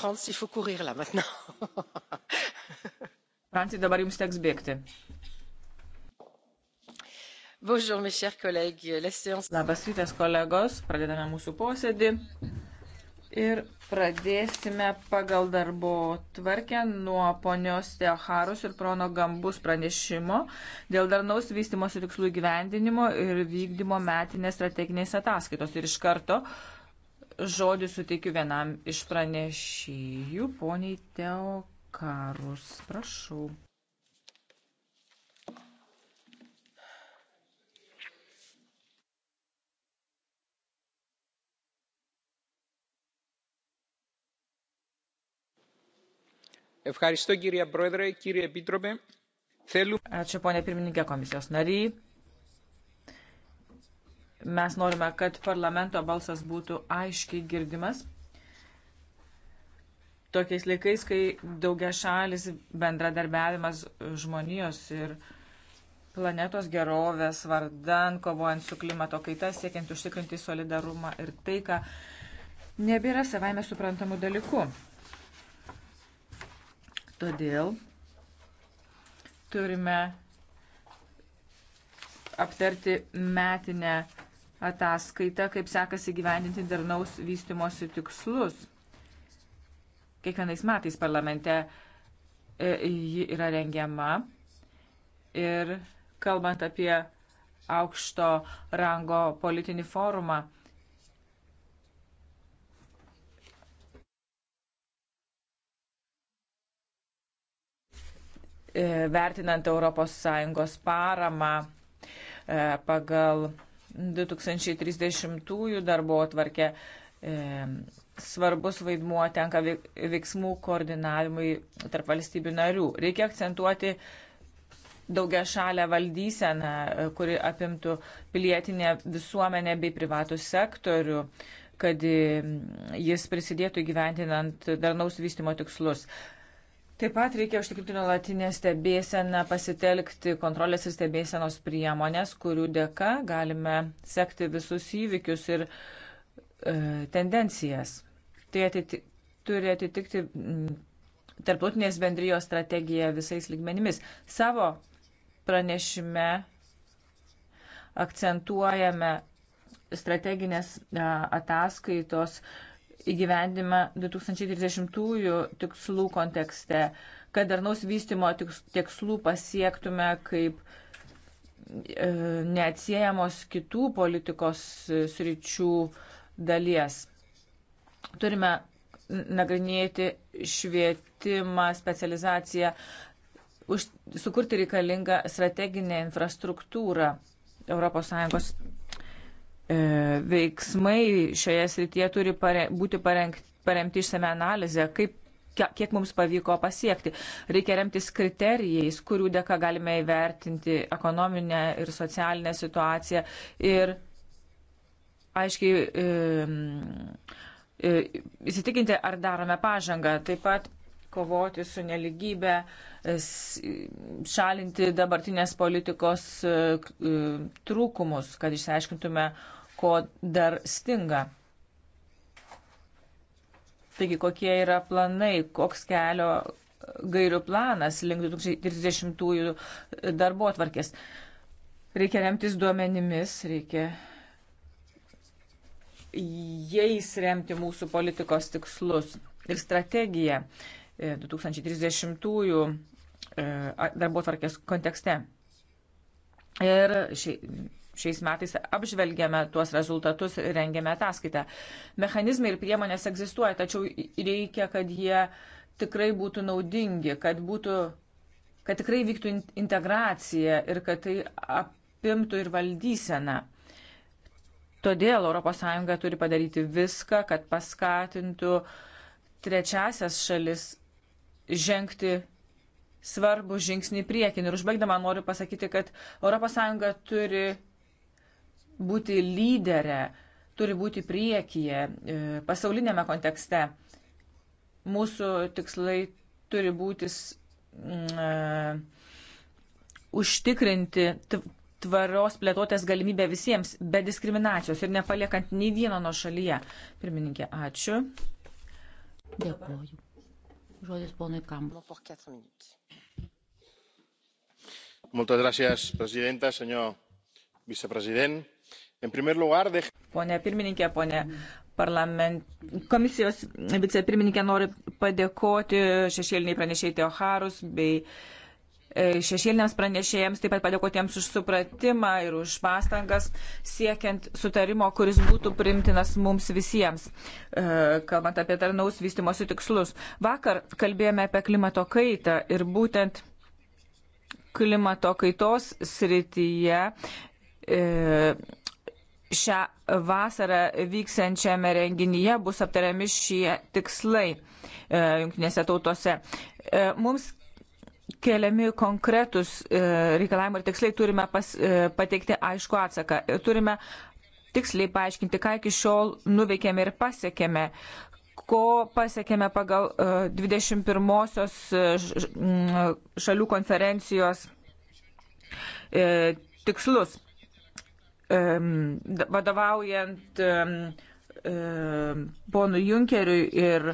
Franci, il faut courir là maintenant. Franci, dabar jums teks bėgti. Bonjour, mes chers collègues. La séance... Labas rytas, kolegos. Pradedame mūsų posėdį. Ir pradėsime pagal darbo tvarkę nuo ponios Teoharus ir prono Gambus pranešimo dėl darnaus vystimosi tikslų įgyvendinimo ir vykdymo metinės strateginės ataskaitos. Ir iš karto uh, žodį suteikiu vienam iš pranešėjų, poniai Teo Karus. Prašau. Ačiū, ponė pirmininkė komisijos nariai. Mes norime, kad parlamento balsas būtų aiškiai girdimas. Tokiais laikais, kai daugia šalis bendradarbiavimas žmonijos ir planetos gerovės vardan, kovojant su klimato kaita, siekiant užtikrinti solidarumą ir taiką, nebėra savaime suprantamų dalykų. Todėl turime aptarti metinę ataskaitą, kaip sekasi gyvendinti darnaus vystimosi tikslus. Kiekvienais metais parlamente e, ji yra rengiama ir kalbant apie aukšto rango politinį forumą. E, vertinant ES paramą e, pagal 2030 darbo atvarkę. E, svarbus vaidmuo tenka veiksmų koordinavimui tarp valstybių narių. Reikia akcentuoti daugia šalę valdyseną, e, kuri apimtų pilietinę visuomenę bei privatų sektorių kad e, jis prisidėtų įgyvendinant darnaus vystimo tikslus. Taip pat reikia užtikrinti nuolatinę stebėseną, pasitelkti kontrolės ir stebėsenos priemonės, kurių dėka galime sekti visus įvykius ir e, tendencijas. Tai atiti, turi atitikti m, mm, tarptautinės bendrijos strategiją visais lygmenimis. Savo pranešime akcentuojame strateginės ataskaitos įgyvendimą 2030-ųjų tikslų kontekste, kad darnaus vystimo tikslų pasiektume kaip e, neatsiejamos kitų politikos e, sričių dalies. Turime nagrinėti švietimą, specializaciją, už, sukurti reikalingą strateginę infrastruktūrą ES E, veiksmai šioje srityje turi pare, būti parengti, paremti išsame analizę, kaip, kiek mums pavyko pasiekti. Reikia remtis kriterijais, kurių dėka galime įvertinti ekonominę ir socialinę situaciją ir aiškiai e, e, įsitikinti, ar darome pažangą. Taip pat kovoti su neligybė, šalinti dabartinės politikos e, e, trūkumus, kad išsiaiškintume, ko dar stinga. Taigi, kokie yra planai, koks kelio gairių planas link 2030-ųjų darbo atvarkės. Reikia remtis duomenimis, reikia jais remti mūsų politikos tikslus ir strategiją 2030-ųjų e, e, darbo atvarkės kontekste. Ir ši, šiais metais apžvelgėme tuos rezultatus ir rengėme ataskaitą. Mechanizmai ir priemonės egzistuoja, tačiau reikia, kad jie tikrai būtų naudingi, kad, būtų, kad tikrai vyktų integracija ir kad tai apimtų ir valdyseną. Todėl ES turi padaryti viską, kad paskatintų trečiasias šalis žengti svarbų žingsnį priekin. Ir užbaigdama noriu pasakyti, kad ES turi būti lyderė, turi būti priekyje e, pasaulinėme kontekste. Mūsų tikslai turi būti mm, užtikrinti tvarios plėtotės galimybę visiems, be diskriminacijos ir nepaliekant nei vieno nuo šalyje. Pirmininkė, ačiū. Dėkuoju. Žodis ponui Kambo. Muchas gracias, presidenta, señor vicepresidente. Pone pirmininkė, pone parlament... komisijos vicepirmininkė, noriu padėkoti šešėliniai pranešėjai Teoharus bei e, šešėliniams pranešėjams, taip pat padėkoti jiems už supratimą ir už pastangas siekiant sutarimo, kuris būtų primtinas mums visiems, e, kalbant apie tarnaus vystimosi tikslus. Vakar kalbėjome apie klimato kaitą ir būtent klimato kaitos srityje e, šią vasarą vyksiančiame renginyje bus aptariami šie tikslai e, jungtinėse tautose. E, mums keliami konkretus e, reikalavimai ir tikslai turime pas, pateikti aišku atsaką. Turime tiksliai paaiškinti, ką iki šiol nuveikėme ir pasiekėme, ko pasiekėme pagal 21-osios šalių konferencijos tikslus vadovaujant ponui Junkeriui ir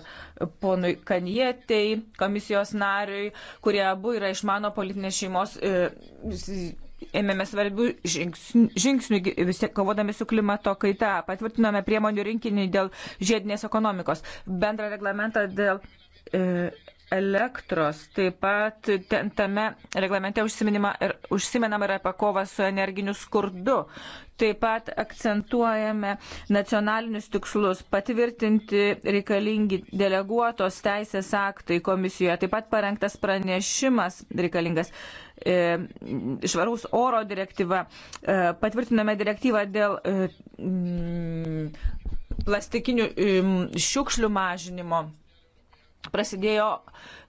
ponui Kanietei, komisijos nariui, kurie abu yra iš mano politinės šeimos, e, ėmėme svarbių žingsnių, žingsnių visi kovodami su klimato kaita, patvirtinome priemonių rinkinį dėl žiedinės ekonomikos, bendrą reglamentą dėl. E, elektros. Taip pat ten, tame reglamente ir, užsimenama ir apie kovą su energiniu skurdu. Taip pat akcentuojame nacionalinius tikslus patvirtinti reikalingi deleguotos teisės aktai komisijoje. Taip pat parengtas pranešimas reikalingas e, švaraus oro direktyva. E, patvirtiname direktyvą dėl e, plastikinių e, šiukšlių mažinimo prasidėjo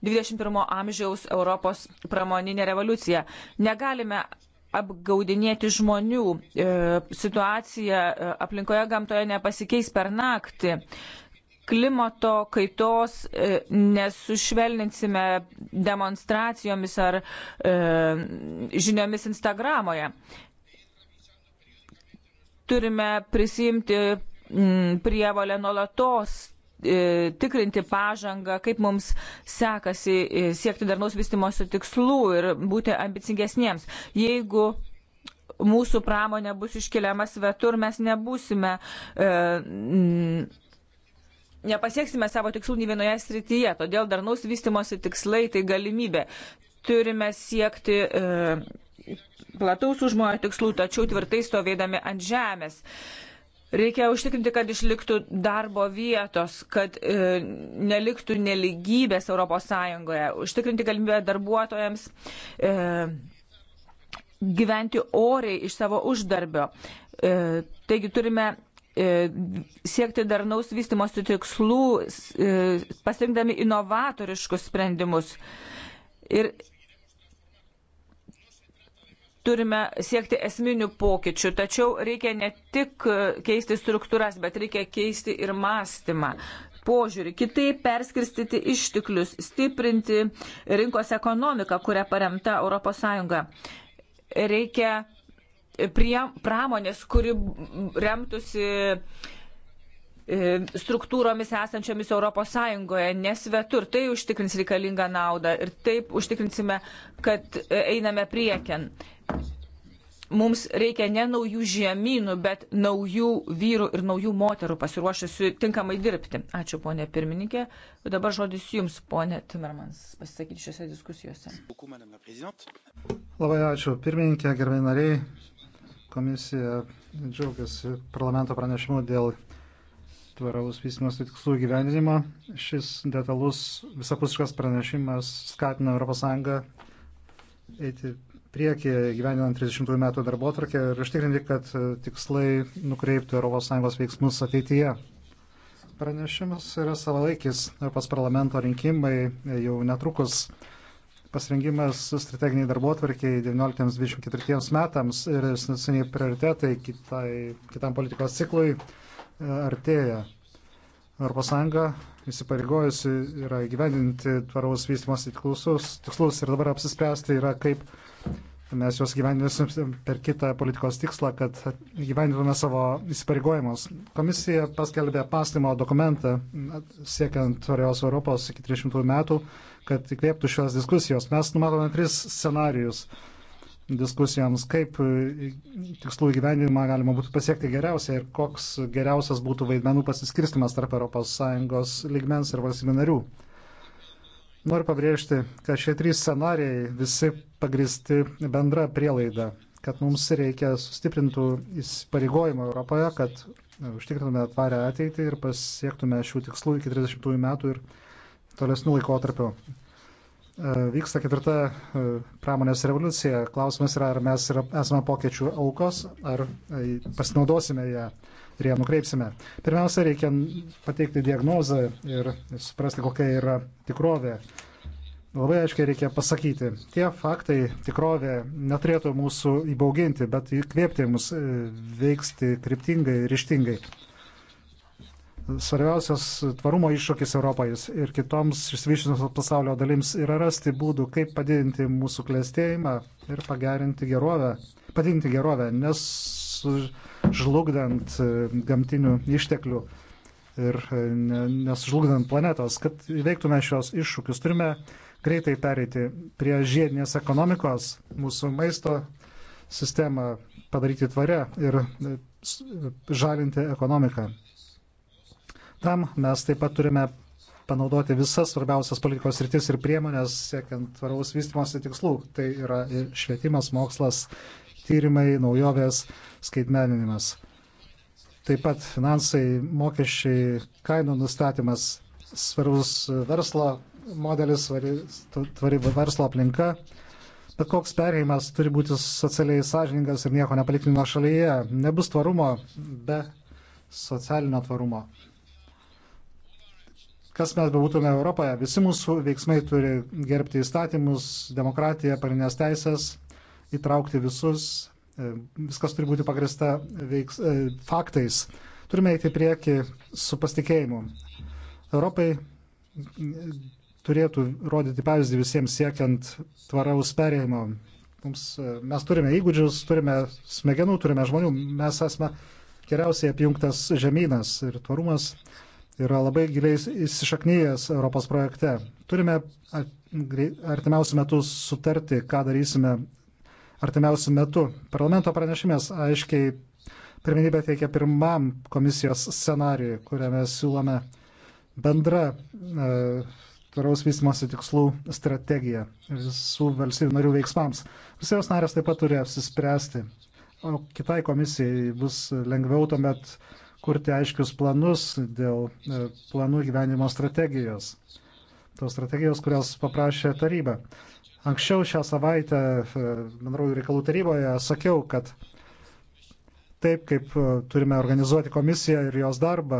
21 amžiaus Europos pramoninė revoliucija. Negalime apgaudinėti žmonių. E, situacija e, aplinkoje gamtoje nepasikeis per naktį. Klimato kaitos e, nesušvelninsime demonstracijomis ar žiniomis Instagramoje. Turime prisimti prievalę nuolatos E, tikrinti pažangą, kaip mums sekasi e, siekti darnaus vystimosi tikslų ir būti ambicingesniems. Jeigu mūsų pramonė bus iškeliama svetur, mes nebūsime. E, m, Nepasieksime savo tikslų nei vienoje srityje, todėl darnaus vystimosi tikslai tai galimybė. Turime siekti e, plataus užmojo tikslų, tačiau tvirtai stovėdami ant žemės. E, Reikia užtikrinti, kad išliktų darbo vietos, kad e, neliktų neligybės ES, užtikrinti galimybę darbuotojams e, gyventi oriai iš savo uždarbio. E, taigi turime e, siekti darnaus vystimosi tikslų, e, pasirinkdami inovatoriškus sprendimus. Ir turime siekti esminių pokyčių, tačiau reikia ne tik e, keisti struktūras, bet reikia keisti ir mąstymą, požiūrį, kitaip perskirstyti išteklius, stiprinti rinkos ekonomiką, kuria paremta ES. Reikia prie pramonės, kuri remtųsi e, struktūromis esančiomis ES, ne svetur. Tai užtikrins reikalingą naudą ir taip užtikrinsime, kad e, einame priekien. Mums reikia ne naujų žemynų, bet naujų vyrų ir naujų moterų pasiruošusių tinkamai dirbti. Ačiū, ponė pirmininkė. O dabar žodis jums, ponė Timermans, pasisakyti šiuose diskusijose. Labai ačiū, pirmininkė, gerbėjai nariai. Komisija džiaugiasi parlamento pranešimu dėl tvaraus vystymosi tikslų gyvendinimo. Šis detalus visapusiškas pranešimas skatina ES eiti priekį gyveninant 30 metų darbo atvarkę ir ištikrinti, kad e, tikslai nukreiptų ES veiksmus ateityje. Pranešimas yra savalaikis Europos parlamento rinkimai e, jau netrukus pasirengimas strateginiai darbo atvarkiai 19-24 metams ir seniai prioritetai kitai, kitam politikos ciklui e, artėja. ES įsipareigojusi yra gyveninti tvaraus vystimosi tikslus ir dabar apsispręsti yra kaip mes juos gyvendinsim per kitą politikos tikslą, kad gyvendintume savo įsipareigojimus. Komisija paskelbė pastymo dokumentą siekiant tvarios Europos iki 300 metų, kad įkvėptų šios diskusijos. Mes numatome tris scenarius diskusijoms, kaip tikslų įgyvendinimą galima būtų pasiekti geriausiai ir koks geriausias būtų vaidmenų pasiskirstimas tarp ES lygmens ir valstybių narių. Noriu pabrėžti, kad šie trys scenarijai visi pagristi bendra prielaida, kad mums reikia sustiprintų įsipareigojimų Europoje, kad e, užtikrintume tvarę ateitį ir pasiektume šių tikslų iki 30 metų ir tolesnių laikotarpių. E, vyksta ketvirta e, pramonės revoliucija. Klausimas yra, ar mes esame pokyčių aukos, ar pasinaudosime ją. Ja ir ją nukreipsime. Pirmiausia, reikia pateikti diagnozą ir suprasti, kokia yra tikrovė. Labai aiškiai reikia pasakyti, tie faktai, tikrovė neturėtų mūsų įbauginti, bet įkvėpti mus e, veikti kryptingai ir ištingai. Svarbiausias tvarumo iššūkis Europai ir kitoms išsivyščiusios pasaulio dalims yra rasti būdų, kaip padidinti mūsų klėstėjimą ir pagerinti gerovę, padidinti gerovę, nes žlugdant e, gamtinių išteklių ir e, nesžlugdant planetos. Kad įveiktume šios iššūkius, turime greitai pereiti prie žiedinės ekonomikos, mūsų maisto sistemą padaryti tvarę ir e, žalinti ekonomiką. Tam mes taip pat turime panaudoti visas svarbiausias politikos rytis ir priemonės siekiant tvaraus vystimosi tikslų. Tai yra ir švietimas, mokslas, tyrimai, naujovės, skaitmeninimas. Taip pat finansai, mokesčiai, kainų nustatymas, svarus verslo modelis, tvari verslo aplinka. Bet koks perėjimas turi būti socialiai sąžiningas ir nieko nepalikti nuo šalyje. Nebus tvarumo be socialinio tvarumo. Kas mes bebūtume Europoje, visi mūsų veiksmai turi gerbti įstatymus, demokratiją, parinės teisės įtraukti visus, e, viskas turi būti pagrista veiks, e, faktais. Turime eiti prieki su pasitikėjimu. Europai turėtų rodyti pavyzdį visiems siekiant tvaraus perėjimo. Mums, e, mes turime įgūdžius, turime smegenų, turime žmonių, mes esame geriausiai apjungtas žemynas ir tvarumas yra labai giliai įsišaknyjęs Europos projekte. Turime artimiausių metų sutarti, ką darysime artimiausių metų. Parlamento pranešimės aiškiai pirmenybę teikia pirmam komisijos scenarijui, kuriame siūlome bendrą e, tvaraus vystimosi tikslų strategiją visų valstybių narių veiksmams. Visiems narės taip pat turi apsispręsti, o kitai komisijai bus lengviau tuomet kurti aiškius planus dėl e, planų gyvenimo strategijos. Tos strategijos, kurios paprašė taryba. Anksčiau šią savaitę bendrųjų reikalų taryboje sakiau, kad taip kaip e, turime organizuoti komisiją ir jos darbą,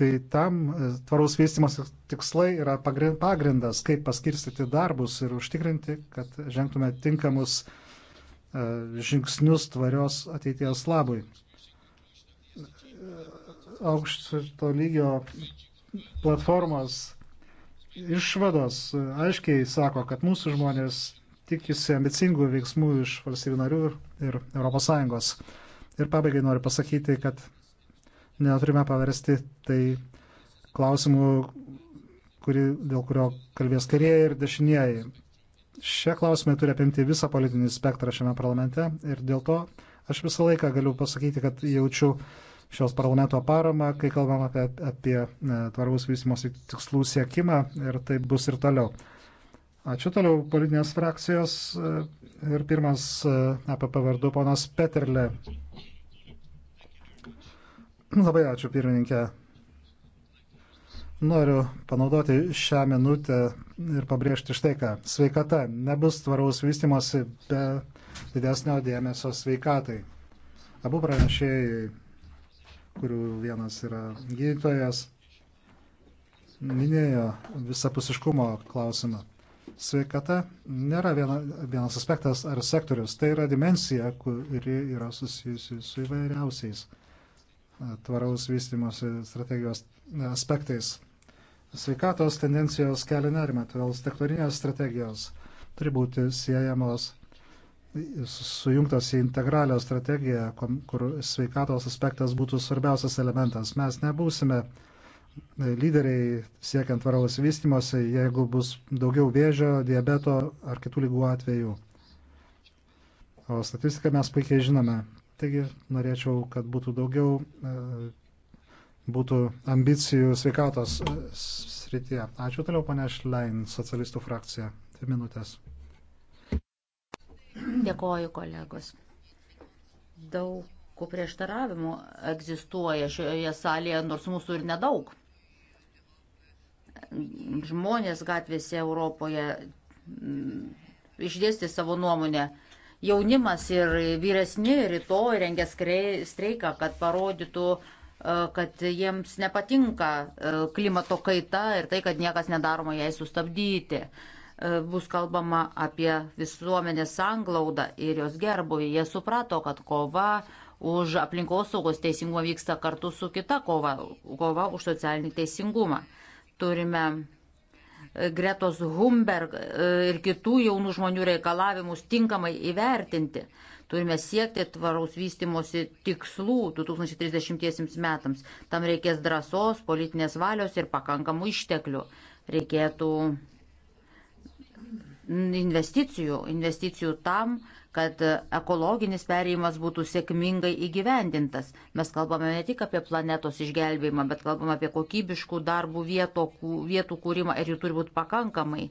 tai tam e, tvaraus vystimas tikslai yra pagrindas, kaip paskirstyti darbus ir užtikrinti, kad žengtume tinkamus e, žingsnius tvarios ateities labui. Aukšto lygio platformos Išvados aiškiai sako, kad mūsų žmonės tikisi ambicingų veiksmų iš valstybių narių ir ES. Ir pabaigai noriu pasakyti, kad neturime paversti tai klausimų, kuri, dėl kurio kalbės kairieji ir dešinieji. Šie klausimai turi apimti visą politinį spektrą šiame parlamente ir dėl to aš visą laiką galiu pasakyti, kad jaučiu šios parlamento paramą, kai kalbam apie, apie e, tvaraus vystimosi tikslų siekimą ir taip bus ir toliau. Ačiū toliau politinės frakcijos e, ir pirmas apie pavardų ponas Peterle. Labai ačiū pirmininkė. Noriu panaudoti šią minutę ir pabrėžti štai ką. Sveikata nebus tvaraus vystimosi be didesnio dėmesio sveikatai. Abu pranešėjai kurių vienas yra gydytojas, minėjo visapusiškumo klausimą. Sveikata nėra viena, vienas aspektas ar sektorius, tai yra dimensija, kuri yra susijusi su įvairiausiais tvaraus vystimosi strategijos aspektais. Sveikatos tendencijos kelia nerimą, todėl sektorinės strategijos turi būti siejamos sujungtas į integralią strategiją, kur sveikatos aspektas būtų svarbiausias elementas. Mes nebūsime e, lyderiai siekiant varaus vystimosi, jeigu bus daugiau vėžio, diabeto ar kitų lygų atvejų. O statistiką mes puikiai žinome. Taigi norėčiau, kad būtų daugiau e, būtų ambicijų sveikatos e, srityje. Ačiū toliau, pane Šlein, socialistų frakcija. Dvi minutės. Dėkoju, kolegos. Daug prieštaravimų egzistuoja šioje salėje, nors mūsų ir nedaug. Žmonės gatvėse Europoje mm, išdėsti savo nuomonę. Jaunimas ir vyresni rytoj rengia streiką, kad parodytų, e, kad jiems nepatinka e, klimato kaita ir tai, kad niekas nedaroma jai sustabdyti. E, bus kalbama apie visuomenės sanglaudą ir jos gerbuvį. Jie suprato, kad kova už aplinkosaugos teisingumą vyksta kartu su kita kova, kova už socialinį teisingumą. Turime e, Gretos Humberg e, ir kitų jaunų žmonių reikalavimus tinkamai įvertinti. Turime siekti tvaraus vystimosi tikslų 2030 metams. Tam reikės drąsos, politinės valios ir pakankamų išteklių. Reikėtų investicijų, investicijų tam, kad ekologinis perėjimas būtų sėkmingai įgyvendintas. Mes kalbame ne tik apie planetos išgelbėjimą, bet kalbame apie kokybiškų darbų vieto, vietų kūrimą ir jų turi būti pakankamai.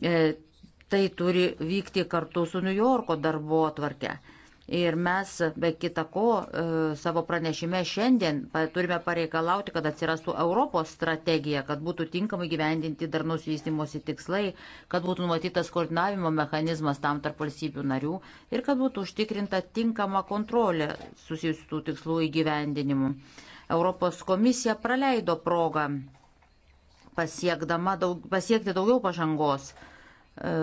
E, tai turi vykti kartu su New Yorko darbo atvarke. Ir mes, be kita ko, e, savo pranešime šiandien turime pareikalauti, kad atsirastų Europos strategija, kad būtų tinkamai gyvendinti darnaus vystimosi tikslai, kad būtų numatytas koordinavimo mechanizmas tam tarp valstybių narių ir kad būtų užtikrinta tinkama kontrolė susijusių tų tikslų įgyvendinimu. Europos komisija praleido progą daug, pasiekti daugiau pažangos e,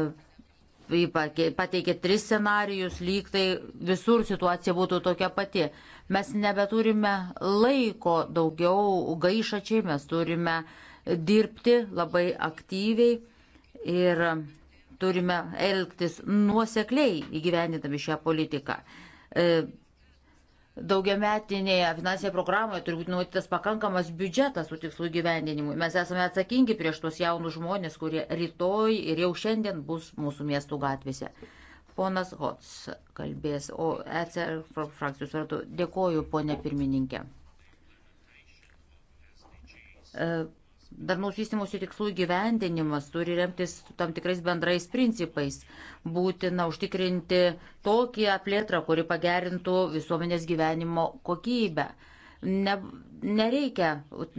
pateikė tris scenarius, lyg tai visur situacija būtų tokia pati. Mes nebeturime laiko daugiau gaišačiai, mes turime dirbti labai aktyviai ir turime elgtis nuosekliai įgyvendinami šią politiką. E, daugiametinėje finansinėje programoje turi būti numatytas pakankamas biudžetas tų tikslų gyvendinimui. Mes esame atsakingi prieš tuos jaunus žmonės, kurie rytoj ir jau šiandien bus mūsų miestų gatvėse. Ponas Hots kalbės, o ECR frakcijos vardu dėkoju, ponė pirmininkė darnaus vystimosi tikslų įgyvendinimas turi remtis tam tikrais bendrais principais. Būtina užtikrinti tokią plėtrą, kuri pagerintų visuomenės gyvenimo kokybę. Ne, nereikia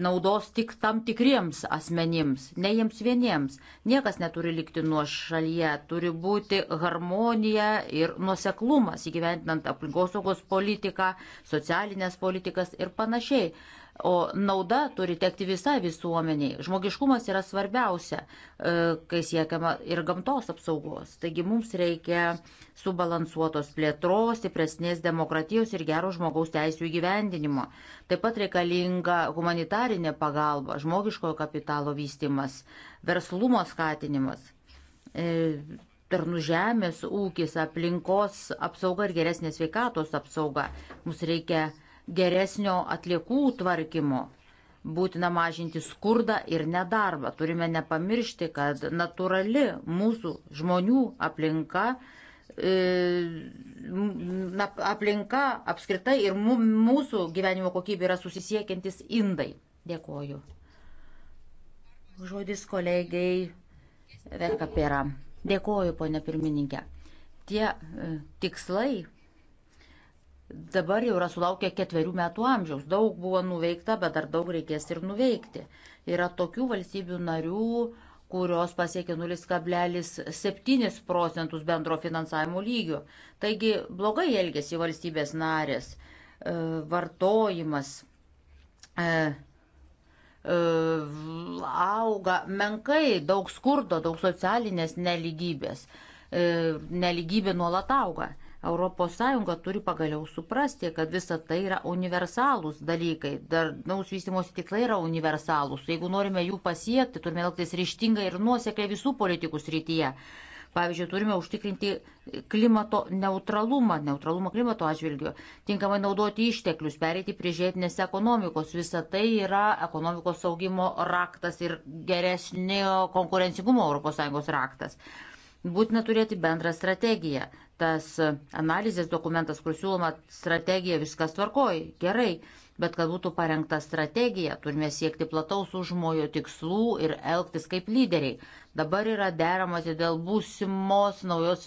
naudos tik tam tikriems asmenims, ne jiems vieniems. Niekas neturi likti nuo šalyje, turi būti harmonija ir nuoseklumas įgyventinant aplinkosaugos politiką, socialinės politikas ir panašiai. O nauda turi tekti visai visuomeniai. Žmogiškumas yra svarbiausia, e, kai siekiama ir gamtos apsaugos. Taigi mums reikia subalansuotos plėtros, stipresnės demokratijos ir gero žmogaus teisų įgyvendinimo. Taip pat reikalinga humanitarinė pagalba, žmogiškojo kapitalo vystimas, verslumo skatinimas. E, tarnų žemės ūkis, aplinkos apsauga ir geresnės veikatos apsauga. Mums reikia uh, geresnio atliekų tvarkymo. Būtina mažinti skurdą ir nedarbą. Turime nepamiršti, kad natūrali mūsų žmonių aplinka, e, aplinka apskritai ir mūsų gyvenimo kokybė yra susisiekiantis indai. Dėkoju. Žodis kolegiai Verkapėra. Dėkoju, ponė pirmininkė. Tie e, tikslai dabar jau yra sulaukę ketverių metų amžiaus. Daug buvo nuveikta, bet dar daug reikės ir nuveikti. Yra tokių valstybių narių, kurios pasiekė 0,7 procentus bendro finansavimo lygio. Taigi blogai elgesi valstybės narės, e, vartojimas e, e, auga menkai, daug skurdo, daug socialinės neligybės, neligybė nuolat auga. ES turi pagaliau suprasti, kad visa tai yra universalūs dalykai. Darnaus vystimosi tikslai yra universalūs. Jeigu norime jų pasiekti, turime elgtis ryštingai ir nuosekliai visų politikų srityje. Pavyzdžiui, turime užtikrinti klimato neutralumą, neutralumą klimato atžvilgiu, tinkamai naudoti išteklius, pereiti prie žiedinės ekonomikos. Visa tai yra ekonomikos saugimo raktas ir geresnio konkurencingumo ES raktas. Būtina turėti bendrą strategiją. Tas analizės dokumentas, kur siūloma strategija, viskas tvarkoji, gerai, bet kad būtų parengta strategija, turime siekti plataus užmojo tikslų ir elgtis kaip lyderiai. Dabar yra deramasi dėl būsimos naujos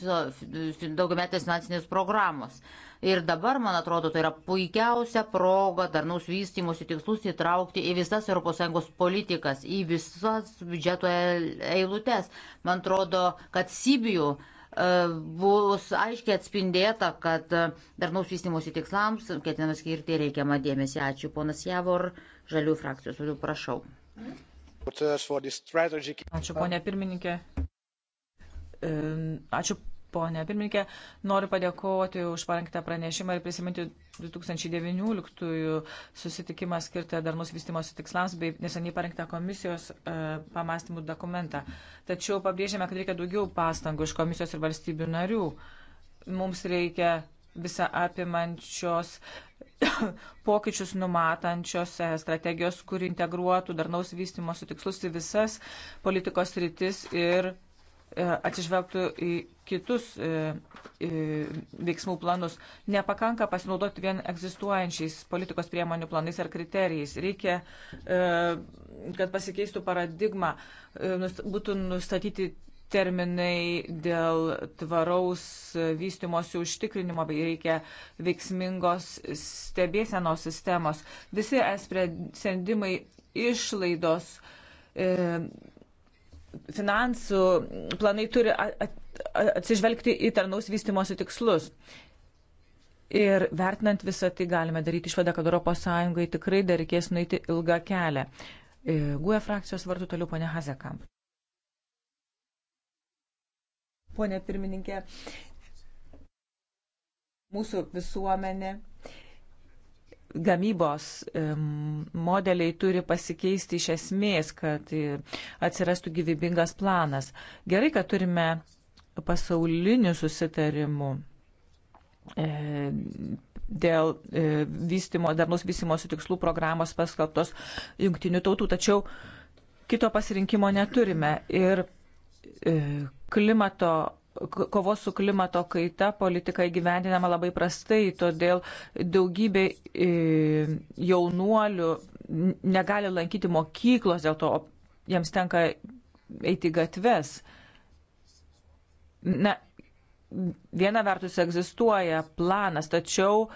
daugiametės finansinės programos. Ir dabar, man atrodo, tai yra puikiausia proga darnaus vystimosi tikslus įtraukti į visas ES politikas, į visas biudžeto eilutes. Man atrodo, kad Sibijų e, bus aiškiai atspindėta, kad e, darnaus vystimosi tikslams ketiname skirti reikiamą dėmesį. Ačiū, ponas Javor, žalių frakcijos, turiu prašau. Ačiū, ponė pirmininkė. Ačiū Pone pirmininkė, noriu padėkoti už parengtą pranešimą ir prisiminti 2019 susitikimą skirtą darnus vystimosi tikslams bei neseniai parengtą komisijos e, pamastymų dokumentą. Tačiau pabrėžėme, kad reikia daugiau pastangų iš komisijos ir valstybių narių. Mums reikia visą apimančios pokyčius numatančios e, strategijos, kuri integruotų darnaus vystimosi tikslus į visas politikos rytis ir E, atsižvelgtų į kitus e, e, veiksmų planus. Nepakanka pasinaudoti vien egzistuojančiais politikos priemonių planais ar kriterijais. Reikia, kad pasikeistų paradigma, būtų nustatyti terminai dėl tvaraus vystimosi užtikrinimo bei reikia veiksmingos stebėsenos sistemos. Visi es sprendimai išlaidos finansų planai turi atsižvelgti į tarnaus vystimosi tikslus. Ir vertinant visą tai galime daryti išvadą, kad ES tikrai dar reikės nueiti ilgą kelią. E, GUE frakcijos vartų toliau ponė Hazekamp. Pone pirmininkė, mūsų visuomenė gamybos modeliai turi pasikeisti iš esmės, kad e, atsirastų gyvybingas planas. Gerai, kad turime pasaulinių susitarimų e, dėl e, vystimo, darnus vystimosi tikslų programos paskelbtos jungtinių tautų, tačiau kito pasirinkimo neturime. Ir klimato kovos su klimato kaita politika įgyvendinama labai prastai, todėl daugybė e, jaunuolių negali lankyti mokyklos, dėl to jiems tenka eiti gatves. Na, viena vertus egzistuoja planas, tačiau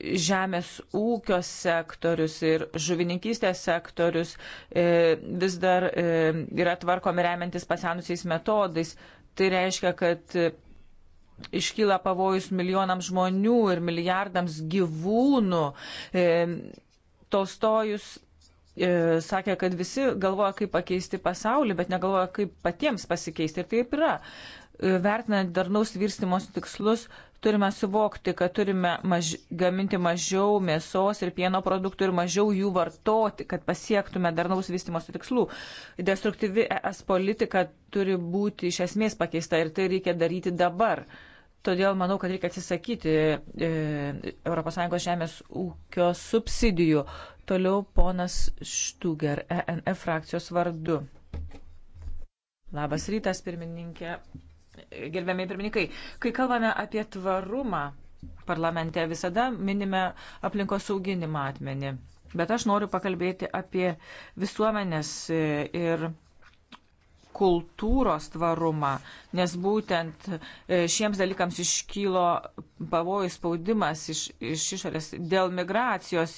žemės ūkio sektorius ir žuvininkystės sektorius e, vis dar e, yra tvarkomi remiantis pasenusiais metodais. Tai reiškia, kad iškyla pavojus milijonams žmonių ir milijardams gyvūnų. E, Tolstojus e, sakė, kad visi galvoja, kaip pakeisti pasaulį, bet negalvoja, kaip patiems pasikeisti. Ir taip yra. E, vertinant darnaus vyrstymos tikslus, e, Turime suvokti, kad turime maž, gaminti mažiau mėsos ir pieno produktų ir mažiau jų vartoti, kad pasiektume darnaus vystimosi tikslų. Destruktyvi ES politika turi būti iš esmės pakeista ir tai reikia daryti dabar. Todėl manau, kad reikia atsisakyti ES žemės ūkio subsidijų. Toliau ponas Štuger, ENF frakcijos vardu. Labas rytas, pirmininkė, gerbiami pirmininkai, kai kalbame apie tvarumą parlamente, visada minime aplinkos sauginį matmenį. Bet aš noriu pakalbėti apie visuomenės ir kultūros tvarumą, nes būtent e, šiems dalykams iškylo pavojus spaudimas iš, iš išorės dėl migracijos,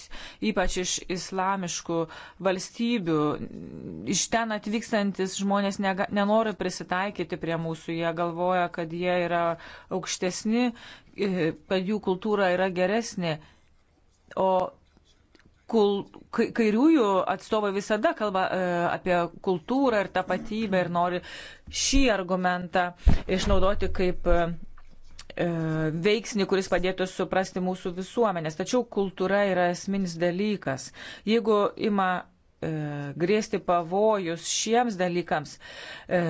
ypač iš islamiškų valstybių. Iš ten atvykstantis žmonės nega, nenori prisitaikyti prie mūsų, jie galvoja, kad jie yra aukštesni, e, kad jų kultūra yra geresnė. O kul, kairiųjų atstovai visada kalba e, apie kultūrą ir tapatybę ir nori šį argumentą išnaudoti kaip e, e, veiksnį, kuris padėtų suprasti mūsų visuomenės. Tačiau kultūra yra esminis dalykas. Jeigu ima e, grėsti pavojus šiems dalykams, e,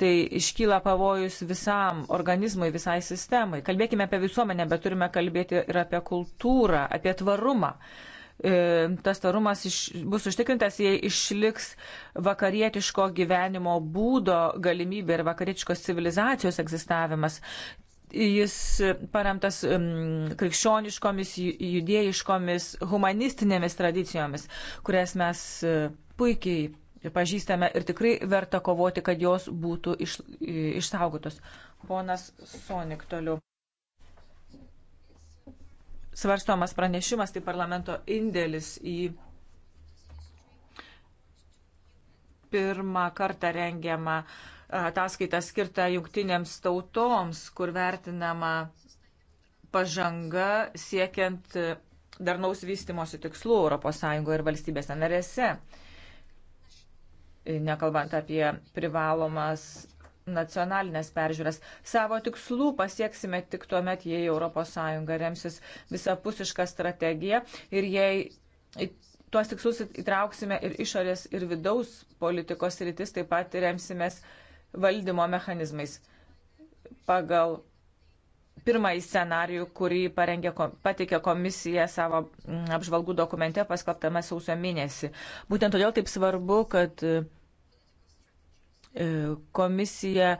tai iškyla pavojus visam organizmui, visai sistemai. Kalbėkime apie visuomenę, bet turime kalbėti ir apie kultūrą, apie tvarumą. E, E, tas tarumas iš, bus užtikrintas, jei išliks vakarietiško gyvenimo būdo galimybė ir vakarietiškos civilizacijos egzistavimas. Jis paremtas um, krikščioniškomis, judėjiškomis, humanistinėmis tradicijomis, kurias mes e, puikiai pažįstame ir tikrai verta kovoti, kad jos būtų iš, išsaugotos. Ponas Sonik toliau svarstomas pranešimas, tai parlamento indėlis į pirmą kartą rengiamą ataskaitą skirtą jungtinėms tautoms, kur vertinama pažanga siekiant darnaus vystimosi tikslų ES ir valstybėse narėse, nekalbant apie privalomas nacionalinės peržiūras. Savo tikslų pasieksime tik tuo met, jei ES remsis visapusišką strategiją ir jei tuos tikslus įtrauksime ir išorės, ir vidaus politikos rytis, taip pat remsimės valdymo mechanizmais pagal pirmąjį scenarijų, kurį parengė, patikė komisija savo mm, apžvalgų dokumente paskelbtame sausio mėnesį. Būtent todėl taip svarbu, kad E, komisija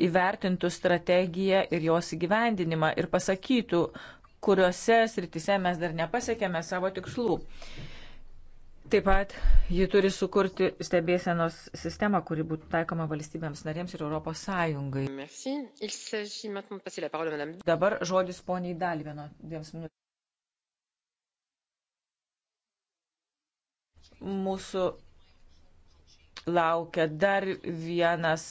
įvertintų strategiją ir jos įgyvendinimą ir pasakytų, kuriuose sritise mes dar nepasiekėme savo tikslų. Taip pat ji turi sukurti stebėsenos sistemą, kuri būtų taikoma valstybėms narėms ir Europos Sąjungai. Parole, Dabar žodis poniai Dalvino dviems minutėms. Mūsų laukia dar vienas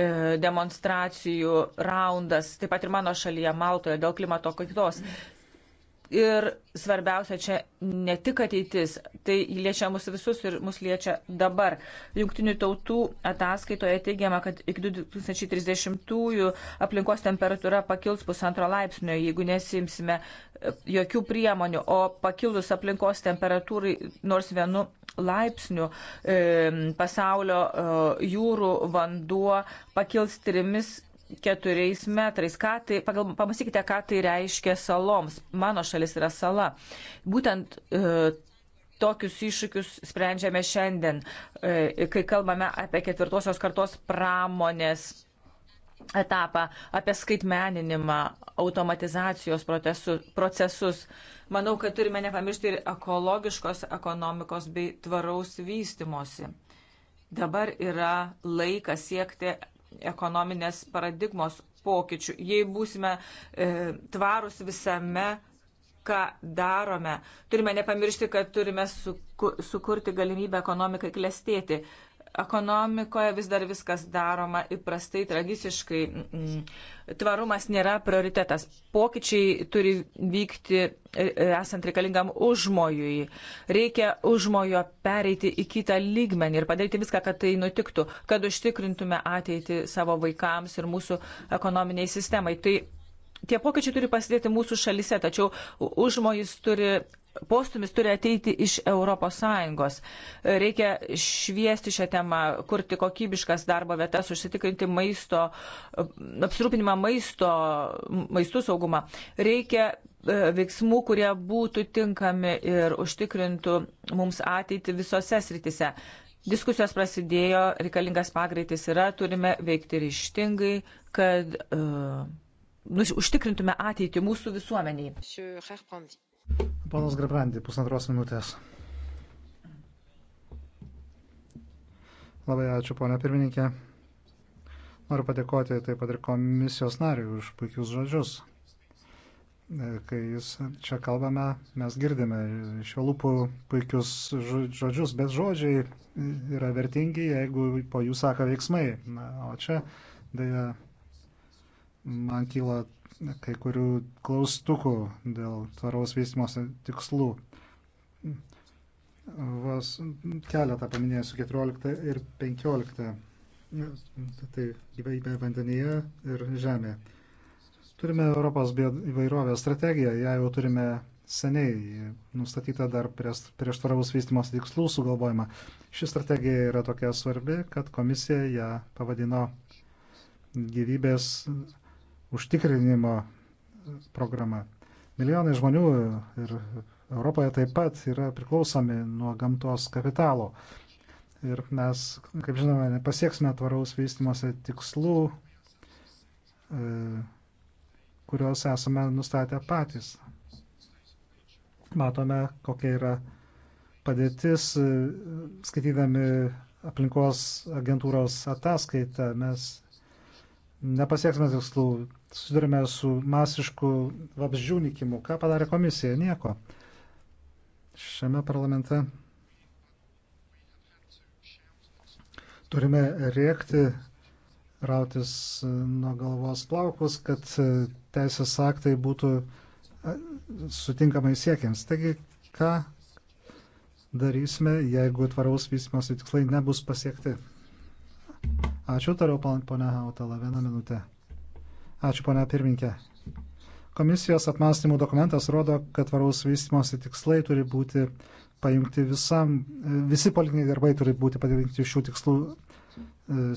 e, demonstracijų raundas, taip pat ir mano šalyje, Maltoje, dėl klimato kaitos. Ir svarbiausia čia ne tik ateitis, tai liečia mus visus ir mus liečia dabar. Junktinių tautų ataskaitoje teigiama, kad iki 2030-ųjų aplinkos temperatūra pakils pusantro laipsnio, jeigu nesimsime jokių priemonių, o pakilus aplinkos temperatūrai nors vienu laipsnių e, pasaulio e, jūrų vanduo pakils trimis keturiais metrais. Ką tai, pagal, pamastykite, ką tai reiškia saloms. Mano šalis yra sala. Būtent e, tokius iššūkius sprendžiame šiandien, e, kai kalbame apie ketvirtosios kartos pramonės etapą, apie skaitmeninimą, automatizacijos procesus. procesus. Manau, kad turime nepamiršti ir ekologiškos ekonomikos bei tvaraus vystimosi. Dabar yra laikas siekti ekonominės paradigmos pokyčių. Jei būsime e, tvarus visame, ką darome, turime nepamiršti, kad turime suku, sukurti galimybę ekonomikai klestėti ekonomikoje vis dar viskas daroma įprastai, tradiciškai. Mm, mm, tvarumas nėra prioritetas. Pokyčiai turi vykti e, e, esant reikalingam užmojui. Reikia užmojo pereiti į kitą lygmenį ir padaryti viską, kad tai nutiktų, kad užtikrintume ateitį savo vaikams ir mūsų ekonominiai sistemai. Tai tie pokyčiai turi pasidėti mūsų šalise, tačiau užmojus turi postumis turi ateiti iš ES. Reikia šviesti šią temą, kurti kokybiškas darbo vietas, užsitikrinti maisto, apsirūpinimą maisto, maistų saugumą. Reikia e, veiksmų, kurie būtų tinkami ir užtikrintų mums ateitį visose sritise. Diskusijos prasidėjo, reikalingas pagreitis yra, turime veikti ryštingai, kad uh, nu, užtikrintume ateitį mūsų visuomeniai. Ponas Grabrandi, pusantros minutės. Labai ačiū, ponia pirmininkė. Noriu padėkoti taip pat ir komisijos nariui už puikius žodžius. E, kai jis čia kalbame, mes girdime iš jo lūpų puikius žodžius, bet žodžiai yra vertingi, jeigu po jų sako veiksmai. Na, o čia dėja man kyla kai kurių klaustukų dėl tvaraus vystimosi tikslų. Vas keletą paminėsiu 14 ir 15. Tai gyvybė vandenyje ir žemė. Turime Europos įvairovės strategiją, ją jau turime seniai nustatyta dar prieš, prieš tvaraus vystimos tikslų sugalvojimą. Ši strategija yra tokia svarbi, kad komisija ją pavadino gyvybės užtikrinimo programa. Milijonai žmonių ir Europoje taip pat yra priklausomi nuo gamtos kapitalo. Ir mes, kaip žinome, nepasieksime tvaraus vystimuose tikslų, e, kuriuos esame nustatę patys. Matome, kokia yra padėtis, e, skaitydami aplinkos agentūros ataskaitą, mes nepasieksime tikslų susidurime su masišku vabzdžių nikimu. Ką padarė komisija? Nieko. Šiame parlamente turime rėkti, rautis nuo galvos plaukus, kad teisės aktai būtų sutinkamai siekiams. Taigi, ką darysime, jeigu tvaraus vystimosi tikslai nebus pasiekti? Ačiū, tariau, ponia Hautala, vieną minutę. Ačiū, ponia pirminkė. Komisijos apmąstymų dokumentas rodo, kad varaus vystimosi tikslai turi būti pajungti visam, visi politiniai darbai turi būti padarinti šių tikslų e,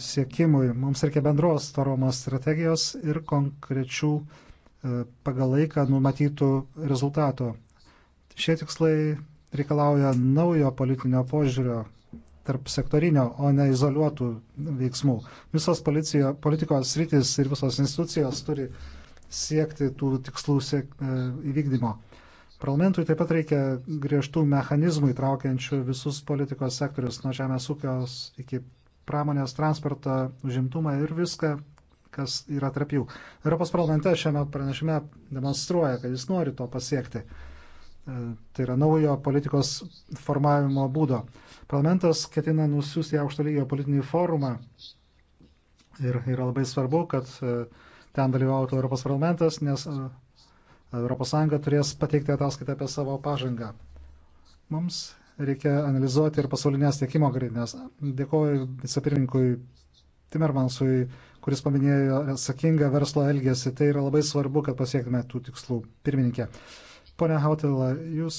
siekimui. Mums reikia bendros tvarumo strategijos ir konkrečių e, pagal laiką numatytų rezultato. Šie tikslai reikalauja naujo politinio požiūrio, tarp sektorinio, o ne izoliuotų veiksmų. Visos policija, politikos sritis ir visos institucijos turi siekti tų tikslų siek, e, įvykdymo. Parlamentui taip pat reikia griežtų mechanizmų įtraukiančių visus politikos sektorius, nuo žemės ūkios iki pramonės, transporto, užimtumą ir viską, kas yra tarp jų. Europos parlamente šiame pranešime demonstruoja, kad jis nori to pasiekti. E, tai yra naujo politikos formavimo būdo. Parlamentas ketina nusiųsti aukšto lygio politinį forumą ir yra labai svarbu, kad e, ten dalyvautų Europos parlamentas, nes ES turės pateikti ataskaitą apie savo pažangą. Mums reikia analizuoti ir pasaulinės tiekimo grindinės. Dėkuoju vicepirminkui Timermansui, kuris paminėjo atsakingą verslo elgesį. Tai yra labai svarbu, kad pasiektume tų tikslų. Pirmininkė. Pone Hautila, jūs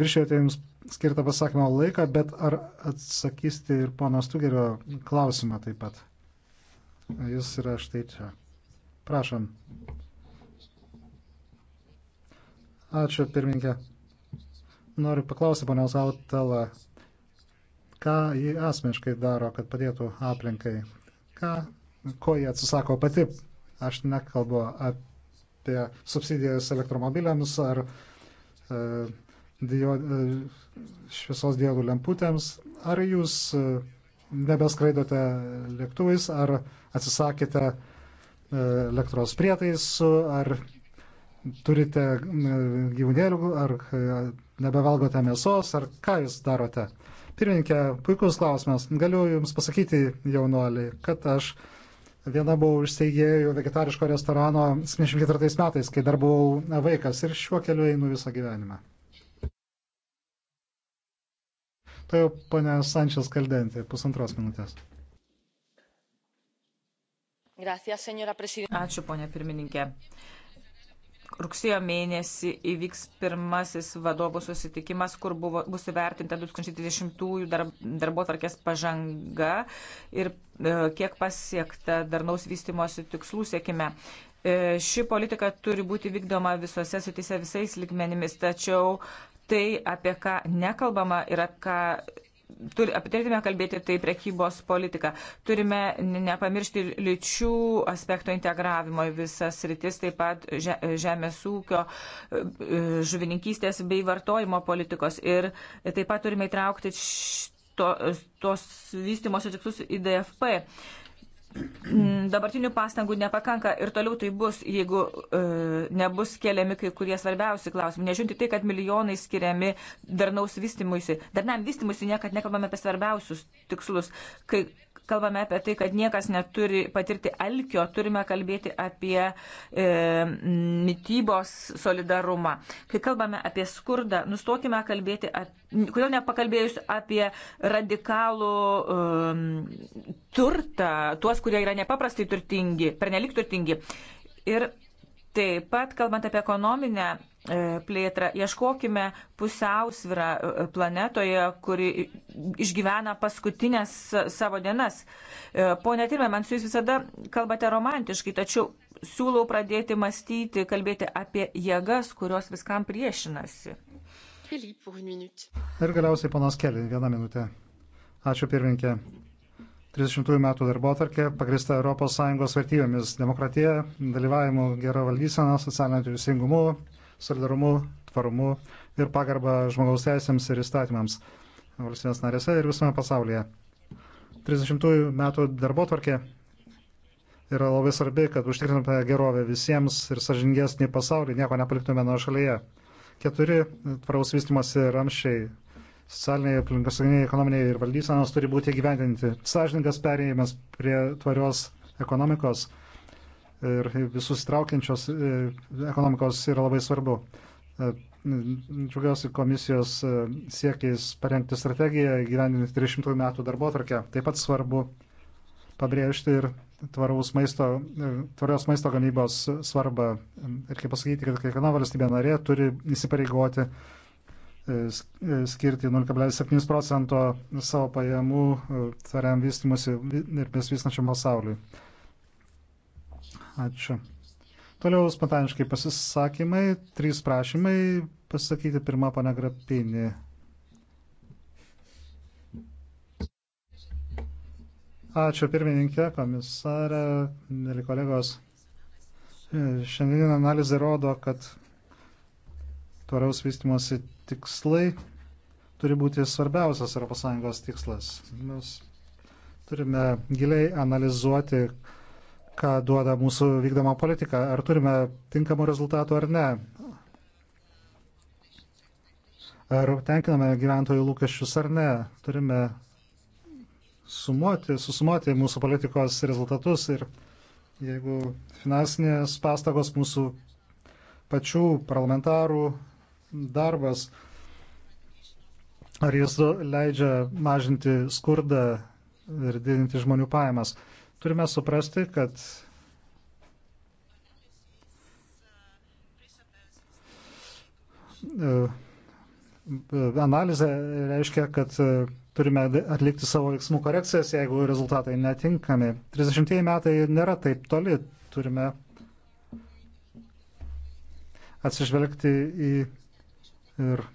viršėjote jums skirtą pasakymo laiką, bet ar atsakysite ir pono Stugerio klausimą taip pat? Jis yra štai čia. Prašom. Ačiū, pirmininkė. Noriu paklausyti ponios Autelą, ką jį asmeniškai daro, kad padėtų aplinkai. Ką, ko jį atsisako pati. Aš nekalbu apie apie subsidijas elektromobiliams ar e, dio, e, šviesos dievų lemputėms, ar jūs e, nebeskraidote lėktuvais, ar atsisakėte elektros prietaisų, ar turite gyvūnėlių, ar nebevalgote mėsos, ar ką jūs darote. Pirmininkė, puikus klausimas. Galiu Jums pasakyti, jaunuoliai, kad aš Viena buvau išsteigėjų vegetariško restorano 74 metais, kai dar buvau vaikas ir šiuo keliu einu visą gyvenimą. Tai jau ponė Sančias Kaldentė, pusantros minutės. Gracias, Ačiū, ponė pirmininkė. Rugsėjo mėnesį įvyks pirmasis vadovų susitikimas, kur buvo, bus įvertinta 2020-ųjų dar, darbo tvarkės pažanga ir e, kiek pasiekta darnaus vystimosi tikslų siekime. E, ši politika turi būti vykdoma visose sutise visais ligmenimis, tačiau tai, apie ką nekalbama ir apie ką turėtume tai kalbėti tai prekybos politiką. Turime nepamiršti lyčių aspekto integravimo į visas rytis, taip pat žemės ūkio, e, žuvininkystės bei vartojimo politikos. Ir taip pat turime įtraukti to, tos vystimosi tikslus į DFP. Mm, dabartinių pastangų nepakanka ir toliau tai bus, jeigu e, nebus keliami kai kurie svarbiausi klausimai. Nežiūrint tai, kad milijonai skiriami darnaus vystimuisi. Darnam vystimuisi niekad nekalbame apie svarbiausius tikslus, kai kalbame apie tai, kad niekas neturi patirti alkio, turime kalbėti apie e, mytybos solidarumą. Kai kalbame apie skurdą, nustokime kalbėti, at, kodėl nepakalbėjus apie radikalų e, turtą, tuos, kurie yra nepaprastai turtingi, pernelik turtingi. Ir taip pat, kalbant apie ekonominę E, plėtrą. Ieškokime pusiausvirą e, planetoje, kuri išgyvena paskutinės savo dienas. E, pone Tirmemans, jūs visada kalbate romantiškai, tačiau siūlau pradėti mąstyti, kalbėti apie jėgas, kurios viskam priešinasi. Ir galiausiai panas Kelly, vieną minutę. Ačiū pirmininkė. 30 metų darbo atvarkė pagrista ES vertybėmis - demokratija, dalyvavimu, gera valdysena, socialiniu teisingumu, solidarumu, tvarumu ir pagarba žmogaus teisėms ir įstatymams valstybės narėse ir visame pasaulyje. 30 metų darbo tvarkė yra labai svarbi, kad užtikrintume gerovę visiems ir sažingesnį pasaulį, nieko nepaliktume nuo šalyje. Keturi tvaraus vystimosi ramšiai socialiniai, aplinkosauginiai, ekonominiai ir valdysenos turi būti gyvendinti. Sažininkas perėjimas prie tvarios ekonomikos ir visus traukiančios e, ekonomikos yra labai svarbu. E, Džiugiausi komisijos e, siekiais parengti strategiją gyveninti 300 metų darbo tarkę. Taip pat svarbu pabrėžti ir tvaraus maisto, tvarios maisto gamybos svarbą. Reikia pasakyti, kad kiekviena valstybė narė turi įsipareigoti skirti 0,7 procento savo pajamų tvariam vystimusi ir besvystančiam pasauliui. Ačiū. Toliau spontaniškai pasisakymai, trys prašymai, pasakyti pirmą pana Grapinį. Ačiū pirmininkė, komisarė, mėly kolegos. Šiandien analizė rodo, kad tvaraus vystimosi tikslai turi būti svarbiausias ES tikslas. Mes turime giliai analizuoti, ką duoda mūsų vykdoma politika, ar turime tinkamų rezultatų ar ne. Ar tenkiname gyventojų lūkesčius ar ne. Turime sumuoti, susumuoti mūsų politikos rezultatus ir jeigu finansinės pastagos mūsų pačių parlamentarų darbas, ar jis leidžia mažinti skurdą ir didinti žmonių pajamas. Turime suprasti, kad e, e, analizė reiškia, kad e, turime atlikti savo veiksmų korekcijas, jeigu rezultatai netinkami. 30 metai nėra taip toli, turime atsižvelgti į ir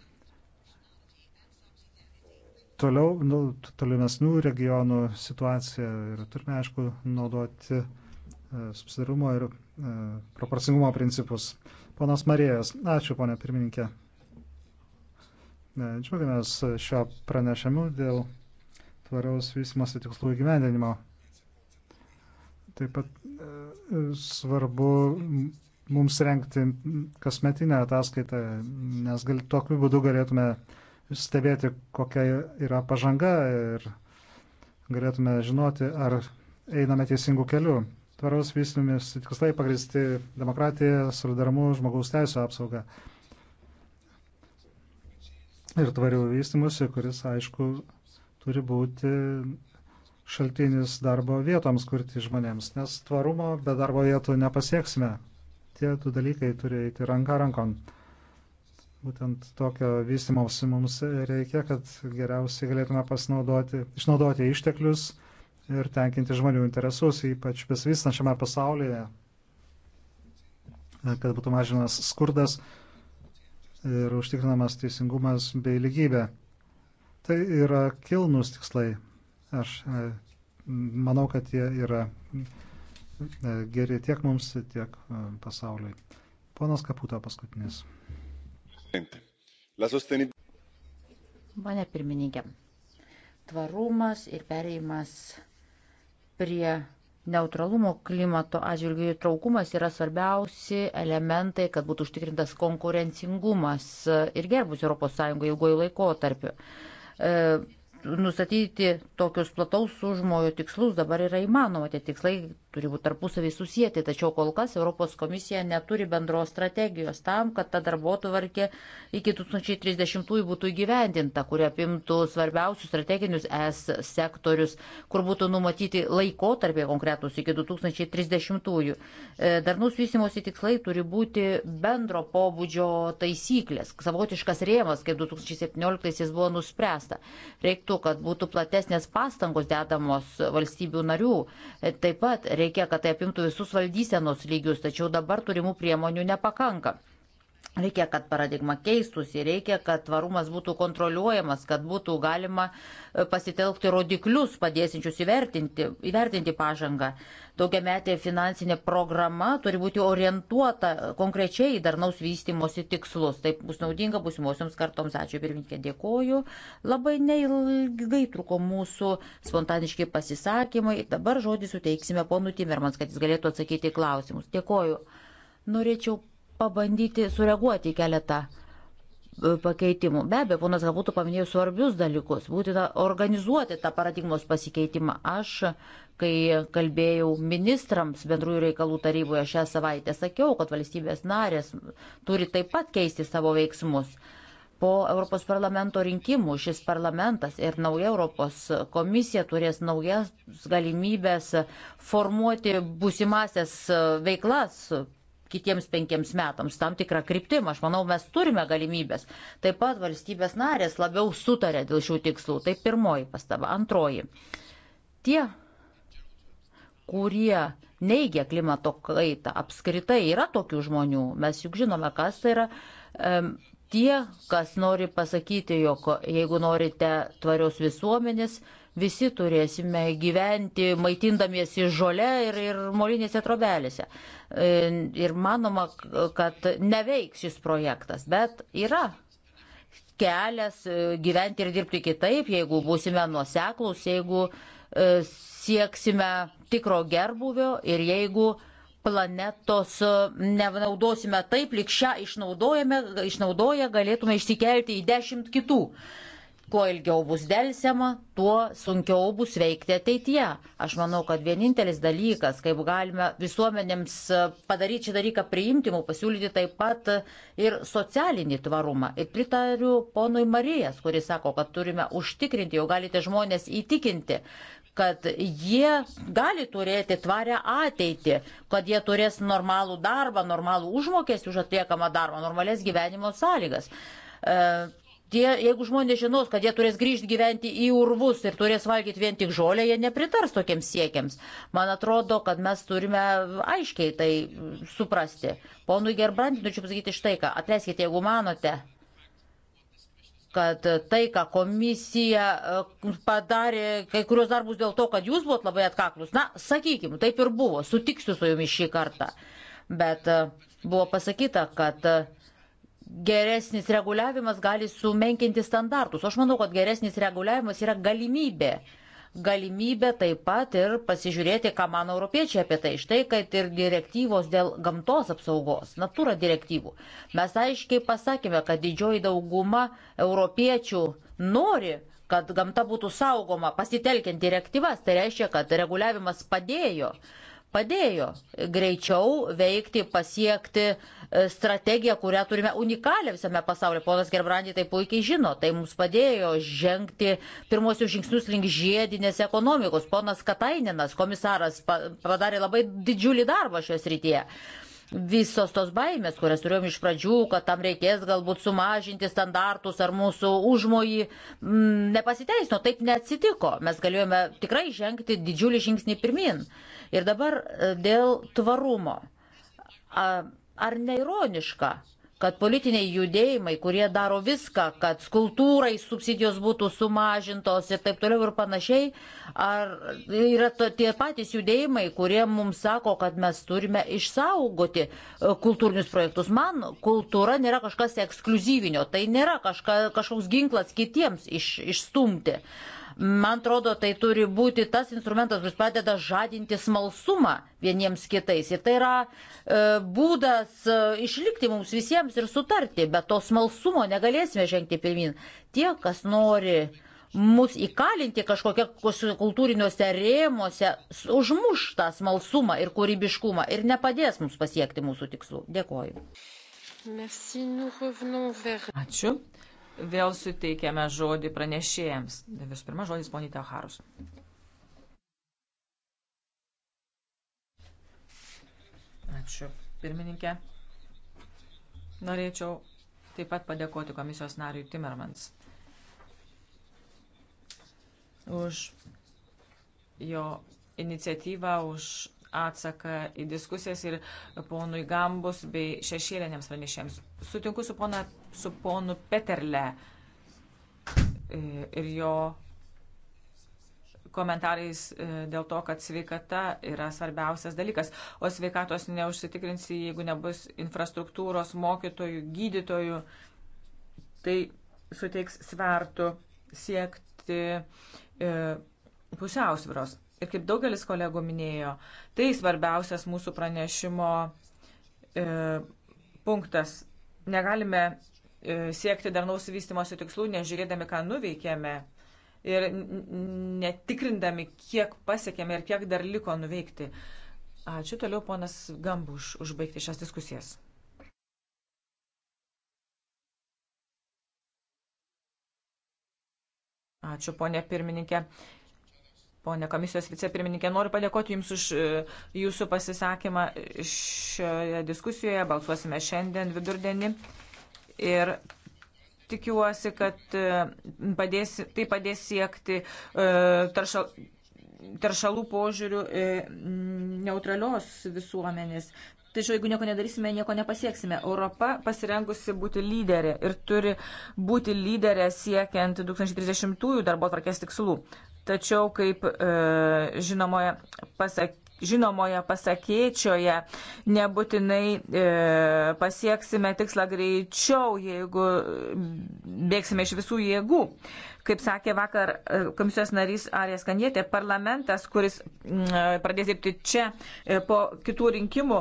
toliau, nu, tolimesnių regionų situaciją ir turime, aišku, naudoti e, subsidarumo ir e, proporcingumo principus. Ponas Marijas, ačiū, ponė pirmininkė. E, džiaugiamės šio pranešimu dėl tvariaus vystimosi tikslų įgyvendinimo. Taip pat svarbu mums renkti kasmetinę ataskaitą, nes gal, tokiu būdu galėtume uh, stebėti, kokia yra pažanga ir galėtume žinoti, ar einame teisingų kelių. Tvaraus vystymis tikslai pagristi demokratija, solidarumu, žmogaus teisų apsauga. Ir tvarių vystimusi, kuris, aišku, turi būti šaltinis darbo vietoms kurti žmonėms, nes tvarumo be darbo vietų nepasieksime. Tie du dalykai turi eiti ranka rankon. Būtent tokio vystimosi mums reikia, kad geriausiai galėtume pasinaudoti, išnaudoti išteklius ir tenkinti žmonių interesus, ypač besivystančiame pasaulyje, kad būtų mažinamas skurdas ir užtikrinamas teisingumas bei lygybė. Tai yra kilnus tikslai. Aš e, manau, kad jie yra e, geri tiek mums, tiek e, pasauliui. Ponas Kaputo paskutinis. Mane pirmininkė. Tvarumas ir pereimas prie neutralumo klimato atžvilgių įtraukumas yra svarbiausi elementai, kad būtų užtikrintas konkurencingumas ir gerbus ES ilguoju laikotarpiu. E, nustatyti tokius plataus užmojo tikslus dabar yra įmanoma. Tie tikslai turi būti tarpusavį susijęti, tačiau kol kas Europos komisija neturi bendros strategijos tam, kad ta darbotvarkė iki 2030-ųjų būtų įgyvendinta, kuri apimtų svarbiausius strateginius es sektorius, kur būtų numatyti laikotarpiai konkretus iki 2030-ųjų. E, Darnus vystimosi tikslai turi būti bendro pobūdžio taisyklės, savotiškas rėmas, kaip 2017-aisiais buvo nuspręsta. Reiktų reikėtų, kad būtų platesnės pastangos dedamos valstybių narių. Taip pat reikia, kad tai apimtų visus valdysenos lygius, tačiau dabar turimų priemonių nepakanka. Reikia, kad paradigma keistųsi, reikia, kad tvarumas būtų kontroliuojamas, kad būtų galima e, pasitelkti rodiklius padėsinčius įvertinti, įvertinti pažangą. Daugiametė finansinė programa turi būti orientuota konkrečiai į darnaus vystimosi tikslus. Taip bus naudinga būsimosioms kartoms. Ačiū pirmininkė, dėkoju. Labai neilgai truko mūsų spontaniški pasisakymai. Dabar žodį suteiksime ponui Timermans, kad jis galėtų atsakyti į klausimus. Dėkoju. Norėčiau pabandyti sureaguoti į keletą e, pakeitimų. Be abejo, ponas Gabutų paminėjo svarbius dalykus, būtina organizuoti tą paradigmos pasikeitimą. Aš, kai kalbėjau ministrams bendrųjų reikalų taryboje šią savaitę, sakiau, kad valstybės narės turi taip pat keisti savo veiksmus. Po Europos parlamento rinkimų šis parlamentas ir nauja Europos komisija turės naujas galimybės formuoti busimasias veiklas kitiems penkiems metams tam tikrą kryptimą. Aš manau, mes turime galimybės. Taip pat valstybės narės labiau sutarė dėl šių tikslų. Tai pirmoji pastaba. Antroji. Tie, kurie neigia klimato kaitą, apskritai yra tokių žmonių. Mes juk žinome, kas tai yra. Um, tie, kas nori pasakyti, jog jeigu norite tvarios visuomenės, visi turėsime gyventi maitindamiesi žole ir, ir molinėse trobelėse. E, ir manoma, kad neveiks šis projektas, bet yra kelias e, gyventi ir dirbti kitaip, jeigu būsime nuoseklus, jeigu e, sieksime tikro gerbuvio ir jeigu planetos nenaudosime taip, lik šią išnaudojame, išnaudoja galėtume išsikelti į dešimt kitų kuo ilgiau bus dėlsiama, tuo sunkiau bus veikti ateityje. Aš manau, kad vienintelis dalykas, kaip galime visuomenėms padaryti šį dalyką priimtimų, pasiūlyti taip pat ir socialinį tvarumą. Ir pritariu ponui Marijas, kuris sako, kad turime užtikrinti, jau galite žmonės įtikinti, kad jie gali turėti tvarę ateitį, kad jie turės normalų darbą, normalų užmokestį už atliekamą darbą, normales gyvenimo sąlygas. E, tie, jeigu žmonės žinos, kad jie turės grįžti gyventi į urvus ir turės valgyti vien tik žolę, jie nepritars tokiems siekiams. Man atrodo, kad mes turime aiškiai tai suprasti. Ponui Gerbrandinui, čia pasakyti štai ką, atleiskite, jeigu manote, kad tai, ką komisija e, padarė, kai kurios darbus dėl to, kad jūs buvot labai atkaklus, na, sakykim, taip ir buvo, sutiksiu su jumis šį kartą. Bet e, buvo pasakyta, kad uh, geresnis reguliavimas gali sumenkinti standartus. Aš manau, kad geresnis reguliavimas yra galimybė. Galimybė taip pat ir pasižiūrėti, ką mano europiečiai apie tai. Štai, kad ir direktyvos dėl gamtos apsaugos, natūra direktyvų. Mes aiškiai pasakėme, kad didžioji dauguma europiečių nori, kad gamta būtų saugoma pasitelkiant direktyvas. Tai reiškia, kad reguliavimas padėjo. Uh, padėjo greičiau veikti, pasiekti e, strategiją, kurią turime unikalią visame pasaulyje. Ponas Gerbrandi tai puikiai žino, tai mums padėjo žengti pirmosius žingsnius link žiedinės ekonomikos. Ponas Katainenas, komisaras, padarė labai didžiulį darbą šioje srityje visos tos baimės, kurias turėjom iš pradžių, kad tam reikės galbūt sumažinti standartus ar mūsų užmojį, m, mm, nepasiteisino, taip neatsitiko. Mes galėjome tikrai žengti didžiulį žingsnį pirmin. Ir dabar e, dėl tvarumo. Ar neironiška, kad politiniai judėjimai, kurie daro viską, kad kultūrai subsidijos būtų sumažintos ir taip toliau ir panašiai, ar yra to, tie patys judėjimai, kurie mums sako, kad mes turime išsaugoti e, kultūrinius projektus. Man kultūra nėra kažkas ekskluzyvinio, tai nėra kažka, kažkoks ginklas kitiems iš, išstumti. Uh, Man atrodo, tai turi būti tas instrumentas, kuris padeda žadinti smalsumą vieniems kitais. Ir tai yra e, būdas e, išlikti mums visiems ir sutarti, bet to smalsumo negalėsime žengti pirmin. Tie, kas nori mus įkalinti kažkokia kultūriniuose rėmuose, užmuš tą smalsumą ir kūrybiškumą ir nepadės mums pasiekti mūsų tikslų. Dėkoju. Merci, vers... Ačiū. Vėl suteikiame žodį pranešėjams. Visų pirma, žodis poniai Teoharus. Ačiū, pirmininkė. Norėčiau taip pat padėkoti komisijos nariui Timmermans už jo iniciatyvą, už atsaką į diskusijas ir ponui Gambus bei šešėliniams pranešėms. Sutinku su pona su ponu Peterle e, ir jo komentarais e, dėl to, kad sveikata yra svarbiausias dalykas, o sveikatos neužsitikrinsi, jeigu nebus infrastruktūros, mokytojų, gydytojų, tai suteiks svertų siekti e, pusiausviros. Ir kaip daugelis kolegų minėjo, tai svarbiausias mūsų pranešimo e, punktas. Negalime E, siekti darnaus vystimosi tikslų, nežiūrėdami, ką nuveikėme ir netikrindami, kiek pasiekėme ir kiek dar liko nuveikti. Ačiū toliau, ponas Gambuš, užbaigti šias diskusijas. Ačiū, ponė pirmininkė. Pone komisijos vicepirmininkė, noriu padėkoti Jums už e, Jūsų pasisakymą šioje diskusijoje. Balsuosime šiandien vidurdienį ir tikiuosi, kad e, padės, tai padės siekti taršal, e, taršalų požiūrių e, neutralios visuomenės. Tačiau jeigu nieko nedarysime, nieko nepasieksime. Europa pasirengusi būti lyderė ir turi būti lyderė siekiant 2030-ųjų darbo tvarkės tikslų. Tačiau, kaip e, žinoma, pasak, žinomoje pasakėčioje, nebūtinai e, pasieksime tikslą greičiau, jeigu bėgsime iš visų jėgų. E, Kaip sakė vakar e, komisijos narys Arijas Kanietė, parlamentas, kuris e, pradės dirbti čia e, po kitų rinkimų,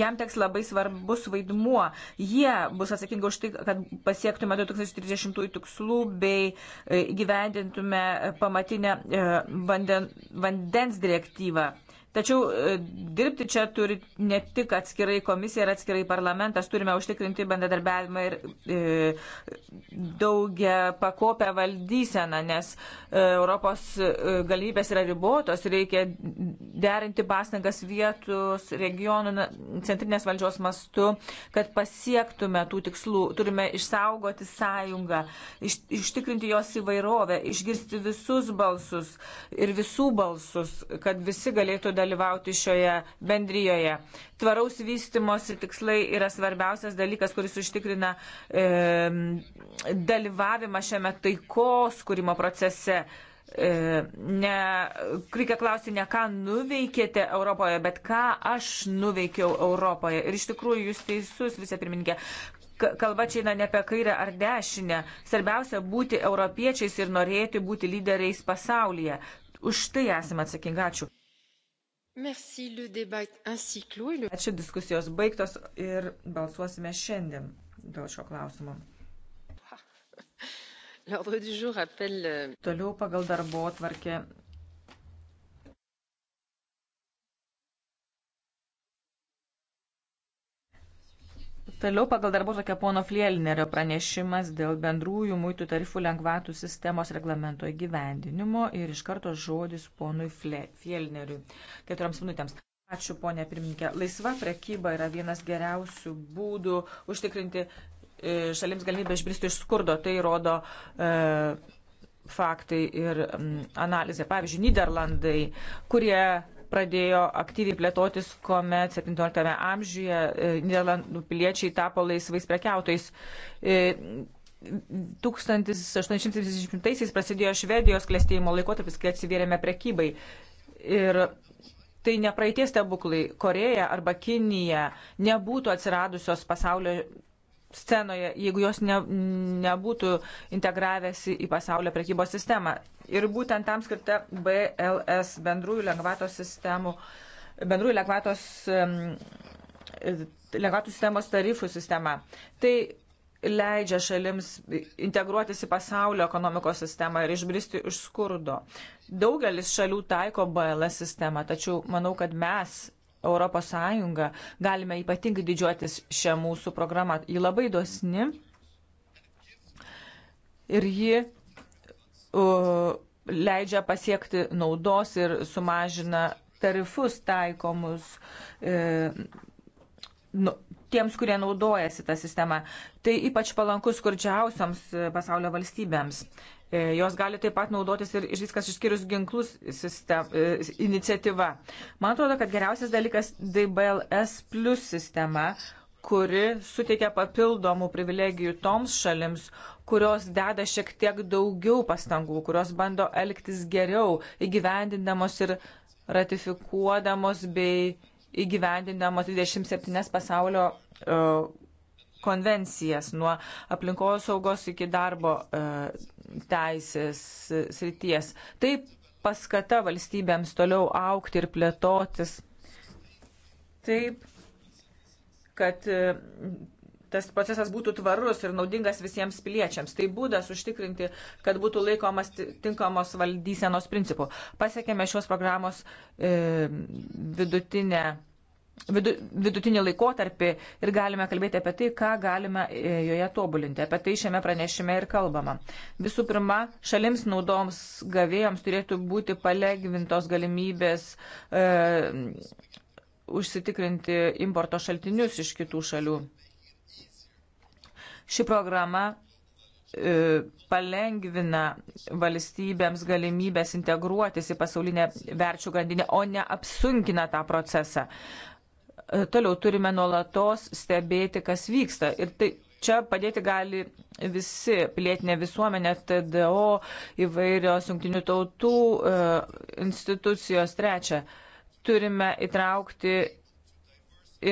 jam teks labai svarbus vaidmuo. Jie bus atsakingi už tai, kad pasiektume 2030 tikslų bei gyvendintume pamatinę vanden, vandens direktyvą. Tačiau e, dirbti čia turi ne tik atskirai komisija ir atskirai parlamentas, turime užtikrinti bendradarbiavimą ir e, daugia pakopę valdyseną, nes e, Europos e, galimybės yra ribotos, reikia derinti pastangas vietos, regionų, centrinės valdžios mastu, kad pasiektume tų tikslų. Turime išsaugoti sąjungą, iš, ištikrinti jos įvairovę, išgirsti visus balsus ir visų balsus, kad visi galėtų dalyvauti dalyvauti šioje bendryjoje. Tvaraus vystimosi tikslai yra svarbiausias dalykas, kuris užtikrina e, dalyvavimą šiame taikos kūrimo procese. E, ne, reikia klausyti ne ką nuveikėte Europoje, bet ką aš nuveikiau Europoje. Ir iš tikrųjų jūs teisus, vicepirmininkė, kalba čia eina ne apie kairę ar dešinę. Svarbiausia būti europiečiais ir norėti būti lyderiais pasaulyje. Už tai esame atsakingi. Ačiū. Merci, le débat ainsi clos. Le... Ačiū diskusijos baigtos ir balsuosime šiandien dėl šio klausimo. Euh, Toliau pagal darbo atvarkę Toliau pagal darbo tokia pono Flielnerio pranešimas dėl bendrųjų muitų tarifų lengvatų sistemos reglamento įgyvendinimo ir iš karto žodis ponui Flielneriui. Keturioms minutėms. Ačiū, ponė pirmininkė. Laisva prekyba yra vienas geriausių būdų užtikrinti e, šalims galimybę išbristi iš skurdo. Tai rodo e, faktai ir m, analizė. Pavyzdžiui, Niderlandai, kurie pradėjo aktyviai plėtotis, kuomet 17 amžiuje e, Niderlandų piliečiai tapo laisvais prekiautojais. 1870-aisiais e, prasidėjo Švedijos klėstėjimo laikotarpis, kai atsivėrėme prekybai. Ir tai nepraeities stebuklai. Koreja arba Kinija nebūtų atsiradusios pasaulio scenoje, jeigu jos ne, nebūtų integravęsi į pasaulio prekybos sistemą. Ir būtent tam skirta BLS bendrųjų lengvatos sistemų, bendrųjų lengvatos, lengvatų sistemos tarifų sistema. Tai leidžia šalims integruotis į pasaulio ekonomikos sistemą ir išbristi iš skurdo. Daugelis šalių taiko BLS sistemą, tačiau manau, kad mes Europos Sąjungą, galime ypatingai didžiuotis šią mūsų programą. Ji labai dosni ir ji uh, leidžia pasiekti naudos ir sumažina tarifus taikomus e, nu, tiems, kurie naudojasi tą sistemą. Tai ypač palankus skurdžiausiams e, pasaulio valstybėms. E, jos gali taip pat naudotis ir viskas išskyrus ginklus sistem, e, iniciatyva. Man atrodo, kad geriausias dalykas DBLS plus sistema, kuri suteikia papildomų privilegijų toms šalims, kurios deda šiek tiek daugiau pastangų, kurios bando elgtis geriau, įgyvendindamos ir ratifikuodamos bei įgyvendindamos 27 pasaulio uh, konvencijas nuo aplinkos saugos iki darbo e, teisės e, srities. Tai paskata valstybėms toliau aukti ir plėtotis. Taip, kad e, tas procesas būtų tvarus ir naudingas visiems piliečiams. Tai būdas užtikrinti, kad būtų laikomas tinkamos valdysenos principų. Pasiekėme šios programos e, vidutinę vidutinį laikotarpį ir galime kalbėti apie tai, ką galime e, joje tobulinti. Apie tai šiame pranešime ir kalbama. Visų pirma, šalims naudoms gavėjams turėtų būti palengvintos galimybės e, užsitikrinti importo šaltinius iš kitų šalių. Ši programa e, palengvina valstybėms galimybės integruotis į pasaulinę verčių grandinę, o ne apsunkina tą procesą. E, toliau turime nuolatos stebėti, kas vyksta. Ir tai čia padėti gali visi pilietinė visuomenė, TDO, įvairios jungtinių tautų e, institucijos. Trečia, turime įtraukti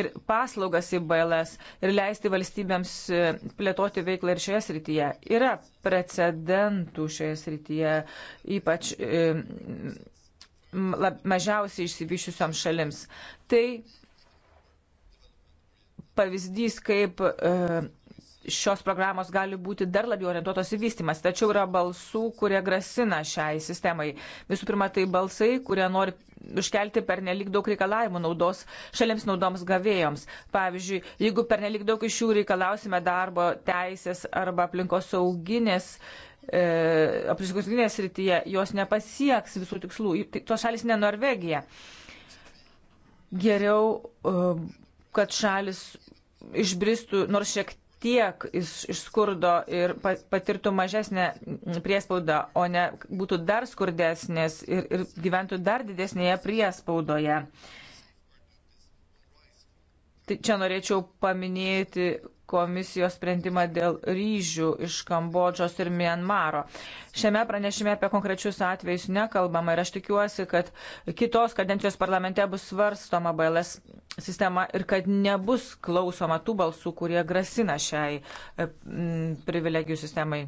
ir paslaugas į BLS ir leisti valstybėms e, plėtoti veiklą ir šioje srityje. Yra precedentų šioje srityje, ypač mažiausiai išsivyšiusiam šalims. Tai pavyzdys, kaip e, šios programos gali būti dar labiau orientuotos į vystimas, tačiau yra balsų, kurie grasina šiai sistemai. Visų pirma, tai balsai, kurie nori iškelti per nelik daug reikalavimų naudos šalims naudoms gavėjoms. Pavyzdžiui, jeigu per nelik daug iš jų reikalausime darbo teisės arba aplinkos sauginės, e, aplinkosauginės rytyje, jos nepasieks visų tikslų. Tuos šalis ne Norvegija. Geriau. E, kad šalis išbristų nors šiek tiek iš, iš skurdo ir patirtų mažesnę priespaudą, o ne būtų dar skurdesnės ir, ir gyventų dar didesnėje priespaudoje. Tai čia norėčiau paminėti komisijos sprendimą dėl ryžių iš Kambodžos ir Mianmaro. Šiame pranešime apie konkrečius atvejus nekalbama ir aš tikiuosi, kad kitos kadencijos parlamente bus svarstoma BLS sistema ir kad nebus klausoma tų balsų, kurie grasina šiai e, privilegijų sistemai.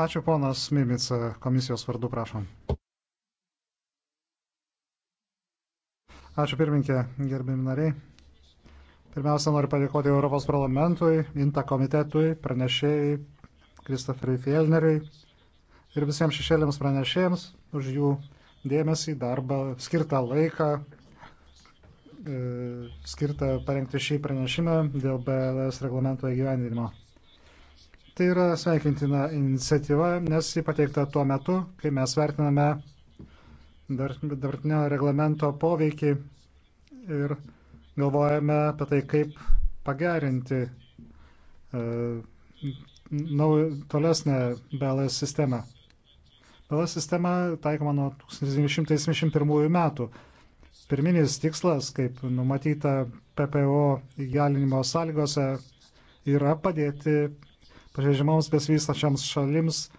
Ačiū ponas Mimica, komisijos vardu prašom. Ačiū pirminkė, gerbėmi nariai. Pirmiausia, noriu padėkoti Europos parlamentui, INTA komitetui, pranešėjai, Kristoferiai Fielneriai ir visiems šešėliams pranešėjams už jų dėmesį, darbą, skirtą laiką, e, skirtą parengti šį pranešimą dėl BLS reglamento įgyvendinimo. Tai yra sveikintina iniciatyva, nes ji pateikta tuo metu, kai mes vertiname dabartinio reglamento poveikį ir galvojame apie tai, kaip pagerinti e, nau, tolesnę BLS sistemą. BLS sistema taikoma nuo 1971 metų. Pirminis tikslas, kaip numatyta PPO įgalinimo sąlygose, yra padėti pažeidžiamoms besivystačiams šalims e,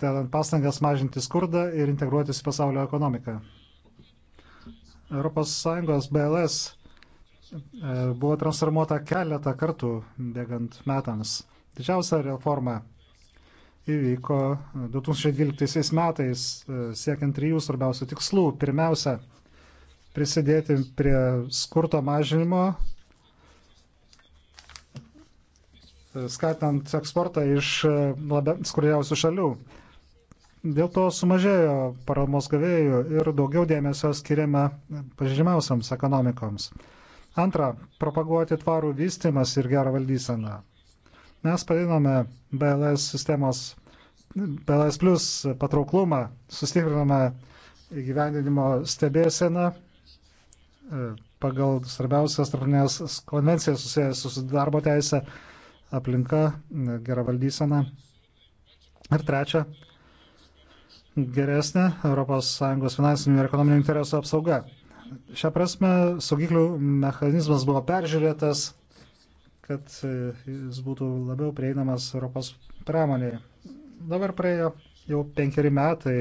dedant pastangas mažinti skurdą ir integruotis į pasaulio ekonomiką. ES BLS e, buvo transformuota keletą kartų bėgant metams. Didžiausia reforma įvyko 2012 e, metais e, siekiant trijų svarbiausių tikslų. Pirmiausia, prisidėti prie skurto mažinimo, skatinant eksportą iš skurdžiausių šalių. Dėl to sumažėjo paramos gavėjų ir daugiau dėmesio skiriame pažymiausiams ekonomikoms. Antra, propaguoti tvarų vystimas ir gerą valdyseną. Mes padinome BLS sistemos BLS plus patrauklumą, sustiprinome įgyvendinimo stebėseną e, pagal svarbiausias tarptautinės konvencijas susijęs su darbo teisė, aplinka, gera valdysena. Ir trečia, geresnė ES finansinių ir ekonominių interesų apsauga. Šią prasme, saugiklių mechanizmas buvo peržiūrėtas, kad e, jis būtų labiau prieinamas Europos pramoniai. Dabar praėjo jau penkeri metai,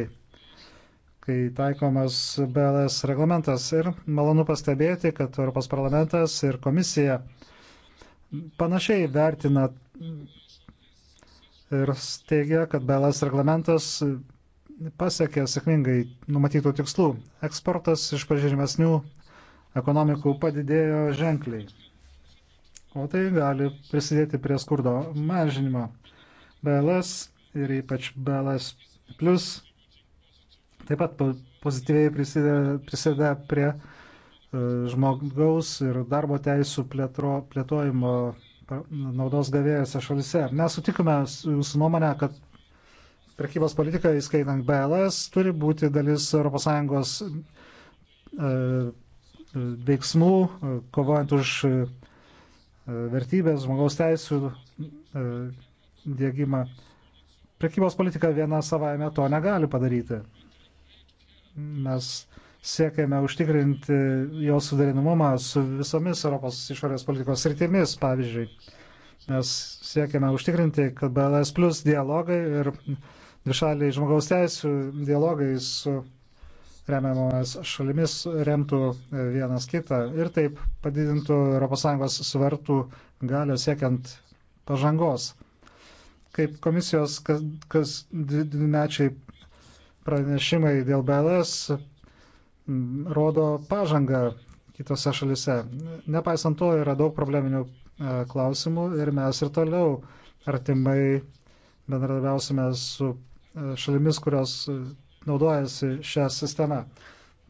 kai taikomas BLS reglamentas ir malonu pastebėti, kad Europos parlamentas ir komisija panašiai vertina ir steigia, kad BLS reglamentas pasiekė sėkmingai numatytų tikslų. Eksportas iš pažymesnių ekonomikų padidėjo ženkliai. O tai gali prisidėti prie skurdo mažinimo. BLS ir ypač BLS plus taip pat pozityviai prisideda, prisideda prie e, žmogaus ir darbo teisų plėtro, plėtojimo naudos gavėjose šalise. Mes sutikime jūsų nuomonę, kad prekybos politika, įskaitant BLS, turi būti dalis ES e, veiksmų, e, kovojant už e, vertybės, žmogaus teisų dėgymą. Prekybos politika viena savaime to negali padaryti. Mes siekiame užtikrinti jos suderinamumą su visomis Europos išorės politikos sritimis, pavyzdžiui. Mes siekiame užtikrinti, kad BLS plus dialogai ir dvišaliai žmogaus teisų dialogai su remiamomis šalimis remtų e, vienas kitą ir taip padidintų ES svertų galio siekiant pažangos. Kaip komisijos kas, kas dvimečiai pranešimai dėl BLS rodo pažangą kitose šalise. Nepaisant to yra daug probleminių e, klausimų ir mes ir toliau artimai bendradarbiausime su E, šalimis, kurios e, naudojasi šią sistemą.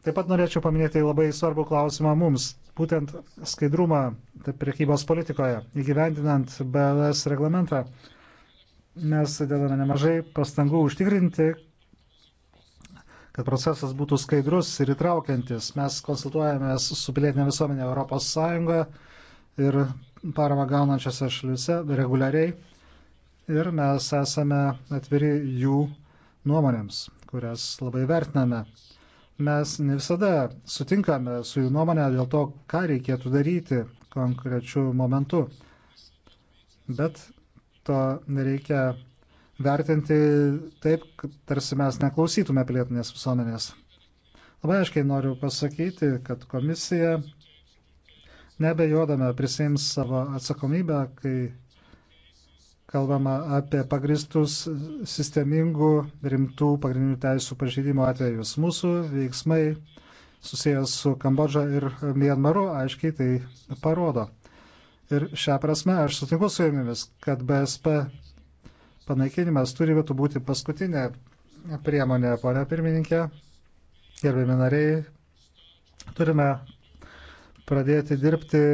Taip pat norėčiau paminėti labai svarbų klausimą mums, būtent skaidrumą tai priekybos politikoje, įgyvendinant BLS reglamentą. Mes dedame nemažai pastangų užtikrinti, kad procesas būtų skaidrus ir įtraukiantis. Mes konsultuojame su pilietinė visuomenė Europos Sąjungoje ir paramą gaunančiose šalise reguliariai ir mes esame atviri jų nuomonėms, kurias labai vertiname. Mes ne visada sutinkame su jų nuomonė dėl to, ką reikėtų daryti konkrečių momentų, bet to nereikia vertinti taip, tarsi mes neklausytume pilietinės visuomenės. Labai aiškiai noriu pasakyti, kad komisija nebejodama prisims savo atsakomybę, kai kalbama apie pagristus sistemingų rimtų pagrindinių teisų pažeidimo atvejus. Mūsų veiksmai susijęs su Kambodža ir Mianmaru aiškiai tai parodo. Ir šią prasme aš sutinku su jumis, kad BSP panaikinimas turėtų būti paskutinė priemonė, ponia pirmininkė, gerbėmi nariai. Turime pradėti dirbti,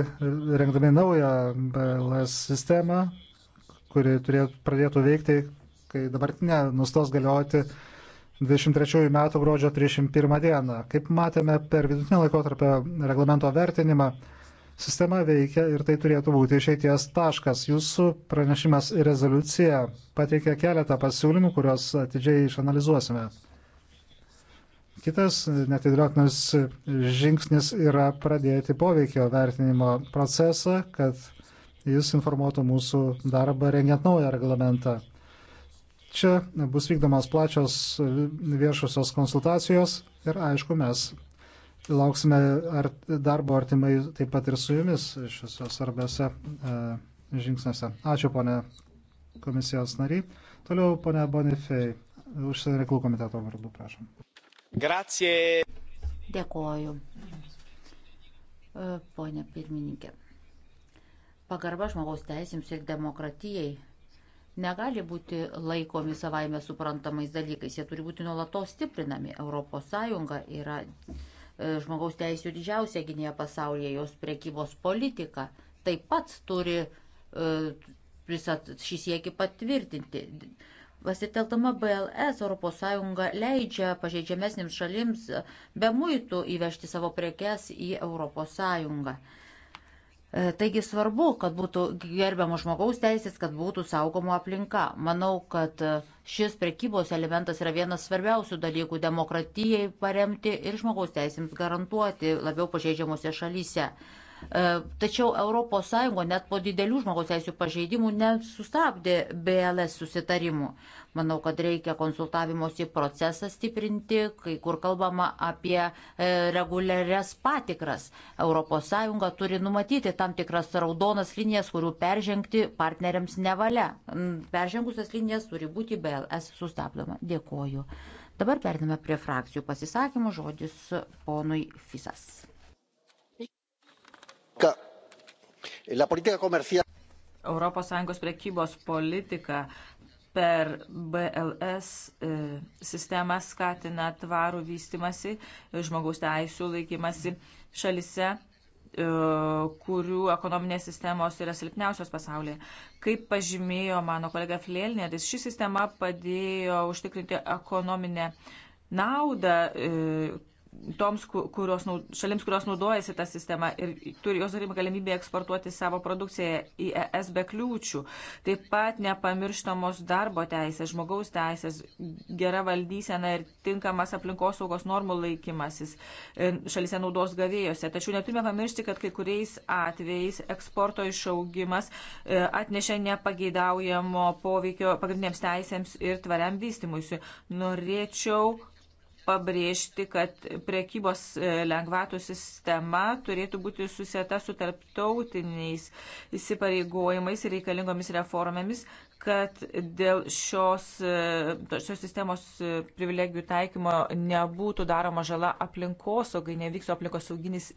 rengdami naują BLS sistemą, kuri turėtų, pradėtų veikti, kai dabartinė nustos galioti 23 metų gruodžio 31 dieną. Kaip matėme per vidutinį laikotarpio reglamento vertinimą, sistema veikia ir tai turėtų būti išeities taškas. Jūsų pranešimas ir rezoliucija pateikia keletą pasiūlymų, kuriuos atidžiai išanalizuosime. Kitas netidėliotinas žingsnis yra pradėti poveikio vertinimo procesą, kad jis informuotų mūsų darbą rengiant naują reglamentą. Čia bus vykdomas plačios viešosios konsultacijos ir aišku, mes lauksime ar darbo artimai taip pat ir su jumis šiuose svarbiose e, žingsniuose. Ačiū, ponė komisijos nariai. Toliau, ponė Bonifei, užsienio reikalų komiteto vardu, prašom. Gracie. Dėkoju. E, pone pirmininkė. Pagarba žmogaus teisėms ir demokratijai negali būti laikomi savaime suprantamais dalykais. Jie turi būti nuolatos stiprinami. ES yra e, žmogaus teisų didžiausia gynėja pasaulyje, jos priekybos politika taip pat turi e, visą šį siekį patvirtinti. Pasiteltama BLS ES leidžia pažeidžiamesnėms šalims be muitų įvežti savo prekes į ES. E, taigi svarbu, kad būtų gerbiamos žmogaus teisės, kad būtų saugoma aplinka. Manau, kad e, šis prekybos elementas yra vienas svarbiausių dalykų demokratijai paremti ir žmogaus teisėms garantuoti labiau pažeidžiamuose šalyse. E, tačiau ES net po didelių žmogaus teisų pažeidimų nesustabdė BLS susitarimų. Manau, kad reikia konsultavimosi procesą stiprinti, kai kur kalbama apie e, reguliarias patikras. ES turi numatyti tam tikras raudonas linijas, kurių peržengti partneriams nevalia. Peržengusias linijas turi būti BLS sustabdoma. Dėkoju. Dabar periname prie frakcijų pasisakymų. Žodis ponui Fisas. La politika comercial. ES prekybos politika per BLS e, sistemą skatina tvarų vystimasi, žmogaus teisų laikymasi šalise, e, kurių ekonominės sistemos yra silpniausios pasaulyje. Kaip pažymėjo mano kolega Flėlinėdis, ši sistema padėjo užtikrinti ekonominę naudą e, toms, kurios, šalims, kurios naudojasi tą sistemą ir turi jos turim galimybę eksportuoti savo produkciją į ES be kliūčių. Taip pat nepamirštamos darbo teisės, žmogaus teisės, gera valdysena ir tinkamas aplinkosaugos normų laikymasis e, šalise naudos gavėjose. Tačiau neturime pamiršti, kad kai kuriais atvejais eksporto išaugimas e, atnešė nepageidaujamo poveikio pagrindiniams teisėms ir tvariam vystimuisi. Norėčiau pabrėžti, kad prekybos e, lengvatų sistema turėtų būti susieta su tarptautiniais įsipareigojimais ir reikalingomis reformomis, kad dėl šios, e, šios sistemos e, privilegijų taikymo nebūtų daroma žala aplinkosaugai, nevykso aplinkosauginis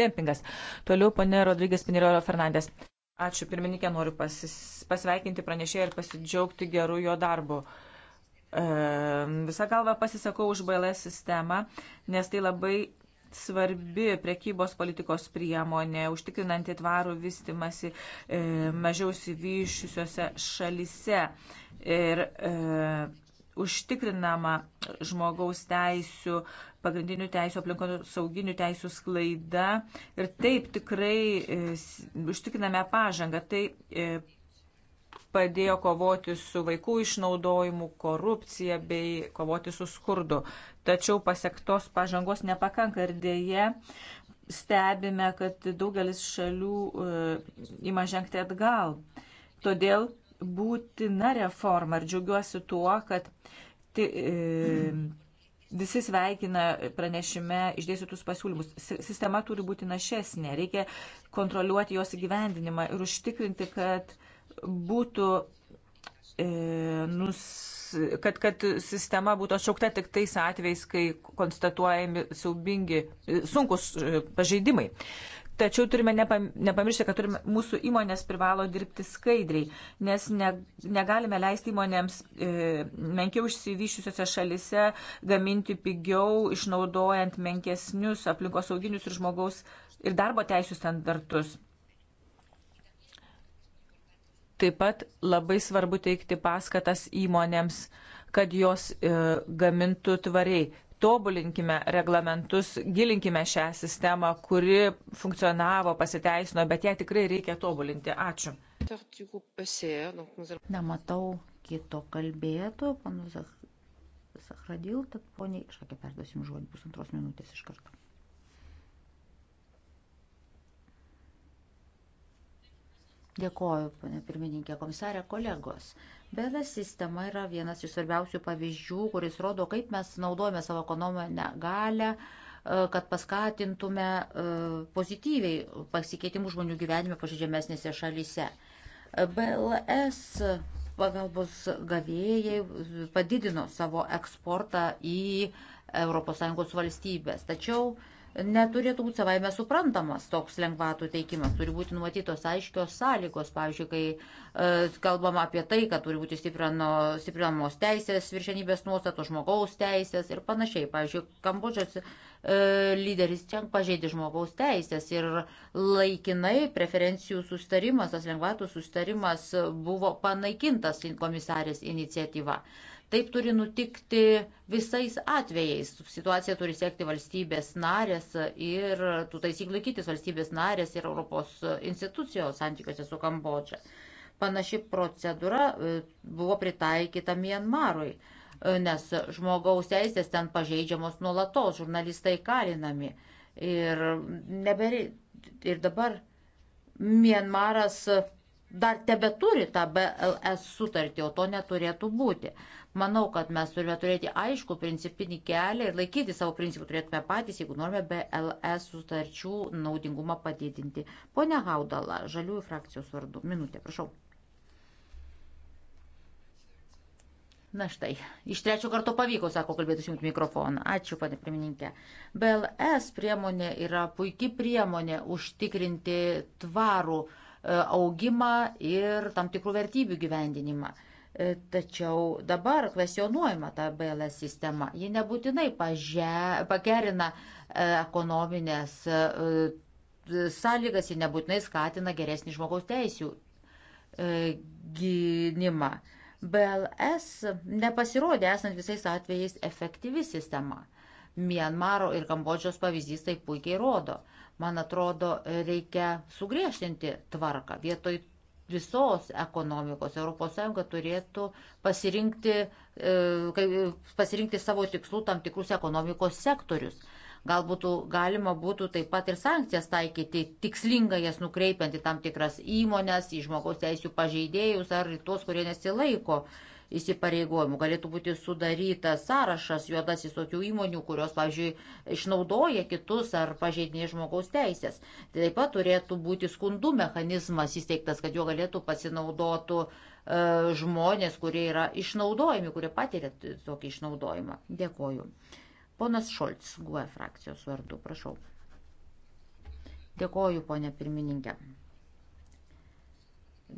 dempingas. Toliau, pane Rodrygės Pinirero Fernandės. Ačiū, pirmininkė, noriu pasis, pasveikinti pranešėją ir pasidžiaugti geru jo darbu. Uh, Visą galvą pasisakau už BLS sistemą, nes tai labai svarbi prekybos politikos priemonė, užtikrinanti tvarų vystimasi e, mažiau įsivyšiusiuose šalise ir e, užtikrinama žmogaus teisų, pagrindinių teisų, aplinkos sauginių teisų sklaida ir taip tikrai e, užtikriname pažangą. Tai e, padėjo kovoti su vaikų išnaudojimu, korupcija bei kovoti su skurdu. Tačiau pasiektos pažangos nepakanka ir dėje stebime, kad daugelis šalių e, ima žengti atgal. Todėl būtina reforma ir džiaugiuosi tuo, kad ti, e, visi sveikina pranešime išdėstytus pasiūlymus. Sistema turi būti našesnė, reikia kontroliuoti jos įgyvendinimą ir užtikrinti, kad e, būtų e, nus, kad, kad sistema būtų atšaukta tik tais atvejais, kai konstatuojami siaubingi, e, sunkus e, pažeidimai. Tačiau turime nepamiršti, kad turime, mūsų įmonės privalo dirbti skaidriai, nes ne, negalime leisti įmonėms e, menkiau išsivyščiusiose šalise gaminti pigiau, išnaudojant menkesnius aplinkosauginius ir žmogaus ir darbo teisų standartus. Taip pat labai svarbu teikti paskatas įmonėms, kad jos e, gamintų tvariai. Tobulinkime reglamentus, gilinkime šią sistemą, kuri funkcionavo, pasiteisino, bet ją tikrai reikia tobulinti. Ačiū. Nematau kito kalbėto, panu Zahradil, tad poniai, išakė perduosim žodį pusantros minutės iš karto. Dėkoju, ponė pirmininkė, komisarė, kolegos. Bela sistema yra vienas iš svarbiausių pavyzdžių, kuris rodo, kaip mes naudojame savo ekonominę galę, e, kad paskatintume e, pozityviai pasikeitimų žmonių gyvenime pažydžiamesnėse šalyse. BLS pagalbos gavėjai padidino savo eksportą į ES valstybės. Tačiau neturėtų būti savaime suprantamas toks lengvatų teikimas. Turi būti numatytos aiškios sąlygos, pavyzdžiui, kai e, kalbama apie tai, kad turi būti stiprinamos teisės, viršenybės nuostatos, žmogaus teisės ir panašiai. Pavyzdžiui, Kambodžos e, lyderis čia pažeidė žmogaus teisės ir laikinai preferencijų sustarimas, tas lengvatų sustarimas buvo panaikintas komisarės iniciatyva. Taip turi nutikti visais atvejais. Situacija turi siekti valstybės narės ir tų taisyklių kitis valstybės narės ir Europos institucijos santykiuose su Kambodža. Panaši procedūra e, buvo pritaikyta Mienmarui, e, nes žmogaus teisės ten pažeidžiamos nuolatos, žurnalistai kalinami. Ir, neberi, ir dabar Mienmaras dar tebe turi tą BLS sutartį, o to neturėtų būti. Manau, kad mes turime turėti aišku principinį kelią ir laikyti savo principų turėtume patys, jeigu norime BLS sutarčių naudingumą padidinti. Pone Haudala, žaliųjų frakcijos vardu. Minutė, prašau. Na štai, iš trečio karto pavyko, sako kalbėti išjungti mikrofoną. Ačiū, pane pirmininkė. BLS priemonė yra puikia priemonė užtikrinti tvarų uh, E, augimą ir tam tikrų vertybių gyvendinimą. E, tačiau dabar kvesionuojama ta BLS sistema. Ji nebūtinai paže, pagerina e, ekonominės sąlygas, ji nebūtinai skatina geresnį žmogaus teisų gynimą. BLS nepasirodė esant visais atvejais efektyvi sistema. Mianmaro ir Kambodžios pavyzdys tai puikiai rodo. Man atrodo, reikia sugriežtinti tvarką. Vietoj visos ekonomikos ES turėtų pasirinkti, e, pasirinkti savo tikslų tam tikrus ekonomikos sektorius. Galbūt galima būtų taip pat ir sankcijas taikyti, tikslingai jas nukreipiant į tam tikras įmonės, į žmogaus teisų pažeidėjus ar į tuos, kurie nesilaiko įsipareigojimų. Galėtų būti sudarytas sąrašas juodasis tokių įmonių, kurios, pavyzdžiui, išnaudoja kitus ar pažeidinė žmogaus teisės. Taip pat turėtų būti skundų mechanizmas įsteigtas, kad jo galėtų pasinaudotų e, žmonės, kurie yra išnaudojami, kurie patiria tokį išnaudojimą. Dėkoju. Ponas Šolts, GUE frakcijos vardu, prašau. Dėkoju, ponė pirmininkė.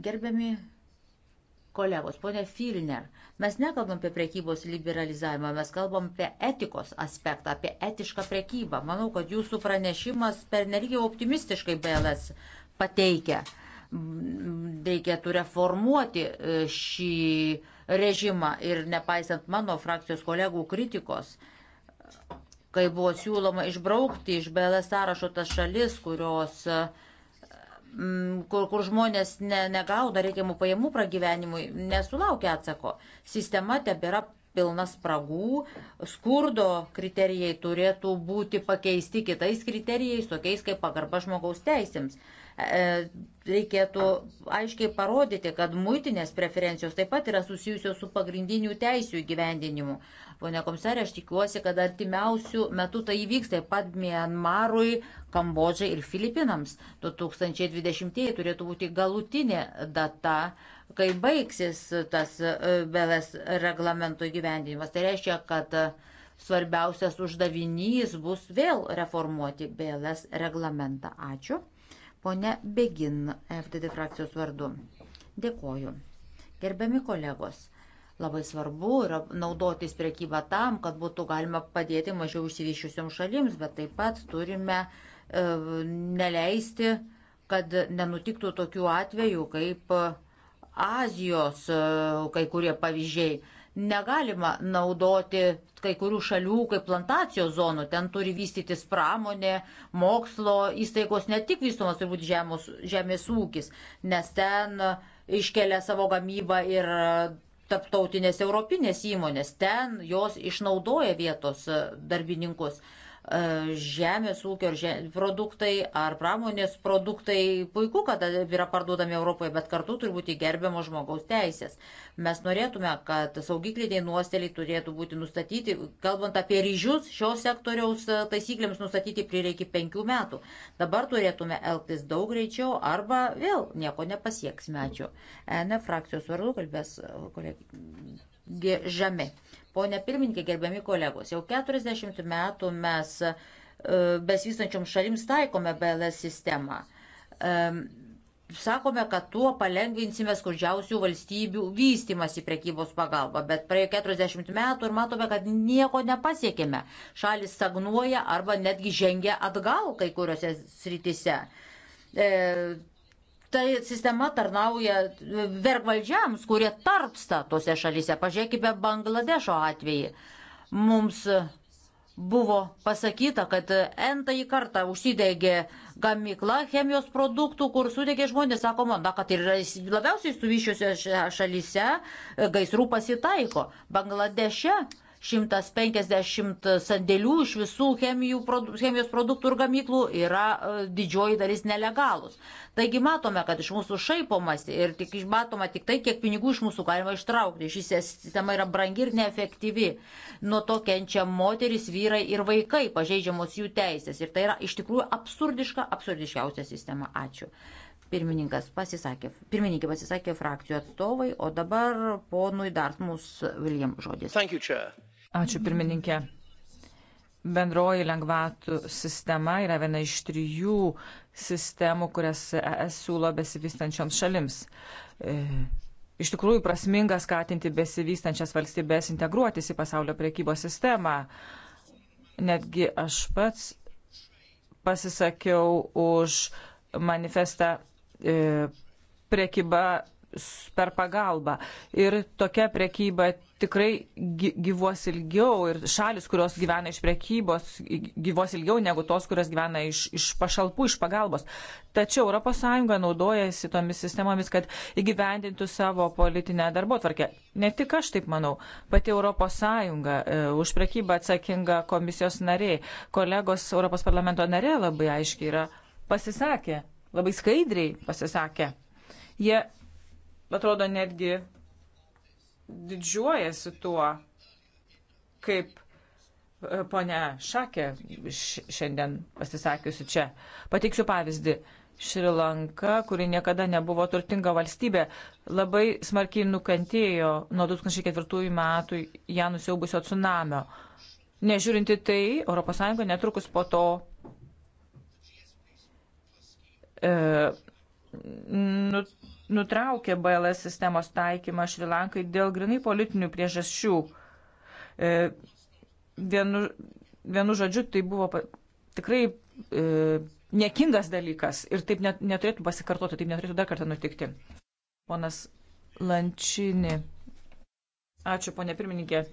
Gerbiami kolegos, ponė Filner, mes nekalbam apie prekybos liberalizavimą, mes kalbam apie etikos aspektą, apie etišką prekybą. Manau, kad jūsų pranešimas per nelygiai optimistiškai BLS pateikia. Reikėtų reformuoti e, šį režimą ir nepaisant mano frakcijos kolegų kritikos, kai buvo siūloma išbraukti iš BLS sąrašo tas šalis, kurios uh, Mm, kur, kur žmonės ne, negauna reikiamų pajamų pragyvenimui, nesulaukia atsako. Sistema tebėra pilnas spragų, skurdo kriterijai turėtų būti pakeisti kitais kriterijais, tokiais kaip pagarba žmogaus teisėms. E, reikėtų aiškiai parodyti, kad muitinės preferencijos taip pat yra susijusios su pagrindinių teisių įgyvendinimu. Pone komisarė, aš tikiuosi, kad artimiausių metų tai įvyks taip pat Mianmarui, Kambodžai ir Filipinams. 2020 turėtų būti galutinė data kai baigsis tas e, belės reglamento įgyvendinimas. Tai reiškia, kad svarbiausias uždavinys bus vėl reformuoti BLS reglamentą. Ačiū. Pone Begin, FDD frakcijos vardu. Dėkoju. Gerbiami kolegos, labai svarbu yra naudotis priekybą tam, kad būtų galima padėti mažiau išsivyščiusioms šalims, bet taip pat turime e, neleisti, kad nenutiktų tokių atvejų kaip e, Azijos e, kai kurie pavyzdžiai negalima naudoti kai kurių šalių kaip plantacijos zonų. Ten turi vystytis pramonė, mokslo įstaigos, ne tik vystomas turi būti žemės, žemės ūkis, nes ten iškelia savo gamybą ir taptautinės europinės įmonės. Ten jos išnaudoja vietos darbininkus. E, žemės ūkio produktai ar pramonės produktai puiku, kad yra parduodami Europoje, bet kartu turi būti gerbiamos žmogaus teisės. Mes norėtume, kad saugikliniai nuosteliai turėtų būti nustatyti, kalbant apie ryžius, šio sektoriaus taisyklėms nustatyti prireikia penkių metų. Dabar turėtume elgtis daug greičiau arba vėl nieko nepasieksime. Ačiū. Ne frakcijos vardu kalbės kolegė Žemė. Pone pirmininkė, gerbiami kolegos, jau 40 metų mes e, besivystančiom šalims taikome BLS sistemą. E, sakome, kad tuo palengvinsime skurdžiausių valstybių vystimasi prekybos pagalba, bet praėjo 40 metų ir matome, kad nieko nepasiekėme. Šalis stagnuoja arba netgi žengia atgal kai kuriuose srityse. E, tai sistema tarnauja e, vergvaldžiams, kurie tarpsta tose šalyse. Pažiūrėkime Bangladešo atvejį. Mums buvo pasakyta, kad entąjį kartą užsidegė gamykla chemijos produktų, kur sudegė žmonės, sakoma, na, kad ir labiausiai suvyšiuose šalyse e, gaisrų pasitaiko. Bangladeše 150 sandėlių iš visų produ, chemijos produktų ir gamyklų yra e, didžioji dalis nelegalus. Taigi matome, kad iš mūsų šaipomasi ir tik matoma tik tai, kiek pinigų iš mūsų galima ištraukti. Ši sistema yra brangi ir neefektyvi. Nuo to kenčia moteris, vyrai ir vaikai, pažeidžiamos jų teisės. Ir tai yra iš tikrųjų absurdiška, absurdiškiausia sistema. Ačiū. Pirmininkas pasisakė, pirmininkė pasisakė frakcijų atstovai, o dabar ponui Dartmus Viljam žodis. Thank you, Chair. Ačiū pirmininkė. Bendroji lengvatų sistema yra viena iš trijų sistemų, kurias ES siūlo besivystančioms šalims. E, iš tikrųjų prasminga skatinti besivystančias valstybės integruotis į pasaulio priekybos sistemą. Netgi aš pats pasisakiau už manifestą e, priekyba per pagalbą. Ir tokia priekyba tikrai gyvuos ilgiau ir šalis, kurios gyvena iš prekybos, gyvuos ilgiau negu tos, kurios gyvena iš, iš pašalpų, iš pagalbos. Tačiau ES naudojasi tomis sistemomis, kad įgyvendintų savo politinę darbo tvarkę. Ne tik aš taip manau, pati ES e, už prekybą atsakinga komisijos nariai, kolegos Europos parlamento narė labai aiškiai yra pasisakė, labai skaidriai pasisakė. Jie, atrodo, netgi didžiuojasi tuo, kaip e, ponia Šakė šiandien pasisakiusi čia. Pateiksiu pavyzdį. Šrilanka, kuri niekada nebuvo turtinga valstybė, labai smarkiai nukentėjo nuo 2004 metų ją nusiaubusio tsunamio. Nežiūrinti tai, ES netrukus po to e, nu, nutraukė BLS sistemos taikymą Šrilankai dėl grinai politinių priežasčių. E, vienu, vienu žodžiu, tai buvo tikrai e, niekingas dalykas ir taip net, neturėtų pasikartoti, taip neturėtų dar kartą nutikti. Ponas Lančini. Ačiū, ponė pirmininkė.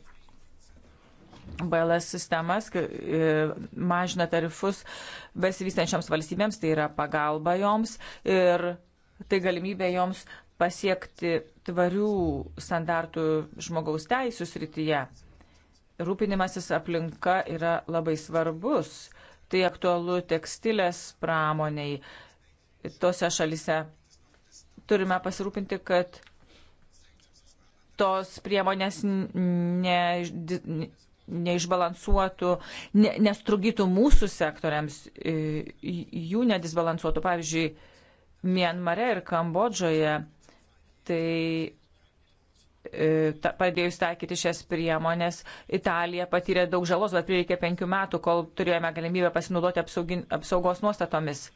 BLS sistemas e, mažina tarifus besivystančiams valstybėms, tai yra pagalba joms ir tai galimybė joms pasiekti tvarių standartų žmogaus teisų srityje. Rūpinimasis aplinka yra labai svarbus. Tai aktualu tekstilės pramoniai. Tose šalise turime pasirūpinti, kad tos priemonės ne, neišbalansuotų, ne, nestrugytų mūsų sektoriams, jų nedisbalansuotų. Pavyzdžiui, Mienmare ir Kambodžoje, tai e, ta, pradėjus taikyti šias priemonės, Italija patyrė daug žalos, bet prireikė penkių metų, kol turėjome galimybę pasinaudoti apsaugin, apsaugos nuostatomis.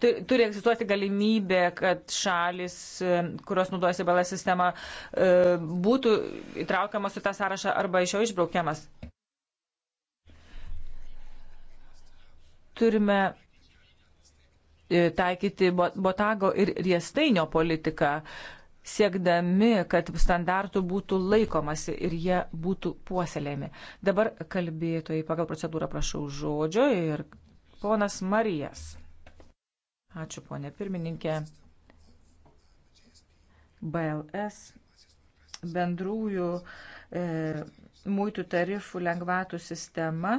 Turi egzistuoti galimybė, kad šalis, e, kurios naudojasi balą sistemą, e, būtų įtraukiamas į tą sąrašą arba iš jo išbraukiamas. Turime E, taikyti botago ir riestainio politiką, siekdami, kad standartų būtų laikomasi ir jie būtų puoselėmi. Dabar kalbėtojai pagal procedūrą prašau žodžio ir ponas Marijas. Ačiū, ponė pirmininkė. BLS bendrųjų e, muitų tarifų lengvatų sistema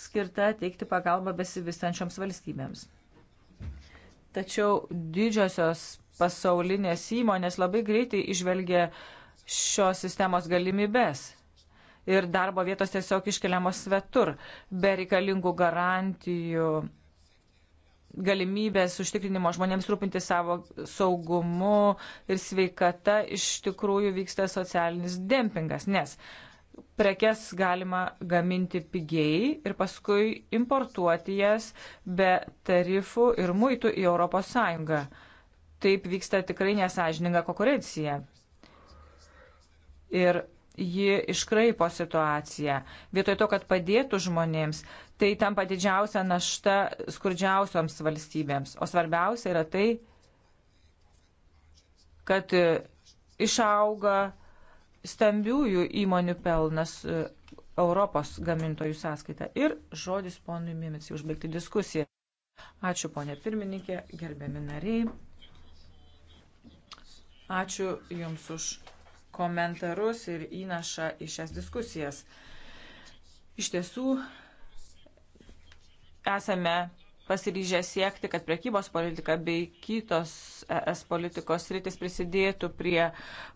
skirta teikti pagalbą besivystančioms valstybėms. Tačiau didžiosios pasaulinės įmonės labai greitai išvelgė šios sistemos galimybės ir darbo vietos tiesiog iškeliamos svetur, be reikalingų garantijų, galimybės užtikrinimo žmonėms rūpinti savo saugumu ir sveikata, iš tikrųjų vyksta socialinis dempingas, nes prekes galima gaminti pigiai ir paskui importuoti jas be tarifų ir muitų į ES. Taip vyksta tikrai nesažininga konkurencija. Ir ji iškraipo situaciją. Vietoj to, kad padėtų žmonėms, tai tampa didžiausia našta skurdžiausioms valstybėms. O svarbiausia yra tai, kad išauga stambiųjų įmonių pelnas e, Europos gamintojų sąskaita. Ir žodis ponui Mimicijai užbaigti diskusiją. Ačiū ponė pirmininkė, gerbiami nariai. Ačiū Jums už komentarus ir įnašą į šias diskusijas. Iš tiesų, esame pasiryžę siekti, kad priekybos politika bei kitos ES politikos rytis prisidėtų prie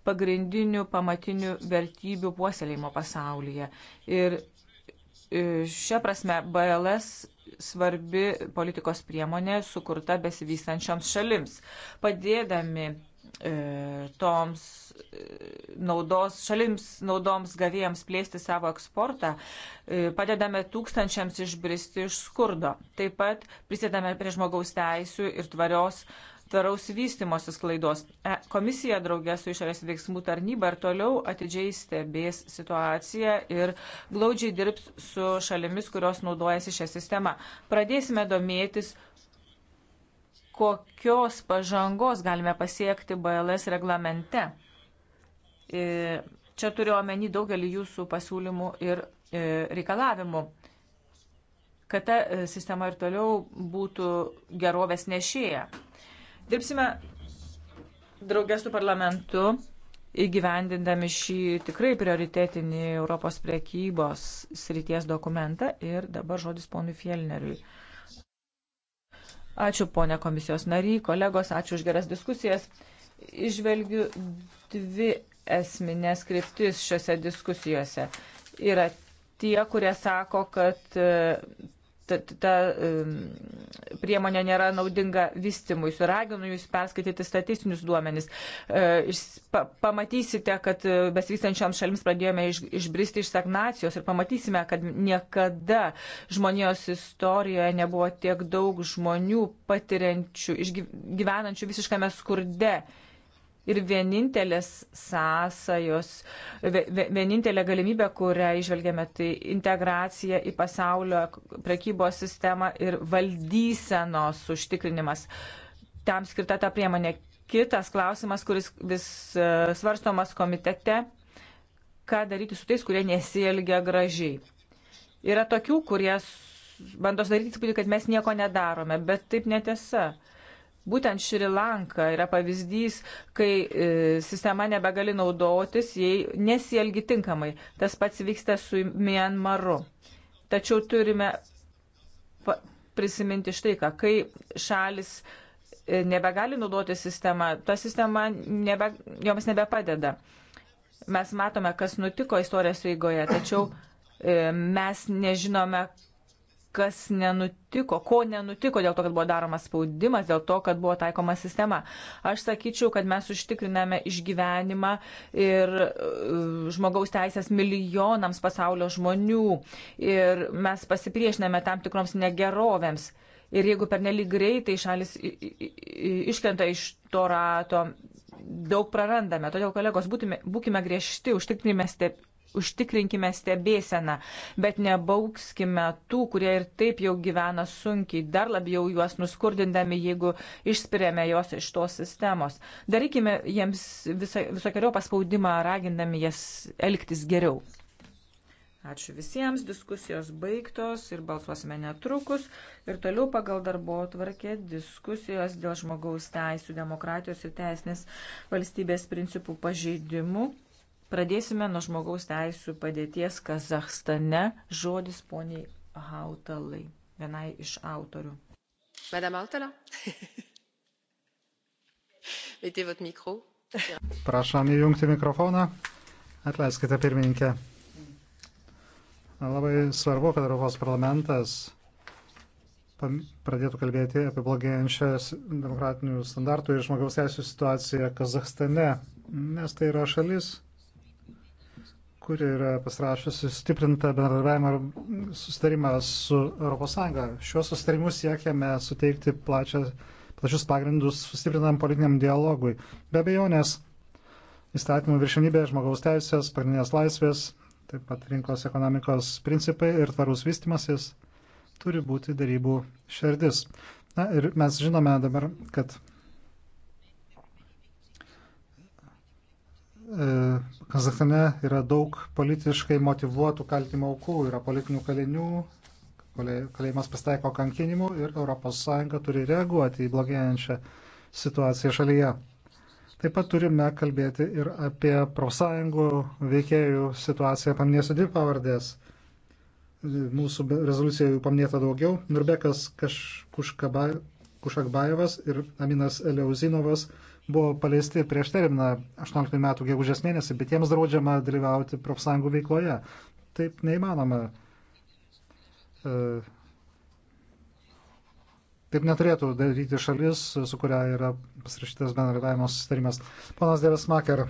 pagrindinių pamatinių vertybių puoselėjimo pasaulyje. Ir e, šią prasme BLS svarbi politikos priemonė sukurta besivystančioms šalims, padėdami e, toms naudos, šalims naudoms gavėjams plėsti savo eksportą, e, padedame tūkstančiams išbristi iš skurdo. Taip pat prisidame prie žmogaus teisų ir tvarios tvaraus vystimosi klaidos. E, komisija draugė su išorės veiksmų tarnyba ir toliau atidžiai stebės situaciją ir glaudžiai dirbs su šalimis, kurios naudojasi šią sistemą. Pradėsime domėtis kokios pažangos galime pasiekti BLS reglamente. E, čia turiu omeny daugelį jūsų pasiūlymų ir e, reikalavimų, kad ta e, sistema ir toliau būtų gerovės nešėja. Dirbsime draugės su parlamentu įgyvendindami šį tikrai prioritetinį Europos priekybos srities dokumentą ir dabar žodis ponui Fielneriui. Ačiū ponė komisijos nariai, kolegos, ačiū už geras diskusijas. Išvelgiu dvi esminės kryptis šiuose diskusijose. Yra tie, kurie sako, kad e, ta, ta priemonė nėra naudinga vystimui. Suraginu jūs perskaityti statistinius duomenis. E, pa, pamatysite, kad e, besivystančiam šalims pradėjome iš, išbristi iš stagnacijos ir pamatysime, kad niekada žmonijos istorijoje nebuvo tiek daug žmonių patiriančių, gyvenančių visiškame skurde ir vienintelės sąsajos, vienintelė galimybė, kurią išvelgėme, tai integracija į pasaulio prekybos sistemą ir valdysenos užtikrinimas. Tam skirta ta priemonė. Kitas klausimas, kuris vis e, svarstomas komitete, ką daryti su tais, kurie nesielgia gražiai. Yra tokių, kurie bando sudaryti įspūdį, kad mes nieko nedarome, bet taip netiesa. Būtent Šri Lanka yra pavyzdys, kai e, sistema nebegali naudotis, jei nesielgi tinkamai. Tas pats vyksta su Mianmaru. Tačiau turime prisiminti štai ką, kai šalis e, nebegali naudoti sistemą, ta sistema nebe, joms nebepadeda. Mes matome, kas nutiko istorijos eigoje, tačiau e, mes nežinome, kas nenutiko, ko nenutiko dėl to, kad buvo daromas spaudimas, dėl to, kad buvo taikoma sistema. Aš sakyčiau, kad mes užtikriname išgyvenimą ir e, žmogaus teisės milijonams pasaulio žmonių ir mes pasipriešiname tam tikroms negerovėms. Ir jeigu pernelyg greitai šalis iškrenta iš to rato, daug prarandame. Todėl, kolegos, būtume, būkime griežti, užtikrinime step, užtikrinkime stebėseną, bet nebaukskime tų, kurie ir taip jau gyvena sunkiai, dar labiau juos nuskurdindami, jeigu išspirėme juos iš tos sistemos. Darykime jiems visokiojo paspaudimą, ragindami jas elgtis geriau. Ačiū visiems, diskusijos baigtos ir balsuosime netrukus. Ir toliau pagal darbo atvarkė diskusijos dėl žmogaus teisų, demokratijos ir teisinės valstybės principų pažeidimų. Pradėsime nuo žmogaus teisų padėties Kazahstane. Žodis poniai Hautalai, vienai iš autorių. Madame Hautala? Mettez votre micro. Prašom įjungti mikrofoną. Atleiskite, pirmininkė. Labai svarbu, kad Europos parlamentas pradėtų kalbėti apie blogėjančias demokratinių standartų ir žmogaus teisų situaciją Kazahstane, nes tai yra šalis, kuri yra pasirašusi stiprintą bendradarbiavimą sustarimą su ES. Šiuos sustarimus siekiame suteikti plačią, plačius pagrindus sustiprinam politiniam dialogui. Be abejonės, įstatymų viršinybė, žmogaus teisės, pagrindinės laisvės, taip pat rinkos ekonomikos principai ir tvarus vystimasis turi būti darybų šerdis. Na ir mes žinome dabar, kad E, Kazakstane yra daug politiškai motivuotų kaltimo aukų, yra politinių kalinių, kalėjimas pasitaiko kankinimų ir ES turi reaguoti į blogėjančią situaciją šalyje. Taip pat turime kalbėti ir apie profsąjungų veikėjų situaciją. Paminėsiu dvi pavardės. Mūsų rezoliucijoje jų paminėta daugiau. Nurbekas Kušakbajevas ir Aminas Eleuzinovas buvo paleisti prieš terminą 18 metų gegužės mėnesį, bet jiems draudžiama dalyvauti profsąjungų veikloje. Taip neįmanoma. E, taip neturėtų daryti šalis, su kuria yra pasirašytas bendradarbiavimo susitarimas. Ponas Dėves Maker,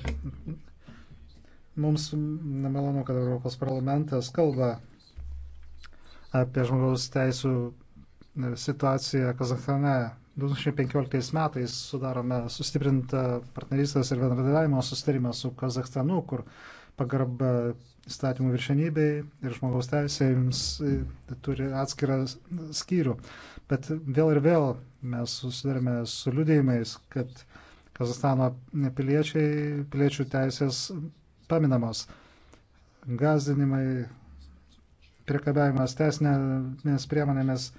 mums nemalonu, kad Europos parlamentas kalba apie žmogaus teisų situaciją Kazakstane 2015 metais sudarome sustiprintą partnerystės ir bendradarbiavimo sustarimą su Kazakstanu, kur pagarba įstatymų viršenybei ir žmogaus teisėjams e, turi atskirą skyrių. Bet vėl ir vėl mes susidarėme su liudėjimais, kad Kazastano piliečiai, piliečių teisės paminamos. Gazdinimai, priekabiavimas teisinėmis priemonėmis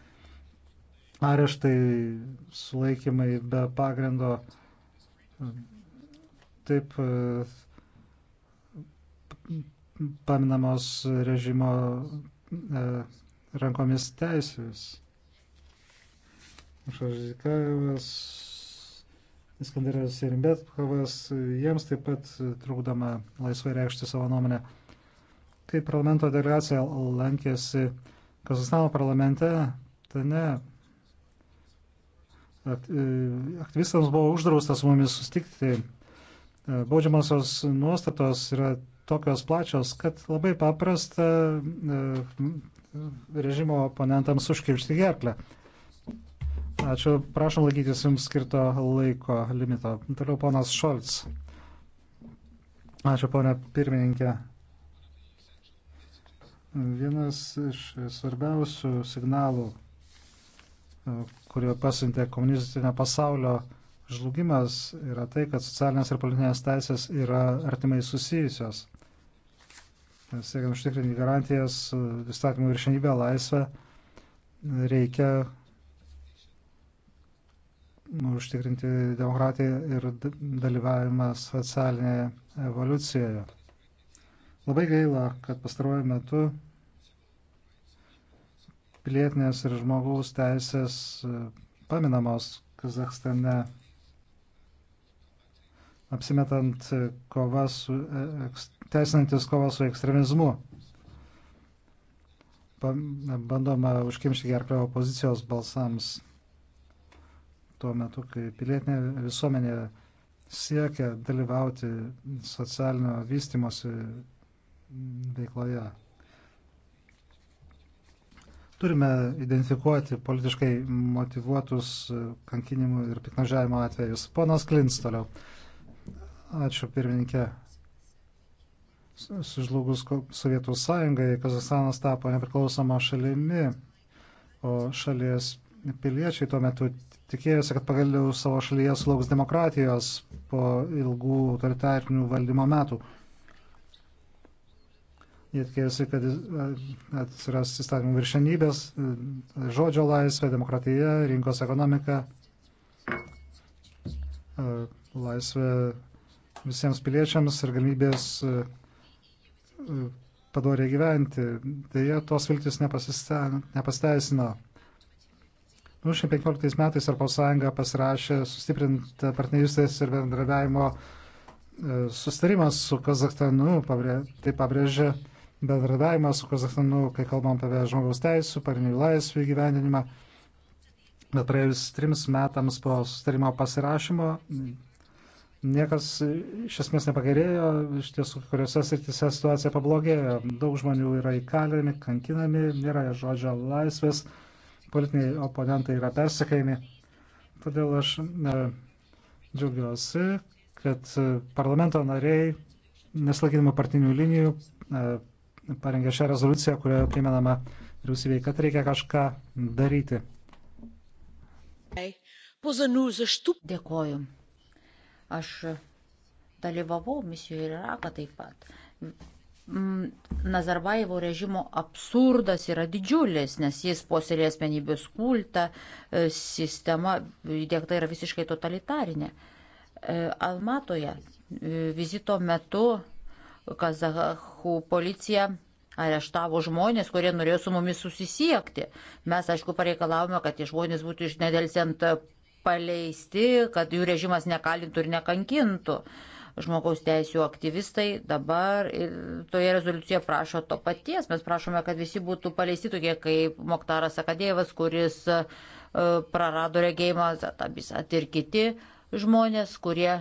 areštai, sulaikymai be pagrindo. Taip paminamos režimo e, rankomis teisės. Šaržikavas, Iskandaras ir Betkovas, jiems taip pat trukdoma laisvai reikšti savo nuomonę. Kai parlamento delegacija lankėsi Kazastano parlamente, tai ne, E, aktyvistams buvo uždrausta su mumis sustikti. E, baudžiamosios nuostatos yra tokios plačios, kad labai paprasta e, režimo oponentams užkiršti gerklę. Ačiū, prašom laikytis jums skirto laiko limito. Toliau ponas Šolts. Ačiū, ponia pirmininkė. Vienas iš svarbiausių signalų kurio pasintė komunistinio pasaulio žlugimas, yra tai, kad socialinės ir politinės teisės yra artimai susijusios. Siekiant užtikrinti garantijas įstatymų viršenybę laisvę, reikia užtikrinti demokratiją ir dalyvavimą socialinėje evoliucijoje. Labai gaila, kad pastaruoju metu pilietinės ir žmogaus teisės e, paminamos Kazakstane, apsimetant e, kova su, e, teisinantis kovą su ekstremizmu. Bandoma užkimšti gerklę opozicijos balsams tuo metu, kai pilietinė visuomenė siekia dalyvauti socialinio vystimosi veikloje. Turime identifikuoti politiškai motivuotus e, kankinimų ir piknaudžiavimo atvejus. Ponas Klins toliau. Ačiū pirmininkė. Sužlugus Sovietų sąjungai, Kazastanas tapo nepriklausoma šalimi, o šalies piliečiai tuo metu tikėjosi, kad pagaliau savo šalyje sulauks demokratijos po ilgų autoritarinių valdymo metų. Jie tikėjosi, kad atsiras įstatymų viršenybės, e, žodžio laisvė, demokratija, rinkos ekonomika, laisvė visiems piliečiams ir galimybės e, e, padorė gyventi. Deja, tos viltis nepasteisino. 2015 metais Europos Sąjunga pasirašė sustiprintą partnerystės ir bendradavimo sustarimą su Kazakstanu, tai pabrėžė bendradavimą su Kazakstanu, kai kalbam apie žmogaus teisų, parinių laisvių įgyvendinimą. Bet praėjus trims metams po sustarimo pasirašymo niekas iš esmės nepagerėjo, iš tiesų, kuriuose srityse situacija pablogėjo. Daug žmonių yra įkalinami, kankinami, nėra žodžio laisvės, politiniai oponentai yra persekėjami. Todėl aš ne, džiaugiuosi, kad e, parlamento nariai, neslaikydami partinių linijų, e, parengė šią rezoliuciją, kurioje primenama vyriausybei, kad tai reikia kažką daryti. Dėkoju. Aš dalyvavau misijoje ir Iraką taip pat. Mm, Nazarbayevo režimo absurdas yra didžiulis, nes jis posėlė asmenybės kultą, e, sistema įdėkta yra visiškai totalitarinė. E, Almatoje e, vizito metu Kazahų policija areštavo žmonės, kurie norėjo su mumis susisiekti. Mes, aišku, pareikalavome, kad tie žmonės būtų išnedelsiant paleisti, kad jų režimas nekalintų ir nekankintų. Žmogaus teisų aktyvistai dabar toje rezoliucijoje prašo to paties. Mes prašome, kad visi būtų paleisti tokie kaip Moktaras Akadėvas, kuris e, prarado regėjimą, Tabisat ir kiti žmonės, kurie e,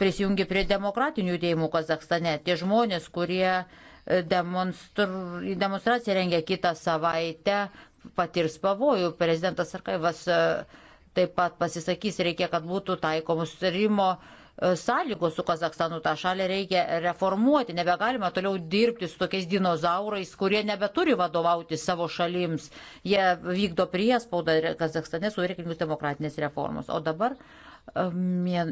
prisijungė prie demokratinių judėjimų Kazakstane. Tie žmonės, kurie e, demonstru, demonstraciją rengia kitą savaitę, patirs pavojų. Prezidentas Arkaivas e, taip pat pasisakys, reikia, kad būtų taikomus rimo e, sąlygos su Kazakstanu. Tą šalį reikia reformuoti, nebegalima toliau dirbti su tokiais dinozaurais, kurie nebeturi vadovauti savo šalims. Jie vykdo priespaudą Kazakstane su reikimus demokratinės reformos. O dabar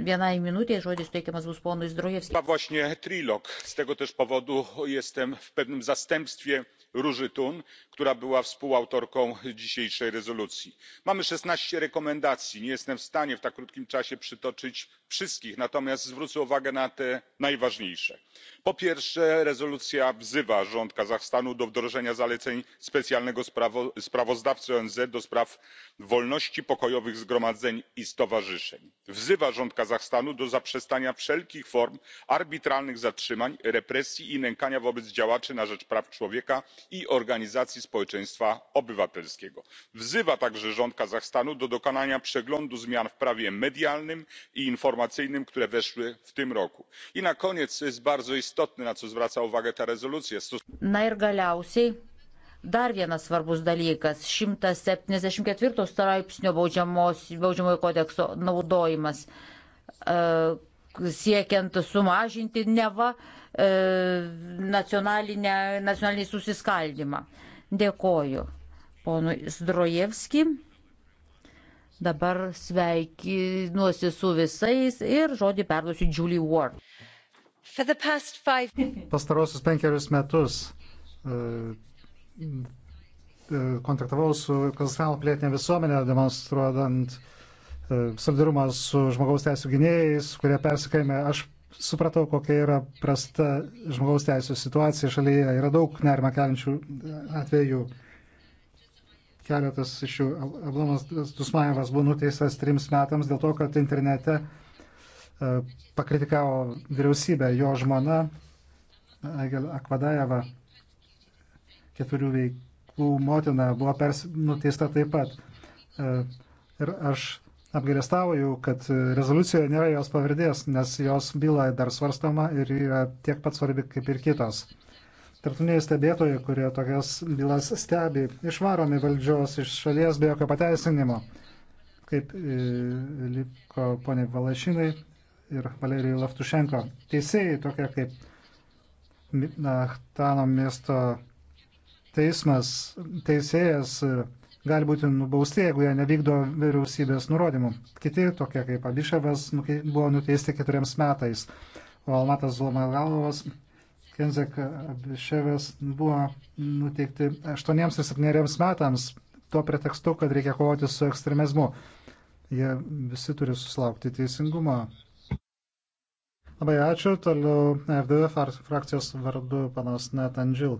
Vienai minutiai žodis suteikiamas bus ponui Zdrojewski. Ma właśnie trilog. Z tego też powodu jestem w pewnym zastępstwie róży thun która była współautorką dzisiejszej rezolucji. mamy szesnaście rekomendacji nie jestem w stanie w tak krótkim czasie przytoczyć wszystkich natomiast zwrócę uwagę na te najważniejsze. po pierwsze rezolucja wzywa rząd kazachstanu do wdrożenia zaleceń specjalnego sprawozdawcy onz do spraw wolności pokojowych zgromadzeń i stowarzyszeń. wzywa rząd kazachstanu do zaprzestania wszelkich form arbitralnych zatrzymań represji i nękania wobec działaczy na rzecz praw człowieka i organizacji społeczeństwa obywatelskiego. wzywa także rząd kazachstanu do dokonania przeglądu zmian w prawie medialnym i informacyjnym które weszły w tym roku. i na koniec co jest bardzo istotne na co zwraca uwagę ta rezoliucja. na ir galiausiai dar vienas svarbus dalykas šimtas septyniasdešimt ketvirto straipsnio baudžiamojo kodekso naudojimas e, siekiant sumažinti neva e, nacionalinį susiskaldimą. Dėkoju ponui Zdrojevski. Dabar sveikinuosi su visais ir žodį perduosiu Julie Ward. Five... Pastarosius penkerius metus uh, kontaktavau su Kazachstano pilietinė visuomenė, demonstruodant uh, solidarumą su žmogaus teisų gynėjais, kurie persikaime. Aš supratau, kokia yra prasta žmogaus teisų situacija šalyje. Yra daug nerima keliančių atvejų. Uh, Keletas iš jų, Ablamas Dusmajevas buvo nuteistas trims metams dėl to, kad internete e, pakritikavo vyriausybę, jo žmona Agel Akvadajeva, keturių veiklų motina, buvo pers, nuteista taip pat. E, ir aš apgailestauju, kad rezoliucijoje nėra jos pavardės, nes jos byla dar svarstama ir yra tiek pat svarbi kaip ir kitos tarptautiniai stebėtojai, kurie tokias bylas stebi, išvaromi valdžios iš šalies be jokio pateisinimo, kaip e, liko ponė Valašinai ir Valerijai Laftušenko. Teisėjai tokie kaip Nachtano miesto teismas, teisėjas e, gali būti nubausti, jeigu jie nevykdo vyriausybės nurodymų. Kiti, tokie kaip Abiševas, buvo nuteisti keturiems metais, o Almatas Zlomalovas Jenzek Abiševės buvo nuteikti 8 ir 7 metams tuo pretekstu, kad reikia kovoti su ekstremizmu. Jie visi turi susilaukti teisingumo. Labai ačiū. Toliau FDV frakcijos vardu panas Netandžil.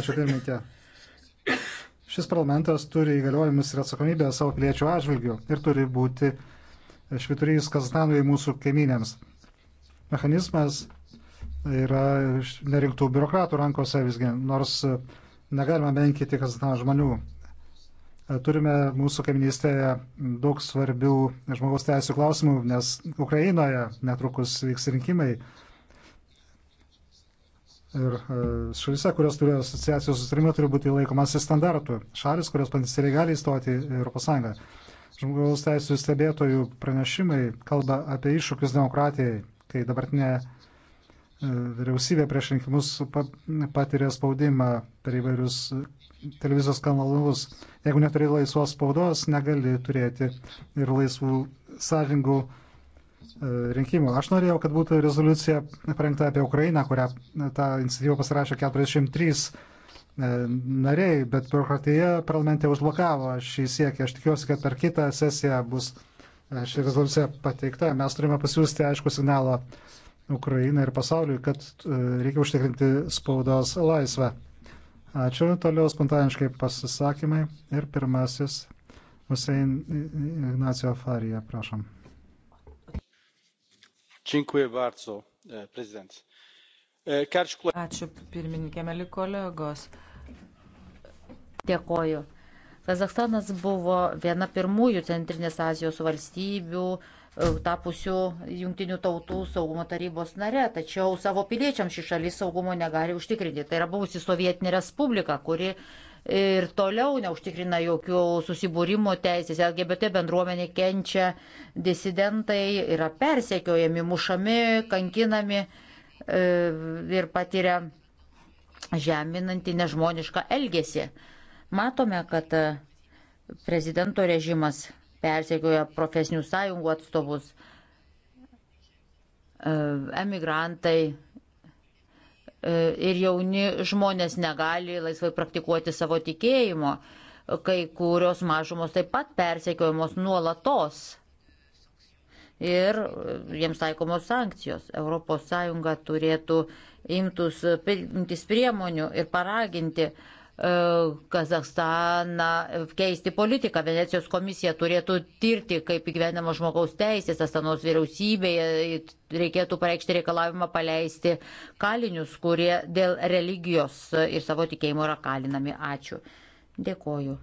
Ačiū pirmininkė. Šis parlamentas turi įgaliojimus ir atsakomybę savo piliečių atžvilgių ir turi būti šviturys Kazanui mūsų kaiminėms mechanizmas yra nerinktų biurokratų rankose visgi, nors negalime menkinti Kazachstano žmonių. Turime mūsų kaiminystėje daug svarbių žmogaus teisų klausimų, nes Ukrainoje netrukus vyks rinkimai. Ir e, šalise, kurios turi asociacijos susitarimą, turi būti laikomasi standartų. Šalis, kurios potencialiai gali įstoti į ES. Žmogaus teisų stebėtojų pranešimai kalba apie iššūkius demokratijai kai dabartinė e, vyriausybė prieš rinkimus patiria spaudimą per įvairius televizijos kanalus. Jeigu neturi laisvos spaudos, negali turėti ir laisvų sąžingų e, rinkimų. Aš norėjau, kad būtų rezoliucija parengta apie Ukrainą, kurią e, tą iniciatyvą pasirašė 43 nariai, bet biurokratija parlamente užblokavo šį siekį. Aš tikiuosi, kad per kitą sesiją bus ši rezoliucija pateikta, mes turime pasiūsti aišku signalą Ukrainai ir pasauliui, kad e, reikia užtikrinti spaudos laisvę. Ačiū. Toliau spontaniškai pasisakymai. Ir pirmasis Usein Ignacio Farija, prašom. Dziękuję bardzo, e, prezident. E, Ačiū pirmininkė, meli kolegos. Dėkoju. Kazakstanas buvo viena pirmųjų Centrinės Azijos valstybių, e, tapusių Junktinių tautų saugumo tarybos nare, tačiau savo piliečiams ši šalis saugumo negali užtikrinti. Tai yra buvusi Sovietinė Respublika, kuri ir toliau neužtikrina jokių susibūrimo teisės. LGBT bendruomenė kenčia, disidentai yra persekiojami, mušami, kankinami e, ir patiria žeminantį nežmonišką elgesį. Matome, kad e, prezidento režimas persekioja profesinių sąjungų atstovus, e, emigrantai e, ir jauni žmonės negali laisvai praktikuoti savo tikėjimo, kai kurios mažumos taip pat persekiojamos nuolatos ir jiems taikomos sankcijos. ES turėtų imtus, imtis priemonių ir paraginti uh, E, Kazakstaną keisti politiką. Venecijos komisija turėtų tirti, kaip įgyvenama žmogaus teisės, astanos vyriausybėje reikėtų pareikšti reikalavimą paleisti kalinius, kurie dėl religijos ir savo tikėjimo yra kalinami. Ačiū. Dėkoju.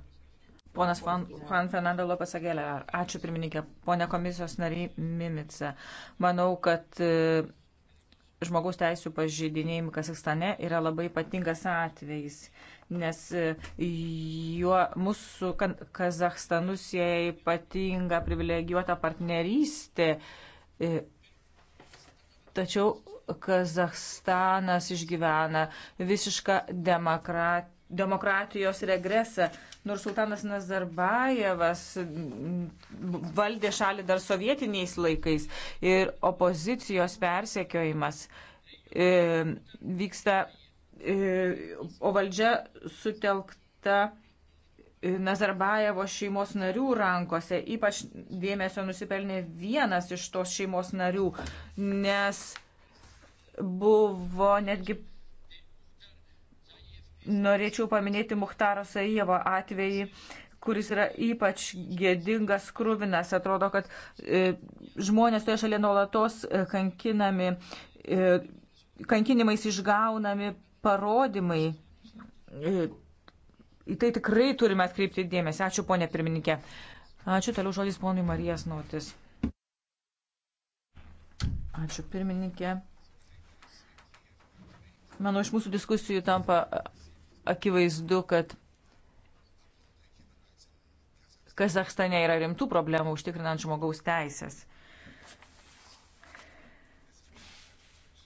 Ponas Juan Fernando Lopes Agelė, ačiū pirmininkė, ponė komisijos nariai Mimica. Manau, kad e, žmogaus teisų pažydinėjimai Kazakstane yra labai ypatingas atvejis, nes e, juo mūsų Kazakstanu sieja ypatinga privilegijuota partnerystė. E, tačiau Kazakstanas išgyvena visišką demokratiją demokratijos regresą. Nors sultanas Nazarbajevas valdė šalį dar sovietiniais laikais ir opozicijos persekiojimas e, vyksta, e, o valdžia sutelkta e, Nazarbajevo šeimos narių rankose. Ypač dėmesio nusipelnė vienas iš tos šeimos narių, nes buvo netgi Norėčiau paminėti Muhtaro Saijevo atvejį, kuris yra ypač gėdingas, krūvinas. Atrodo, kad e, žmonės toje šalyje nuolatos e, kankinami, e, kankinimais išgaunami parodymai. E, į tai tikrai turime atkreipti dėmesį. Ačiū, ponė pirmininkė. Ačiū, toliau žodis ponui Marijas Notis. Ačiū, pirmininkė. Manau, iš mūsų diskusijų tampa akivaizdu, kad Kazakstane yra rimtų problemų užtikrinant žmogaus teisės.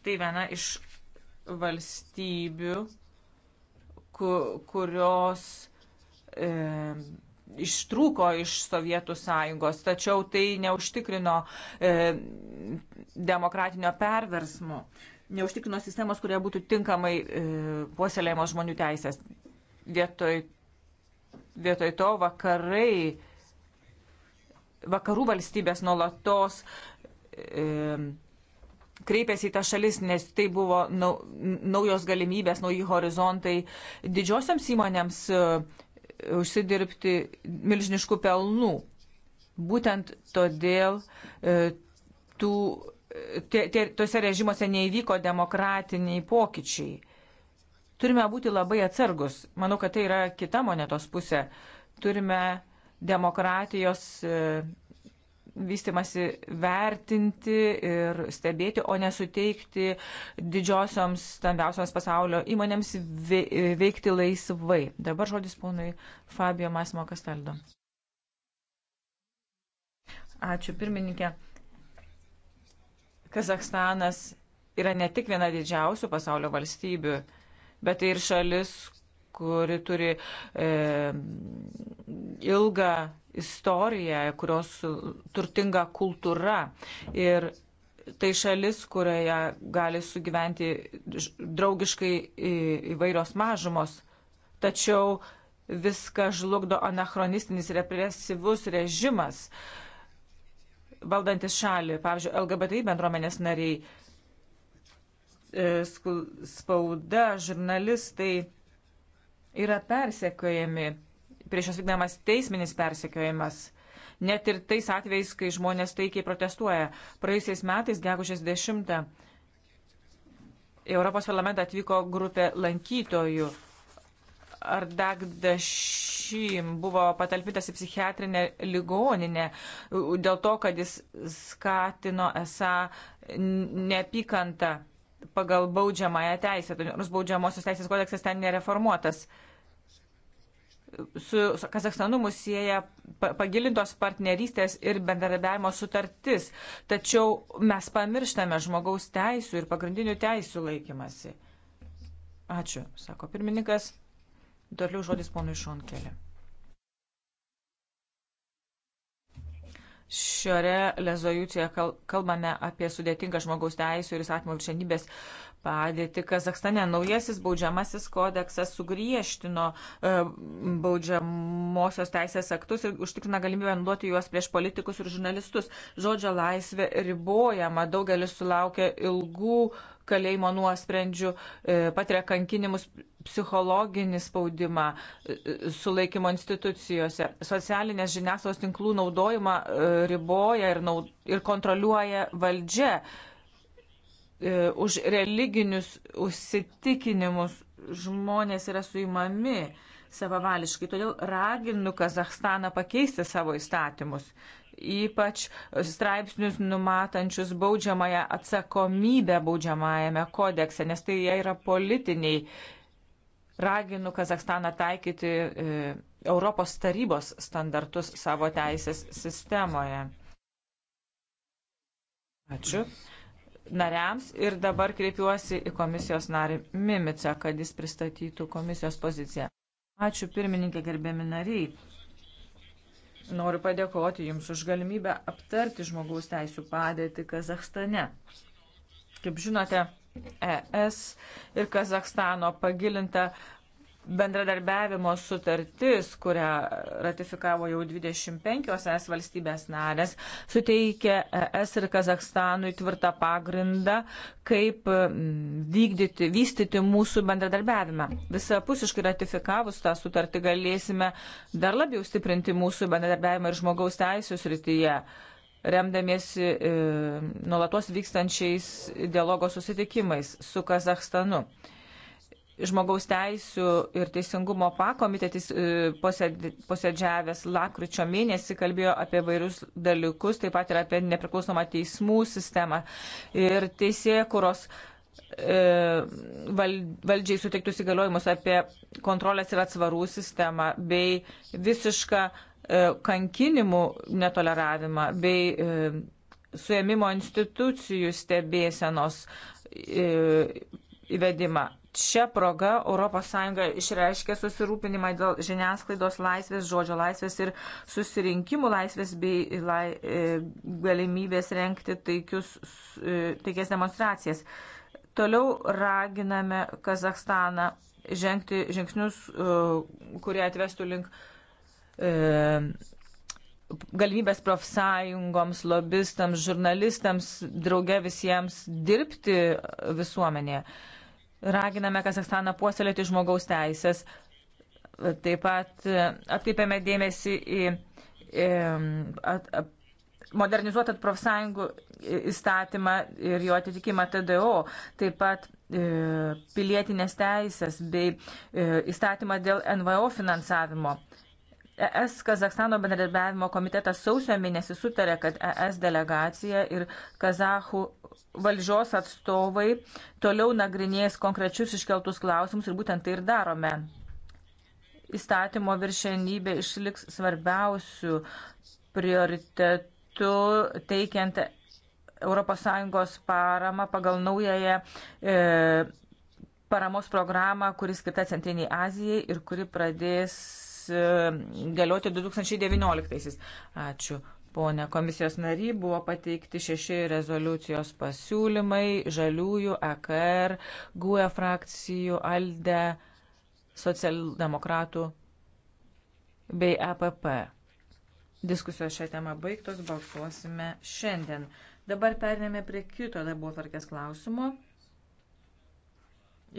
Tai viena iš valstybių, kurios e, ištrūko iš Sovietų sąjungos, tačiau tai neužtikrino e, demokratinio perversmo neužtikrino sistemos, kurioje būtų tinkamai e, puoselėjamos žmonių teisės. Vietoj, vietoj to vakarai, vakarų valstybės nuolatos e, kreipėsi į tą šalis, nes tai buvo nau, naujos galimybės, nauji horizontai didžiosiams įmonėms e, užsidirbti milžiniškų pelnų. Būtent todėl e, tų tie, tie, tuose režimuose neįvyko demokratiniai pokyčiai. Turime būti labai atsargus. Manau, kad tai yra kita monetos pusė. Turime demokratijos e, vystimasi vertinti ir stebėti, o nesuteikti didžiosioms, stambiausioms pasaulio įmonėms e, veikti laisvai. Dabar žodis ponui Fabio Masmo Kasteldo. Ačiū pirmininkė. Kazakstanas yra ne tik viena didžiausių pasaulio valstybių, bet tai ir šalis, kuri turi e, ilgą istoriją, kurios turtinga kultūra. Ir tai šalis, kurioje gali sugyventi draugiškai įvairios mažumos. Tačiau viską žlugdo anachronistinis represyvus režimas. E, valdantis šalį, pavyzdžiui, LGBTI bendruomenės nariai, e, spauda, žurnalistai yra persekiojami, prieš juos vykdamas teisminis persekiojimas net ir tais atvejais, kai žmonės taikiai protestuoja. Praėjusiais metais, gegužės 10, Europos parlamentą atvyko grupė lankytojų. Ardagdašym buvo patalpytas į psichiatrinę ligoninę dėl to, kad jis skatino esą neapykantą pagal baudžiamąją teisę, nors baudžiamosios teisės kodeksas ten nereformuotas. Su Kazakstanu mus sieja pagilintos partnerystės ir bendradarbiavimo sutartis, tačiau mes pamirštame žmogaus teisų ir pagrindinių teisų laikymasi. Ačiū, sako pirmininkas. Toliau žodis ponui Šonkelė. Šioje rezoliucijoje kalbame apie sudėtingą žmogaus teisų ir įstatymų viršenybės padėtį Kazakstane. Naujasis baudžiamasis kodeksas sugriežtino e, baudžiamosios teisės aktus ir užtikrina galimybę naudoti juos prieš politikus ir žurnalistus. Žodžio laisvė ribojama, daugelis sulaukia ilgų kalėjimo nuosprendžių, e, patiria kankinimus, psichologinį spaudimą e, sulaikymo institucijose. Socialinės žiniasklaidos tinklų naudojimą riboja ir, naud ir kontroliuoja valdžia e, už religinius užsitikinimus žmonės yra suimami savavališkai. Todėl raginu Kazahstaną pakeisti savo įstatymus, ypač straipsnius numatančius baudžiamąją atsakomybę baudžiamajame kodekse, nes tai jie yra politiniai. Raginu Kazahstaną taikyti e, Europos tarybos standartus savo teisės sistemoje. Ačiū nariams ir dabar kreipiuosi į komisijos narį Mimicą, kad jis pristatytų komisijos poziciją. Ačiū pirmininkė gerbėmi nariai. Noriu padėkoti Jums už galimybę aptarti žmogaus teisų padėtį Kazahstane. Kaip žinote, ES ir Kazahstano pagilinta bendradarbiavimo sutartis, kurią ratifikavo jau 25 es valstybės narės, suteikė es ir Kazakstanui tvirtą pagrindą, kaip vykdyti, vystyti mūsų bendradarbiavimą. Visapusiškai ratifikavus tą sutartį galėsime dar labiau stiprinti mūsų bendradarbiavimą ir žmogaus teisų srityje remdamiesi e, nuolatos vykstančiais dialogo susitikimais su Kazahstanu. E, žmogaus teisų ir teisingumo pakomitetis e, posėdžiavęs lakryčio mėnesį kalbėjo apie vairius dalykus, taip pat ir apie nepriklausomą teismų sistemą ir teisėjų, kurios e, valdžiai suteiktus įgaliojimus apie kontrolės ir atsvarų sistemą bei visišką e, kankinimų netoleravimą bei suėmimo institucijų stebėsenos įvedimą. Čia proga ES išreiškė susirūpinimą dėl žiniasklaidos laisvės, žodžio laisvės ir susirinkimų laisvės bei lai, e, galimybės renkti taikius, e, taikės demonstracijas. Toliau raginame Kazakstaną žengti žingsnius, e, kurie atvestų link. E, galimybės profsąjungoms, lobistams, žurnalistams, drauge visiems dirbti visuomenėje. E, Raginame Kazakstaną puoselėti žmogaus teisės. Taip pat e, atkreipiame dėmesį į, į e, at, at, modernizuotą profsąjungų įstatymą ir jo atitikimą TDO, taip pat e, pilietinės teisės bei įstatymą dėl NVO finansavimo. ES Kazakstano bendradarbiavimo komitetas sausio mėnesį sutarė, kad ES delegacija ir Kazahų valdžios atstovai toliau nagrinės konkrečius iškeltus klausimus ir būtent tai ir darome. Įstatymo viršenybė išliks svarbiausių prioritetų teikiant ES paramą pagal naująją e, paramos programą, kuris skirta Centriniai Azijai ir kuri pradės galioti 2019. Ačiū. Pone komisijos nary, buvo pateikti šeši rezoliucijos pasiūlymai žaliųjų, AKR, e GUE frakcijų, ALDE, socialdemokratų bei APP. E Diskusijos šią temą baigtos, balsuosime šiandien. Dabar perinėme prie kito darbo tvarkės klausimo.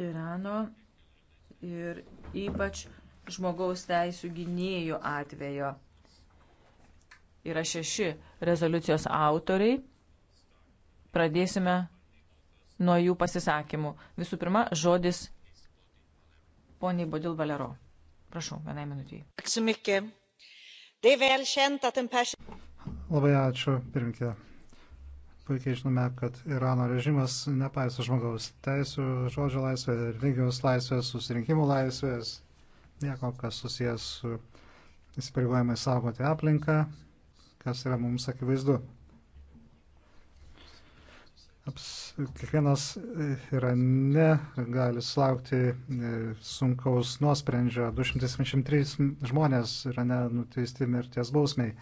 Irano ir ypač žmogaus teisų gynėjų atvejo. Yra šeši rezoliucijos autoriai. Pradėsime nuo jų pasisakymų. Visų pirma, žodis poniai Bodil Valero. Prašau, vienai minutiai. Tai Labai ačiū, pirmininkė. Puikiai žinome, kad Irano režimas nepaiso žmogaus teisų, žodžio laisvės, religijos laisvės, susirinkimų laisvės, nieko, kas susijęs su įsipareigojimai saugoti aplinką, kas yra mums akivaizdu. Aps, kiekvienas e, yra ne, gali slaukti e, sunkaus nuosprendžio. 273 žmonės yra nenuteisti mirties bausmiai.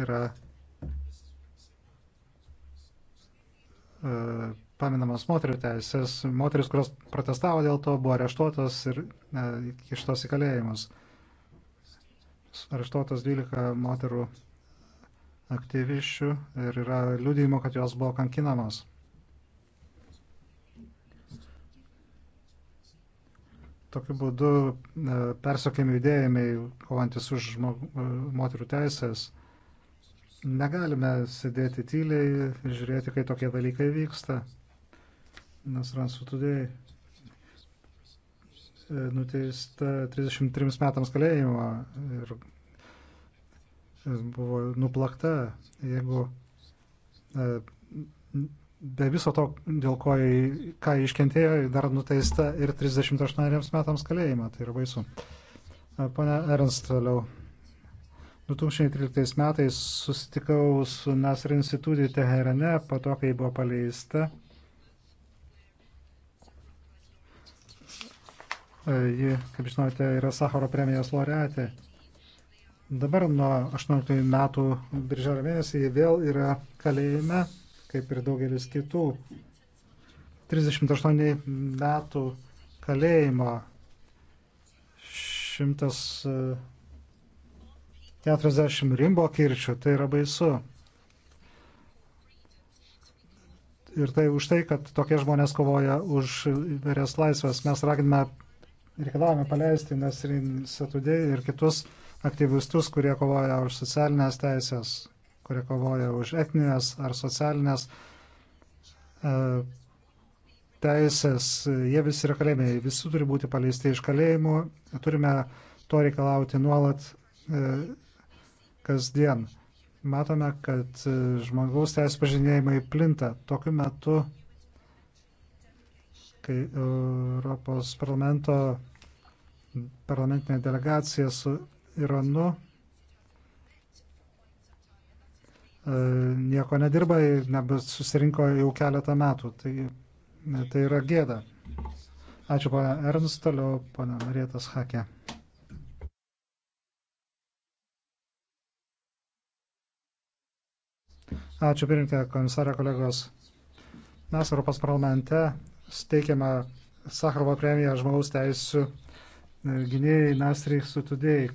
Yra uh, paminamas moterių teisės. Moteris, kurios protestavo dėl to, buvo areštuotos ir e, ištos į kalėjimus. Areštuotos 12 moterų aktyviščių ir yra liūdėjimo, kad jos buvo kankinamos. Tokiu būdu e, persiokėmi judėjimai, kovantis už žmog, e, moterų teisės. Negalime sėdėti tyliai ir žiūrėti, kai tokie dalykai vyksta. Nasransu Today e, nuteista 33 metams kalėjimo ir e, buvo nuplakta, jeigu e, be viso to, dėl ko jį, ką iškentėjo, dar nuteista ir 38 metams kalėjimą. Tai yra baisu. Pane Ernst, toliau. 2013 metais susitikau su Nasr institutį Teherane po to, kai buvo paleista Ji, kaip žinote, yra Sakaro premijos laureatė. Dabar nuo 18 metų birželio mėnesį ji vėl yra kalėjime, kaip ir daugelis kitų. 38 metų kalėjimo, 140 e, rimbo kirčių, tai yra baisu. Ir tai už tai, kad tokie žmonės kovoja už įvairias laisvės, mes raginame reikalavome paleisti Nasrin Satudėjį ir kitus aktyvistus, kurie kovoja už socialinės teisės, kurie kovoja už etninės ar socialinės e, teisės. Jie visi yra kalėjimai, visi turi būti paleisti iš kalėjimų, turime to reikalauti nuolat e, kasdien. Matome, kad e, žmogaus teisų pažinėjimai plinta. Tokiu metu kai Europos parlamento parlamentinė delegacija su Iranu e, nieko nedirba, nebus susirinko jau keletą metų. Tai, tai yra gėda. Ačiū, ponia Ernst, toliau, ponia Marietas Hakė. Ačiū, pirinkė komisarė kolegos. Mes Europos parlamente steikiama Sakarovo premija žmogaus teisų e, gynėjai Nasri Sutudėjai,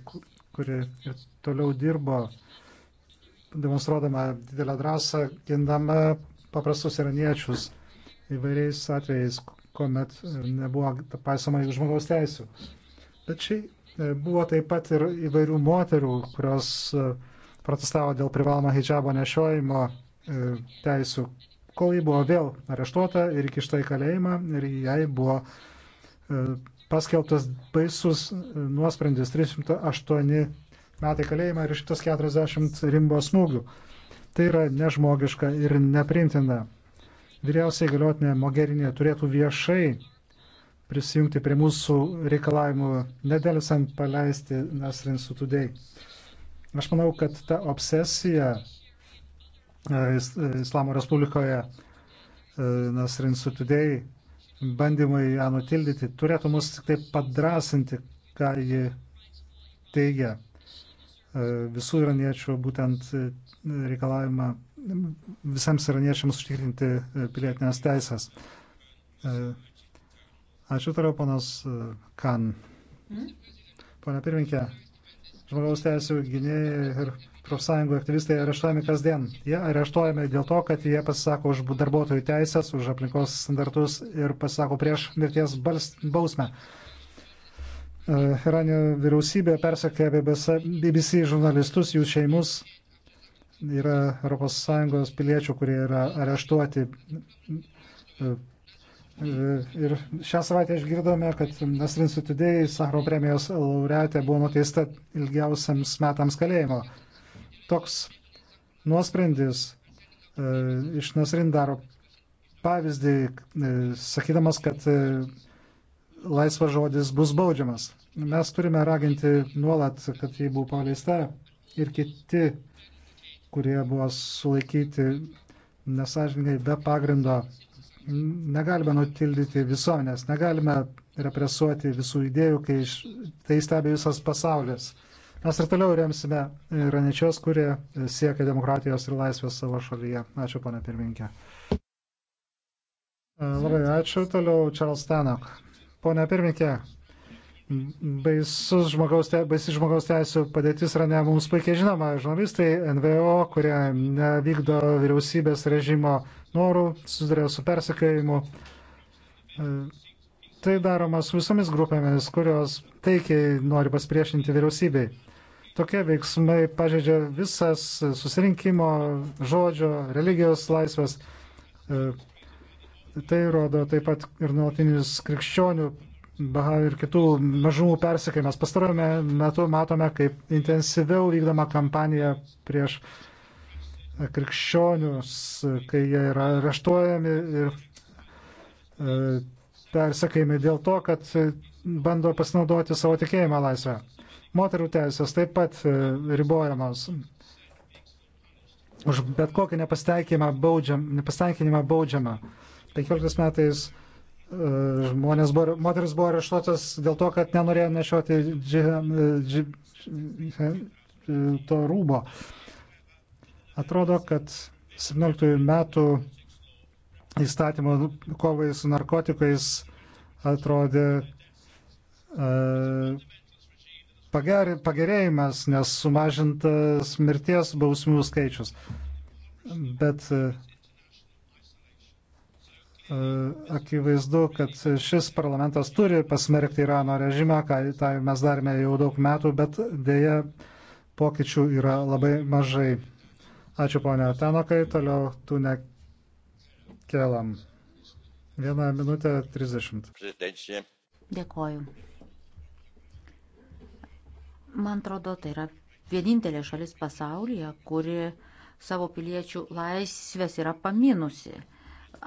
kuri ir toliau dirbo, demonstruodama didelę drąsą, gindama paprastus iraniečius įvairiais atvejais, kuomet nebuvo paisoma jų žmogaus teisų. Bet šiai e, buvo taip pat ir įvairių moterų, kurios e, protestavo dėl privalomą hijabą nešiojimo teisų, kol ji buvo vėl areštuota ir įkišta į kalėjimą ir jai buvo e, paskelbtas baisus e, nuosprendis 308 metai kalėjimą ir 140 rimbo smūgių. Tai yra nežmogiška ir neprintina. Vyriausiai galiotinė Mogerinė turėtų viešai prisijungti prie mūsų reikalavimų, nedėlisant paleisti Nasrin Sutudei. Aš manau, kad ta obsesija E, e, Islamo Respublikoje e, Nasrin Sutudėjai bandymai ją nutildyti turėtų mus tik taip padrasinti, ką ji teigia visų iraniečių būtent reikalavimą visiems iraniečiams užtikrinti pilietinės teisės. Ačiū toliau, panas Kan. Mhm. Pone pirminkė, žmogaus teisų gynėjai ir profsąjungų aktyvistai areštuojami kasdien. Jie areštuojami dėl to, kad jie pasisako už darbuotojų teisės, už aplinkos standartus ir pasisako prieš mirties bausmę. E, Iranio vyriausybė persekė BBC žurnalistus, jų šeimus. Yra ES piliečių, kurie yra areštuoti. E, e, ir šią savaitę išgirdome, kad Nasrin Sutudėjai, Sahro premijos laureatė, buvo nuteista ilgiausiams metams kalėjimo. Toks nuosprendis e, iš Nasrin daro pavyzdį, e, sakydamas, kad e, laisvas žodis bus baudžiamas. Mes turime raginti nuolat, kad jį buvo paleista ir kiti, kurie buvo sulaikyti nesažininkai be pagrindo. Negalime nutildyti visuomenės, negalime represuoti visų idėjų, kai tai stebi visas pasaulis. Mes ir toliau remsime iraniečius, kurie siekia demokratijos ir laisvės savo šalyje. Ačiū, ponė pirmininkė. Labai ačiū. Toliau Charles Tanok. Pone pirmininkė, baisus žmogaus, te, baisis žmogaus teisų padėtis yra ne mums puikiai žinoma. Žurnalistai NVO, kurie nevykdo vyriausybės režimo norų, susiduria su persikėjimu. Tai daroma su visomis grupėmis, kurios taikiai nori pasipriešinti vyriausybei. Tokie veiksmai pažeidžia visas susirinkimo, žodžio, religijos laisvės. E, tai rodo taip pat ir nuolatinis krikščionių Bahai ir kitų mažumų persikėjimas. Pastarojame metu matome, kaip intensyviau vykdoma kampanija prieš krikščionius, kai jie yra areštuojami ir e, persekėjami dėl to, kad bando pasinaudoti savo tikėjimą laisvę. Moterų teisės taip pat e, ribojamos. Už bet kokį nepasitenkinimą baudžiam, nepasitenkinimą baudžiama. 15 metais e, žmonės buvo, moteris buvo areštuotas dėl to, kad nenorėjo nešioti e, dži, dži, dži, to rūbo. Atrodo, kad 17 metų įstatymo kovai su narkotikais atrodė uh, pager, pagerėjimas, nes sumažintas mirties bausmių skaičius. Bet e, e, akivaizdu, kad šis parlamentas turi pasmerkti Irano režimą, ką tai mes darėme jau daug metų, bet dėja pokyčių yra labai mažai. Ačiū ponia Tenokai, toliau tu nekelam. Vieną minutę 30. Dėkoju. Man atrodo, tai yra vienintelė šalis pasaulyje, kuri savo piliečių laisvės yra paminusi.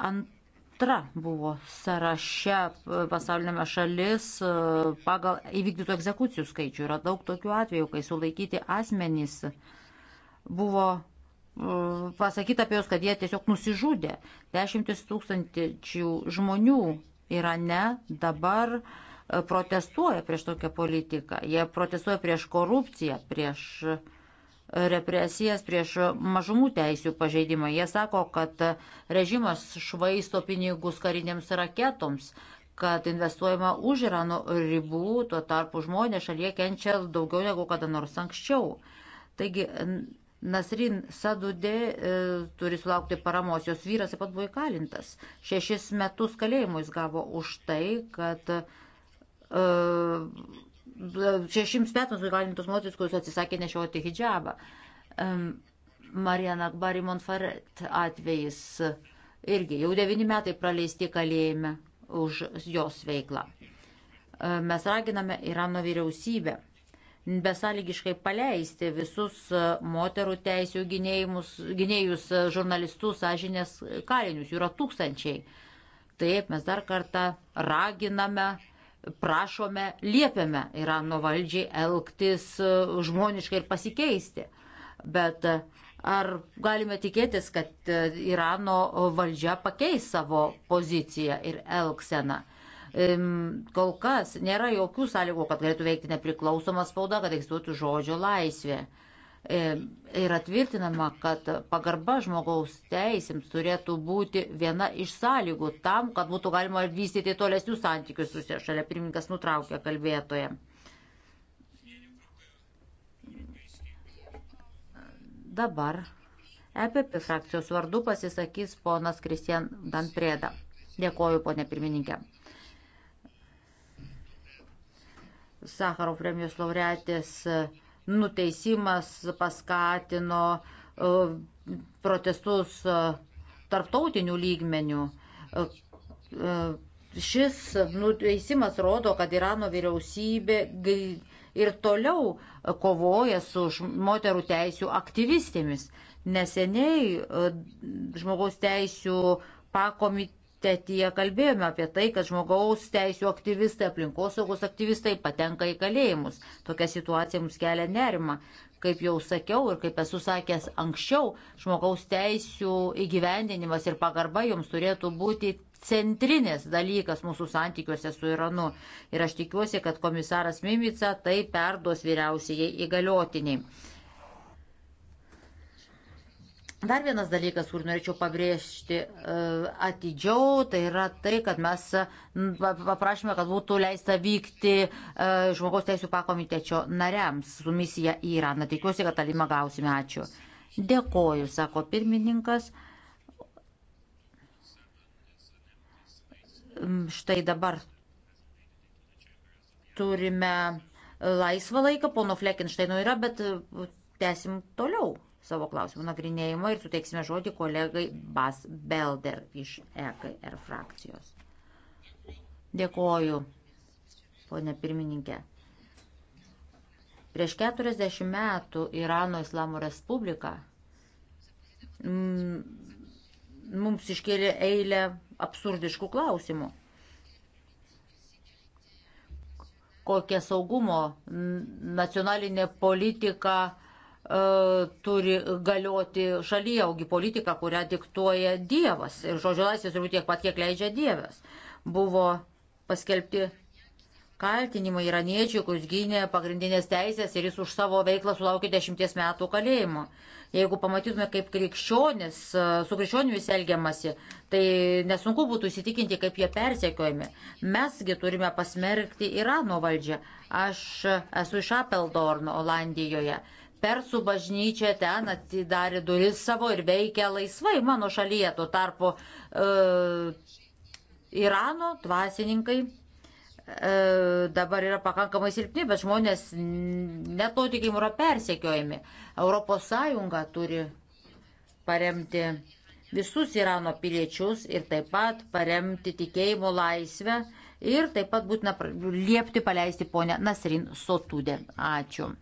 Antra buvo sąraše pasaulinėme šalis e, pagal įvykdytų egzekucijų skaičių. Yra daug tokių atvejų, kai sulaikyti asmenys buvo e, pasakyta apie juos, kad jie tiesiog nusižudė. Dešimtis tūkstančių žmonių Irane dabar uh, E, protestuoja prieš tokią politiką. Jie protestuoja prieš korupciją, prieš e, represijas, prieš mažumų teisių pažeidimą. Jie sako, kad režimas švaisto pinigus karinėms raketoms, kad investuojama už Irano ribų, tuo tarpu žmonės šalyje kenčia daugiau negu kada nors anksčiau. Taigi Nasrin Sadudė e, turi sulaukti paramos, jos vyras taip pat buvo įkalintas. Šešis metus kalėjimo jis gavo už tai, kad e, šešims metams įkalintos moteris, kuris atsisakė nešioti hijabą. Mariana Akbari Monfaret atvejis irgi jau devini metai praleisti kalėjime už jos veiklą. Mes raginame Irano vyriausybę besąlygiškai paleisti visus moterų teisų gynėjus, žurnalistus, sąžinės kalinius. Jų yra tūkstančiai. Taip, mes dar kartą raginame uh, prašome, liepiame Irano valdžiai elgtis e, žmoniškai ir pasikeisti. Bet e, ar galime tikėtis, kad e, Irano valdžia pakeis savo poziciją ir elgseną? Kol kas nėra jokių sąlygų, kad galėtų veikti nepriklausoma spauda, kad egzistuotų žodžio laisvė yra e, tvirtinama, kad pagarba žmogaus teisėms turėtų būti viena iš sąlygų tam, kad būtų galima vystyti tolesnius santykius su šalia pirmininkas nutraukė kalbėtoje. Dabar EPP frakcijos vardu pasisakys ponas Kristian Danprėda. Dėkoju, ponė pirmininkė. Sakaro premijos laureatės uh, nuteisimas paskatino e, protestus e, tarptautinių lygmenių. E, šis nuteisimas rodo, kad Irano vyriausybė ir toliau kovoja su moterų teisų aktyvistėmis. Neseniai žmogaus teisų pakomitė komitetyje kalbėjome apie tai, kad žmogaus teisų aktyvistai, aplinkosaugos aktyvistai patenka į kalėjimus. Tokia situacija mums kelia nerima. Kaip jau sakiau ir kaip esu sakęs anksčiau, žmogaus teisų įgyvendinimas ir pagarba joms turėtų būti centrinis dalykas mūsų santykiuose su Iranu. Ir aš tikiuosi, kad komisaras Mimica tai perduos vyriausiai įgaliotiniai. Dar vienas dalykas, kur norėčiau pabrėžti e, atidžiau, tai yra tai, kad mes paprašėme, kad būtų leista vykti e, žmogaus teisų pakomitečio nariams su misija į Iraną. Tikiuosi, kad talimą gausime. Ačiū. Dėkoju, sako pirmininkas. Štai dabar turime laisvą laiką, pono Flekinštaino yra, bet e, tęsim toliau savo klausimų nagrinėjimo ir suteiksime žodį kolegai Bas Belder iš EKR frakcijos. Dėkoju, ponė pirmininkė. Prieš 40 metų Irano Islamo Respublika mums iškėlė eilę absurdiškų klausimų. Kokia saugumo nacionalinė politika E, turi galioti šalyje, augi politika, kurią diktuoja Dievas. Ir žodžio laisvės turbūt tiek pat, kiek leidžia Dievas. Buvo paskelbti kaltinimai iraniečių, kuris gynė pagrindinės teisės ir jis už savo veiklą sulaukė dešimties metų kalėjimo. Jeigu pamatytume, kaip krikščionis, e, su krikščionimis elgiamasi, tai nesunku būtų įsitikinti, kaip jie persekiojami. Mesgi turime pasmerkti Irano valdžią. Aš esu iš Apeldorno, Olandijoje persų bažnyčia ten atidarė duris savo ir veikia laisvai mano šalyje. Tuo tarpu e, Irano dvasininkai e, dabar yra pakankamai silpni, bet žmonės netotikim yra persekiojami. ES turi paremti visus Irano piliečius ir taip pat paremti tikėjimo laisvę ir taip pat būtina liepti paleisti ponę Nasrin Sotudę. Ačiū.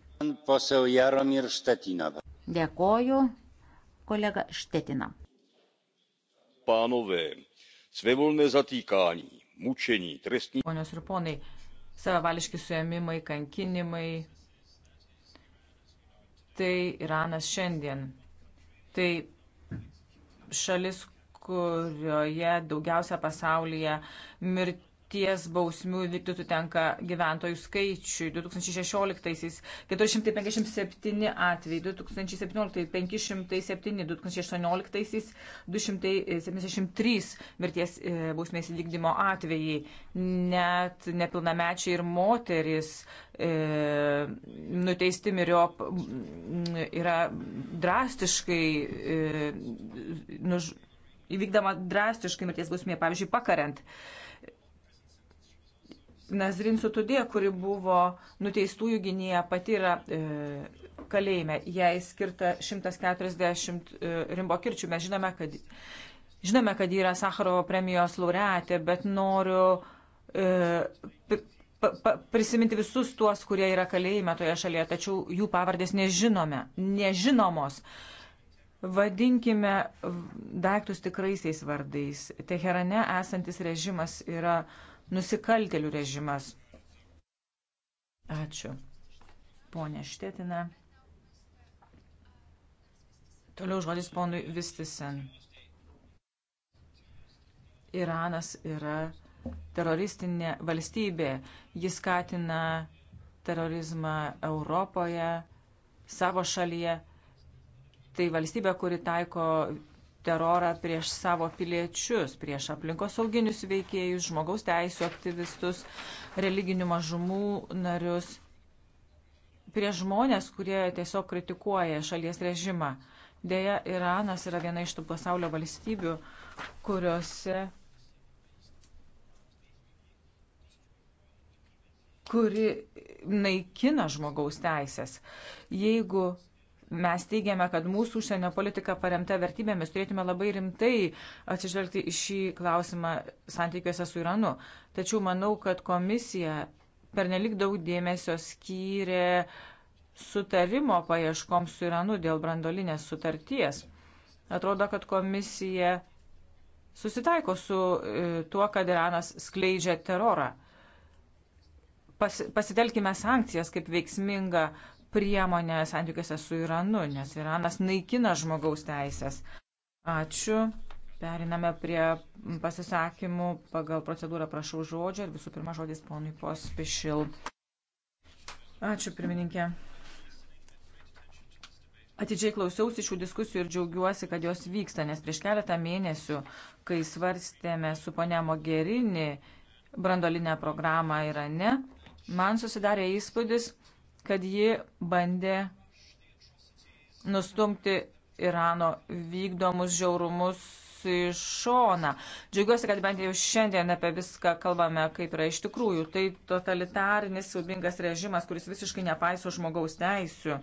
Dėkoju, kolega Štetina. Pánové, svévolné zatýkání, mučení, trestní. Ponios ir ponai, savavališki suėmimai, kankinimai. Tai Iranas šiandien. Tai šalis, kurioje daugiausia pasaulyje mirti mirties bausmių vykdytų tenka gyventojų skaičiui. 2016-aisiais 457 atvejai, 2017-aisiais 507, 2018-aisiais 273 mirties e, bausmės vykdymo atvejai. Net nepilnamečiai ir moteris e, nuteisti miriop yra drastiškai e, nuž, įvykdama drastiškai mirties bausmė, pavyzdžiui, pakariant. E, Nazrin Sutudė, kuri buvo nuteistųjų gynėja, pati yra e, kalėjime. Jai skirta 140 e, rimbokirčių. Mes žinome, kad, žinome, kad yra Sakarovo premijos laureatė, bet noriu e, pa, pa, prisiminti visus tuos, kurie yra kalėjime toje šalyje, tačiau jų pavardės nežinome, nežinomos. Vadinkime daiktus tikraisiais vardais. Teherane esantis režimas yra. E, nusikaltelių režimas. Ačiū. Pone Štetina. Toliau žodis ponui Vistisen. Iranas yra teroristinė valstybė. Jis skatina terorizmą Europoje, savo šalyje. Tai valstybė, kuri taiko terorą prieš savo piliečius, prieš aplinkosauginius veikėjus, žmogaus teisų aktyvistus, religinių mažumų narius, prieš žmonės, kurie tiesiog kritikuoja šalies režimą. Deja, Iranas yra viena iš tų pasaulio valstybių, kuriuose kuri naikina žmogaus teisės. Jeigu mes teigiame, kad mūsų užsienio politika paremta vertybėmis turėtume labai rimtai atsižvelgti į šį klausimą santykiuose su Iranu. Tačiau manau, kad komisija pernelik daug dėmesio skyrė sutarimo paieškoms su Iranu dėl brandolinės sutarties. Atrodo, kad komisija susitaiko su e, tuo, kad Iranas skleidžia terorą. Pas, pasitelkime sankcijas kaip veiksmingą priemonę santykiuose su Iranu, nes Iranas naikina žmogaus teisės. Ačiū. Periname prie pasisakymų pagal procedūrą prašau žodžio ir visų pirma žodis ponui Pospišil. Ačiū, pirmininkė. Atidžiai klausiausi šių diskusijų ir džiaugiuosi, kad jos vyksta, nes prieš keletą mėnesių, kai svarstėme su ponia Mogerini brandolinę programą Irane, man susidarė įspūdis, kad ji bandė nustumti Irano vykdomus žiaurumus į šoną. Džiaugiuosi, kad bent jau šiandien apie viską kalbame, kaip yra iš tikrųjų. Tai totalitarinis, siubingas režimas, kuris visiškai nepaiso žmogaus teisių.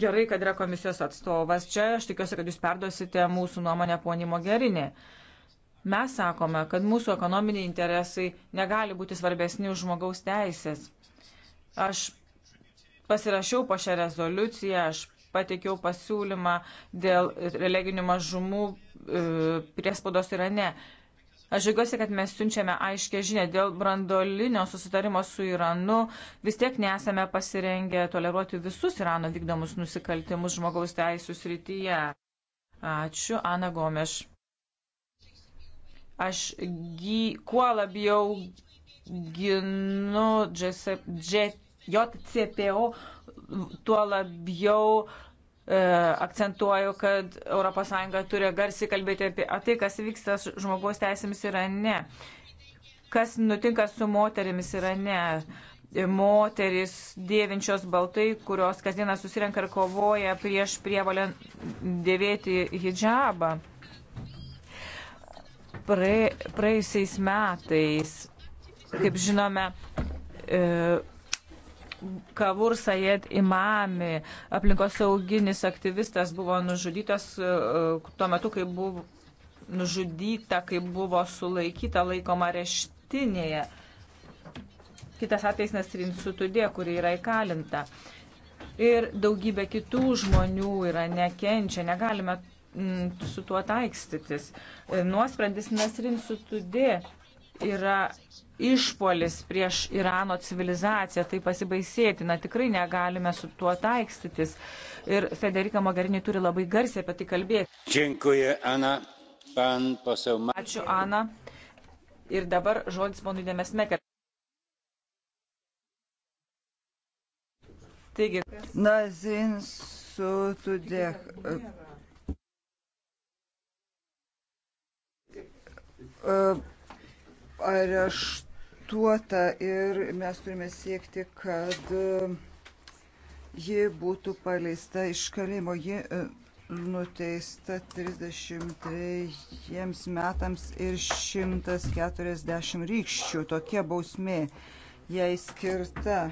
Gerai, kad yra komisijos atstovas čia. Aš tikiuosi, kad jūs perduosite mūsų nuomonę ponimo gerinį. Mes sakome, kad mūsų ekonominiai interesai negali būti svarbesni už žmogaus teisės. Aš pasirašiau po šią rezoliuciją, aš pateikiau pasiūlymą dėl religinių mažumų e, priespaudos Irane. Aš žiūrėsiu, kad mes siunčiame aiškę žinę dėl brandolinio susitarimo su Iranu. Vis tiek nesame pasirengę toleruoti visus Irano vykdomus nusikaltimus žmogaus teisų srityje. Ačiū, Ana Gomeš. Aš gy, kuo labiau ginu JCPO, tuo labiau e, akcentuoju, kad ES turi garsiai kalbėti apie tai, kas vyksta žmogaus teisėmis yra ne. Kas nutinka su moterimis yra ne. Moteris dėvinčios baltai, kurios kasdieną susirenka ir kovoja prieš prievalę dėvėti hijabą. Praėjusiais metais, kaip žinome, e, Kavur Sayed Imami, aplinkosauginis aktyvistas, buvo nužudytas e, tuo metu, kai buvo nužudyta, kai buvo sulaikyta laikoma reštinėje. Kitas atvejs Nasrin Sutudė, kuri yra įkalinta. Ir daugybė kitų žmonių yra nekenčia, negalime mm, su tuo taikstytis. E, nuosprendis Nasrin Sutudė yra išpolis prieš Irano civilizaciją, tai pasibaisėtina, tikrai negalime su tuo taikstytis. Ir Federika Mogherini turi labai garsiai apie tai kalbėti. Dziękuję, Ana. Pan posel... Ačiū, Ana. Ir dabar žodis ponui Demesmeker. Taigi. Nazin su tudėk. Uh, uh, areštuota ir mes turime siekti, kad e, ji būtų paleista iš kalėjimo. Ji e, nuteista 33 metams ir 140 rykščių. Tokia bausmė jai skirta.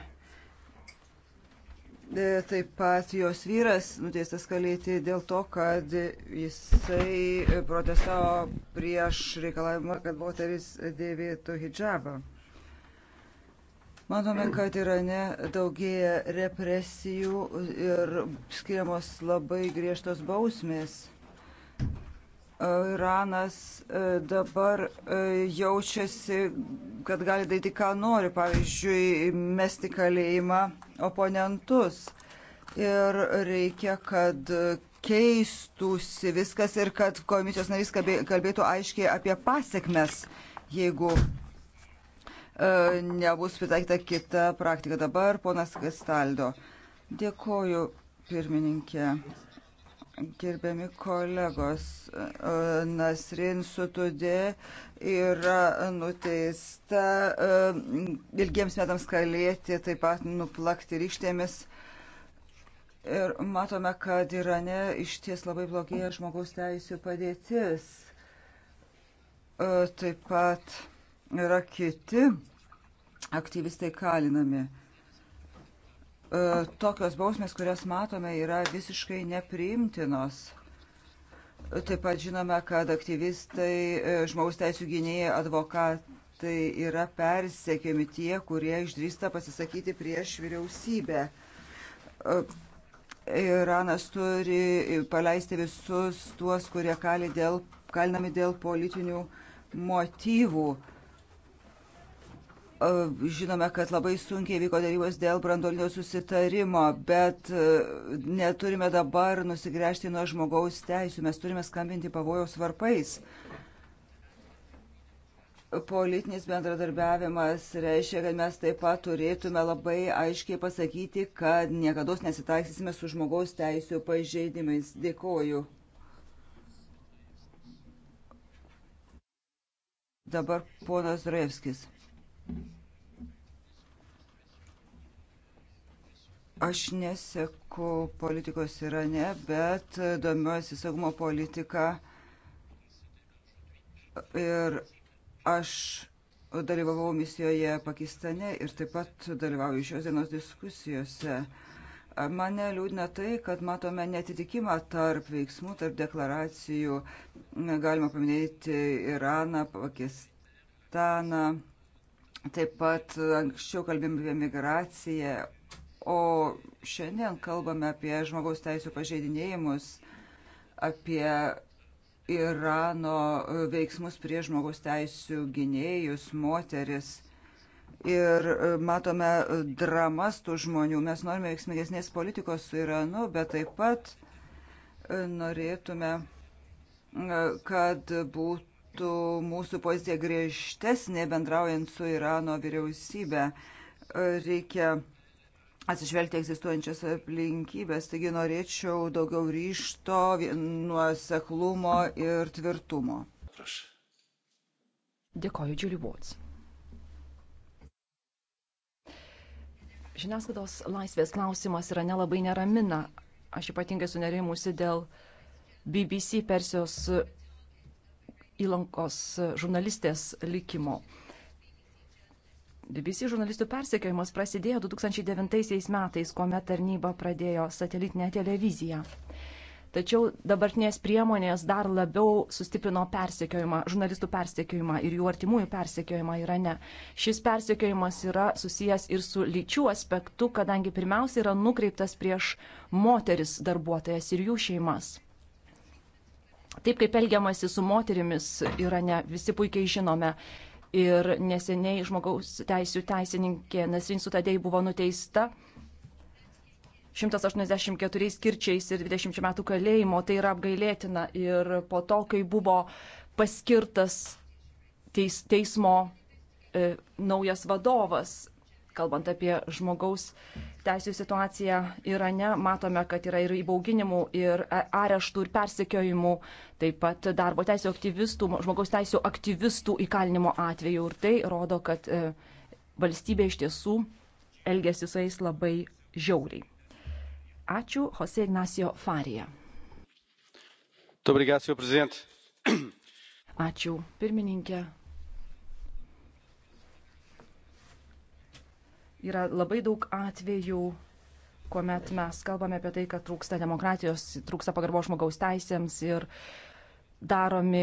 E, taip pat jos vyras nuteistas kalėti dėl to, kad jisai protestavo prieš reikalavimą, kad moteris dėvėtų hijabą. Matome, kad Irane daugėja represijų ir skiriamos labai griežtos bausmės. Iranas e, dabar e, jaučiasi, kad gali daryti, ką nori, pavyzdžiui, mesti kalėjimą oponentus. Ir reikia, kad keistųsi viskas ir kad komisijos narys kalbėtų aiškiai apie pasiekmes, jeigu e, nebus pritaikyta kita praktika. Dabar ponas Gestaldo. Dėkoju, pirmininkė. Gerbiami kolegos, e, Nasrin Sutudė yra nuteista e, ilgiems metams kalėti, taip pat nuplakti rykštėmis. Ir matome, kad Irane iš ties labai blogėja žmogaus teisų padėtis. E, taip pat yra kiti aktyvistai kalinami. E, tokios bausmės, kurias matome, yra visiškai nepriimtinos. Taip pat žinome, kad aktyvistai, e, žmogaus teisų gynėjai, advokatai yra persekiami tie, kurie išdrįsta pasisakyti prieš vyriausybę. E, Iranas turi paleisti visus tuos, kurie kali dėl, kalinami dėl politinių motyvų. Žinome, kad labai sunkiai vyko darybos dėl brandolinio susitarimo, bet neturime dabar nusigręžti nuo žmogaus teisų. Mes turime skambinti pavojaus varpais. Politinis bendradarbiavimas reiškia, kad mes taip pat turėtume labai aiškiai pasakyti, kad niekada nesitaiksime su žmogaus teisų pažeidimais. Dėkoju. Dabar ponas Drevskis. Aš neseku politikos Irane, bet domiuosi saugumo politiką ir aš dalyvavau misijoje Pakistane ir taip pat dalyvauju šios dienos diskusijose. Mane liūdna tai, kad matome netitikimą tarp veiksmų, tarp deklaracijų. Galima paminėti Iraną, Pakistaną. Taip pat anksčiau kalbėjome apie migraciją, o šiandien kalbame apie žmogaus teisų pažeidinėjimus, apie Irano veiksmus prie žmogaus teisų gynėjus, moteris. Ir matome dramas tų žmonių. Mes norime veiksmingesnės politikos su Iranu, bet taip pat norėtume, kad būtų būtų mūsų pozicija griežtesnė bendraujant su Irano vyriausybė. Reikia atsižvelgti egzistuojančias aplinkybės, taigi norėčiau daugiau ryšto, nuoseklumo ir tvirtumo. Prašau. Dėkoju, Julie Watts. Žiniasklaidos laisvės klausimas yra nelabai neramina. Aš ypatingai sunerimusi dėl BBC Persijos įlankos žurnalistės likimo. BBC žurnalistų persekiojimas prasidėjo 2009 metais, kuomet tarnyba pradėjo satelitinę televiziją. Tačiau dabartinės priemonės dar labiau sustiprino persekiojimą, žurnalistų persekiojimą ir jų artimųjų persekiojimą Irane. Šis persekiojimas yra susijęs ir su lyčių aspektu, kadangi pirmiausia yra nukreiptas prieš moteris darbuotojas ir jų šeimas. Taip kaip elgiamasi su moterimis Irane, visi puikiai žinome. Ir neseniai žmogaus teisų teisininkė Nasrin Sutadei buvo nuteista 184 kirčiais ir 20 metų kalėjimo. Tai yra apgailėtina. Ir po to, kai buvo paskirtas teis, teismo e, naujas vadovas, kalbant apie žmogaus teisų situaciją Irane, matome, kad yra ir įbauginimų, ir areštų, ir persekiojimų, taip pat darbo teisų aktyvistų, žmogaus teisų aktyvistų įkalinimo atveju. Ir tai rodo, kad e, valstybė iš tiesų elgesi su jais labai žiauriai. Ačiū, Jose Ignacio Farija. Obrigado, Ačiū, pirmininkė. Yra labai daug atvejų, kuomet mes kalbame apie tai, kad trūksta demokratijos, trūksta pagarbo žmogaus teisėms ir daromi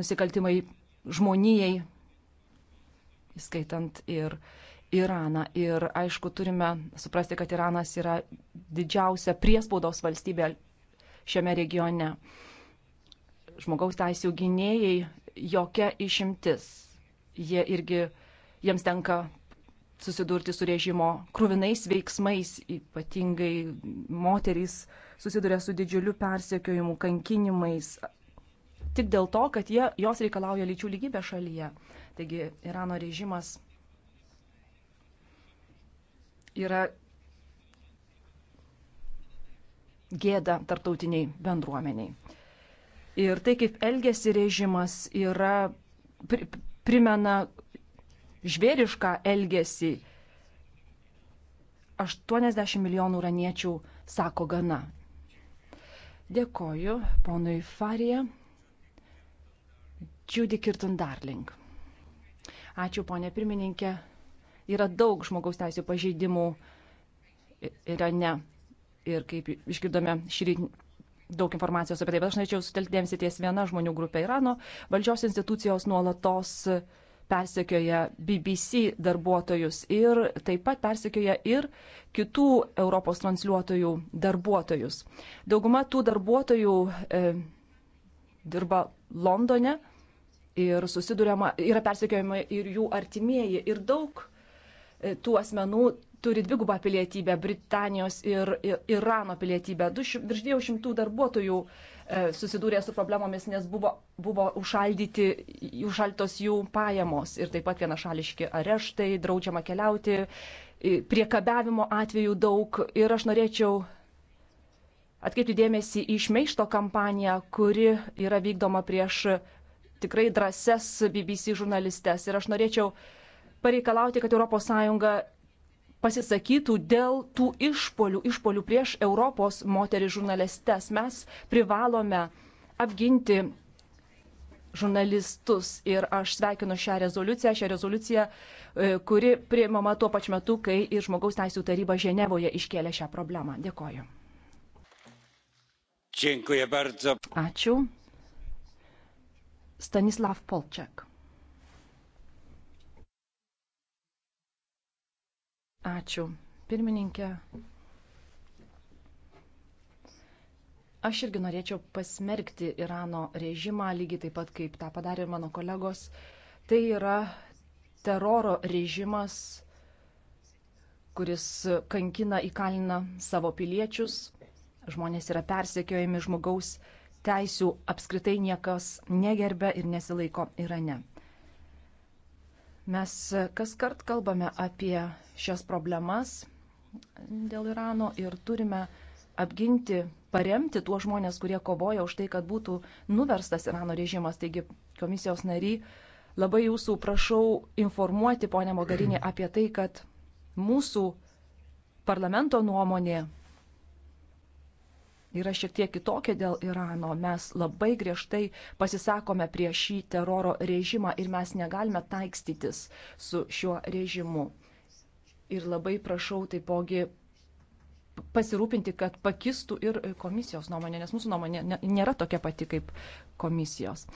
nusikaltimai žmonijai, įskaitant ir Iraną. Ir aišku, turime suprasti, kad Iranas yra didžiausia priespaudos valstybė šiame regione. Žmogaus teisų gynėjai jokia išimtis. Jie irgi, jiems tenka susidurti su režimo krūvinais veiksmais, ypatingai moterys susiduria su didžiuliu persekiojimu, kankinimais, tik dėl to, kad jie, jos reikalauja lyčių lygybę šalyje. Taigi Irano režimas yra gėda tartautiniai bendruomeniai. Ir tai, kaip elgesi režimas, yra, pri, primena žvėrišką elgesį. 80 milijonų iraniečių sako gana. Dėkoju ponui Farija. Judy Kirton Darling. Ačiū, ponė pirmininkė. Yra daug žmogaus teisų pažeidimų Irane. Ir kaip išgirdome šį rytį daug informacijos apie tai, bet aš norėčiau sutelkti dėmesį ties viena žmonių grupė Irano. Valdžios institucijos nuolatos uh, persekioja BBC darbuotojus ir taip pat persekioja ir kitų Europos transliuotojų darbuotojus. Dauguma tų darbuotojų e, dirba Londone ir susiduriama, yra persekiojama ir jų artimieji. Ir daug e, tų asmenų turi dvigubą pilietybę - Britanijos ir, ir Irano pilietybę. Du, virš 200 darbuotojų E, susidūrė su problemomis, nes buvo, buvo užšaldytos jų pajamos ir taip pat vienašališki areštai, draudžiama keliauti, priekabiavimo atvejų daug. Ir aš norėčiau atkreipti dėmesį į šmeišto kampaniją, kuri yra vykdoma prieš tikrai drąses BBC žurnalistes. Ir aš norėčiau pareikalauti, kad ES pasisakytų dėl tų išpolių, išpolių prieš Europos moterį žurnalistes. Mes privalome apginti žurnalistus ir aš sveikinu šią rezoliuciją, šią rezoliuciją, e, kuri priimama tuo pačiu metu, kai ir Žmogaus teisų taryba Ženevoje iškėlė šią problemą. Dėkoju. Ačiū. Stanislav Polčiak. Ačiū. Pirmininkė. Aš irgi norėčiau pasmerkti Irano režimą, lygiai taip pat kaip tą padarė mano kolegos. Tai yra teroro režimas, kuris kankina, įkalina savo piliečius. Žmonės yra persekiojami žmogaus teisų, apskritai niekas negerbia ir nesilaiko Irane. Mes kas kart kalbame apie šias problemas dėl Irano ir turime apginti, paremti tuos žmonės, kurie kovoja už tai, kad būtų nuverstas Irano režimas. Taigi, komisijos nariai, labai jūsų prašau informuoti, ponė Mogarinė, apie tai, kad mūsų parlamento nuomonė yra šiek tiek kitokia dėl Irano. Mes labai griežtai pasisakome prieš šį teroro režimą ir mes negalime taikstytis su šiuo režimu. Ir labai prašau taipogi pasirūpinti, kad pakistų ir komisijos nuomonė, nes mūsų nuomonė nėra tokia pati kaip komisijos.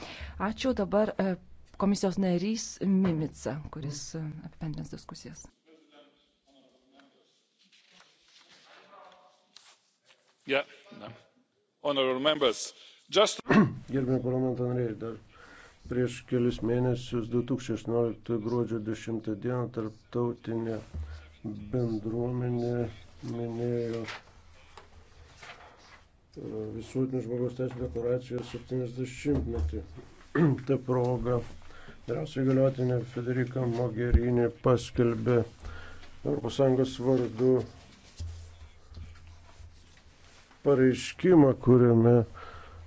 Ačiū dabar e, komisijos narys Mimica, kuris e, apibendrins diskusijas. Yeah. No. Just... Gerbėjai parlamento nariai, dar prieš kelius mėnesius 2016 gruodžio 10 dieną tarptautinė bendruomenė minėjo e, visuotinės žmogaus teisų deklaracijos 70-metį. Ta proga vyriausiai galiotinė Federika Mogherini paskelbė ES vardu pareiškimą, kuriame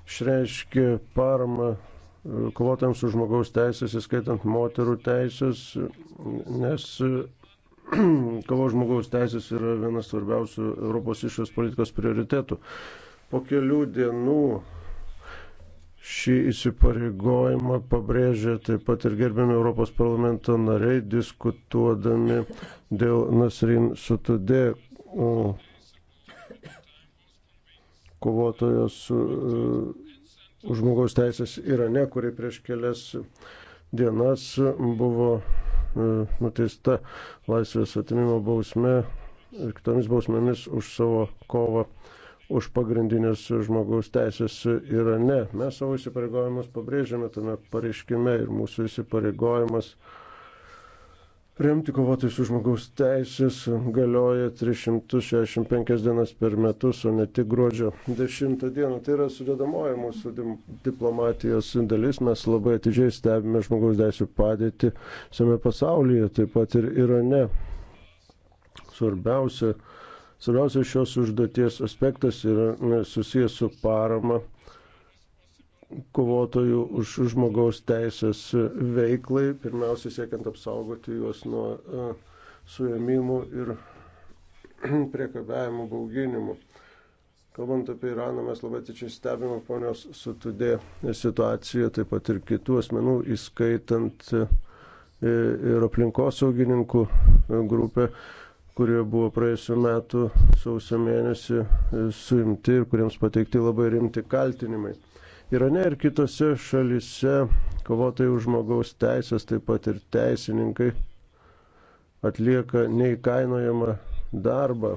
išreiškė paramą e, kovotams už žmogaus teisės, įskaitant moterų teisės, nes e, kovo žmogaus teisės yra vienas svarbiausių Europos išorės politikos prioritetų. Po kelių dienų šį įsipareigojimą pabrėžė taip pat ir gerbiami Europos parlamento nariai diskutuodami dėl Nasrin Sutudė kovotojos e, už žmogaus teisės Irane, kuri prieš kelias dienas buvo e, nuteista laisvės atimimo bausme ir kitomis bausmėmis už savo kovą už pagrindinės žmogaus teisės Irane. Mes savo įsipareigojimus pabrėžiame tame pareiškime ir mūsų įsipareigojimas uh, remti kovotojus už žmogaus teisės galioja 365 dienas per metus, o ne tik gruodžio 10 dieną. Tai yra sudėdamoji mūsų diplomatijos dalis. Mes labai atidžiai stebime žmogaus teisų padėtį visame pasaulyje, taip pat ir Irane. Svarbiausia, svarbiausia šios užduoties aspektas yra susijęs su parama kovotojų už žmogaus teisės veiklai, pirmiausia siekiant apsaugoti juos nuo e, suėmimų ir priekabiavimų, bauginimų. Kalbant apie Iraną, mes labai atidžiai stebime ponios Sutudė situaciją, taip pat ir kitų asmenų, įskaitant e, ir aplinkosaugininkų e, grupę, kurie buvo praėjusiu metu sausio mėnesį suimti ir kuriems pateikti labai rimti kaltinimai. Irane ir kitose šalise kovotojai už žmogaus teisės, taip pat ir teisininkai atlieka neįkainojamą darbą,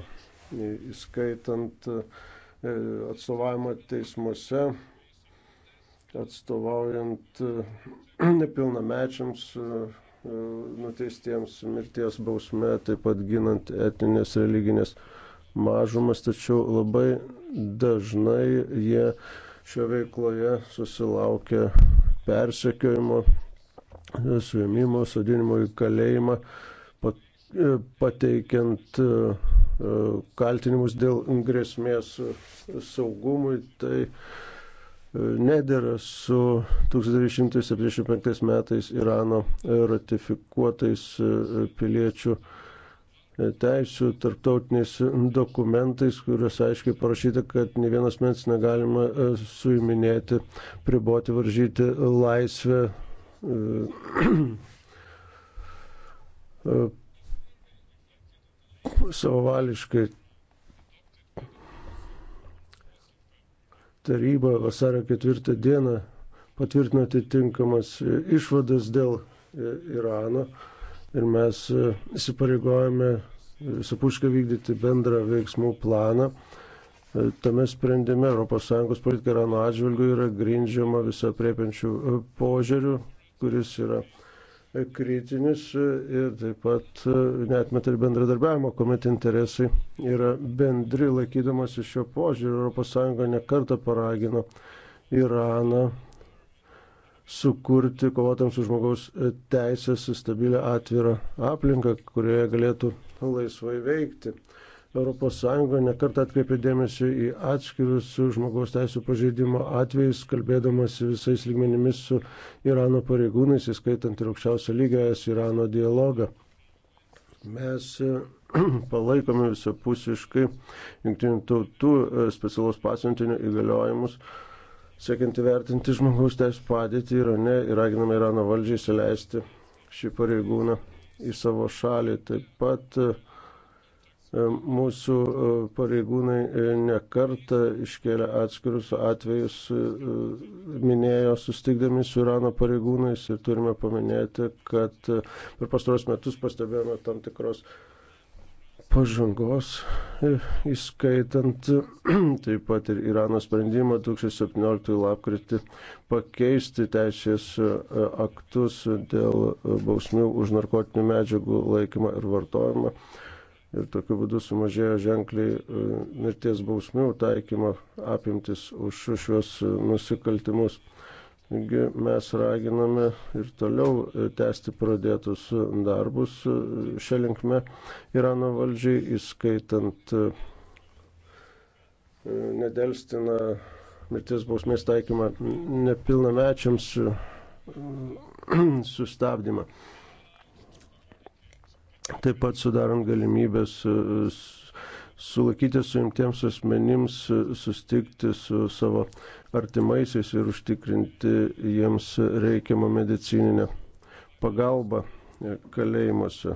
įskaitant e, atstovavimą teismuose, atstovaujant e, nepilnamečiams e, nuteistiems mirties bausme, taip pat ginant etinės religinės mažumas, tačiau labai dažnai jie šio veikloje susilaukia persekiojimo, suėmimo, sodinimo į kalėjimą, e, pateikiant e, e, kaltinimus dėl grėsmės saugumui. Tai nedėra su 1975 metais Irano ratifikuotais piliečių teisų tarptautiniais dokumentais, kuriuos aiškiai parašyta, kad ne vienas mens negalima e, suiminėti, priboti, varžyti laisvę. E, e, savavališkai taryba vasario ketvirtą dieną patvirtino atitinkamas išvadas dėl Irano ir mes e, įsipareigojame su Puška vykdyti bendrą veiksmų planą. E, tame sprendime ES politika Irano atžvilgių yra grindžiama visą priepiančių e, požiūrių, kuris yra kritinis ir taip pat netmet ir bendradarbiavimo, kuomet interesai yra bendri laikydamas iš šio požiūrio. ES nekarta paragino Iraną sukurti kovotams už žmogaus teisės stabilę atvirą aplinką, kurioje galėtų laisvai veikti. ES nekart atkreipė dėmesį į atskirius žmogaus teisų pažeidimo atvejus, kalbėdamas visais lygmenimis su Irano pareigūnais, įskaitant ir aukščiausią lygą es Irano dialogą. Mes palaikome visapusiškai jungtinių tautų specialaus pasiuntinio įgaliojimus siekiant įvertinti žmogaus teisų padėtį Irane ir raginame Irano valdžiai įsileisti šį pareigūną į savo šalį. Taip pat e, mūsų e, pareigūnai e, nekarta iškėlė atskirus atvejus, minėjo sustikdami su Irano pareigūnais ir turime paminėti, kad per pastaros metus pastebėjome tam tikros pažangos, įskaitant taip pat ir Irano sprendimą 2017 lapkritį pakeisti teisės e, aktus dėl e, bausmių už narkotinių medžiagų laikymą ir vartojimą. Ir tokiu būdu sumažėjo ženkliai e, mirties bausmių taikymo apimtis už šios nusikaltimus. Taigi mes raginame ir toliau e, tęsti pradėtus e, darbus e, šią linkme Irano valdžiai, įskaitant nedelstiną mirties bausmės taikymą nepilnamečiams sustabdymą. Taip pat sudarant galimybės sulaikyti suimtiems asmenims sustikti su savo artimaisiais ir užtikrinti jiems reikiamą medicininę pagalbą e, kalėjimuose.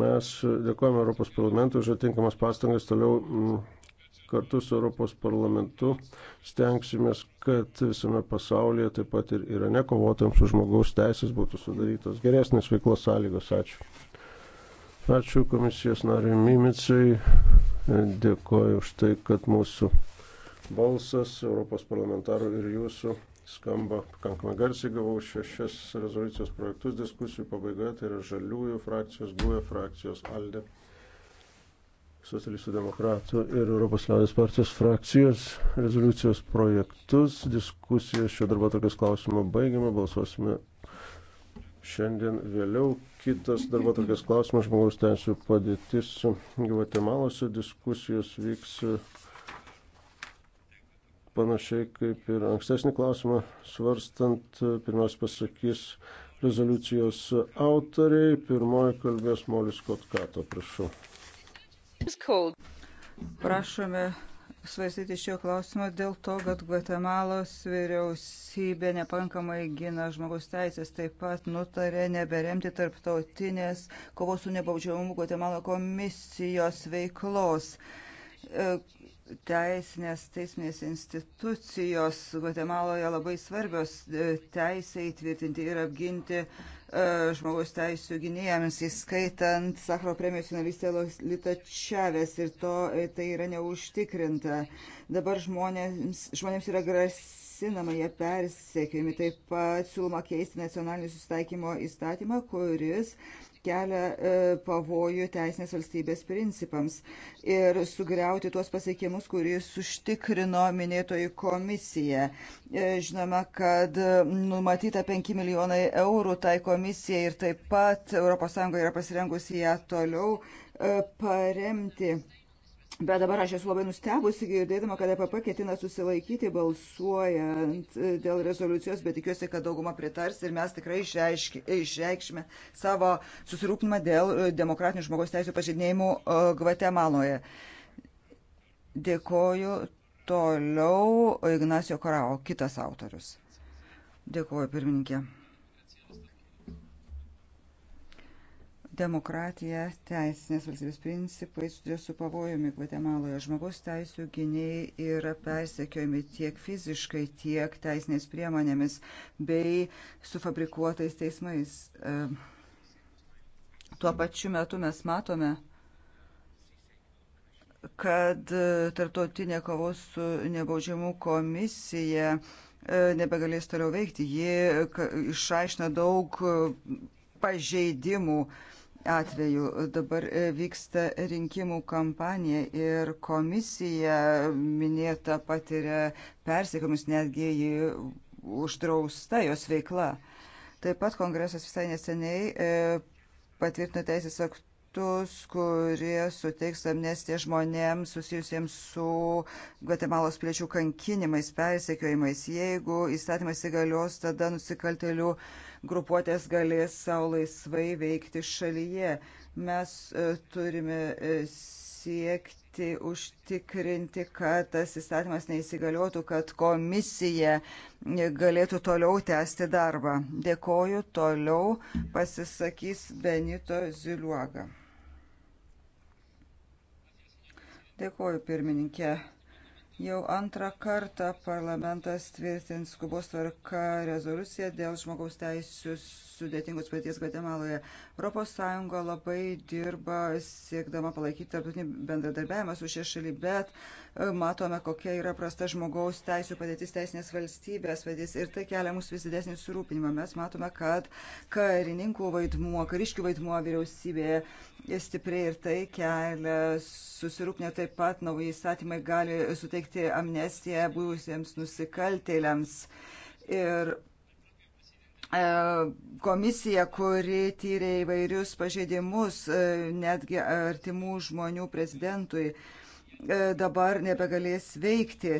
Mes dėkojame Europos parlamentui už atinkamas pastangas toliau kartu su Europos parlamentu stengsimės, kad visame pasaulyje, taip pat ir Irane kovotojams už žmogaus teisės būtų sudarytos geresnės veiklos sąlygos. Ačiū. Ačiū komisijos nariui Mimicai. Dėkoju už tai, kad mūsų balsas Europos parlamentarų ir jūsų skamba pakankamai garsiai. Gavau šešias rezoliucijos projektus diskusijų pabaigoje, tai yra žaliųjų frakcijos, guoja e frakcijos, ALDE, socialistų demokratų ir Europos liaudės partijos frakcijos rezoliucijos projektus. Diskusijas šio darbo tokios klausimo baigiame, balsuosime šiandien vėliau. Kitas darbo tokios klausimas, žmogaus teisų padėtis Gvatemalose diskusijos vyks. Panašiai kaip ir ankstesnį klausimą svarstant, pirmiausia pasakys rezoliucijos autoriai. Pirmoji kalbės Molis Kotkato, prašau. Prašome svarstyti šio klausimo dėl to, kad Gvatemalos vyriausybė nepankamai gina žmogaus teisės, taip pat nutarė neberemti tarptautinės kovos su nebaudžiamumu Gvatemalo komisijos veiklos. E, teisinės teisminės institucijos Guatemaloje labai svarbios e, teisė įtvirtinti ir apginti e, žmogaus teisų gynėjams, įskaitant Sakro premijos finalistę Lita Čiavės ir to e, tai yra neužtikrinta. Dabar žmonėms, žmonėms yra grasinama, jie persekiojami. Taip pat siūloma keisti nacionalinį susitaikymo įstatymą, kuris kelia e, pavojų teisinės valstybės principams ir sugriauti tuos pasiekimus, kuris užtikrino minėtoji komisija. E, žinoma, kad numatyta 5 milijonai eurų tai komisijai ir taip pat ES yra pasirengusi ją toliau e, paremti Bet dabar aš esu labai nustebusi girdėdama, kad EPP ketina susilaikyti balsuojant e, dėl rezoliucijos, bet tikiuosi, kad dauguma pritars ir mes tikrai išreikšime savo susirūpinimą dėl e, demokratinių žmogaus teisų pažydinėjimų e, Gvatemaloje. Dėkoju toliau Ignacio Korao, kitas autorius. Dėkoju pirmininkė. demokratija, teisinės valstybės principai susiduria su pavojumi Gvatemaloje. Žmogaus teisų gynėjai yra persekiojami tiek fiziškai, tiek teisinės priemonėmis bei sufabrikuotais teismais. E, tuo pačiu metu mes matome, kad e, tarptautinė kovos su nebaudžiamu komisija e, nebegalės toliau veikti. Ji išaiškina daug pažeidimų uh, atveju. Dabar e, vyksta rinkimų kampanija ir komisija minėta patiria persiekimus, netgi ji uždrausta jos veikla. Taip pat kongresas visai neseniai e, patvirtino teisės aktus, kurie suteiks amnestiją žmonėms susijusiems su Gvatemalos piliečių kankinimais, persekiojimais. Jeigu įstatymas įgalios, tada nusikaltelių uh, grupuotės galės savo laisvai veikti šalyje. Mes e, turime e, siekti užtikrinti, kad tas įstatymas neįsigaliotų, kad komisija galėtų toliau tęsti darbą. Dėkoju, toliau pasisakys Benito Ziliuoga. Dėkoju, pirmininkė. Jau antrą kartą parlamentas tvirtins skubos tvarka rezoliuciją dėl žmogaus teisų sudėtingos padėties Gvatemaloje. ES labai dirba siekdama palaikyti tarptautinį bendradarbiavimą su šia šaly, bet e, matome, kokia yra prasta žmogaus teisų padėtis teisinės valstybės padėtis ir tai kelia mūsų vis didesnį surūpinimą. Mes matome, kad karininkų vaidmuo, kariškių vaidmuo vyriausybėje stipriai ir tai kelia susirūpinę taip pat nauji įstatymai gali suteikti amnestiją buvusiems nusikaltėliams. Ir E, komisija, kuri tyrė įvairius pažeidimus e, netgi artimų žmonių prezidentui, e, dabar nebegalės veikti.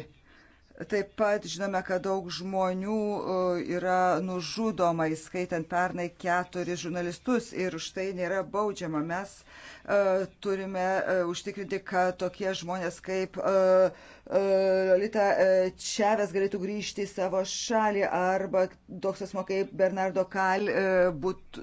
Taip pat žinome, kad daug žmonių e, yra nužudoma, įskaitant pernai keturis žurnalistus ir už tai nėra baudžiama. Mes uh, turime uh, užtikrinti, kad tokie žmonės kaip uh, Lolita Čiavės galėtų grįžti į savo šalį arba toks asmo kaip Bernardo Kal būt,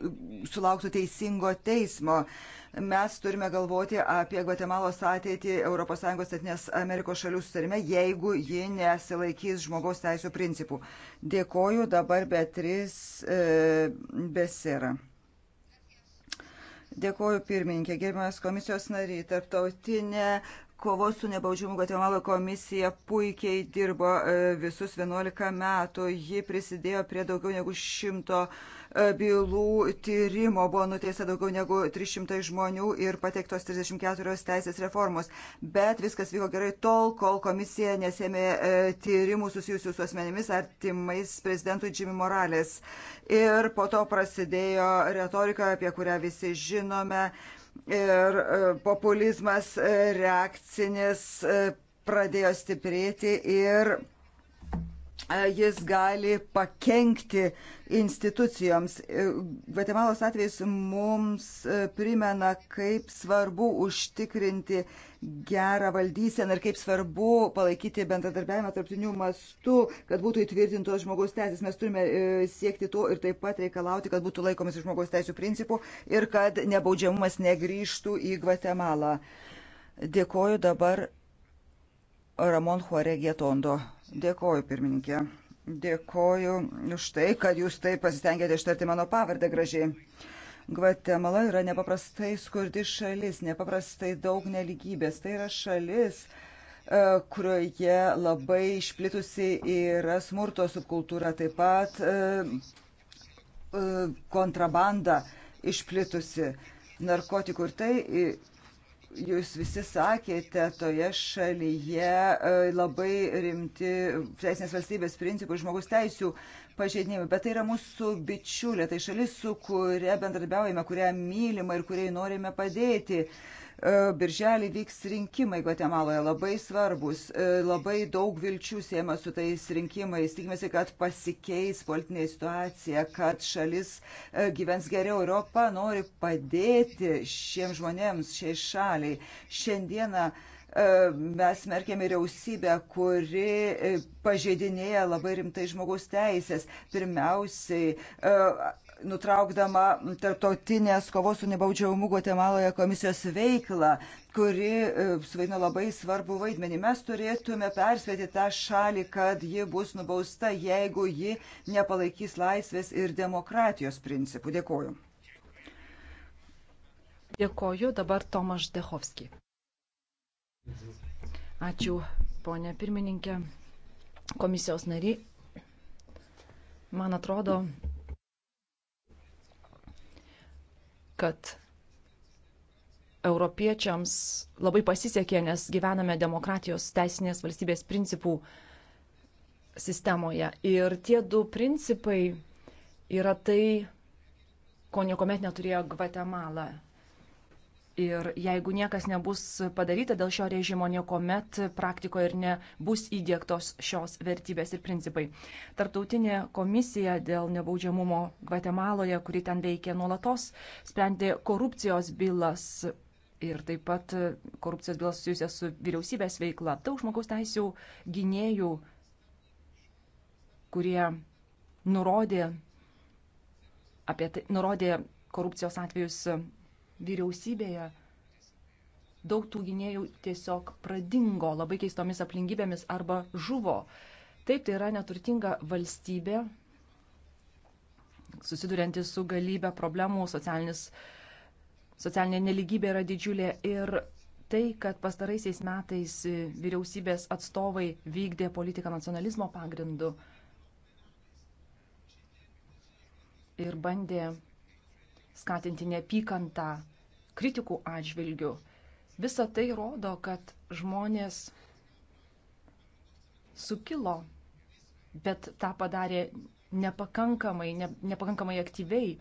sulauktų teisingo teismo. Uh, mes turime galvoti apie Gvatemalos ateitį ES Atinės Amerikos šalių sutarime, jeigu ji nesilaikys žmogaus teisų principų. Dėkoju dabar Beatriz e, Besera. Dėkoju pirmininkė, gerbiamas komisijos nariai, tarptautinė Kovos su nebaudžiamu Gvatemalo komisija puikiai dirbo e, visus 11 metų. Ji prisidėjo prie daugiau negu šimto e, bylų tyrimo, buvo nuteista daugiau negu 300 žmonių ir pateiktos 34 teisės reformos. Bet viskas vyko gerai tol, kol komisija nesėmė e, tyrimų susijusių su asmenimis artimais prezidentui Jimmy Morales. Ir po to prasidėjo retorika, apie kurią visi žinome ir e, populizmas e, reakcinis e, pradėjo stiprėti ir E, jis gali pakengti institucijoms. E, Gvatemalos atvejs mums e, primena, kaip svarbu užtikrinti gerą valdyseną ir kaip svarbu palaikyti bendradarbiavimą tarptinių mastų, kad būtų įtvirtintos žmogaus teisės. Mes turime siekti to ir taip pat reikalauti, kad būtų laikomas žmogaus teisų principų ir kad nebaudžiamumas negryžtų į Gvatemalą. Dėkoju dabar Ramon Juarez Getondo. Dėkoju, pirmininkė. Dėkoju už tai, kad jūs taip pasistengėte ištarti mano pavardę gražiai. Gvatemala yra nepaprastai skurdi šalis, nepaprastai daug neligybės. Tai yra šalis, e, kurioje labai išplitusi yra smurto subkultūra, taip pat e, e, kontrabanda išplitusi narkotikų ir tai jūs visi sakėte, toje šalyje e, labai rimti teisinės valstybės principų ir žmogus teisų pažeidinėjimai, bet tai yra mūsų bičiulė, tai šalis, su kuria bendradarbiaujame, kurią mylime ir kuriai norime padėti. Uh, E, birželį vyks rinkimai Gvatemaloje, labai svarbus, e, labai daug vilčių siema su tais rinkimais. Tikimasi, kad pasikeis politinė situacija, kad šalis e, gyvens geriau. Europa nori padėti šiems žmonėms, šiai šaliai. Šiandieną mes smerkėme vyriausybę, kuri pažeidinėja labai rimtai žmogaus teisės. Pirmiausiai nutraukdama tarptautinės kovos su nebaudžiavimu Guatemaloje komisijos veiklą, kuri e, suvaidino labai svarbu vaidmenį. Mes turėtume perspėti tą šalį, kad ji bus nubausta, jeigu ji nepalaikys laisvės ir demokratijos principų. Dėkoju. Dėkoju. Dabar Tomaš Dehovski. Ačiū, ponė pirmininkė, komisijos nari. Man atrodo, kad europiečiams labai pasisekė, nes gyvename demokratijos teisinės valstybės principų sistemoje. Ir tie du principai yra tai, ko niekuomet neturėjo Gvatemala Ir jeigu niekas nebus padaryta dėl šio režimo, niekuomet praktikoje ir nebus įdėktos šios vertybės ir principai. Tartautinė komisija dėl nebaudžiamumo Gvatemaloje, kuri ten veikia nuolatos, sprendė korupcijos bylas. Ir taip pat korupcijos bylas susijusias su vyriausybės veikla. Daug žmogaus teisų gynėjų, kurie nurodė, apie tai, nurodė korupcijos atvejus vyriausybėje daug tų gynėjų tiesiog pradingo labai keistomis aplinkybėmis arba žuvo. Taip, tai yra neturtinga valstybė, susidurianti su galybė problemų, socialinė neligybė yra didžiulė ir tai, kad pastaraisiais metais vyriausybės atstovai vykdė politiką nacionalizmo pagrindu ir bandė skatinti neapykantą kritikų atžvilgių. Visa tai rodo, kad žmonės sukilo, bet tą padarė nepakankamai, ne, nepakankamai aktyviai.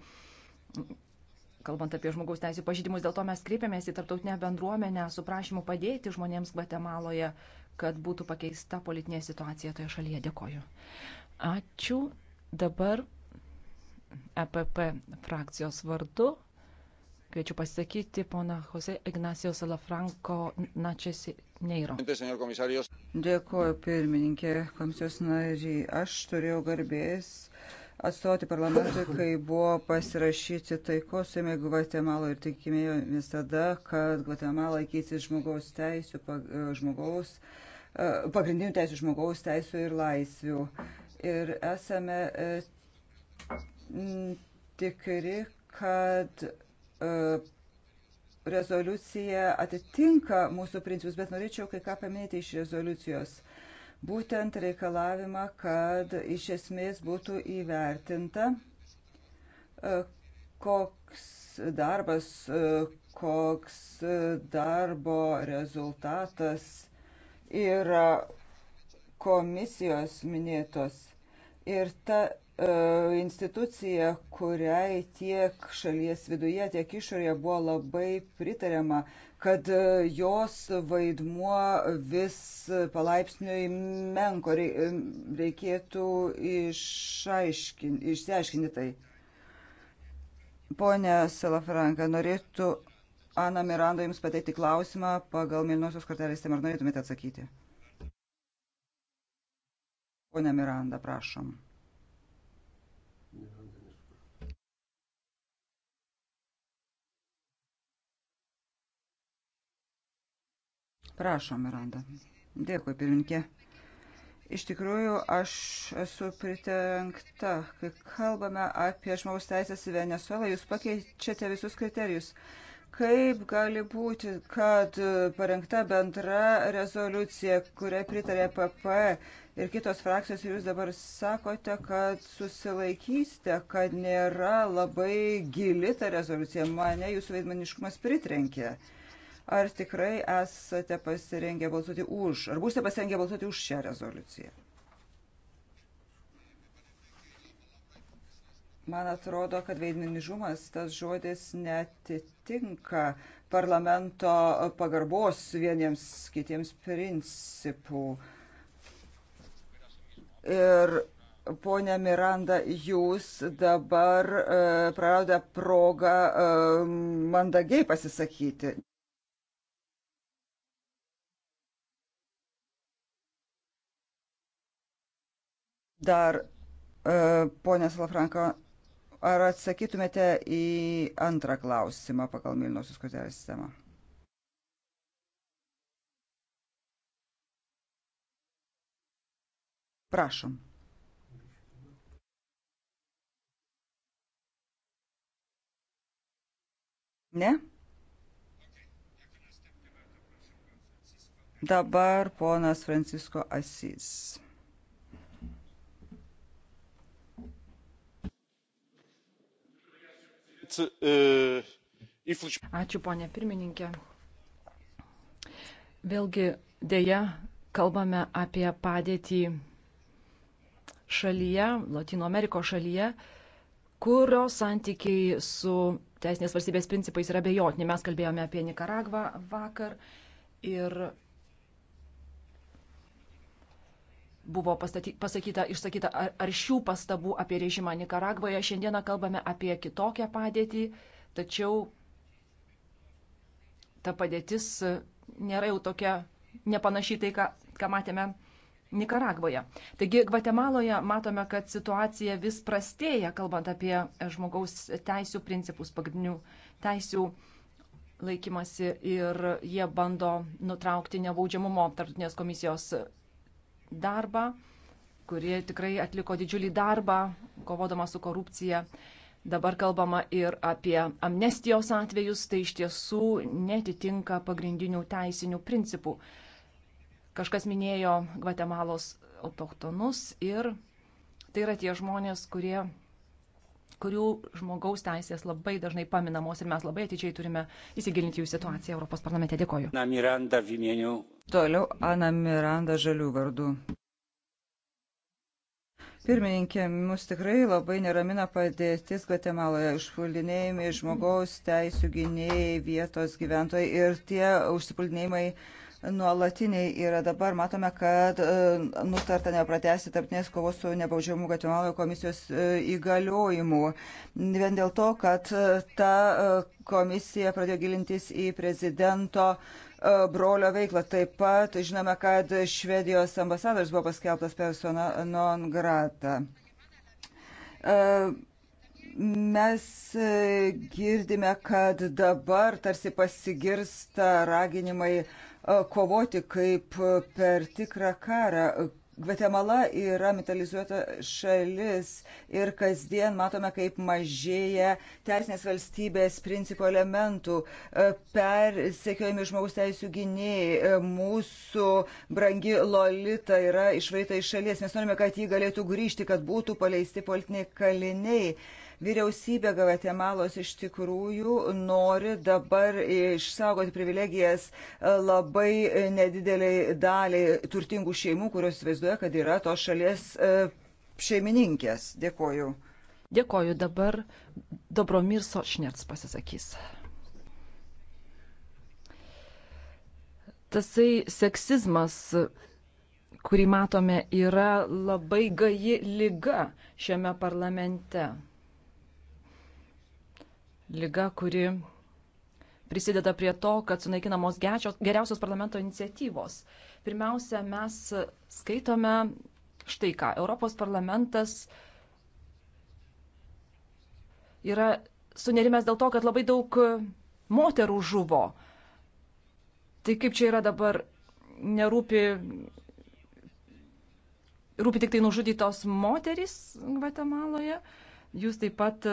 Kalbant apie žmogaus teisų pažydimus, dėl to mes kreipiamės į tarptautinę bendruomenę su prašymu padėti žmonėms Gvatemaloje, kad būtų pakeista politinė situacija toje šalyje. Dėkoju. Ačiū. Dabar EPP frakcijos vardu. Kviečiu pasakyti pona Jose Ignacio Salafranco Načesi Neiro. Dėkuoju pirmininkė komisijos nariai. Aš turėjau garbės atstovauti parlamentui, kai buvo pasirašyti taikos su Gvatemalo ir tikimėjomės tada, kad Gvatemala laikysis žmogaus teisų, e, žmogaus, e, pagrindinių teisų žmogaus teisų ir laisvių. Ir esame e, tikri, kad e, rezoliucija atitinka mūsų principus, bet norėčiau kai ką paminėti iš rezoliucijos. Būtent reikalavimą, kad iš esmės būtų įvertinta, e, koks darbas, e, koks darbo rezultatas yra komisijos minėtos. Ir ta E, institucija, kuriai tiek šalies viduje, tiek išorėje buvo labai pritariama, kad e, jos vaidmuo vis palaipsniui menko e, reikėtų išsiaiškinti tai. Pone Salafranka, norėtų Ana Miranda Jums pateikti klausimą pagal Milnosios kortelės temą. Ar norėtumėte atsakyti? Pone Miranda, prašom. Prašom, Miranda. Dėkui, pirminkė. Iš tikrųjų, aš esu pritenkta. Kai kalbame apie žmogaus teisės į Venezuelą, jūs pakeičiate visus kriterijus. Kaip gali būti, kad parengta bendra rezoliucija, kuriai pritarė PP ir kitos frakcijos, ir jūs dabar sakote, kad susilaikysite, kad nėra labai gili ta rezoliucija, mane jūsų veidmaniškumas pritrenkė. Ar tikrai esate pasirengę balsuoti už, ar būsite pasirengę balsuoti už šią rezoliuciją? Man atrodo, kad veidminižumas tas žodis netitinka parlamento pagarbos vieniems kitiems principų. Ir Pone Miranda, jūs dabar uh, praradote progą uh, mandagiai pasisakyti. Dar, e, ponė Salafranka, ar atsakytumėte į antrą klausimą pagal Milnosios kodelės sistemą? Prašom. Ne? Dabar ponas Francisko Asys. Ačiū, ponė pirmininkė. Vėlgi, dėja, kalbame apie padėtį šalyje, Latino Amerikos šalyje, kurios santykiai su teisinės valstybės principais yra bejotini. Mes kalbėjome apie Nikaragvą vakar ir buvo pastaty, pasakyta, išsakyta ar, aršių pastabų apie režimą Nikaragvoje. Šiandieną kalbame apie kitokią padėtį, tačiau ta padėtis nėra jau tokia nepanašiai tai, ką, ką matėme Nikaragvoje. Taigi Gvatemaloje matome, kad situacija vis prastėja, kalbant apie žmogaus teisų principus, pagrindinių teisų laikymasi ir jie bando nutraukti nebaudžiamumo tarptautinės komisijos darbą, kuri tikrai atliko didžiulį darbą, kovodama su korupcija. Dabar kalbama ir apie amnestijos atvejus, tai iš tiesų netitinka pagrindinių teisinių principų. Kažkas minėjo Gvatemalos autochtonus ir tai yra tie žmonės, kurie kurių žmogaus teisės labai dažnai paminamos ir mes labai atidžiai turime įsigilinti jų situaciją Europos parlamente. Dėkoju. Na, Miranda, vimieniu. Toliau Ana Miranda žalių vardu. Pirmininkė, mus tikrai labai neramina padėtis Gvatemaloje. Išpuldinėjimai žmogaus teisų gynėjai, vietos gyventojai ir tie užsipuldinėjimai uh, nuolatiniai yra dabar. Matome, kad e, nutarta nepratesti tarptinės kovos su nebaudžiamu Gatimaloje komisijos e, įgaliojimu. Vien dėl to, kad e, ta komisija pradėjo gilintis į prezidento brolio veiklą. Taip pat žinome, kad Švedijos ambasadoris buvo paskelbtas persona non grata mes girdime, kad dabar tarsi pasigirsta raginimai E, kovoti kaip e, per tikrą karą. Gvatemala yra metalizuota šalis ir kasdien matome, kaip mažėja teisinės valstybės principų elementų, e, persekiojami žmogus teisų gynėjai, mūsų brangi Lolita yra išvaita iš šalies, mes norime, kad ji galėtų grįžti, kad būtų paleisti politiniai kaliniai. Vyriausybė Gvatemalos iš tikrųjų nori dabar išsaugoti privilegijas labai nedideliai daliai turtingų šeimų, kurios vaizduoja, kad yra tos šalies e, šeimininkės. Dėkoju. Dėkoju dabar. Dobromir Sošnets pasisakys. Tasai seksizmas, kurį matome, yra labai gaji lyga šiame parlamente lyga, kuri prisideda prie to, kad sunaikinamos gečios, geriausios parlamento iniciatyvos. Pirmiausia, mes skaitome štai ką. Europos parlamentas yra sunerimęs dėl to, kad labai daug moterų žuvo. Tai kaip čia yra dabar, nerūpi, rūpi tik tai nužudytos moterys Gvatemaloje. Uh, Jūs taip pat e,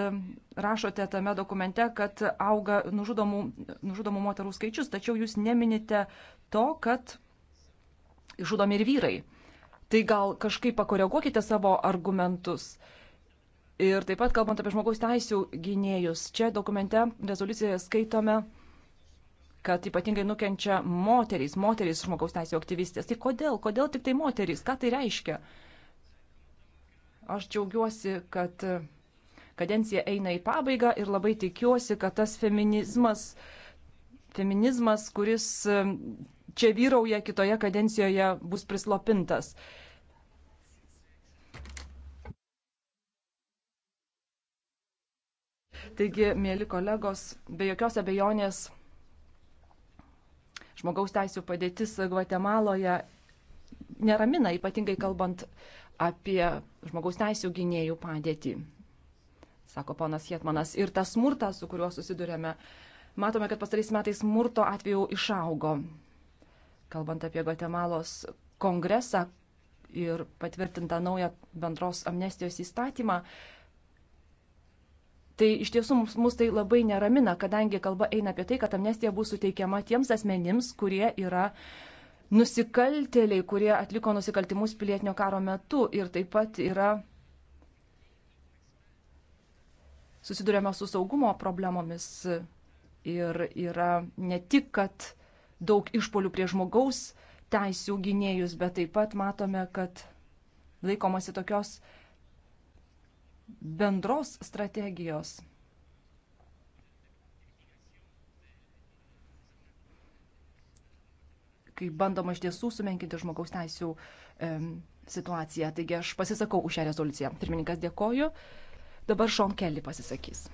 rašote tame dokumente, kad auga nužudomų, nužudomų moterų skaičius, tačiau jūs neminite to, kad žudomi ir vyrai. Tai gal kažkaip pakoreguokite savo argumentus. Ir taip pat, kalbant apie žmogaus teisų gynėjus, čia dokumente rezoliucijoje skaitome, kad ypatingai nukenčia moterys, moterys žmogaus teisų aktyvistės. Tai kodėl? Kodėl tik tai moterys? Ką tai reiškia? Aš džiaugiuosi, kad kadencija eina į pabaigą ir labai tikiuosi, kad tas feminizmas, feminizmas kuris čia vyrauja kitoje kadencijoje, bus prislopintas. Taigi, mėly kolegos, be jokios abejonės žmogaus teisų padėtis Gvatemaloje neramina, ypatingai kalbant apie žmogaus teisų gynėjų padėtį sako ponas Jetmanas. Ir tas smurtas, su kuriuo susidurėme, matome, kad pastarys metais smurto atveju išaugo. Kalbant apie Guatemalos kongresą ir patvirtintą naują bendros amnestijos įstatymą, Tai iš tiesų mus, mus tai labai neramina, kadangi kalba eina apie tai, kad amnestija bus suteikiama tiems asmenims, kurie yra nusikaltėliai, kurie atliko nusikaltimus pilietinio karo metu ir taip pat yra susidurėme su saugumo problemomis ir yra ne tik, kad daug išpolių prie žmogaus teisų gynėjus, bet taip pat matome, kad laikomasi tokios bendros strategijos. Kai bandoma iš tiesų sumenkinti žmogaus teisų um, situaciją. Taigi aš pasisakau už šią rezoliuciją. Pirmininkas dėkoju. Dabar Šon Kelly pasisakys.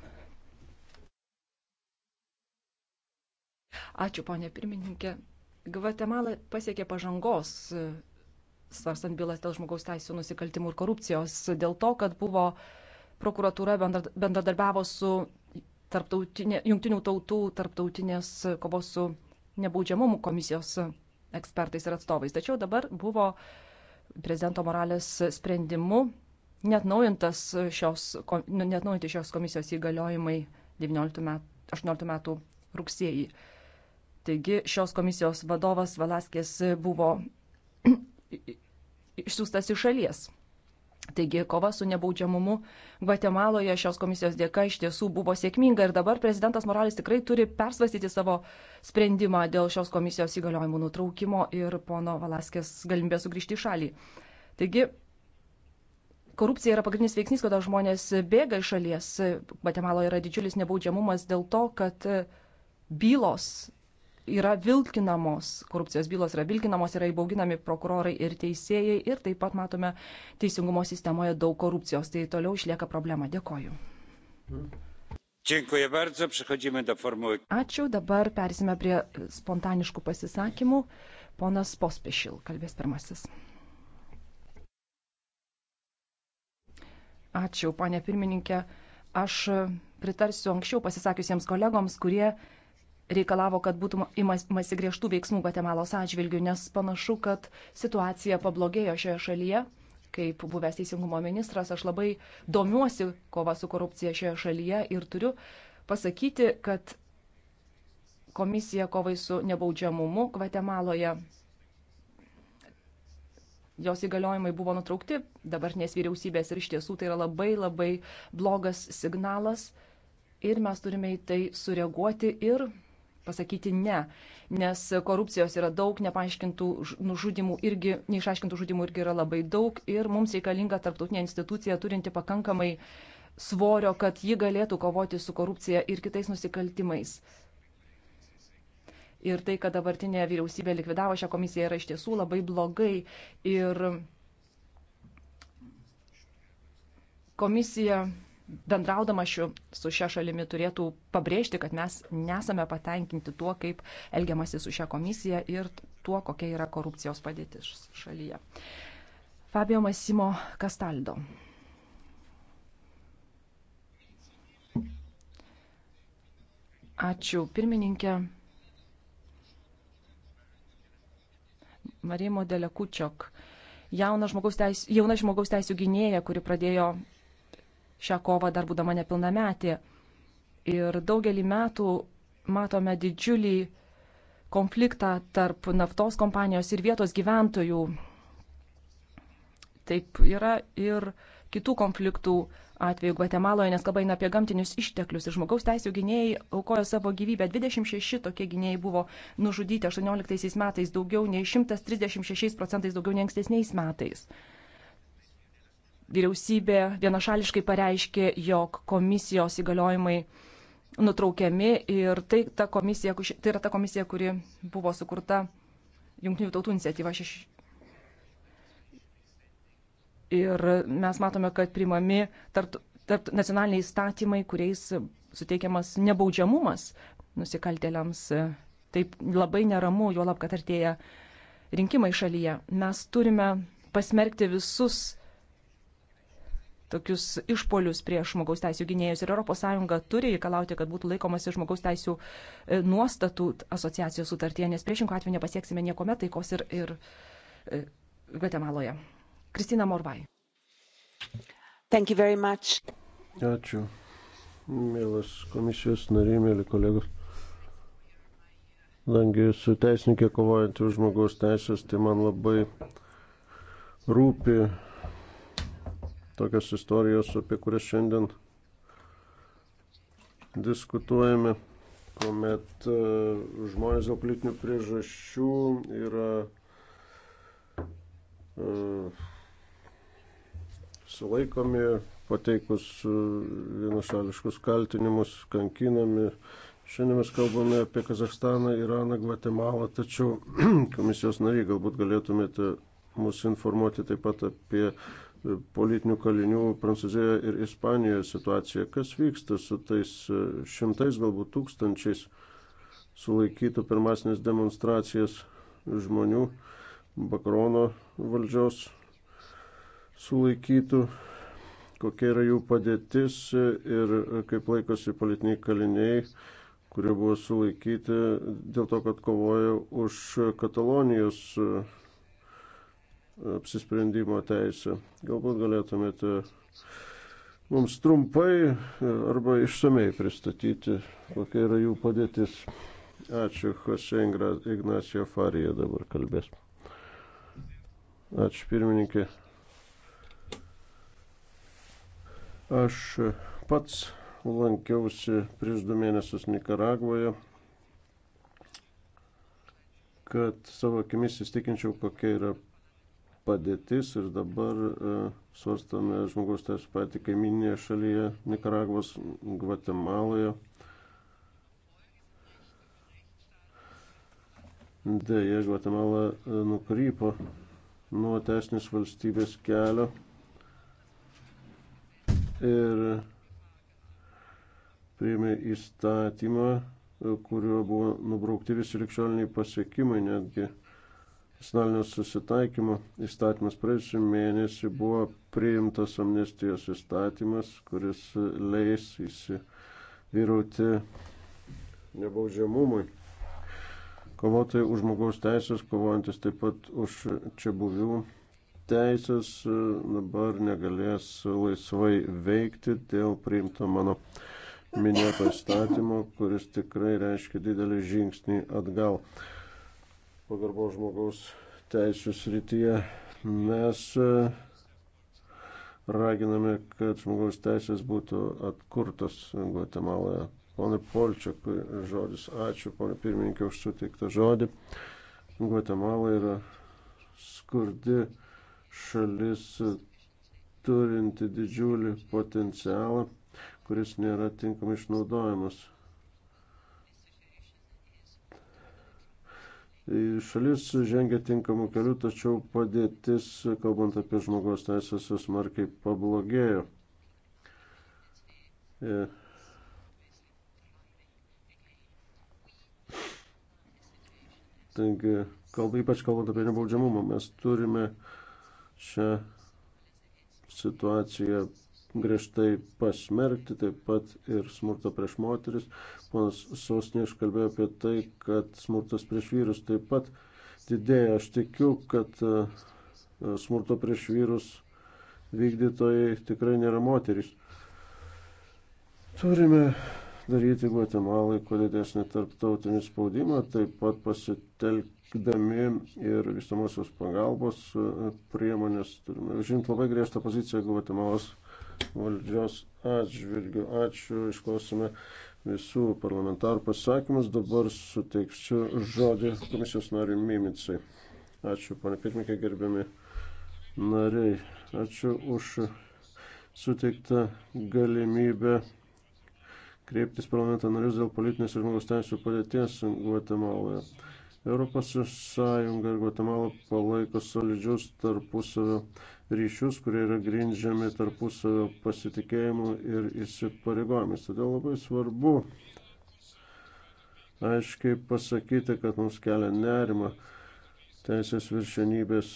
Ačiū, ponė pirmininkė. Gvatemala pasiekė pažangos, e, svarstant bylas dėl žmogaus teisų nusikaltimų ir korupcijos, dėl to, kad buvo prokuratūra bendradarbiavo su jungtinių tautų tarptautinės kovos su nebaudžiamumu komisijos ekspertais ir atstovais. Tačiau dabar buvo prezidento moralės sprendimu Netnaujintas šios, nu, netnaujinti šios komisijos įgaliojimai 19 metų, 18 metų rugsėjį. Taigi šios komisijos vadovas Valaskės buvo išsiųstas iš šalies. Taigi kova su nebaudžiamumu Gvatemaloje šios komisijos dėka iš tiesų buvo sėkminga ir dabar prezidentas Moralis tikrai turi persvastyti savo sprendimą dėl šios komisijos įgaliojimų nutraukimo ir pono Valaskės galimybės sugrįžti į šalį. Taigi korupcija yra pagrindinis veiksnys, kodėl žmonės bėga iš šalies. Gvatemaloje yra didžiulis nebaudžiamumas dėl to, kad bylos yra vilkinamos, korupcijos bylos yra vilkinamos, yra įbauginami prokurorai ir teisėjai ir taip pat matome teisingumo sistemoje daug korupcijos. Tai toliau išlieka problema. Dėkoju. Ačiū, dabar persime prie spontaniškų pasisakymų. Ponas Pospešil kalbės pirmasis. Ačiū, ponė pirmininkė. Aš pritarsiu anksčiau pasisakiusiems kolegoms, kurie reikalavo, kad būtų imasi griežtų veiksmų Gvatemalos atžvilgių, nes panašu, kad situacija pablogėjo šioje šalyje. Kaip buvęs teisingumo ministras, aš labai domiuosi kova su korupcija šioje šalyje ir turiu pasakyti, kad komisija kovai su nebaudžiamumu Gvatemaloje jos įgaliojimai buvo nutraukti dabartinės vyriausybės ir iš tiesų tai yra labai labai blogas signalas ir mes turime į tai sureaguoti ir pasakyti ne, nes korupcijos yra daug, nepaaiškintų nužudimų irgi, neišaiškintų žudimų irgi yra labai daug ir mums reikalinga tarptautinė institucija turinti pakankamai svorio, kad ji galėtų kovoti su korupcija ir kitais nusikaltimais. Ir tai, kad dabartinė vyriausybė likvidavo šią komisiją, yra iš tiesų labai blogai. Ir komisija, bendraudama šiu, su šia šalimi, turėtų pabrėžti, kad mes nesame patenkinti tuo, kaip elgiamasi su šia komisija ir tuo, kokia yra korupcijos padėtis šalyje. Fabio Masimo Castaldo. Ačiū pirmininkė. Marimo Delekučiok, jauna žmogaus, teis, jauna žmogaus teisų gynėja, kuri pradėjo šią kovą dar būdama nepilnametė. Ir daugelį metų matome didžiulį konfliktą tarp naftos kompanijos ir vietos gyventojų. Taip yra ir kitų konfliktų atveju Gvatemaloje, nes kalba eina apie gamtinius išteklius. Ir žmogaus teisų gynėjai aukojo savo gyvybę. 26 tokie gynėjai buvo nužudyti 18 metais, daugiau nei 136 procentais daugiau nei ankstesniais metais. Vyriausybė vienašališkai pareiškė, jog komisijos įgaliojimai nutraukiami ir tai, ta komisija, tai yra ta komisija, kuri buvo sukurta Junktinių tautų iniciatyva 6 Ir mes matome, kad primami tarp, tarp nacionaliniai įstatymai, kuriais suteikiamas nebaudžiamumas nusikaltėliams. Taip labai neramu, juolab, kad artėja rinkimai šalyje. Mes turime pasmerkti visus tokius išpolius prieš žmogaus teisų gynėjus. Ir ES turi reikalauti, kad būtų laikomasi žmogaus teisų e, nuostatų asociacijos sutartyje, nes priešingų atveju nepasieksime nieko metai, kos ir, ir e, Gvatemaloje. Kristina Morvai. Ačiū, mielas komisijos nariai, mėly kolegos. Kadangi esu teisininkė kovojanti už žmogaus teisės, tai man labai rūpi tokios istorijos, apie kurias šiandien diskutuojame, kuomet e, žmonės dėl politinių priežasčių yra uh, sulaikomi, pateikus e, vienašališkus kaltinimus, kankinami. Šiandien mes kalbame apie Kazakstaną, Iraną, Gvatemalą, tačiau komisijos nariai galbūt galėtumėte mus informuoti taip pat apie e, politinių kalinių Prancūzijoje ir Ispanijoje situaciją. Kas vyksta su tais e, šimtais, galbūt tūkstančiais sulaikytų per masinės demonstracijas žmonių Bakrono valdžios sulaikytų, kokia yra jų padėtis ir kaip laikosi politiniai kaliniai, kurie buvo sulaikyti dėl to, kad kovojo už Katalonijos apsisprendimo teisę. Galbūt galėtumėte mums trumpai arba išsamei pristatyti, kokia yra jų padėtis. Ačiū, Jose Ignacio Farija dabar kalbės. Ačiū pirmininkė. Aš pats lankiausi prieš du mėnesius Nikaragvoje, kad savo akimis įstikinčiau, kokia yra padėtis ir dabar e, svarstame žmogaus teisų patį kaiminėje šalyje, Nikaragvos, Gvatemaloje. Deja, Gvatemala e, nukrypo nuo teisinės valstybės kelio ir priėmė įstatymą, kuriuo buvo nubraukti visi likščioliniai pasiekimai, netgi nacionalinio susitaikymo įstatymas. Praėjusiu mėnesį buvo priimtas amnestijos įstatymas, kuris leis įsivyrauti nebaudžiamumui. Kovotojai už žmogaus teisės, kovojantis taip pat už čia buvių teisės e, dabar negalės laisvai veikti dėl priimto mano minėto įstatymo, kuris tikrai reiškia didelį žingsnį atgal pagarbos žmogaus teisų srityje. Mes e, raginame, kad žmogaus teisės būtų atkurtos Guatemaloje. Pone Polčiakui žodis, ačiū, pone pirmininkė, už suteiktą žodį. Guatemala yra skurdi šalis turinti didžiulį potencialą, kuris nėra tinkamai išnaudojamas. Šalis žengia tinkamų kelių, tačiau padėtis, kalbant apie žmogaus teisės, smarkiai pablogėjo. Yeah. Taigi, kalb, ypač kalbant apie nebaudžiamumą, mes turime uh, šią situaciją griežtai pasmerkti, taip pat ir smurto prieš moteris. Ponas Sosnė iškalbėjo apie tai, kad smurtas prieš vyrus taip pat didėja. Aš tikiu, kad e, smurto prieš vyrus vykdytojai tikrai nėra moterys. Turime daryti Guatemalai kuo didesnį tarptautinį spaudimą, taip pat pasitelkdami ir vystamosios pagalbos e, priemonės turime užimti labai griežtą poziciją Guatemalos valdžios atžvilgių. Ačiū, išklausome visų parlamentarų pasakymus. Dabar suteiksiu žodį komisijos nariui Mimicai. Ačiū, pane pirmininkai, gerbiami nariai. Ačiū už suteiktą galimybę kreiptis parlamento narius dėl politinės ir žmogaus teisų padėties Guatemaloje. Europos Sąjunga ir Guatemala palaiko solidžius tarpusavio ryšius, kurie yra grindžiami tarpusavio pasitikėjimu ir įsipareigojimais. Todėl labai svarbu aiškiai pasakyti, kad mums kelia nerima teisės viršenybės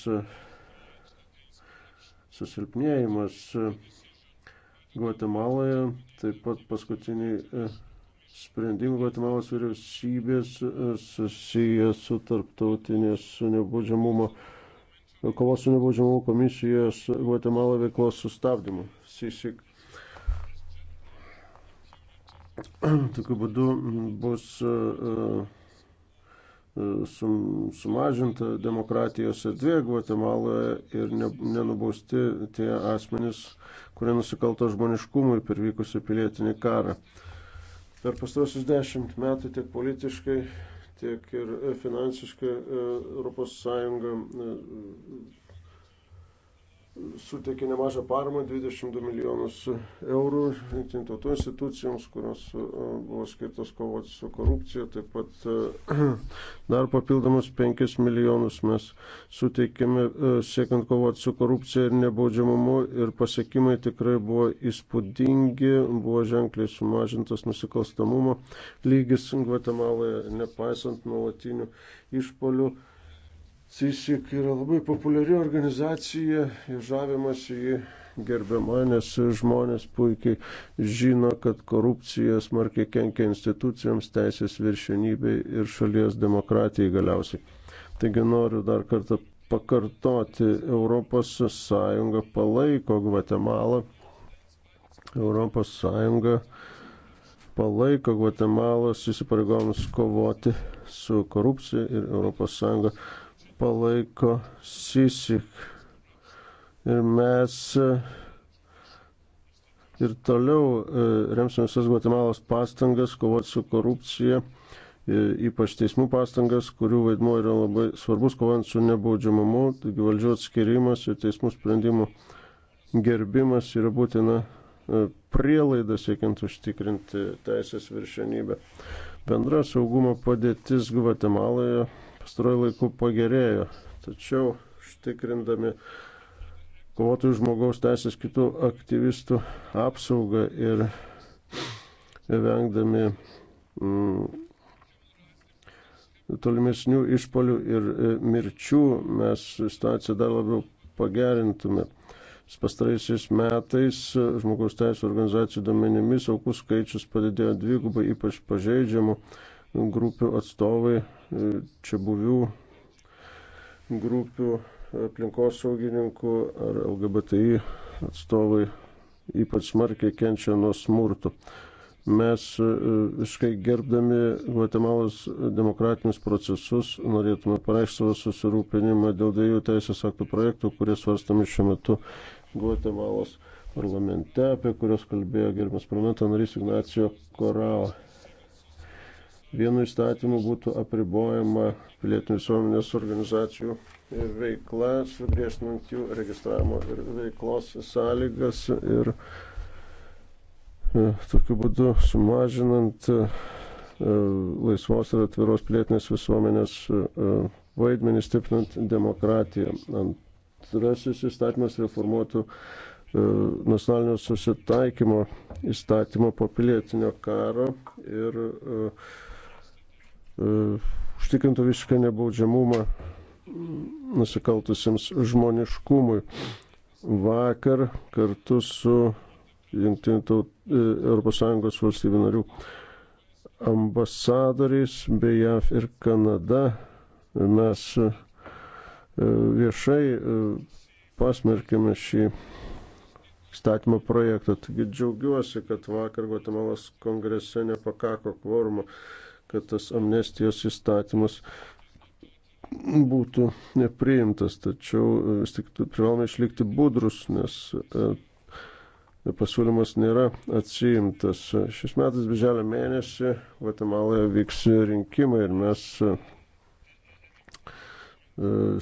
susilpnėjimas Guatemaloje, taip pat paskutiniai e, sprendimai Guatemalos vyriausybės e, susiję su tarptautinės nebaudžiamumo, kovos su nebaudžiamumo komisijos Guatemalo veiklos sustabdymu. Sisik. Tokiu būdu bus uh, sum, sumažinta demokratijos erdvė Guatemaloje ir ne, nenubausti tie asmenys, kurie nusikalto žmoniškumui per vykusią pilietinį karą. Per pastarosius dešimt metų tiek politiškai, tiek ir finansiškai ES suteikė nemažą paramą, 22 milijonus eurų jungtinių tautų institucijoms, kurios e, buvo skirtos kovoti su korupcija. Taip pat e, dar papildomus 5 milijonus mes suteikėme e, siekiant kovoti su korupcija ir nebaudžiamumu ir pasiekimai tikrai buvo įspūdingi, buvo ženkliai sumažintas nusikalstamumo lygis Gvatemaloje, nepaisant nuolatinių išpolių Sisik yra labai populiari organizacija ir žavimas į gerbiamą, nes žmonės puikiai žino, kad korupcija smarkiai kenkia institucijoms, teisės viršenybei ir šalies demokratijai galiausiai. Taigi noriu dar kartą pakartoti, ES palaiko Gvatemalą. ES palaiko Gvatemalos įsipareigojimus kovoti su korupcija ir ES palaiko Sisik. Ir mes e, ir toliau e, remsime visas Guatemalos pastangas kovoti su korupcija, e, ypač teismų pastangas, kurių vaidmuo yra labai svarbus kovant su nebaudžiamumu, taigi valdžių atskirimas ir teismų sprendimų gerbimas yra būtina prielaida siekiant užtikrinti teisės viršenybę. Bendra saugumo padėtis Guatemaloje pastaruoju laiku pagerėjo, tačiau užtikrindami kovotojų žmogaus teisės kitų aktyvistų apsaugą ir vengdami mm, tolimesnių išpolių ir e, mirčių mes situaciją dar labiau pagerintume. Pastaraisiais metais žmogaus teisų organizacijų domenimis aukų skaičius padidėjo dvigubai, ypač pažeidžiamų grupių atstovai, e, čia buvių grupių aplinkosaugininkų ar LGBTI atstovai ypač smarkiai kenčia nuo smurto. Mes e, visiškai gerbdami Guatemalos demokratinius procesus norėtume pareikšti savo susirūpinimą dėl dviejų teisės aktų projektų, kurie svarstami šiuo metu Guatemalos parlamente, apie kurios kalbėjo gerbiamas parlamento narys Ignacio Korao vienu įstatymu būtų apribojama pilietinių visuomenės organizacijų veikla, sugriežtinant jų registravimo ir veiklos sąlygas ir e, tokiu būdu sumažinant e, laisvos ir atviros pilietinės visuomenės e, vaidmenį, stiprinant demokratiją. Antrasis įstatymas reformuotų nacionalinio susitaikymo įstatymo po pilietinio karo ir uh, E, užtikrintų visišką nebaudžiamumą nusikaltusiems žmoniškumui. Vakar kartu su ES valstybių narių ambasadoriais bei JAV ir Kanada mes e, viešai e, pasmerkėme šį statymo projektą. Taigi džiaugiuosi, kad vakar Guatemalos kongrese nepakako kvormo kad tas amnestijos įstatymas būtų nepriimtas, tačiau e, vis tik privalome išlikti budrus, nes e, e, pasiūlymas nėra atsiimtas. Šis metas, birželio mėnesį, Guatemaloje vyks rinkimai ir mes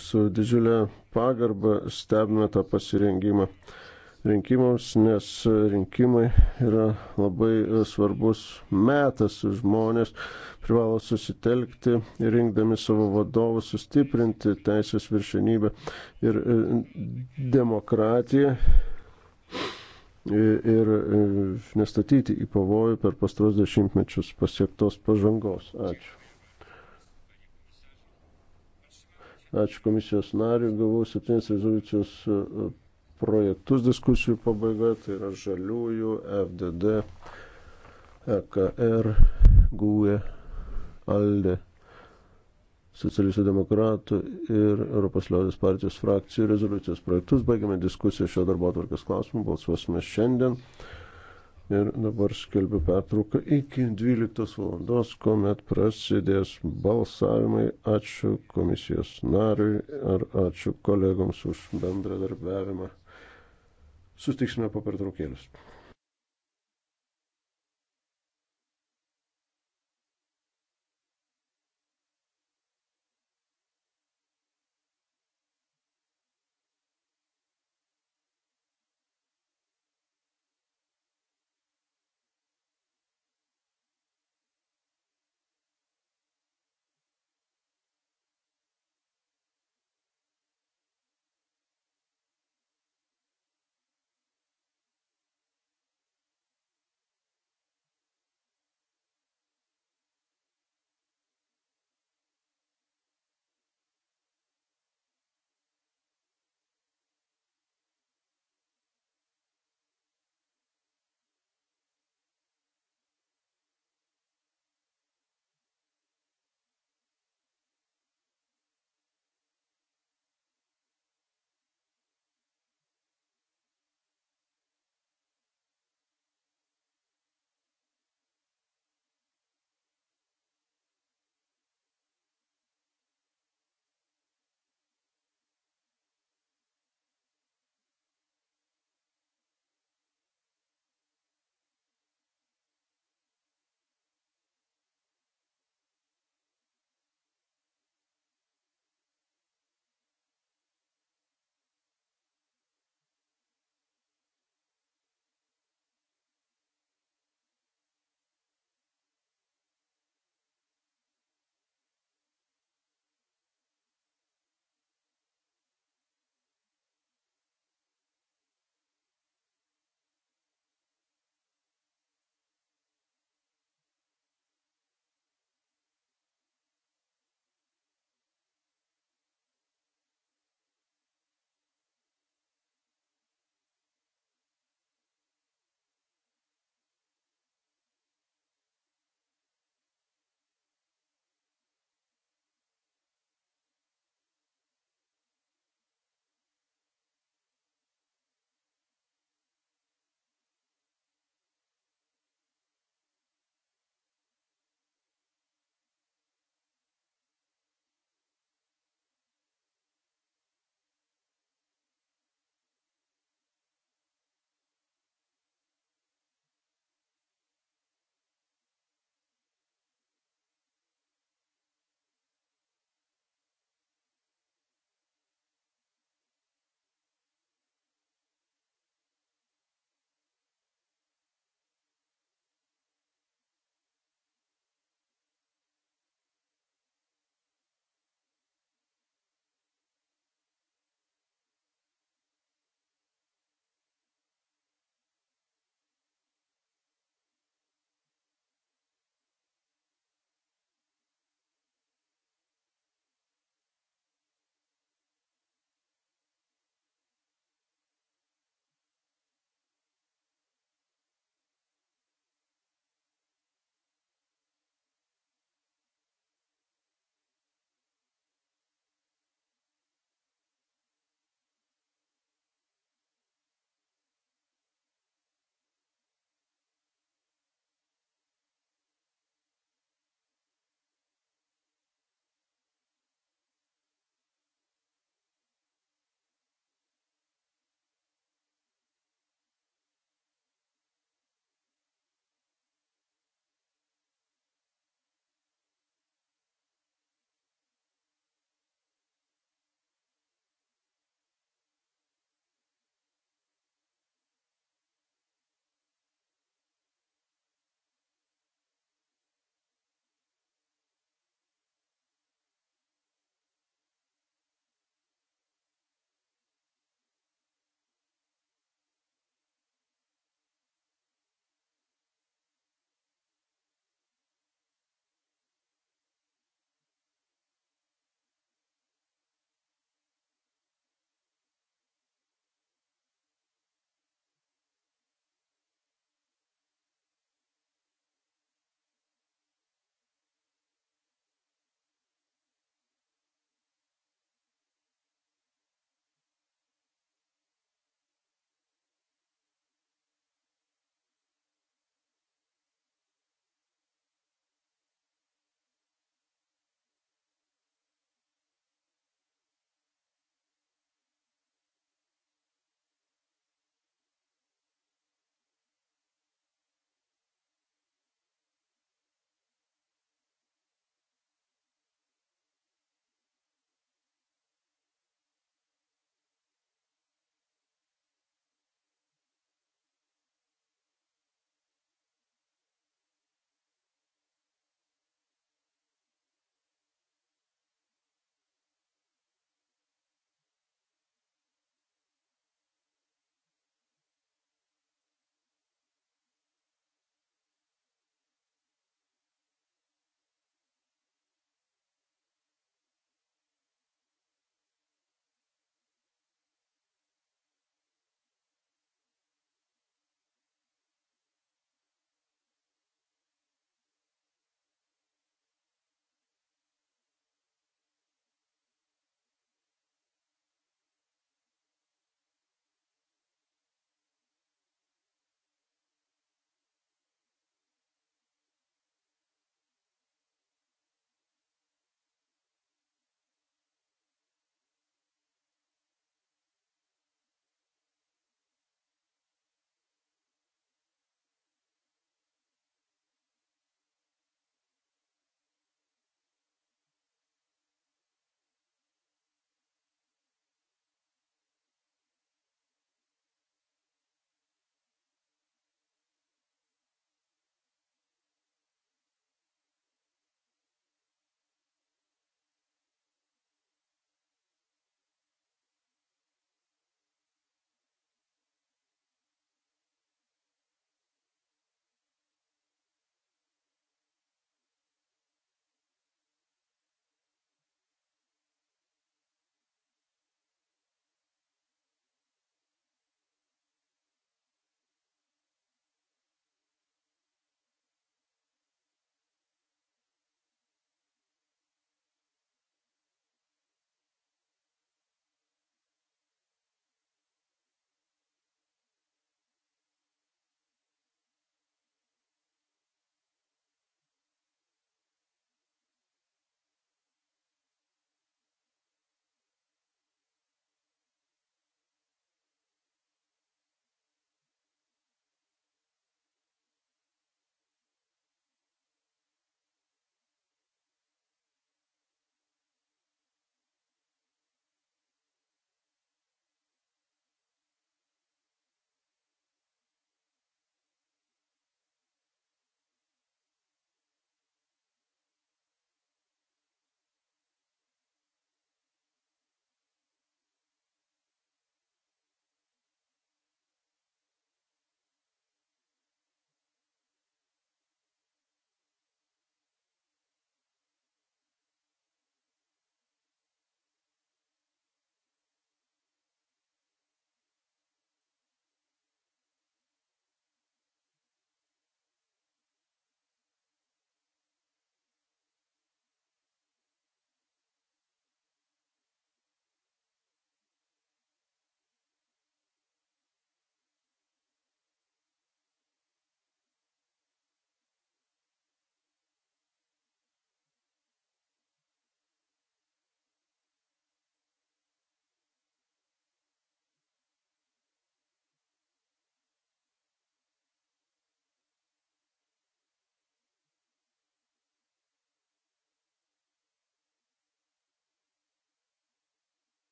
su didžiulė pagarba stebime tą pasirengimą rinkimams, nes rinkimai yra labai svarbus metas. Žmonės privalo susitelkti, rinkdami savo vadovus, sustiprinti teisės viršenybę ir e, demokratiją ir e, nestatyti į pavojų per pastaros dešimtmečius pasiektos pažangos. Ačiū. Ačiū komisijos nariui, gavau septynis rezoliucijos e, projektus diskusijų pabaigoje, tai yra žaliųjų, FDD, EKR, GUE, ALDE, socialistų demokratų ir Europos liaudės partijos frakcijų rezoliucijos projektus. Baigiame diskusiją šio darbo atvarkės klausimų, balsuosime šiandien. Ir dabar skelbiu pertrauką iki 12 valandos, kuomet prasidės balsavimai. Ačiū komisijos nariui ir ačiū kolegoms už bendradarbiavimą. Sustiksime po pertraukėlės.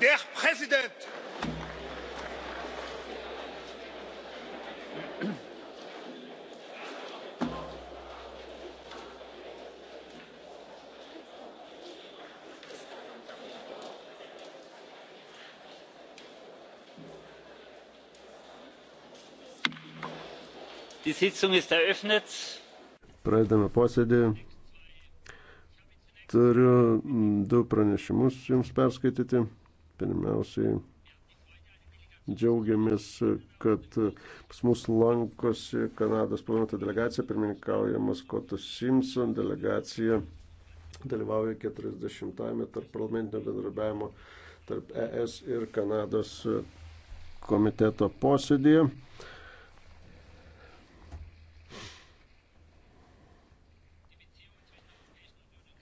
der präsident! die sitzung ist eröffnet. pradedame posėdį. turiu mm, du pranešimus jums perskaityti. Pirmiausiai džiaugiamės, kad pas mus lankosi Kanados planuota delegacija, pirmininkaujamas Kotas Simpson delegacija dalyvauja 40-ame tarp parlamentinio bendrabiavimo tarp ES ir Kanados komiteto posėdėje.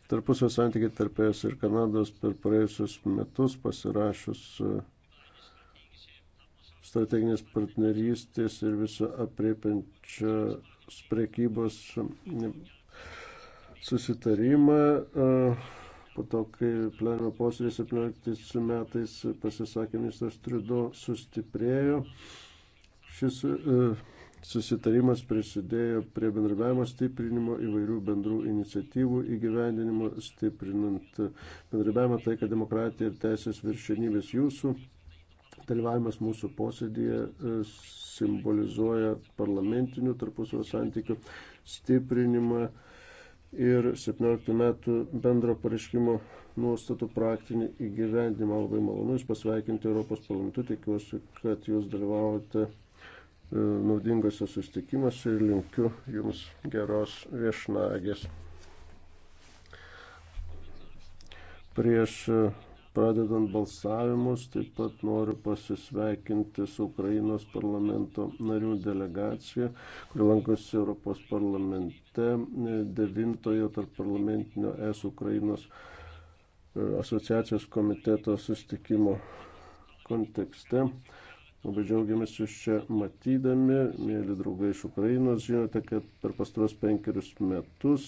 tarpusio santykiai tarp ES ir Kanados per praėjusius metus pasirašius e, strateginės partnerystės ir visą apriepiančios prekybos e, susitarimą. E, po to, kai pleno posėdį 17 metais pasisakė ministras Trido, sustiprėjo šis uh, susitarimas prisidėjo prie bendrabiavimo stiprinimo įvairių bendrų iniciatyvų įgyvendinimo, stiprinant bendrabiavimą taiką demokratiją ir teisės viršenybės jūsų. Dalyvavimas mūsų posėdėje e, simbolizuoja parlamentinių tarpusavio santykių stiprinimą ir 17 metų bendro pareiškimo nuostatų praktinį įgyvendimą. Labai malonu Jūs pasveikinti Europos parlamentu, tikiuosi, kad Jūs dalyvaujate E, naudingose sustikimuose ir linkiu Jums geros viešnagės. Prieš e, pradedant balsavimus taip pat noriu pasisveikinti su Ukrainos parlamento narių delegacija, kuri lankosi Europos parlamente 9-ojo e, tarp parlamentinio S Ukrainos asociacijos komiteto sustikimo kontekste. Labai džiaugiamės jūs čia matydami, mėly draugai iš Ukrainos. Žinote, kad per pastaros penkerius metus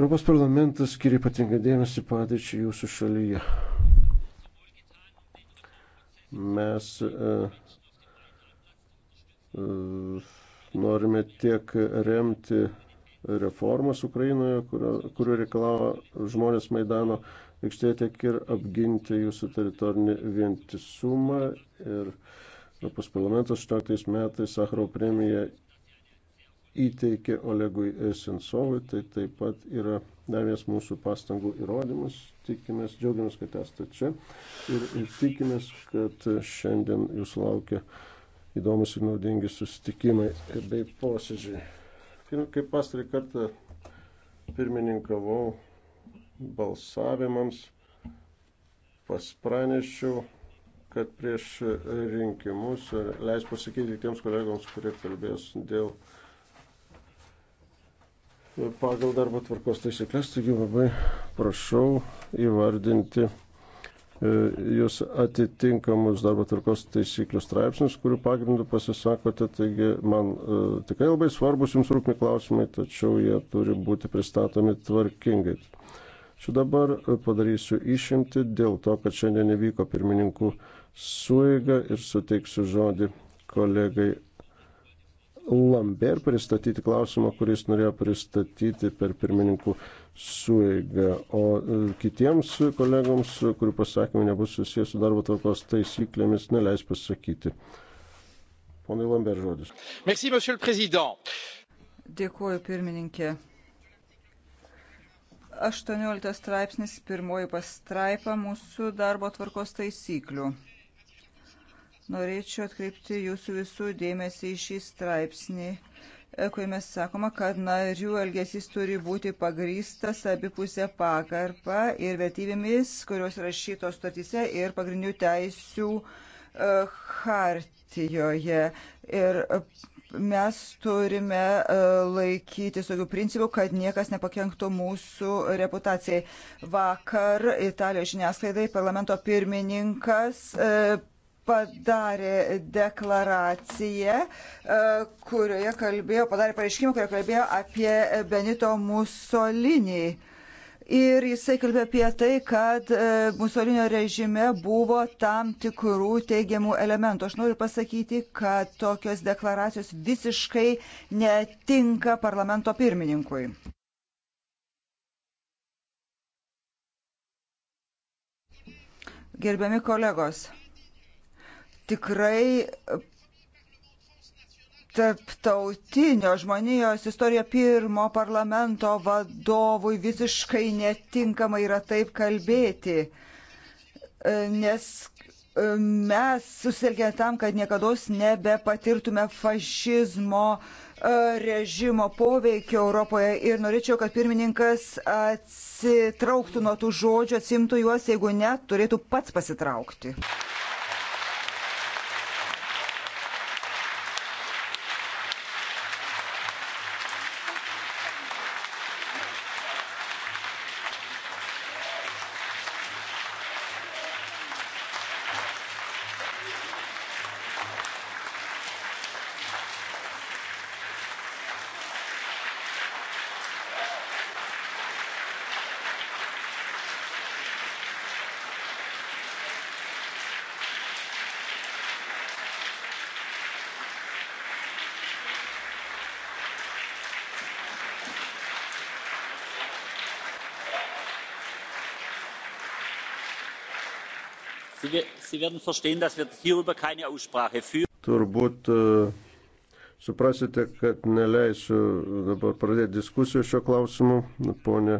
Europos parlamentas skiria ypatingą dėmesį padėčiai jūsų šalyje. Mes uh, uh, norime tiek remti reformas Ukrainoje, kurio, kurio reikalavo žmonės Maidano aikštėje, tiek ir apginti jūsų teritorinį vientisumą. Ir Europos parlamentas 18 metais Sakaro premiją įteikė Olegui Sensovui, tai taip pat yra dar vienas mūsų pastangų įrodymas. Tikimės, džiaugiamės, kad esate čia ir, ir tikimės, kad šiandien jūsų laukia įdomus ir naudingi susitikimai bei posėdžiai. Kaip pastarį kartą pirmininkavau balsavimams paspranešiau, kad prieš rinkimus leis pasakyti tiems kolegoms, kurie kalbės dėl pagal darbo tvarkos taisyklės, taigi labai prašau įvardinti e, jūs atitinkamus darbo tvarkos taisyklių straipsnius, kurių pagrindų pasisakote. Taigi man e, tikrai labai svarbus jums rūpmi klausimai, tačiau jie turi būti pristatomi tvarkingai. Čia dabar e, padarysiu išimti dėl to, kad šiandien nevyko pirmininkų suiga ir suteiksiu žodį kolegai Lambert pristatyti klausimą, kuris norėjo pristatyti per pirmininkų sueigą. O e, kitiems kolegoms, kurių pasakymai nebus susijęs su darbo tvarkos taisyklėmis, neleis pasakyti. Ponai Lambert žodis. Merci, Dėkuoju, pirmininkė. 18 straipsnis, pirmoji pastraipa mūsų darbo tvarkos taisyklių. Norėčiau atkreipti jūsų visų dėmesį į šį straipsnį, e, kuriame sakoma, kad narių elgesys turi būti pagrystas abipusę pagarbą ir vertybėmis, kurios rašytos statyse ir pagrindinių teisių e, hartijoje. Ir mes turime e, laikytis tokių principų, kad niekas nepakenktų mūsų reputacijai. Vakar Italijos žiniasklaidai parlamento pirmininkas e, padarė deklaraciją, e, kurioje kalbėjo, padarė pareiškimą, kurioje kalbėjo apie Benito Musolinį Ir jisai kalbėjo apie tai, kad e, Musolinio režime buvo tam tikrų teigiamų elementų. Aš noriu pasakyti, kad tokios deklaracijos visiškai netinka parlamento pirmininkui. Gerbiami kolegos, tikrai tarptautinio žmonijos istorijoje pirmo parlamento vadovui visiškai netinkama yra taip kalbėti, e, nes e, mes susilgėme tam, kad niekada nebepatirtume fašizmo e, režimo poveikio Europoje ir norėčiau, kad pirmininkas atsitrauktų nuo tų žodžių, atsimtų juos, jeigu ne, turėtų pats pasitraukti. Turbūt e, suprasite, kad neleisiu dabar pradėti diskusijų šio klausimu. Pone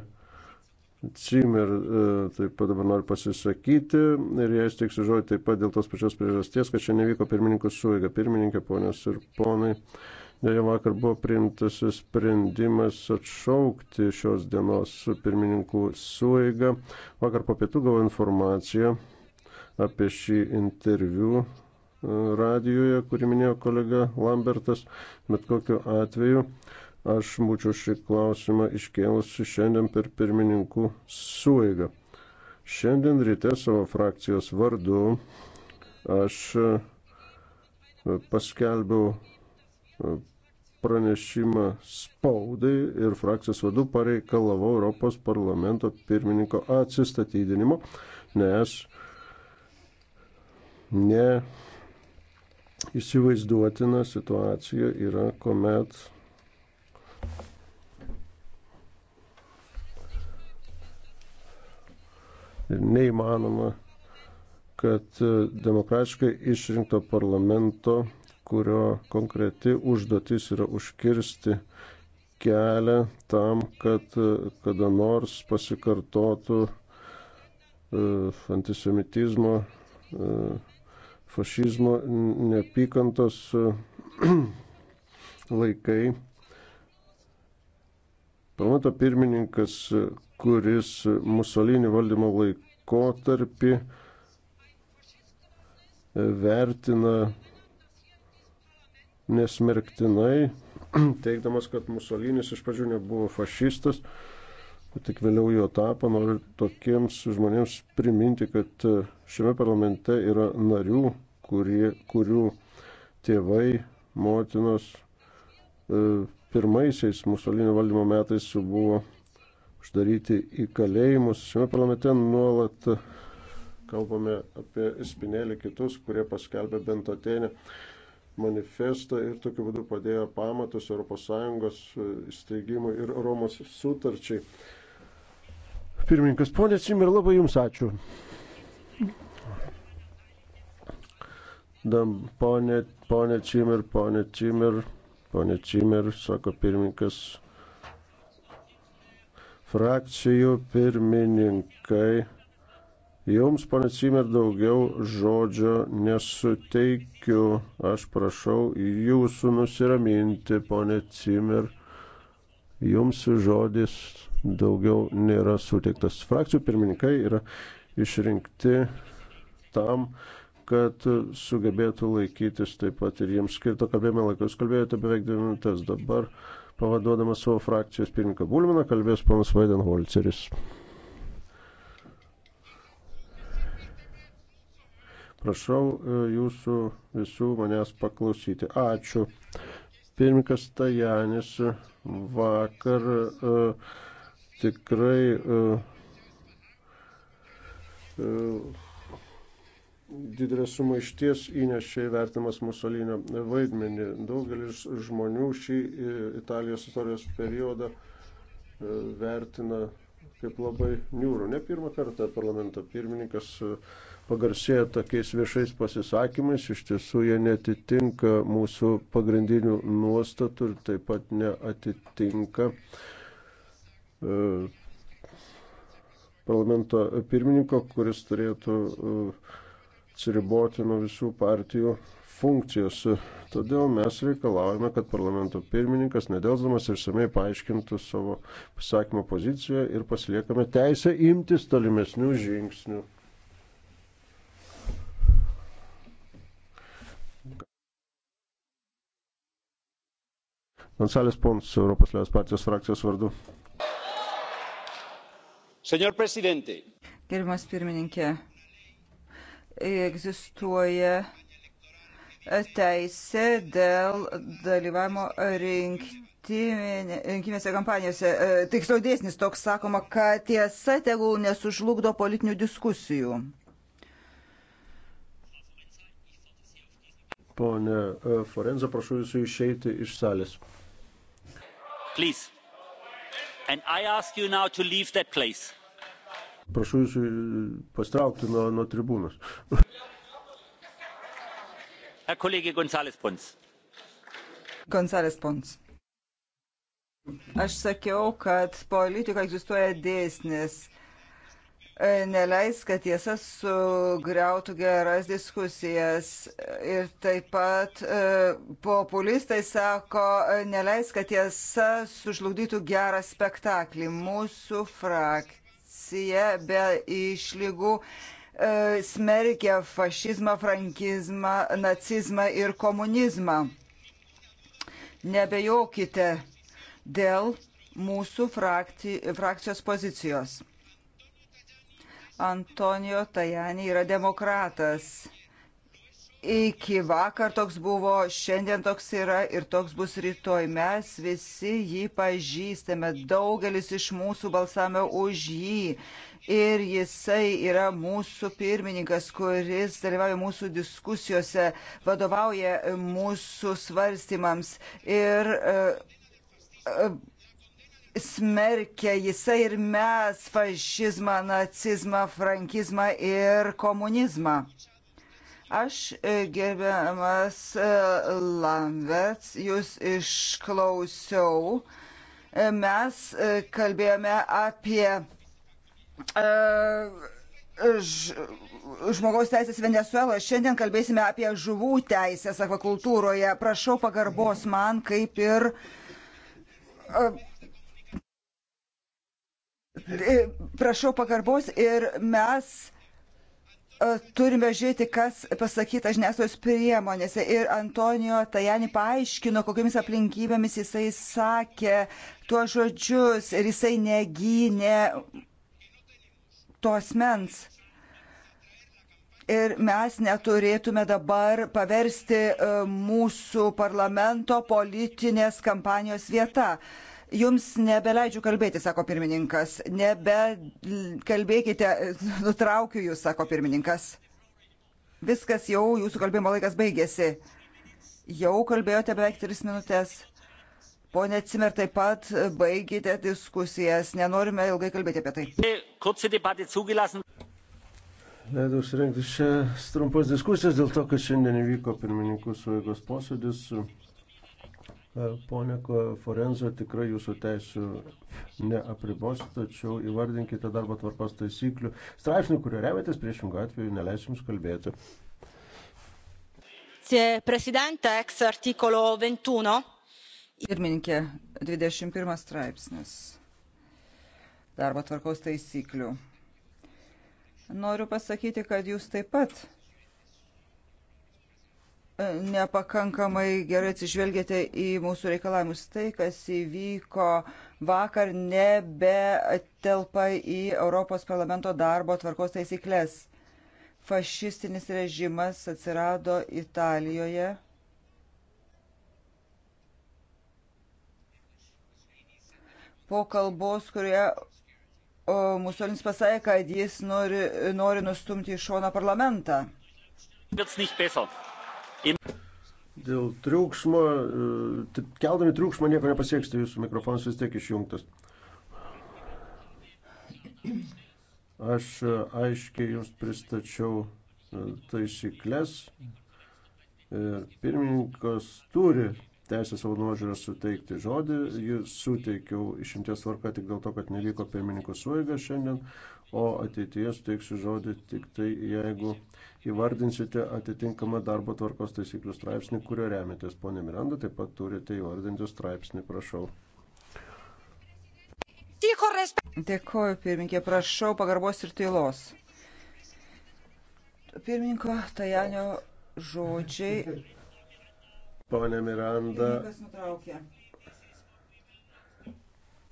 Cimer e, taip pat dabar noriu pasisakyti ir jais tik sužodžiu taip pat dėl tos pačios priežasties, kad čia nevyko pirmininkų suveiga. Pirmininkė, ponios ir ponai. Dėja vakar buvo priimtas sprendimas atšaukti šios dienos pirmininkų suėgą. Vakar po pietų gavau informaciją, apie šį interviu e, radijoje, kurį minėjo kolega Lambertas, bet kokiu atveju aš būčiau šį klausimą iškėlusi šiandien per pirmininkų suėgą. Šiandien ryte savo frakcijos vardu aš e, paskelbiau e, pranešimą spaudai ir frakcijos vadu pareikalavau Europos parlamento pirmininko atsistatydinimo, nes ne įsivaizduotina situacija yra, kuomet neįmanoma, kad e, demokratiškai išrinkto parlamento, kurio konkreti užduotis yra užkirsti kelią tam, kad e, kada nors pasikartotų e, antisemitizmo fašizmo, neapykantos laikai. Parlamento pirmininkas, kuris Musolinį valdymo laikotarpį e, vertina nesmerktinai, teikdamas, kad Musolinis iš pradžių nebuvo fašistas, tik vėliau jo tapo. Noriu tokiems žmonėms priminti, kad e, šiame parlamente yra narių, kurie, kurių tėvai, motinos e, pirmaisiais Musolinio valdymo metais buvo uždaryti į kalėjimus. Šiame parlamente nuolat kalbame apie Spinelį kitus, kurie paskelbė Bentotėnį manifestą ir tokiu būdu padėjo pamatus ES e, įsteigimui ir Romos sutarčiai. Pirmininkas, ponė Simir, labai Jums ačiū. Dam, ponė, ponė Čimir, ponė Čimir, ponė Čimir, sako pirmininkas, frakcijų pirmininkai. Jums, ponė Čimir, daugiau žodžio nesuteikiu. Aš prašau jūsų nusiraminti, ponė Čimir jums žodis daugiau nėra suteiktas. Frakcijų pirmininkai yra išrinkti tam, kad sugebėtų laikytis taip pat ir jiems skirto kalbėjimo laiko. Jūs kalbėjote beveik dvi minutės, dabar pavaduodamas savo frakcijos pirmininką Bulminą kalbės ponas Vaidenholceris. Prašau e, jūsų visų manęs paklausyti. Ačiū. Pirmininkas Tajanis vakar e, tikrai e, e, didelės sumaišties įnešė įvertimas Musolinio vaidmenį. Daugelis žmonių šį Italijos istorijos periodą vertina kaip labai niūrų. Ne pirmą kartą parlamento pirmininkas pagarsėję tokiais viešais pasisakymais, iš tiesų jie netitinka mūsų pagrindinių nuostatų ir taip pat neatitinka e, parlamento pirmininko, kuris turėtų e, atsiriboti nuo visų partijų funkcijos. Todėl mes reikalavome, kad parlamento pirmininkas nedelsdamas ir samei paaiškintų savo pasakymo poziciją ir pasiliekame teisę imtis tolimesnių žingsnių. Gonzalės Pons, Europos Liaudės partijos frakcijos vardu. Gerbiamas pirmininkė, egzistuoja teisė dėl dalyvavimo rinkiminėse kampanijose. E, tiksliau dėsnis toks sakoma, kad tiesa tegul nesužlugdo politinių diskusijų. Pone e, Forenza, prašau jūsų išeiti iš salės please and i ask you now to leave that place prašau jūsų pastraukti nuo, nuo tribūnos. Herr Kollege González Pons. González Pons. Aš sakiau, kad politikoje egzistuoja dėsnis neleis, kad tiesa sugriautų geras diskusijas. Ir taip pat e, populistai sako, e, neleis, kad tiesa sužlugdytų gerą spektaklį. Mūsų frakcija be išlygų e, smerkia fašizmą, frankizmą, nacizmą ir komunizmą. Nebejokite dėl mūsų frakcijos pozicijos. Antonijo Tajani yra demokratas. Iki vakar toks buvo, šiandien toks yra ir toks bus rytoj. Mes visi jį pažįstame, daugelis iš mūsų balsame už jį. Ir jisai yra mūsų pirmininkas, kuris dalyvauja mūsų diskusijose, vadovauja mūsų svarstymams. Ir, uh, uh, smerkia jisai ir mes fašizmą, nacizmą, frankizmą ir komunizmą. Aš e, gerbiamas e, Lambets, jūs išklausiau. E, mes kalbėjome apie žmogaus teisės Venezueloje. Šiandien kalbėsime apie žuvų teisės akvakultūroje. Prašau pagarbos man kaip ir E, prašau pagarbos ir mes e, turime žiūrėti, kas pasakyta žiniasklaidos priemonėse. Ir Antonijo Tajani paaiškino, kokiamis aplinkybėmis jisai sakė tuos žodžius ir jisai negynė tos mens. Ir mes neturėtume dabar paversti e, mūsų parlamento politinės kampanijos vietą. Uh, Jums nebeleidžiu kalbėti, sako pirmininkas. Nebekalbėkite, nutraukiu jūs, sako pirmininkas. Viskas jau, jūsų kalbėjimo laikas baigėsi. Jau kalbėjote beveik tris minutės. Pone Cimer, taip pat baigite diskusijas. Nenorime ilgai kalbėti apie tai. Leidau surengti šią trumpas diskusijas dėl to, kad šiandien įvyko pirmininkų suveikos posėdis. Pone Forenzo, tikrai jūsų teisų neapribosiu, tačiau įvardinkite darbo tvarkos taisyklių straipsnių, kurio remiatės, priešingų atveju neleisiu jums kalbėti. Prezidente, ex artikolo 21. Pirmininkė, 21 straipsnis darbo tvarkos taisyklių. Noriu pasakyti, kad jūs taip pat nepakankamai gerai atsižvelgėte į mūsų reikalavimus. Tai, kas įvyko vakar, nebetelpa į Europos parlamento darbo tvarkos taisyklės. Fašistinis režimas atsirado Italijoje. Po kalbos, kurioje Musolinis pasakė, kad jis nori, nori nustumti į šoną parlamentą. Wird's nicht besser. Dėl triukšmo, e, keldami triukšmą nieko nepasieksite, jūsų mikrofonas vis tiek išjungtas. Aš e, aiškiai jums pristačiau e, taisyklės ir pirmininkas turi teisę savo nuožiūrą suteikti žodį. Jį suteikiau išimties tvarka tik dėl to, kad nevyko pirmininko suėga šiandien, o ateityje suteiksiu žodį tik tai, jeigu įvardinsite atitinkamą darbo tvarkos taisyklių straipsnį, kurio remitės. Pone Miranda, taip pat turite įvardinti straipsnį, prašau. Dėkoju, pirmininkė, prašau pagarbos ir tylos. Pirmininko Tajanio žodžiai. Pone Miranda. Pirmininkas nutraukė.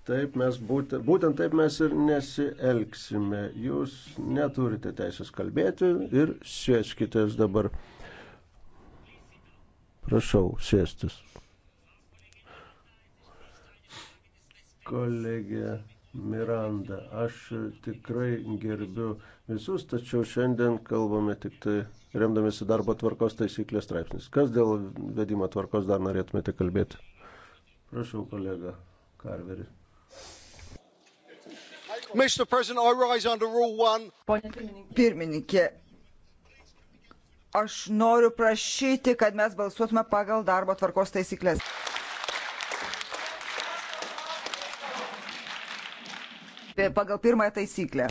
Taip mes būtent, būtent taip mes ir nesielgsime. Jūs neturite teisės kalbėti ir sėskitės dabar. Prašau, sėstis. Kolegė Miranda, aš tikrai gerbiu visus, tačiau šiandien kalbame tik tai remdamėsi darbo tvarkos taisyklės straipsnis. Kas dėl vedimo tvarkos dar norėtumėte kalbėti? Prašau, kolega Karveris. Pirmininkė, aš noriu prašyti, kad mes balsuotume pagal darbo tvarkos taisyklės. Pagal pirmąją taisyklę.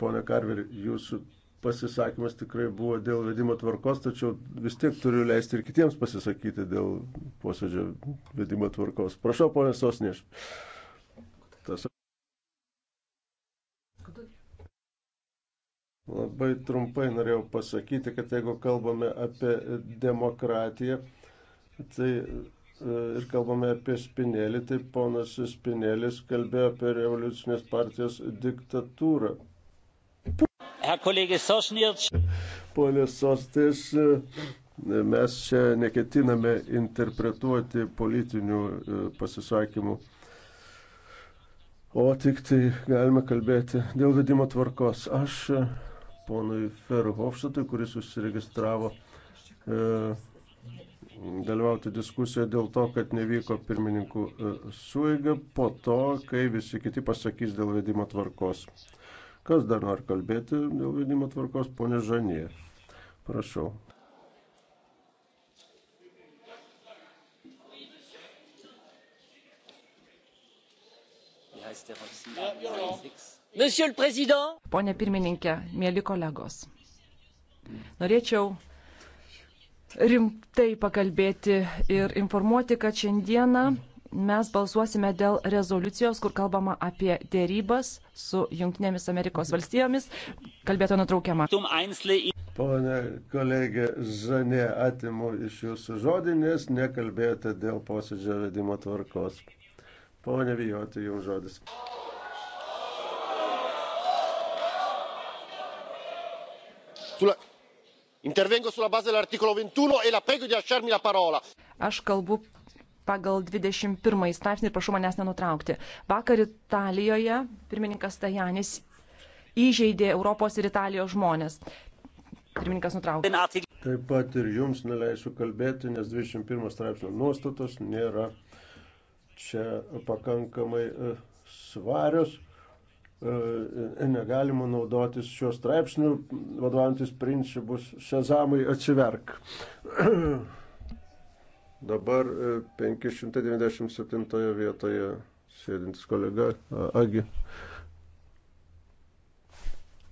Pone Karveri, jūsų pasisakymas tikrai buvo dėl vedimo tvarkos, tačiau vis tiek turiu leisti ir kitiems pasisakyti dėl posėdžio vedimo tvarkos. Prašau, ponė Sosnieš aktas. Labai trumpai norėjau pasakyti, kad jeigu kalbame apie demokratiją tai, e, ir kalbame apie spinėlį, tai ponas Spinėlis kalbėjo apie revoliucinės partijos diktatūrą. Pone Sostis, e, mes čia neketiname interpretuoti politinių e, pasisakymų o tik tai galime kalbėti dėl vedimo tvarkos. Aš e, ponui Ferhofštatui, kuris užsiregistravo e, dalyvauti diskusijoje dėl to, kad nevyko pirmininkų e, suiga, po to, kai visi kiti pasakys dėl vedimo tvarkos. Kas dar nori kalbėti dėl vedimo tvarkos, ponė Žanė? Prašau. Pone pirmininkė, mėly kolegos, norėčiau rimtai pakalbėti ir informuoti, kad šiandieną mes balsuosime dėl rezoliucijos, kur kalbama apie dėrybas su Junktinėmis Amerikos valstijomis. Kalbėto nutraukiama. Pone kolegė Žanė, atimu iš jūsų žodinės, nekalbėjote dėl posėdžio vedimo tvarkos. Pone Vijoti, jums žodis. Sulla... Intervengo sulla base dell'articolo 21 e la prego di lasciarmi la parola. Aš kalbu pagal 21 straipsnį ir prašau manęs nenutraukti. Vakar Italijoje pirmininkas Tajanis įžeidė Europos ir Italijos žmonės. Pirmininkas nutraukė. Taip pat ir jums neleisiu kalbėti, nes 21 straipsnio nuostatos nėra čia pakankamai e, svarios. E, e, negalima naudotis šiuo straipsniu, vadovantis principus Sezamai atsiverk. Dabar 597 vietoje sėdintis kolega Agi.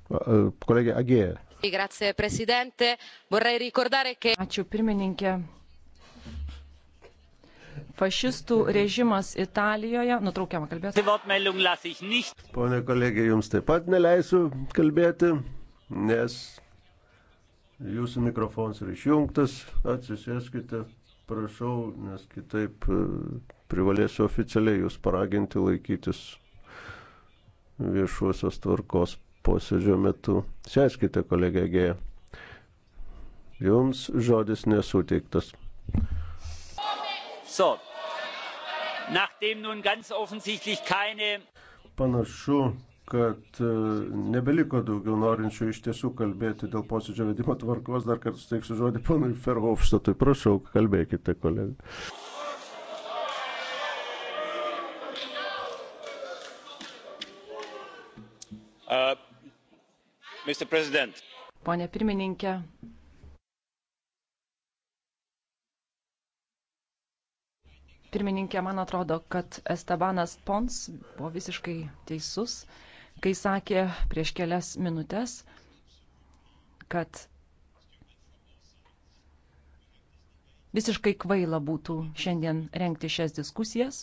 Kolegė Agėja. Ačiū pirmininkė fašistų režimas Italijoje. Nutraukiamą kalbėti. Pone kolegė, jums taip pat neleisiu kalbėti, nes jūsų mikrofonas yra išjungtas. Atsisėskite, prašau, nes kitaip e, privalėsiu oficialiai jūs paraginti laikytis viešuosios tvarkos posėdžio metu. Sėskite, kolegė Gėja. Jums žodis nesuteiktas. So, nachdem nun ganz offensichtlich keine. Panašu, kad e, nebeliko daugiau norinčių iš tiesų kalbėti dėl posėdžio vedimo tvarkos. Dar kartą steiksiu žodį ponui Ferhofštatui. Prašau, kalbėkite, kolega. Uh, Pone pirmininkė, Pirmininkė, man atrodo, kad Estebanas Pons buvo visiškai teisus, kai sakė prieš kelias minutės, kad visiškai kvaila būtų šiandien renkti šias diskusijas.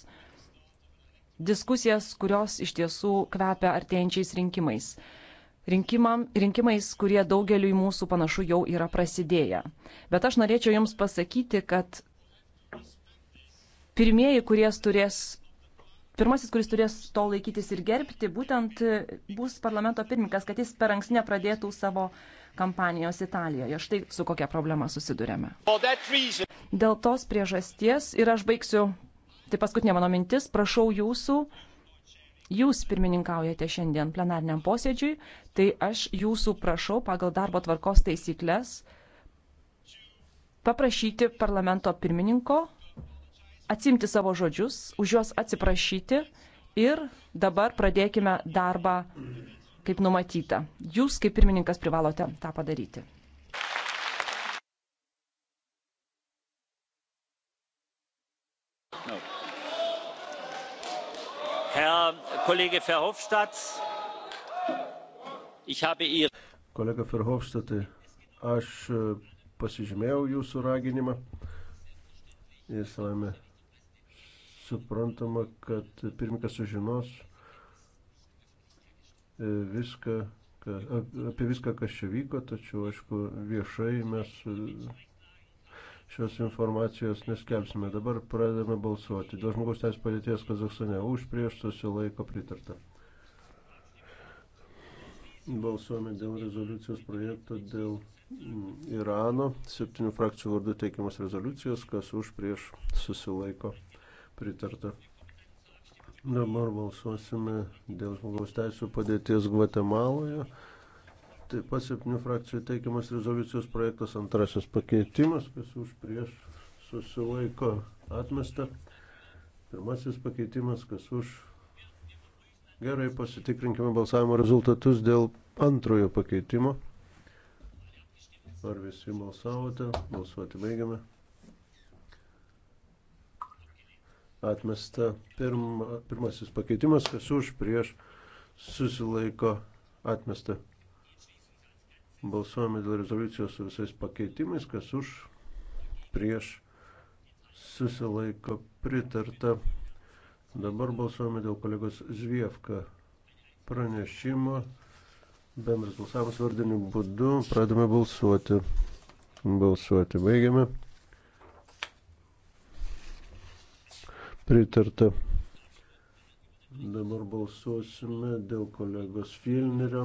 Diskusijas, kurios iš tiesų kvepia artėjančiais rinkimais. Rinkimam, rinkimais, kurie daugeliui mūsų panašu jau yra prasidėję. Bet aš norėčiau Jums pasakyti, kad pirmieji, kurie turės, pirmasis, kuris turės to laikytis ir gerbti, būtent bus parlamento pirmininkas, kad jis per anksnę pradėtų savo kampanijos Italijoje. Štai su kokia problema susidurėme. Dėl tos priežasties ir aš baigsiu, tai paskutinė mano mintis, prašau jūsų jūs pirmininkaujate šiandien plenariniam posėdžiui, tai aš jūsų prašau pagal darbo tvarkos taisyklės paprašyti parlamento pirmininko atsimti savo žodžius, už juos atsiprašyti ir dabar pradėkime darbą kaip numatyta. Jūs kaip pirmininkas privalote tą padaryti. No. Herr Kollege Verhofstadt, ich habe Ihr. Kollege Verhofstadt, aš äh, pasižymėjau jūsų raginimą ir savame suprantama, kad pirmininkas sužinos e, viską, apie viską, kas čia vyko, tačiau, aišku, viešai mes e, šios informacijos neskelbsime. Dabar pradedame balsuoti. Dėl žmogaus teisų padėties Kazakstane už prieš susilaiko pritarta. Balsuojame dėl rezoliucijos projekto dėl mm, Irano. Septynių frakcijų vardu teikiamas rezoliucijos, kas už prieš susilaiko Pritarta. Dabar balsuosime dėl žmogaus teisų padėties Gvatemaloje. Taip pat septynių frakcijų teikiamas rezoliucijos projektas antrasis pakeitimas, kas už prieš susilaiko atmesta. Pirmasis pakeitimas, kas už. Gerai, pasitikrinkime balsavimo rezultatus dėl antrojo pakeitimo. Ar visi balsavote? Balsuoti baigiame. atmesta. Pirma, pirmasis pakeitimas, kas už, prieš, susilaiko, atmesta. Balsuojame dėl rezoliucijos su visais pakeitimais, kas už, prieš, susilaiko, pritarta. Dabar balsuojame dėl kolegos Zviefka pranešimo. Bendras balsavimas vardiniu būdu. Pradame balsuoti. Balsuoti baigiame. Pritarta. Dabar balsuosime dėl kolegos Filnerio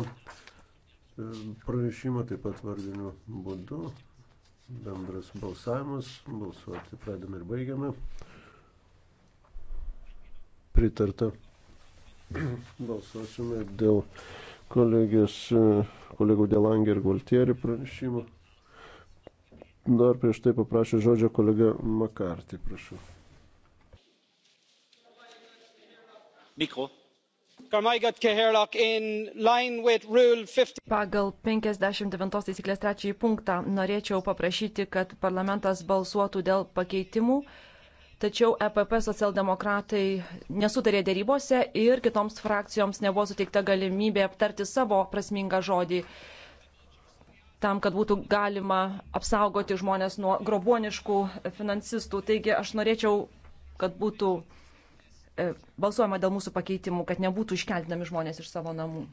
e, pranešimo taip pat vardiniu būdu. Bendras balsavimas. Balsuoti pradame ir baigiame. Pritarta. Balsuosime dėl kolegės, e, kolegų Delangė ir Gualtieri pranešimo. Dar prieš tai paprašė žodžio kolega Makartį, prašau. pagal penkiasdešimt devintos taisyklės trečiąjį punktą norėčiau paprašyti kad parlamentas balsuotų dėl pakeitimų tačiau epp socialdemokratai nesutarė derybose ir kitoms frakcijoms nebuvo suteikta galimybė aptarti savo prasmingą žodį tam kad būtų galima apsaugoti žmones nuo grobuoniškų finansistų taigi aš norėčiau kad būtų E, balsuojama dėl mūsų pakeitimų, kad nebūtų iškeltinami žmonės iš savo namų.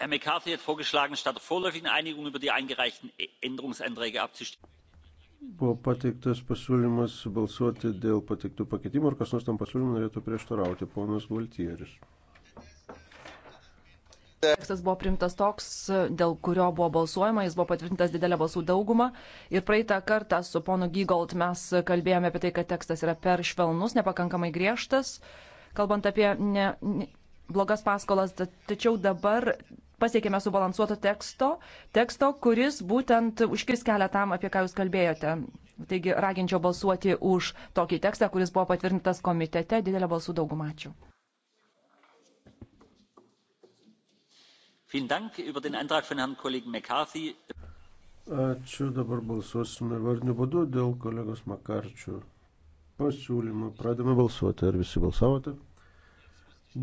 Herr McCarthy hat vorgeschlagen, statt der vorläufigen Einigung über die eingereichten e- Änderungsanträge abzustimmen. Buvo pateiktas pasiūlymas balsuoti dėl pateiktų pakeitimų, ar kas nors tam pasiūlymui norėtų prieštarauti, ponas Valtieris. Tekstas buvo primtas toks, dėl kurio buvo balsuojama, jis buvo patvirtintas didelė balsų dauguma. Ir praeitą kartą su ponu Gygold mes kalbėjome apie tai, kad tekstas yra per švelnus, nepakankamai griežtas, kalbant apie ne, ne, blogas paskolas. Tačiau dabar pasiekėme subalansuoto teksto, teksto, kuris būtent užkirs kelią tam, apie ką jūs kalbėjote. Taigi raginčiau balsuoti už tokį tekstą, kuris buvo patvirtintas komitete didelę balsų daugumą. Ačiū. Ačiū, dabar balsuosime vardiniu būdu dėl kolegos Makarčių pasiūlymų. Pradėme balsuoti, ar visi balsavote?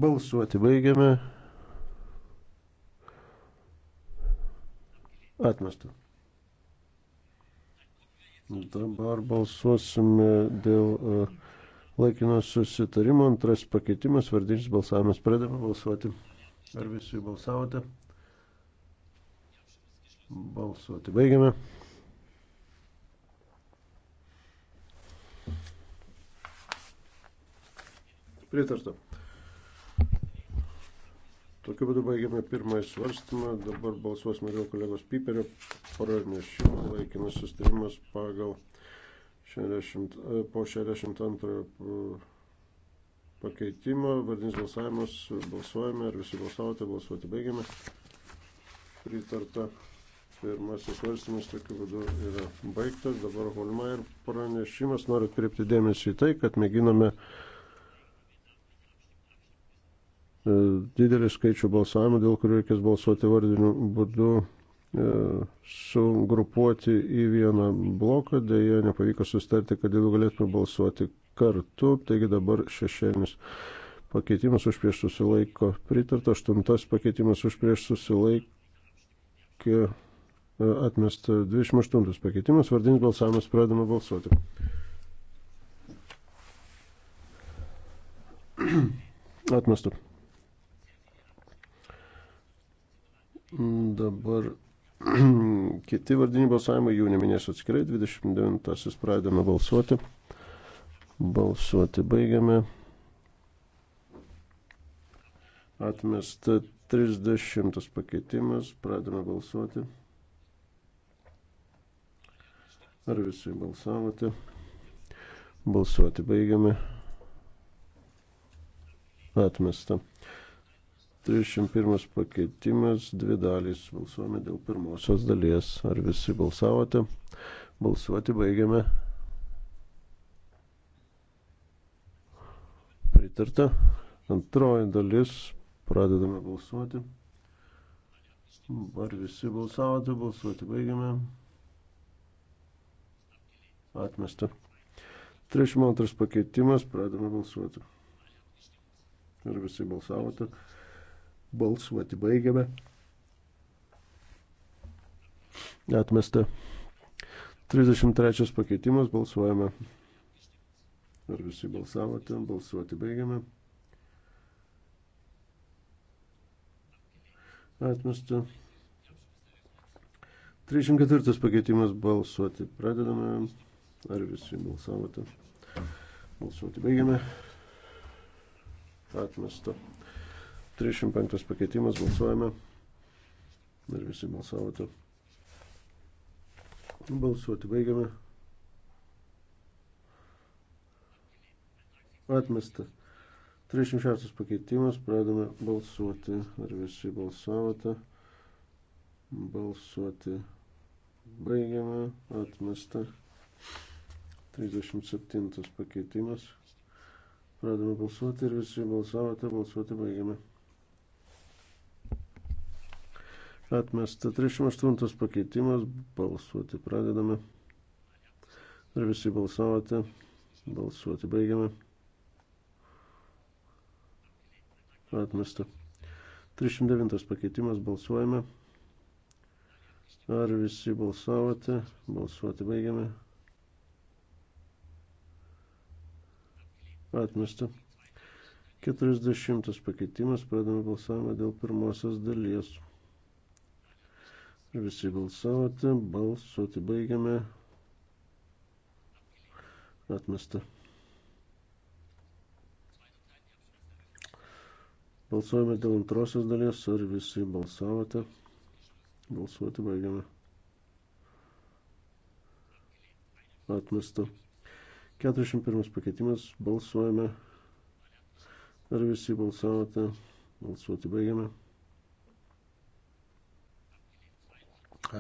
Balsuoti baigiame. Atmesta. Dabar balsuosime dėl uh, laikino susitarimo. Antras pakeitimas, vardinis balsavimas. Pradėme balsuoti. Ar visi balsavote? Balsuoti baigiame. Pritarta. Tokiu būdu baigiame pirmąjį svarstymą. Dabar balsuosime dėl kolegos Piperio pranešimo laikinas sustarimas pagal 60, po 62 pakeitimo, vardinis balsavimas, balsuojame, ar visi balsavote, balsuoti baigiame. Pritarta pirmasis svarstymas tokiu būdu yra baigtas, dabar Holmair pranešimas, noriu atkreipti dėmesį į tai, kad mėginame e, didelį skaičių balsavimų, dėl kurių reikės balsuoti vardiniu būdu, e, sugrupuoti į vieną bloką, dėja nepavyko sustarti, kad dėl galėtume balsuoti kartu, taigi dabar šešėlinis pakeitimas už prieš susilaiko pritarta, aštuntas pakeitimas už prieš susilaikė e, atmesta 28 pakeitimas, vardinis balsavimas pradama balsuoti. Atmestu. Dabar kiti vardiniai balsavimai, jų neminėsiu atskirai, 29 pradedame balsuoti. Balsuoti baigiame. Atmesta 30 pakeitimas. Pradame balsuoti. Ar visi balsavote? Balsuoti baigiame. Atmesta. 301 pakeitimas, dvi dalys. Balsuojame dėl pirmosios dalies. Ar visi balsavote? Balsuoti baigiame. Pritarta. Antroji dalis. Pradedame balsuoti. Ar visi balsavote? Balsuoti baigiame. Atmesta. 32 pakeitimas. Pradedame balsuoti. Ar visi balsavote? Balsuoti baigiame. Atmesta. 33 pakeitimas. Balsuojame. Ar visi balsavote? Balsuoti baigiame. Atmesta. 34 pakeitimas balsuoti. Pradedame. Ar visi balsavote? Balsuoti baigiame. Atmesta. 35 pakeitimas balsuojame. Ar visi balsavote? Balsuoti baigiame. atmesta. 36 pakeitimas, pradame balsuoti. Ar visi balsavote? Balsuoti baigiame, atmesta. 37 pakeitimas. Pradame balsuoti ir visi balsavote, balsuoti baigiame. Atmesta 38 pakeitimas, balsuoti pradedame. Ir visi balsavote, balsuoti baigiame. atmesta. 309 pakeitimas balsuojame. Ar visi balsavote? Balsuoti baigiame. Atmesta. 40 pakeitimas, pradame balsavimą dėl pirmosios dalies. Ar visi balsavote? Balsuoti baigiame. Atmesta. Balsuojame dėl antrosios dalies, ar visi balsavote. Balsuoti baigiame. Atmesta. 41 pakeitimas. Balsuojame. Ar visi balsavote? Balsuoti baigiame.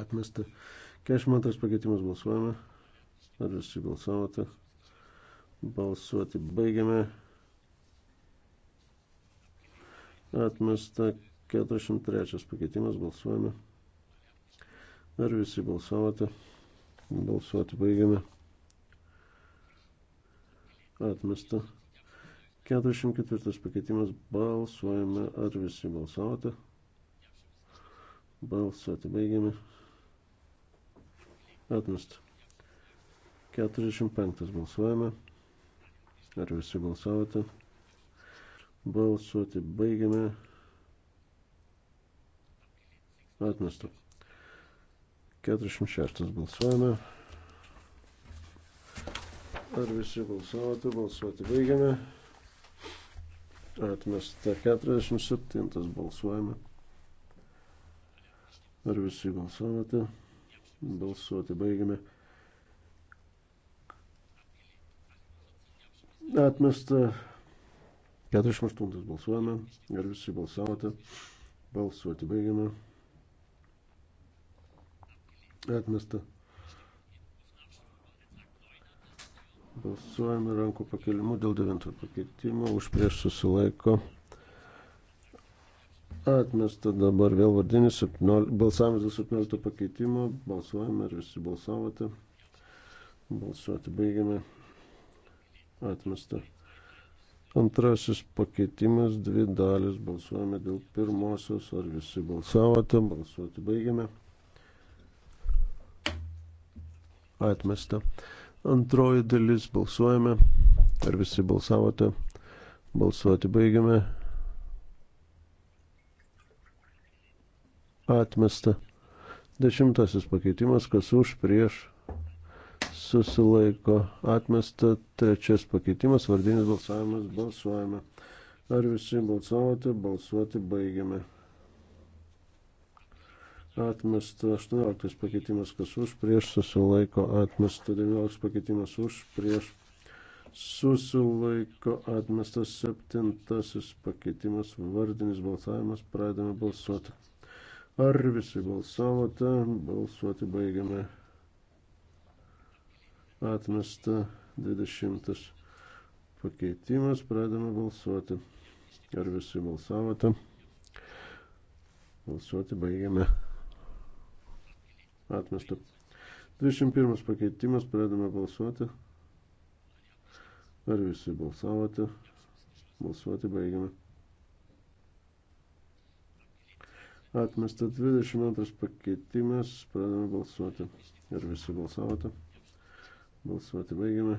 Atmesta. 42 pakeitimas balsuojame. Ar visi balsavote? Balsuoti baigiame. Atmesta 43 pakeitimas. Balsuojame. Ar visi balsavote? Balsuoti baigiame. Atmesta. 44 pakeitimas. Balsuojame. Ar visi balsavote? Balsuoti baigiame. Atmesta. 45 balsuojame. Ar visi balsavote? Balsuoti baigiame. Atmestu. 46 balsuojame. Ar visi balsavote? Balsuoti baigiame. Atmesta 47 balsuojame. Ar visi balsavote? Balsuoti baigiame. Atmesta 48 balsuojame. Ar visi balsavote? Balsuoti baigiame. Atmesta. Balsuojame rankų pakelimu dėl devintojo pakeitimo. Už prieš susilaiko. Atmesta dabar vėl vardinis 17, balsavimas dėl 17 pakeitimo. Balsuojame, ar visi balsavote. Balsuoti baigiame. Atmesta. Antrasis pakeitimas, dvi dalis, balsuojame dėl pirmosios, ar visi balsavote, balsuoti baigiame. Atmesta. Antroji dalis, balsuojame, ar visi balsavote, balsuoti baigiame. Atmesta. Dešimtasis pakeitimas, kas už, prieš, susilaiko atmesta. Trečias pakeitimas, vardinis balsavimas, balsuojame. Ar visi balsavote, balsuoti baigiame. Atmesta 18 pakeitimas, kas už, prieš susilaiko atmesta 19 pakeitimas už, prieš susilaiko atmestas 7 pakeitimas, vardinis balsavimas, pradame balsuoti. Ar visi balsavote, balsuoti baigiame atmesta 20 pakeitimas, pradame balsuoti. Ar visi balsavote? Balsuoti baigiame. Atmesta. 21 pakeitimas, pradame balsuoti. Ar visi balsavote? Balsuoti baigiame. Atmesta 22 pakeitimas, pradame balsuoti. Ar visi balsavote? Balsuoti baigiame.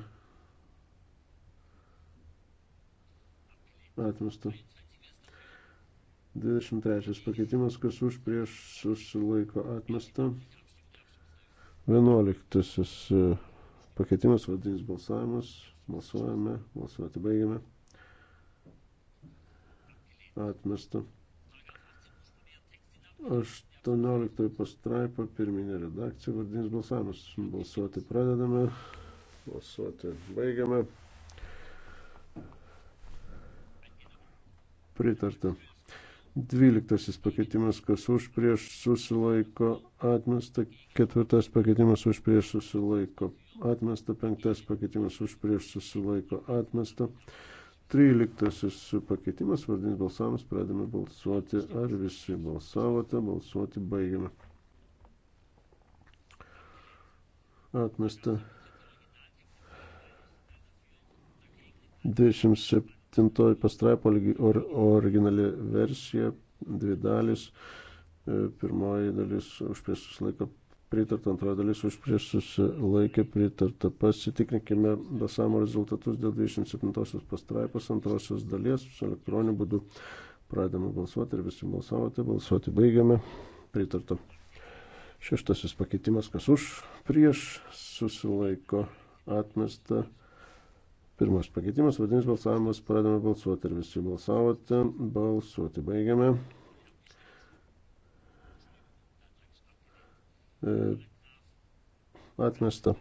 Atmesta. 23 pakeitimas, kas už prieš susilaiko atmesta. 11 e, pakeitimas, vadinis balsavimas. Balsuojame, balsuoti baigiame. Atmesta. 8 18 pastraipą pirminė redakcija, vardinis balsavimas. Balsuoti pradedame, balsuoti baigiame. Pritarta. 12 pakeitimas, kas už prieš susilaiko atmesta. 4 pakeitimas už prieš susilaiko atmesta. 5 pakeitimas už prieš susilaiko atmesta. 5 13 pakeitimas, vardinis balsavimas, pradame balsuoti. Ar visi balsavote? Balsuoti baigiame. Atmesta. 27 pastraipo or, originali versija, dvi dalis. E, pirmoji dalis už prieš susilaiko pritarta, antroji dalis už prieš susilaikė pritarta. Pasitikrinkime balsavimo rezultatus dėl 27 pastraipos antrosios dalies su elektroniniu būdu. Pradėme balsuoti ir visi balsavote, balsuoti baigiame. Pritarta. Šeštasis pakeitimas, kas už prieš susilaiko atmesta. Pirmas pakeitimas, vadinasi balsavimas, pradėme balsuoti ir visi balsavote, balsuoti baigiame. E, atmesta.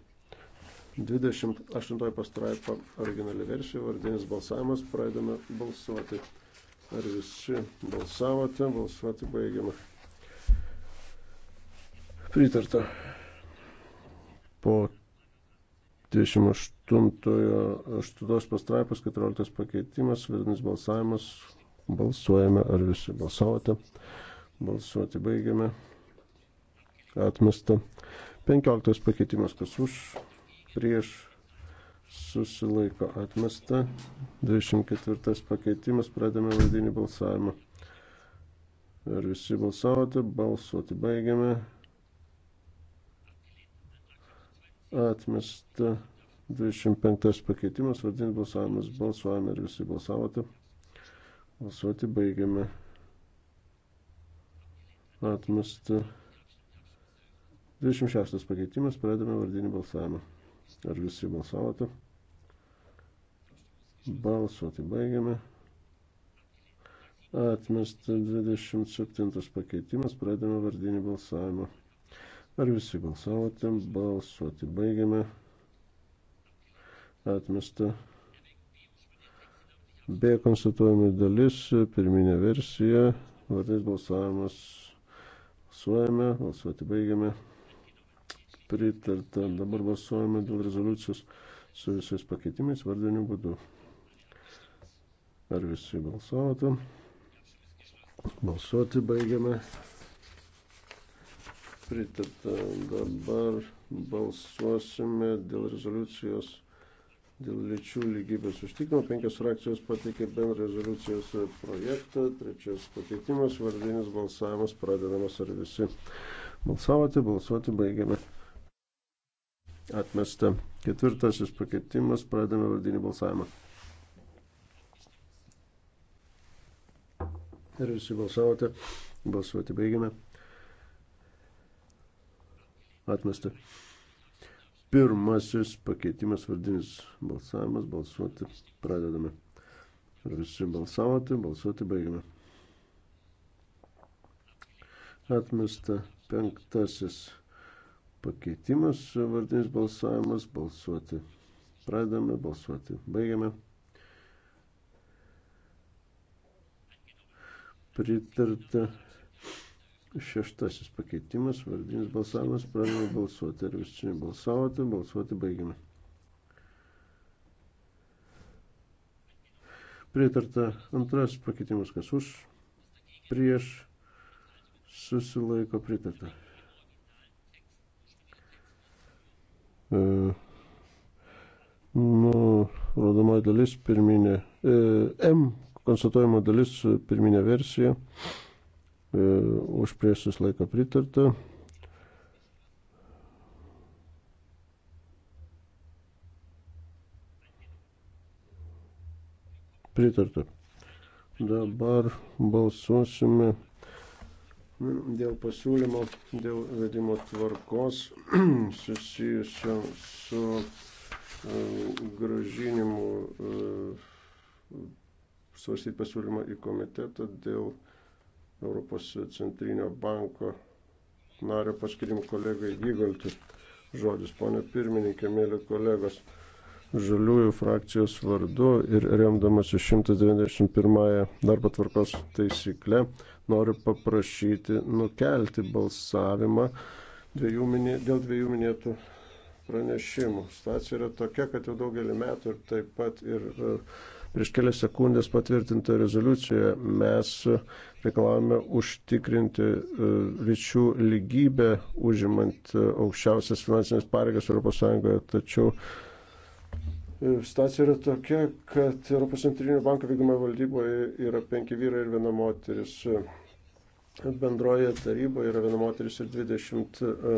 28 pastraipa originali versija, vardinis balsavimas, pradedame balsuoti. Ar visi balsavote? Balsuoti baigiame. Pritarta. Po 28 pastraipos 14 pakeitimas, vardinis balsavimas, balsuojame, ar visi balsavote. Balsuoti baigiame atmesta. 15 pakeitimas, kas už, prieš, susilaiko atmesta. 24 pakeitimas, pradėme vaidinį balsavimą. Ar visi balsavote, balsuoti baigiame. Atmesta 25 pakeitimas, vadinis balsavimas, balsuojame ir visi balsavote. Balsuoti baigiame. Atmesta 25 26 pakeitimas, pradame vardinį balsavimą. Ar visi balsavote? Balsuoti baigiame. Atmesta 27 pakeitimas, pradame vardinį balsavimą. Ar visi balsavote? Balsuoti baigiame. Atmesta B konstatuojami dalis, pirminė versija, vardinis balsavimas. Balsuojame, balsuoti baigiame pritarta. Dabar balsuojame dėl rezoliucijos su visais pakeitimais vardiniu būdu. Ar visi balsavote? Balsuoti baigiame. Pritarta. Dabar balsuosime dėl rezoliucijos dėl lyčių lygybės užtikrimo. Penkios frakcijos pateikė bendrą rezoliucijos projektą. Trečias pakeitimas, vardinis balsavimas pradedamas ar visi. Balsavote, balsuoti baigiame. Atmesta. Ketvirtasis pakeitimas. Pradame vardinį balsavimą. Ir visi balsavote. Balsuoti baigiame. Atmesta. Pirmasis pakeitimas vardinis balsavimas. Balsuoti pradedame. Ir visi balsavote. Balsuoti baigiame. Atmesta. Penktasis pakeitimas, vardinis balsavimas, balsuoti. Pradame balsuoti. Baigiame. Pritarta šeštasis pakeitimas, vardinis balsavimas, pradame balsuoti. Ar visi balsavote? Balsuoti baigiame. Pritarta antrasis pakeitimas, kas už, prieš, susilaiko pritarta. E, nu, rodoma dalis pirminė, e, M konstatuojama dalis pirminė versija, e, už prieš visą laiką pritarta. Pritarta. Dabar balsuosime dėl pasiūlymo, dėl vedimo tvarkos susijusio su e, gražinimu e, svarstyti pasiūlymą į komitetą dėl Europos centrinio banko nario paskirimų kolegai Gygaltui. Žodis, ponė pirmininkė, mėly kolegos, žaliųjų frakcijos vardu ir remdamas 191 darbo tvarkos taisyklę noriu paprašyti nukelti balsavimą dviejų minė, dėl dviejų minėtų pranešimų. Stacija yra tokia, kad jau daugelį metų ir taip pat ir e, prieš kelias sekundės patvirtintoje rezoliucijoje mes reikalavome užtikrinti e, lyčių lygybę, užimant e, aukščiausias finansinės pareigas ES, tačiau Stacija yra tokia, kad Europos centrinio banko vykdomoje valdyboje yra penki vyrai ir viena moteris. Bendroje taryboje yra viena moteris ir 22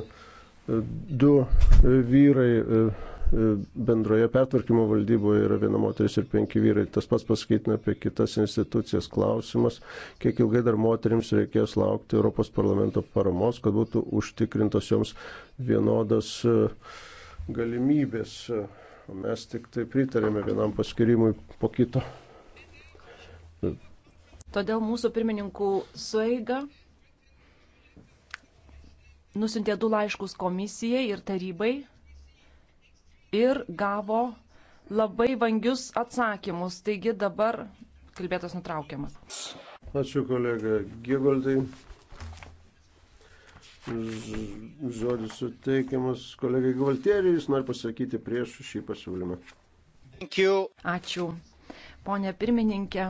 e, vyrai. E, e, bendroje pertvarkymo valdyboje yra viena moteris ir penki vyrai. Tas pats paskaitina apie kitas institucijas klausimas, kiek ilgai dar moteriams reikės laukti Europos parlamento paramos, kad būtų užtikrintos joms vienodas galimybės Mes tik tai pritarėme vienam paskirimui po kito. Todėl mūsų pirmininkų sueiga nusintė du laiškus komisijai ir tarybai ir gavo labai vangius atsakymus. Taigi dabar kalbėtas nutraukiamas. Ačiū kolega Gigoldai. Žodis suteikiamas kolegai Gvaltieriui, jis nori pasakyti prieš šį pasiūlymą. Ačiū. Pone pirmininkė,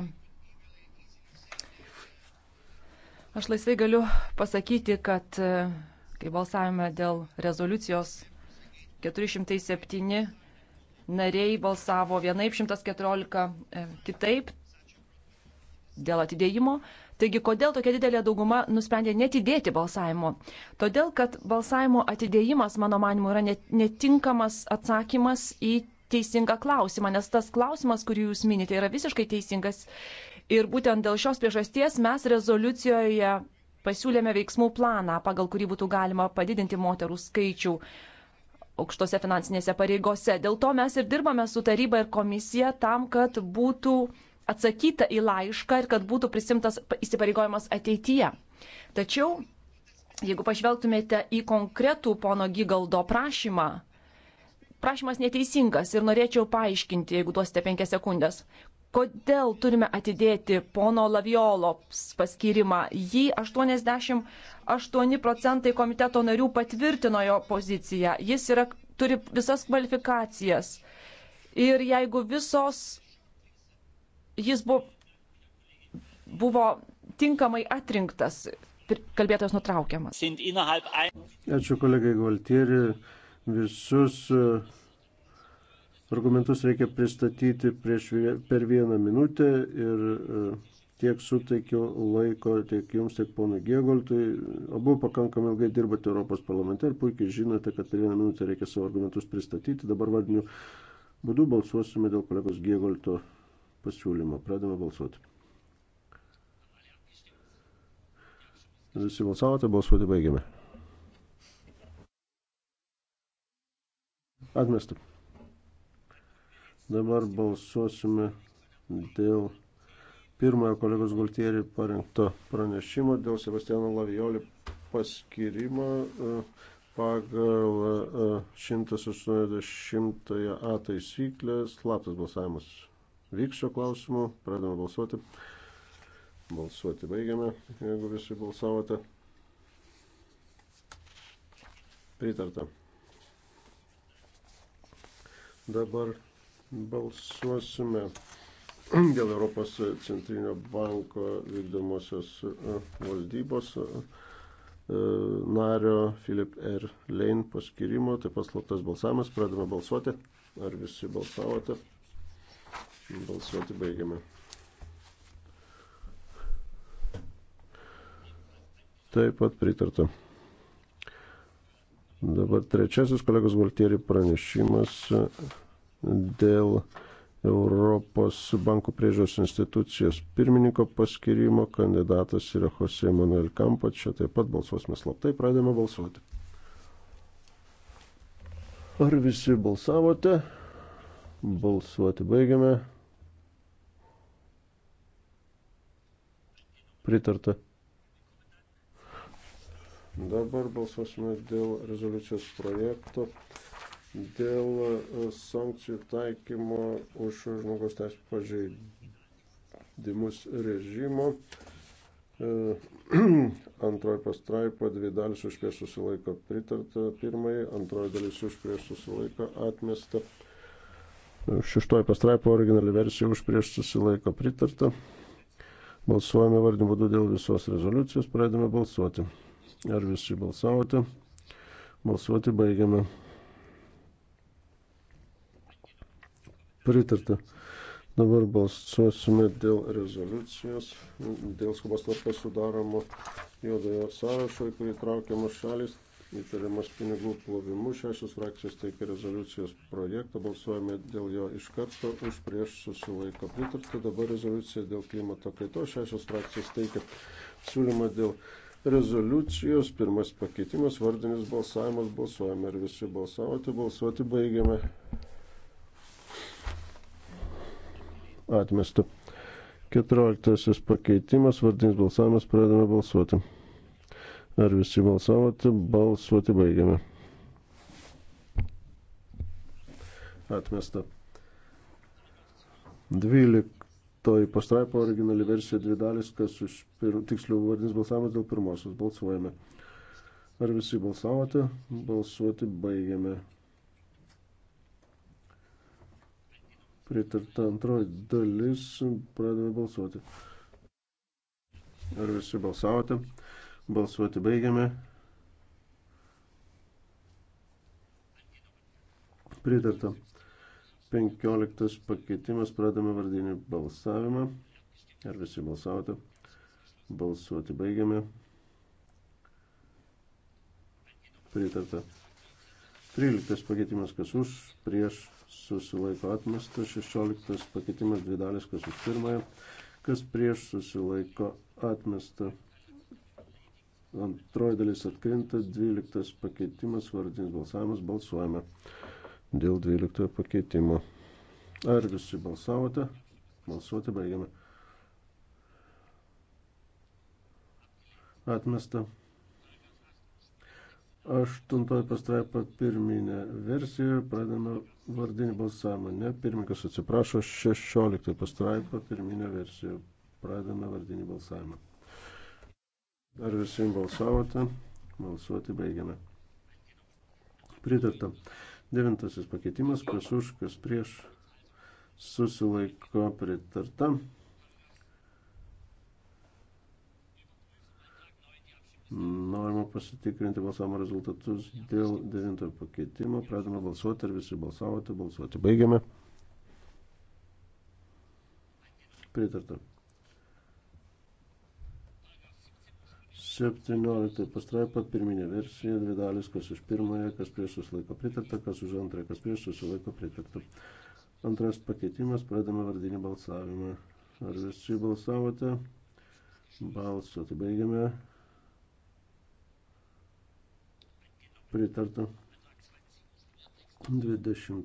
aš laisvai galiu pasakyti, kad e, kai balsavome dėl rezoliucijos 407 nariai balsavo vienaip, 114 e, kitaip dėl atidėjimo, Taigi, kodėl tokia didelė dauguma nusprendė netidėti balsavimo? Todėl, kad balsavimo atidėjimas, mano manimu, yra netinkamas atsakymas į teisingą klausimą, nes tas klausimas, kurį jūs minite, yra visiškai teisingas. Ir būtent dėl šios priežasties mes rezoliucijoje pasiūlėme veiksmų planą, pagal kurį būtų galima padidinti moterų skaičių aukštose finansinėse pareigose. Dėl to mes ir dirbame su taryba ir komisija tam, kad būtų atsakyta į laišką ir kad būtų prisimtas įsipareigojimas ateityje. Tačiau, jeigu pažvelgtumėte į konkretų pono Gygaldo prašymą, prašymas neteisingas ir norėčiau paaiškinti, jeigu duosite penkias sekundės, kodėl turime atidėti pono Laviolo paskirimą. Jį 88 procentai komiteto narių patvirtino jo poziciją. Jis yra, turi visas kvalifikacijas. Ir jeigu visos jis buvo, buvo tinkamai atrinktas, kalbėtojas nutraukiamas. Ačiū kolegai Gualtieri, visus e, argumentus reikia pristatyti prieš, per vieną minutę ir e, tiek suteikiu laiko tiek jums, tiek ponui Giegoltui. Abu pakankamai ilgai dirbate Europos parlamente ir puikiai žinote, kad per vieną minutę reikia savo argumentus pristatyti. Dabar vardiniu būdu balsuosime dėl kolegos Giegolto pasiūlymą. Pradame balsuoti. Visi balsavote, balsuoti baigiame. Atmestam. Dabar balsuosime dėl pirmojo kolegos Gultierį parengto pranešimo dėl Sebastiano Lavioli paskirimo e, pagal 180 e, e, A taisyklę slaptas balsavimas vyks šio klausimu. Pradame balsuoti. Balsuoti baigiame, jeigu visi balsavote. Pritarta. Dabar balsuosime dėl Europos centrinio banko vykdomosios e, valdybos e, e, nario Filip R. Lein paskirimo, taip pat slaptas balsavimas, pradame balsuoti. Ar visi balsavote? Balsuoti baigiame. Taip pat pritarta. Dabar trečiasis kolegos Valtieri pranešimas dėl Europos bankų priežiūros institucijos pirmininko paskirimo. Kandidatas yra Jose Manuel Kampa. Čia taip pat balsuosime slaptai, pradėme balsuoti. Ar visi balsavote? Balsuoti baigiame. pritarta. Dabar balsuosime dėl rezoliucijos projekto, dėl e, sankcijų taikymo už žmogaus teisų pažeidimus režimo. E, antroji pastraipa, dvi dalis už prieš susilaiko pritarta, pirmai, antroji dalis už prieš susilaiko atmesta. E, šeštoji pastraipa, originali versija už prieš susilaiko pritarta. Balsuojame vardiniu būdu dėl visos rezoliucijos, pradedame balsuoti. Ar visi balsavote? Balsuoti baigiame. Pritarta. Dabar balsuosime dėl rezoliucijos, dėl skubos tvarkos sudaromo juodojo sąrašo, į kurį traukiamas šalis įtariamas pinigų plovimu. Šešios frakcijos teikia rezoliucijos projektą, balsuojame dėl jo iš karto, už prieš susilaiko pritarta. Dabar rezoliucija dėl klimato kaitos. Šešios frakcijos teikia siūlymą dėl rezoliucijos. Pirmas pakeitimas, vardinis balsavimas, balsuojame ir visi balsavote, balsuoti baigiame. Atmestu. Keturioliktasis pakeitimas, vardinis balsavimas, pradedame balsuoti. Ar visi balsavote? Balsuoti baigiame. Atmesta. 12 pastraipo originali versija dvi dalis, kas už pir... tiksliau vardinis balsavimas dėl pirmosios. Balsuojame. Ar visi balsavote? Balsuoti baigiame. Pritarta antroji dalis, pradedame balsuoti. Ar visi balsavote? Balsuoti baigiame. Pritarta. 15 pakeitimas. Pradame vardinį balsavimą. Ar visi balsavote? Balsuoti baigiame. Pritarta. 13 pakeitimas. Kas už? Prieš susilaiko atmestas. 16 pakeitimas. Dvi dalis. Kas už pirmąją? Kas prieš susilaiko atmestas Antroji dalis atkrinta, 12 pakeitimas, vardinis balsavimas, balsuojame dėl 12 pakeitimo. Ar visi balsavote? Balsuoti baigiame. Atmesta. Aštuntoji pastraipa pirminė versija, pradame vardinį balsavimą. Ne, pirmininkas atsiprašo, šešioliktoji pastraipa pirminė versija, pradame vardinį balsavimą. Ar visi balsavote? Balsuoti baigiame. Pritarta. Devintasis pakeitimas, kas už, kas prieš, susilaiko pritarta. Norima pasitikrinti balsavimo rezultatus dėl devintojo pakeitimo. Pradame balsuoti, ar visi balsavote, balsuoti baigiame. Pritarta. 17 pastraipa pirminė versija, dvi dalis, kas už pirmąją, kas prieš susilaiko pritarta, kas už antrąją, kas prieš susilaiko pritarta. Antras pakeitimas, pradame vardinį balsavimą. Ar visi balsavote? Balsuoti baigiame. Pritarta. 20.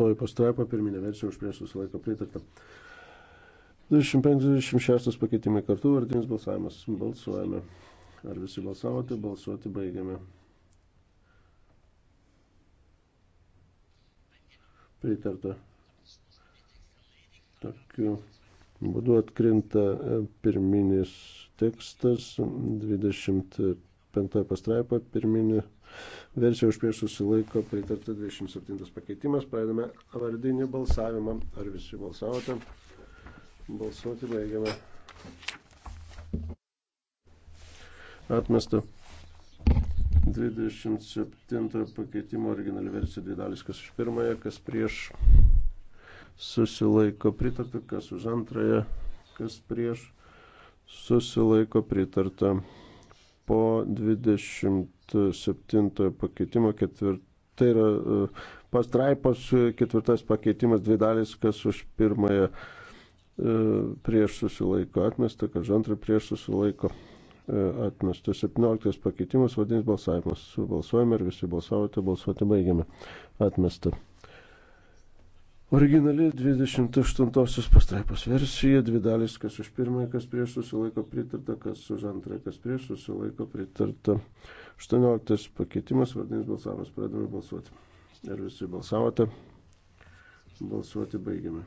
Toj pastraipa pirminė versija už prieš susilaiko pritarta. 25-26 pakeitimai kartu, vardinis balsavimas. Balsuojame. Ar visi balsavote? Balsuoti baigiame. Pritarta. Tokiu būdu atkrinta e, pirminis tekstas, 25 pastraipa, pirminė versija už prieš susilaiko, pritarta 27 pakeitimas, pradedame vardinį balsavimą. Ar visi balsavote? Balsuoti baigiame. Atmesta. 27 pakeitimo originali versija dvi dalis, kas už pirmąją, kas prieš susilaiko pritarta, kas už antrąją, kas prieš susilaiko pritarta. Po 27 pakeitimo ketvirtą, tai yra e, pastraipos e, ketvirtas pakeitimas dvi dalis, kas už pirmąją E, prieš susilaiko atmesta, kažantra prieš susilaiko e, atmesta. 17 pakeitimas vadins balsavimas. Balsuojame ir visi balsavote, balsuoti baigiame. Atmesta. Originali 28 pastraipos versija, dvi dalis, kas už pirmąją, kas prieš susilaiko pritarta, kas už antrąją, kas prieš susilaiko pritarta. 18 pakeitimas vadins balsavimas, pradame balsuoti. Ir visi balsavote, balsuoti baigiame.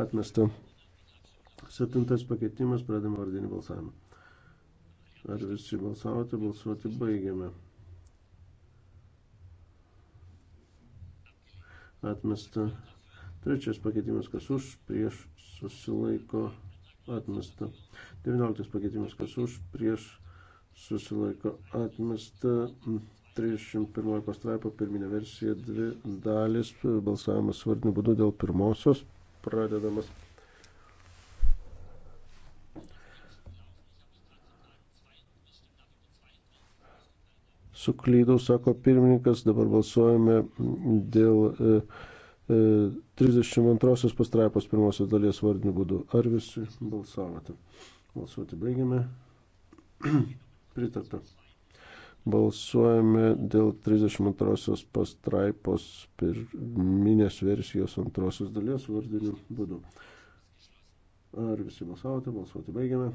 Atmesta. Septintas pakeitimas, pradėme vardinį balsavimą. Ar visi balsavote, balsuoti baigiame. Atmesta. Trečias pakeitimas, kas už, prieš, susilaiko, atmesta. Devinioliktas pakeitimas, kas už, prieš, susilaiko, atmesta. 31 pastraipo pirminė versija, dvi dalis, balsavimas vardiniu būdu dėl pirmosios pradedamas. Suklydau, sako pirmininkas, dabar balsuojame dėl 32 e, e, pastraipos pirmosios dalies vardinių būdų. Ar visi balsavote? Balsuoti baigiame. Pritarta. Balsuojame dėl 32 pastraipos pirminės versijos antrosios dalies vardinių būdų. Ar visi balsavote? Balsuoti baigiame.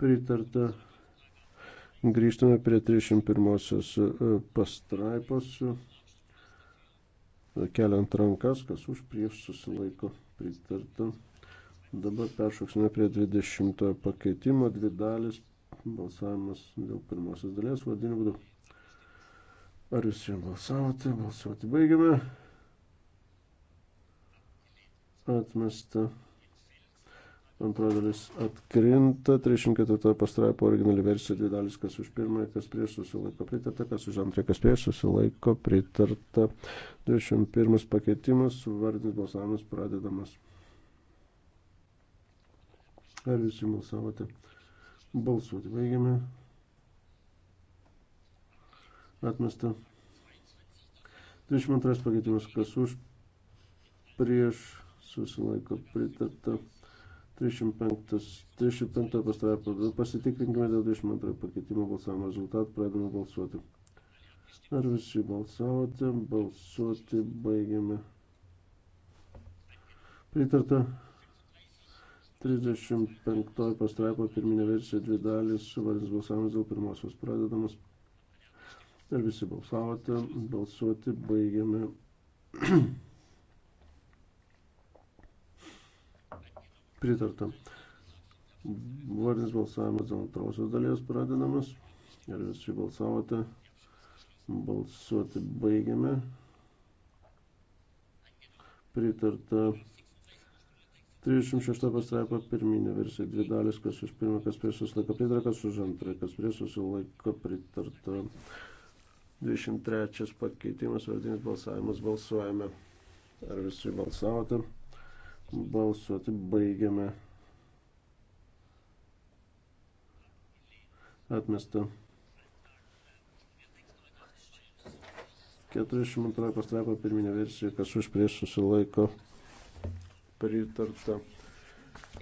Pritarta. Grįžtame prie 31 e, pastraipos. Keliant rankas, kas už prieš susilaiko. Pritarta. Dabar peršoksime prie 20 pakeitimo. Dvi dalis Balsavimas dėl pirmosios dalies vadinimu būdu. Ar jūs šiandien balsavote? Balsuoti baigiame. Atmesta. Antra dalis atkrinta. 34 pastraipo originali versija. Dvi dalis, kas už pirmąją, kas prieš susilaiko pritarta, kas už antrąją, kas prieš susilaiko pritarta. 21 pakeitimas. Vardinis balsavimas pradedamas. Ar jūs jums balsavote? Balsuoti baigiame. Atmesta. 22 pakeitimas, kas už, prieš, susilaiko pritarta. 35, 35 pastraipą. Pasitikrinkime dėl 22 pakeitimo balsavimo rezultatų, pradame balsuoti. Ar visi balsavote? Balsuoti baigiame. Pritarta. 35 pastraipo pirminė versija dvi dalis, vardinis balsavimas dėl pirmosios pradedamas. Ar visi balsavote, balsuoti baigiame. Pritarta. Vardinis balsavimas dėl antrosios dalies pradedamas. Ar visi balsavote, balsuoti baigiame. Pritarta. 36 pastraipa pirminė versija, dvi dalis, kas už pirmą, kas prieš susilaiko pritarta, kas už antrą, kas prieš susilaiko pritarta. 23 pakeitimas, vardinis balsavimas, balsuojame. Ar visi balsavote? Balsuoti baigiame. Atmesta. 42 pastraipa pirminė versija, kas už prieš susilaiko pritarta pritarta.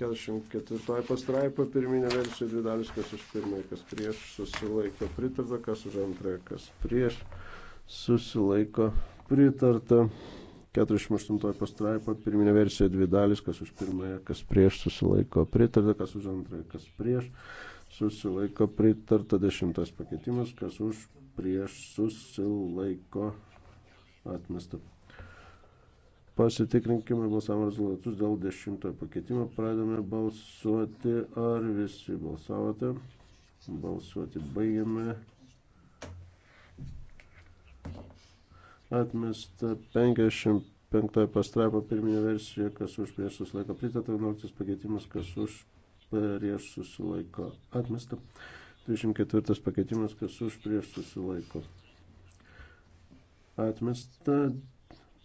44 pastraipa pirminė versija, dvi dalis, kas už pirmąją, kas prieš, susilaiko pritarta, kas už antrąją, kas prieš, susilaiko pritarta. 48 pastraipa pirminė versija, dvi dalis, kas už pirmąją, kas prieš, susilaiko pritarta, kas už antrąją, kas prieš, susilaiko pritarta. Dešimtas pakeitimas, kas už prieš, susilaiko atmesta. Pasitikrinkime balsavimo rezultatus dėl dešimtojo pakeitimo. Pradame balsuoti. Ar visi balsavote? Balsuoti baigiame. Atmesta 55 pastraipo pirminė versija, kas už prieš susilaiko pritarta, 11 pakeitimas, kas už prieš susilaiko atmesta, 24 pakeitimas, kas už prieš susilaiko atmesta,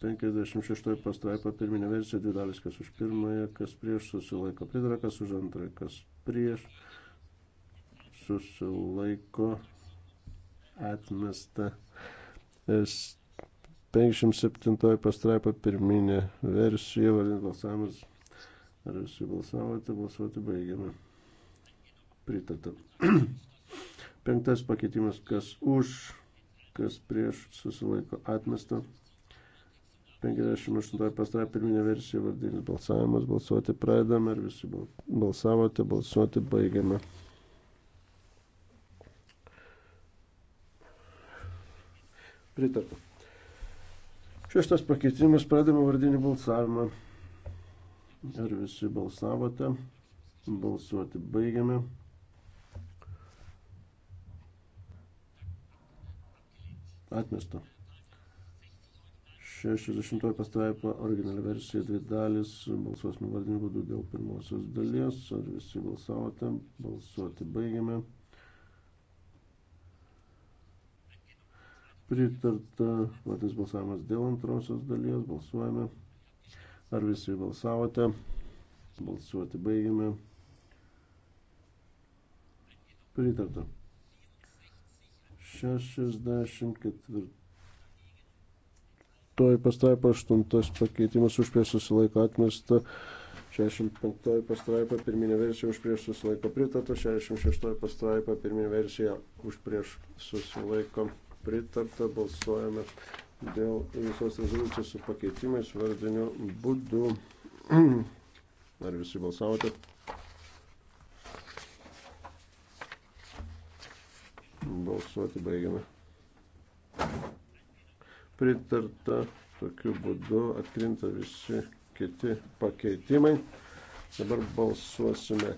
56 pastraipa pirminė versija, dvi dalis, kas už pirmąją, kas prieš susilaiko, pridara, kas už antrąją, kas prieš susilaiko, atmesta. 57 pastraipa pirminė versija, valinis balsavimas. Ar visi balsavote, balsuoti baigiame. Pritarta. Penktas pakeitimas, kas už, kas prieš susilaiko, atmesta. 58 pastraipą pirminė versija vardinis balsavimas. Balsuoti pradedame, ar visi balsavote, balsuoti baigiame. Pritarta. Šeštas pakeitimas pradedame vardinį balsavimą. Ar visi balsavote, balsuoti baigiame. Atmesta. 60 pastraipa originali versija dvi dalis, balsuosime vardiniu būdu dėl pirmosios dalies, ar visi balsavote, balsuoti baigiame. Pritarta, vardinis balsavimas dėl antrosios dalies, balsuojame. Ar visi balsavote, balsuoti baigiame. Pritarta. 64 65 pastraipa 8 pakeitimas už prieš susilaiko atmesta. 65 pastraipa pirminė versija už prieš susilaiko pritarta, 66 pastraipa pirminė versija už prieš susilaiko pritarta, balsuojame dėl visos rezoliucijos su pakeitimais vardiniu būdu. Ar visi balsavote? Balsuoti baigiame pritarta, tokiu būdu atkrinta visi kiti pakeitimai. Dabar balsuosime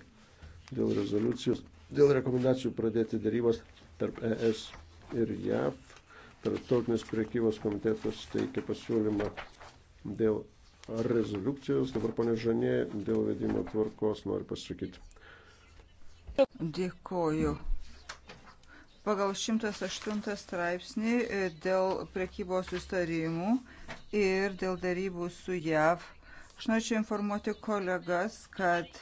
dėl rezoliucijos, dėl rekomendacijų pradėti darybas tarp ES ir JAV. Tarptautinis priekybos komitetas teikia pasiūlymą dėl rezoliucijos. Dabar ponė Žanė dėl vedimo tvarkos nori pasakyti. Dėkoju pagal 108 straipsnį e, dėl prekybos sustarimų ir dėl darybų su JAV. Aš norėčiau informuoti kolegas, kad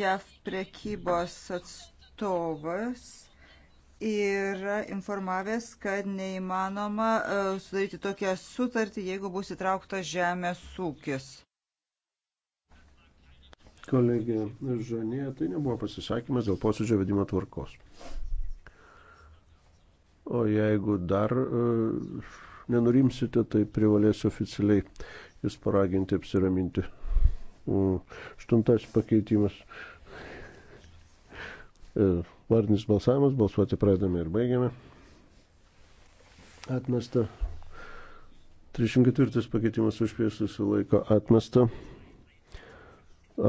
JAV prekybos atstovas yra informavęs, kad neįmanoma e, sudaryti tokią sutartį, jeigu bus įtraukta žemės ūkis. Kolegė Žanė, tai nebuvo pasisakymas dėl posėdžio vedimo tvarkos o jeigu dar e, nenurimsite, tai privalėsiu oficialiai jūs paraginti apsiraminti. Aštuntas pakeitimas. E, vardinis balsavimas, balsuoti pradame ir baigiame. Atmesta. 34 pakeitimas užpėstusi laiko atmesta.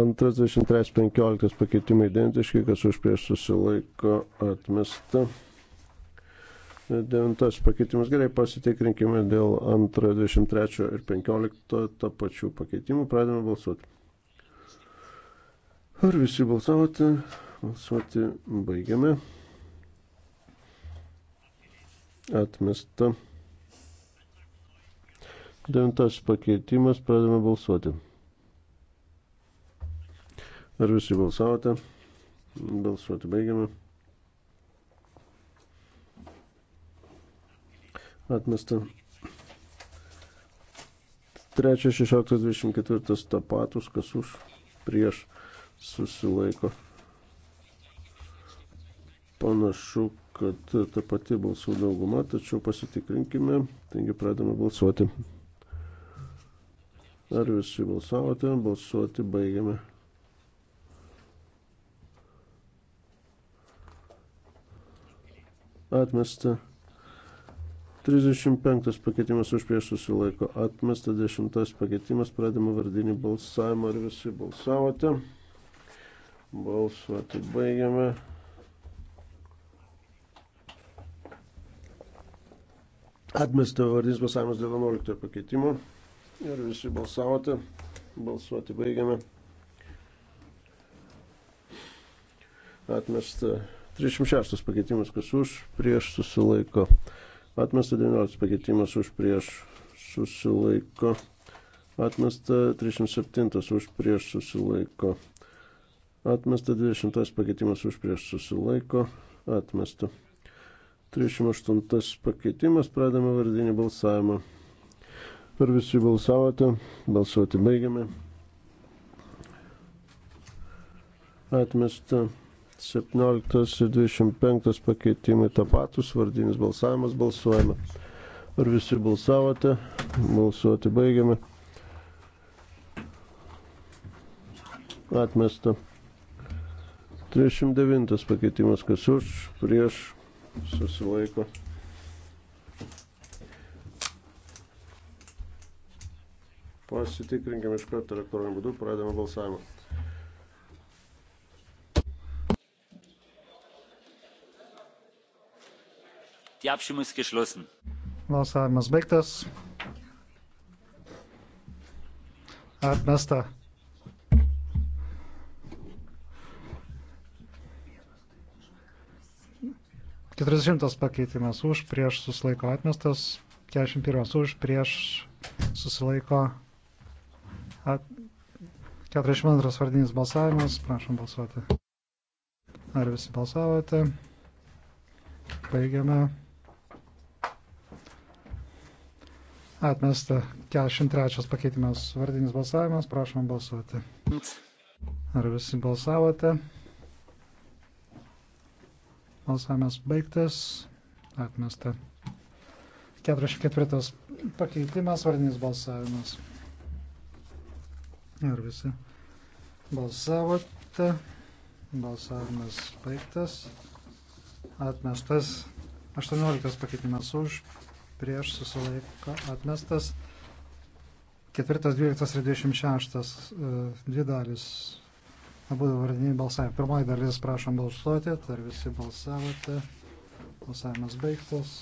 Antras, 23, 15 pakeitimai identiški, kas už prieš susilaiko atmesta. Devintas pakeitimas gerai pasitikrinkime dėl 2, 23 ir 15 to pačių pakeitimų. Pradėjome balsuoti. Ar visi balsavote? Balsuoti baigiame. Atmesta. Devintas pakeitimas. Pradėjome balsuoti. Ar visi balsavote? Balsuoti baigiame. atmesta. 3, 16, 24 tapatus, kas už, prieš susilaiko. Panašu, kad ta pati balsų dauguma, tačiau pasitikrinkime, taigi pradame balsuoti. Ar visi balsavote, balsuoti baigiame. Atmesta 35 pakeitimas už prieš susilaiko atmesta, 10 pakeitimas pradėma vardinį balsavimą, ar visi balsavote. Balsuoti baigiame. Atmesta vardinis balsavimas dėl 11 pakeitimo. Ir visi balsavote. Balsuoti baigiame. Atmesta 36 pakeitimas, kas už, prieš susilaiko. Atmesta 19 pakeitimas už prieš susilaiko. Atmesta 37 už prieš susilaiko. Atmesta 20 pakeitimas už prieš susilaiko. Atmesta. 38 pakeitimas, pradame vardinį balsavimą. Per visi balsavote, balsuoti baigiame. Atmesta 17 ir 25 pakeitimai tapatus, vardinis balsavimas balsuojame. Ar visi balsavote? Balsuoti baigiame. Atmesta. 39 pakeitimas, kas už, prieš, susilaiko. Pasitikrinkime iš karto elektroniniu būdu, pradedame balsavimą. Die Abstimmung ist geschlossen. Balsavimas baigtas. Atmesta. Keturiasdešimtas pakeitimas už, prieš susilaiko atmestas. Keturiasdešimt pirmas už, prieš susilaiko. At... Keturiasdešimt antras vardinis balsavimas. Prašom balsuoti. Ar visi balsavote? Baigiame. Atmesta 43 pakeitimas vardinis balsavimas, prašom balsuoti. Ar visi balsavote? Balsavimas baigtas, atmesta 44 pakeitimas vardinis balsavimas. Ar visi balsavote? Balsavimas baigtas, atmestas 18 pakeitimas už, prieš susilaiko atmestas. Ketvirtas, dvyliktas ir dvidešimt šeštas e, dvi dalis. Abu vardiniai balsavimai. Pirmoji dalis prašom balsuoti, ar visi balsavote. Balsavimas baigtas.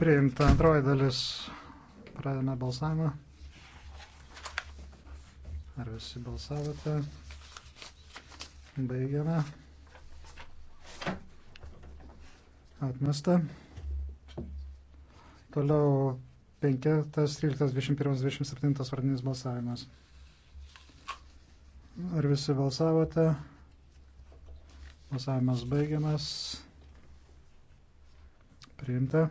Priimta antroji dalis. Pradėme balsavimą. Ar visi balsavote? Baigiame. Atmesta. Toliau 5, 13, 21, 27 vardinis balsavimas. Ar visi balsavote? Balsavimas baigiamas. Priimta.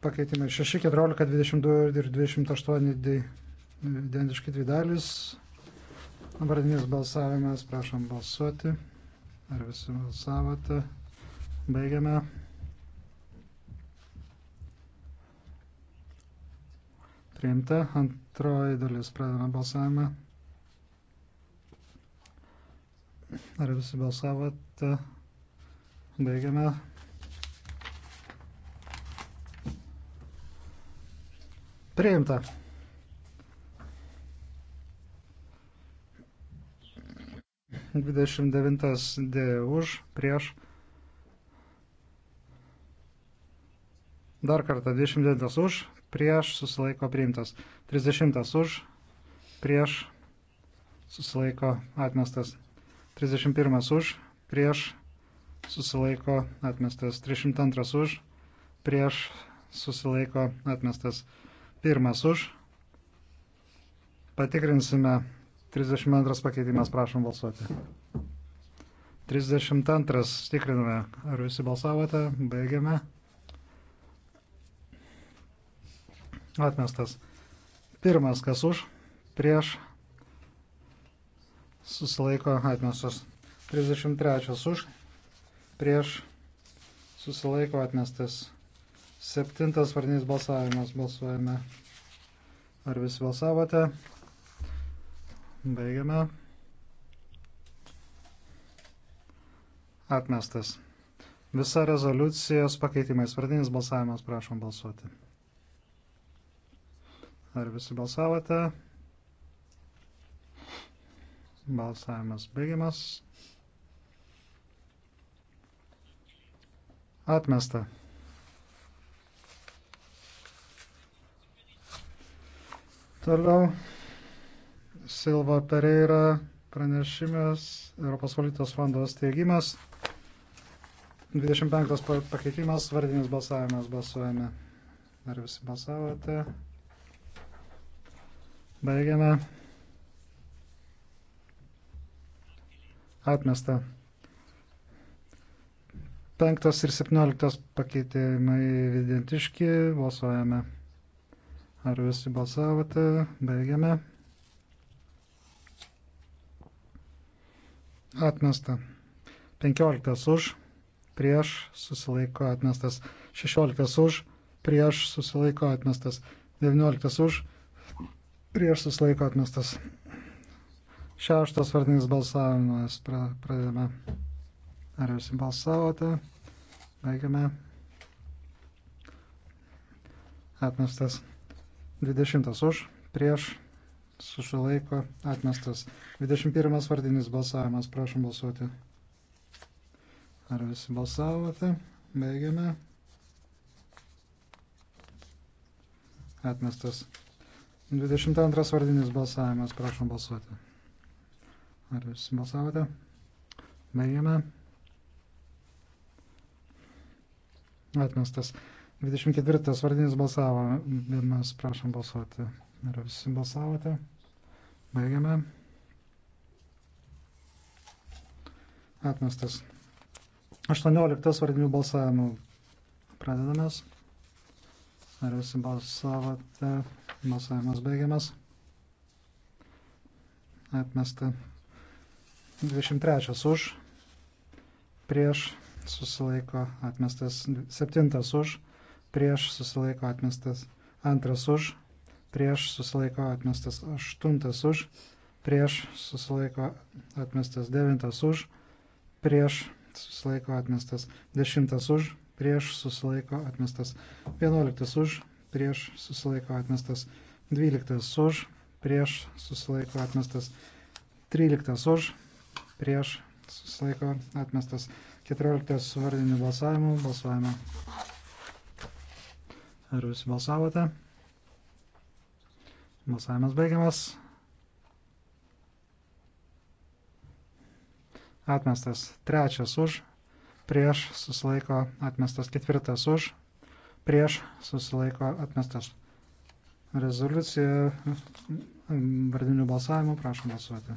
Pakeitimai 6, 14, 22 ir 28 identiški dvi dalis. Vardinis balsavimas, prašom balsuoti. Ar visi balsavote? Baigiame. Priimta. Antroji dalis pradame balsavimą. Ar visi balsavote? Baigiame. Priimta. 29 D už, prieš. Dar kartą 29 už, prieš, susilaiko priimtas. 30 už, prieš, susilaiko atmestas. 31 už, prieš, susilaiko atmestas. 302 už, prieš, susilaiko atmestas. 1 už. Patikrinsime 32 pakeitimas, prašom balsuoti. 32 tikriname, ar visi balsavote, baigiame. Atmestas. Pirmas, kas už, prieš, susilaiko atmestas. 33 už, prieš, susilaiko atmestas. Septintas varnys balsavimas, balsuojame. Ar visi balsavote? Baigiame. Atmestas. Visa rezoliucijos pakeitimais. Vardinis balsavimas, prašom balsuoti. Ar visi balsavote? Balsavimas baigiamas. Atmesta. Toliau Silva Pereira pranešimas, Europos valytos fondos teigimas, 25 pakeitimas, vardinis balsavimas balsuojame. Ar visi balsavote? Baigiame. Atmesta. 5 ir 17 pakeitimai identiški, balsuojame. Ar visi balsavote? Baigiame. atmesta. 15 už, prieš susilaiko atmestas. 16 už, prieš susilaiko atmestas. 19 už, prieš susilaiko atmestas. Šeštas vardinis balsavimas. Pradedame. Ar jūs balsavote? Baigiame. Atmestas. 20 už, prieš sušilaiko atmestas. 21 vardinis balsavimas, prašom balsuoti. Ar visi balsavote? Baigiame. Atmestas. 22 vardinis balsavimas, prašom balsuoti. Ar visi balsavote? Baigiame. Atmestas. 24 vardinis balsavimas, prašom balsuoti. Ar visi balsavote? Baigiame. Atmestas. 18 vardinių balsavimų. Pradedamės. Ar visi balsavote? Balsavimas baigiamas. Atmesta. 23 už. Prieš susilaiko atmestas. 7 už. Prieš susilaiko atmestas. 2 už prieš susilaiko atmestas 8 už, prieš susilaiko atmestas 9 už, prieš susilaiko atmestas 10 už, prieš susilaiko atmestas 11 už, prieš susilaiko atmestas 12 už, prieš susilaiko atmestas 13 už, prieš susilaiko atmestas 14 vardinių balsavimų balsavimą. Ar visi balsavote? Balsavimas baigiamas. Atmestas trečias už, prieš susilaiko atmestas ketvirtas už, prieš susilaiko atmestas. Rezoliucija vardinių balsavimų, prašom balsuoti.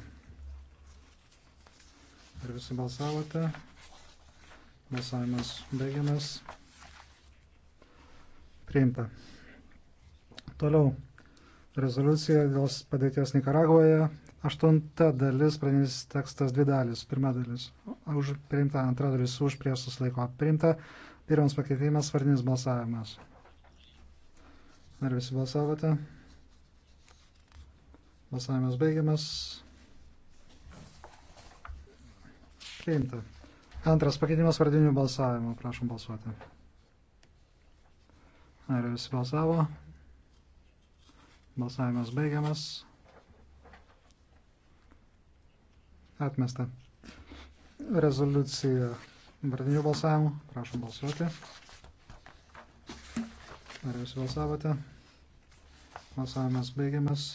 Ar visi balsavote? Balsavimas baigiamas. Priimta. Toliau rezoliucija dėl padėties Nikaragvoje. Aštunta dalis, pradinis tekstas dvi dalis. Pirma dalis už priimta, antra dalis už prieš susilaiko priimta. Pirmas pakeitimas, vardinis balsavimas. Ar visi balsavote? Balsavimas baigiamas. Priimta. Antras pakeitimas vardinių balsavimų. Prašom balsuoti. Ar visi balsavo? Balsavimas baigiamas. Atmesta. Rezoliucija vardinių balsavimų. Prašom balsuoti. Ar jūs balsavote? Balsavimas baigiamas.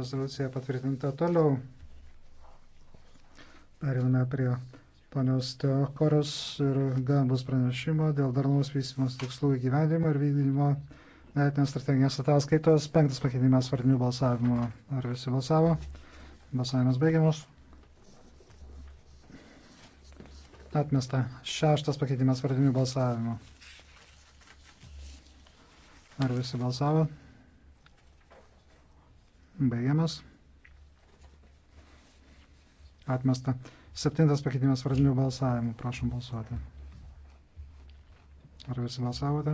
Rezoliucija patvirtinta toliau. Periname prie panios Teokoros ir Gambos pranešimo dėl darnaus vystymas tikslų įgyvendimo ir vykdymo metinės strateginės ataskaitos. Penktas pakeitimas vardinių balsavimo. Ar visi balsavo? Balsavimas baigiamas. Atmesta. Šeštas pakeitimas vardinių balsavimo. Ar visi balsavo? Baigiamas. Atmesta. Septintas pakeitimas vardinių balsavimų. Prašom balsuoti. Ar visi balsavote?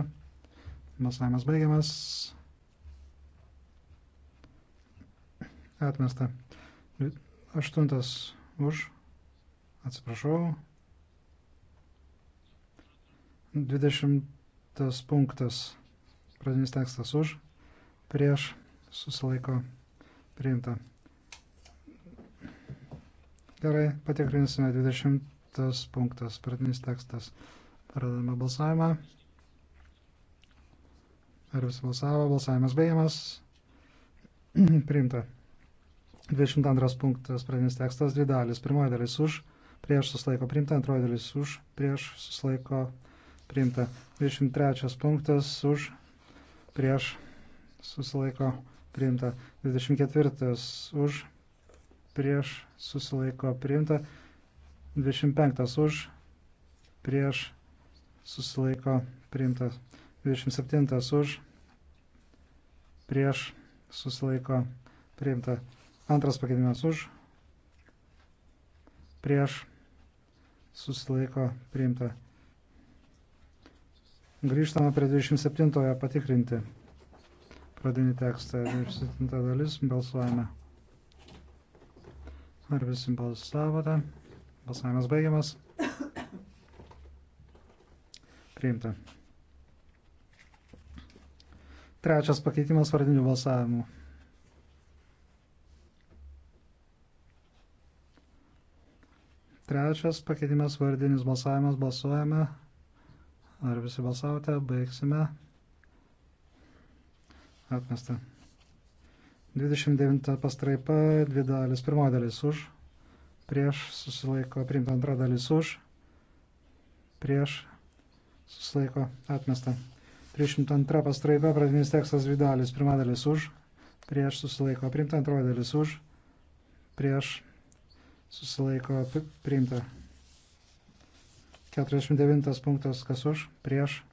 Balsavimas baigiamas. Atmesta. Aštuntas už. Atsiprašau. Dvidešimtas punktas. Pradinis tekstas už. Prieš susilaiko priimta. Gerai, patikrinsime 20 punktas, pradinis tekstas. Pradedame balsavimą. Ar visi balsavo? Balsavimas baigiamas. Priimta. 22 punktas, pradinis tekstas, dvi dalis. Pirmoji dalis už, prieš suslaiko priimta, antroji dalis už, prieš suslaiko priimta. 23 punktas už, prieš suslaiko priimta. 24 už, prieš susilaiko priimta, 25 už, prieš susilaiko priimta, 27 už, prieš susilaiko priimta, antras pakeitimas už, prieš susilaiko priimta. Grįžtame prie 27 patikrinti pradinį tekstą, 27 dalis, balsuojame. Ar visi balsavote? Balsavimas baigiamas. Priimta. Trečias pakeitimas vardinių balsavimų. Trečias pakeitimas vardinis balsavimas. Balsuojame. Ar visi balsavote? Baigsime. Atmesta. 29 pastraipa, dvi dalis, pirmoji dalis už, prieš susilaiko priimta antra dalis už, prieš susilaiko atmesta. 302 pastraipa, pradinis tekstas dvi dalis, pirma dalis už, prieš susilaiko priimta antroji dalis už, prieš susilaiko priimta. 49 punktas kas už, prieš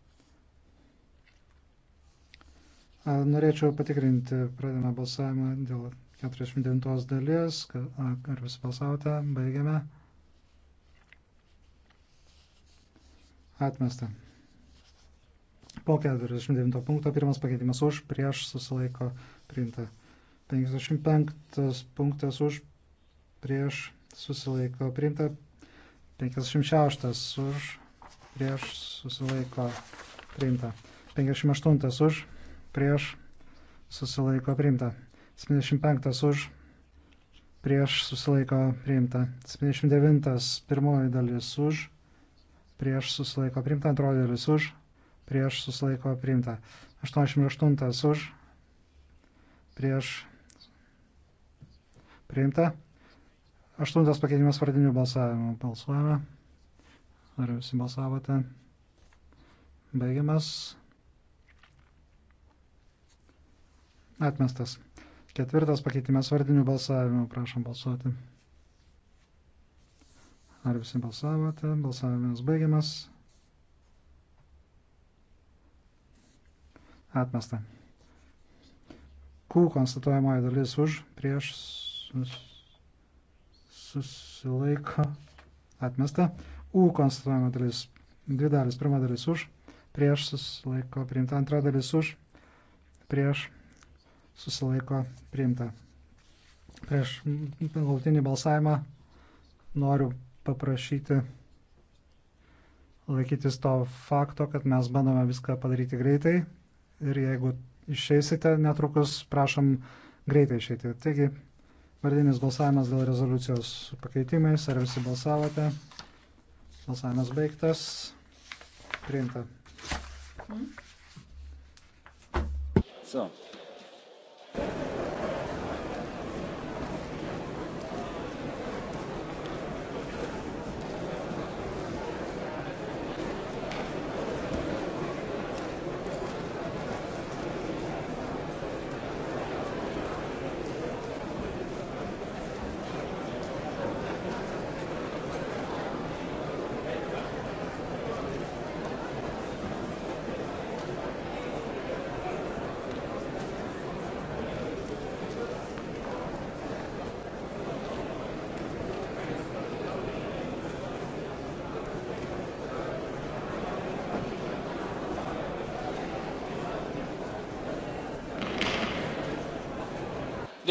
Norėčiau patikrinti, pradėme balsavimą dėl 49 dalies, ar visi balsavote, baigiame. Atmesta. Po 49 punkto pirmas pakeitimas už, prieš susilaiko priimta. 55 punktas už, prieš susilaiko priimta. 56 už, prieš susilaiko priimta. 58 už prieš, susilaiko priimta. 75 už, prieš, susilaiko priimta. 79 pirmoji dalis už, prieš, susilaiko priimta. Antroji dalis už, prieš, susilaiko priimta. 88 už, prieš, priimta. Aštuntas pakeitimas vardinių balsavimų. Balsuojame. Ar visi balsavote? Baigiamas. Atmestas. Ketvirtas pakeitimas vardinių balsavimų. Prašom balsuoti. Ar visi balsavote? Balsavimas baigiamas. Atmesta. Q konstatuojamoji dalis už, prieš, sus, susilaiko. Atmesta. U konstatuojama dalis. Dvi dalis. Pirma dalis už, prieš, susilaiko. Priimta antra dalis už, prieš, susilaiko priimta. Prieš galutinį balsavimą noriu paprašyti laikytis to fakto, kad mes bandome viską padaryti greitai ir jeigu išeisite netrukus, prašom greitai išeiti. Taigi, vardinis balsavimas dėl rezoliucijos su pakeitimais, ar visi balsavote? Balsavimas baigtas. Priimta. So.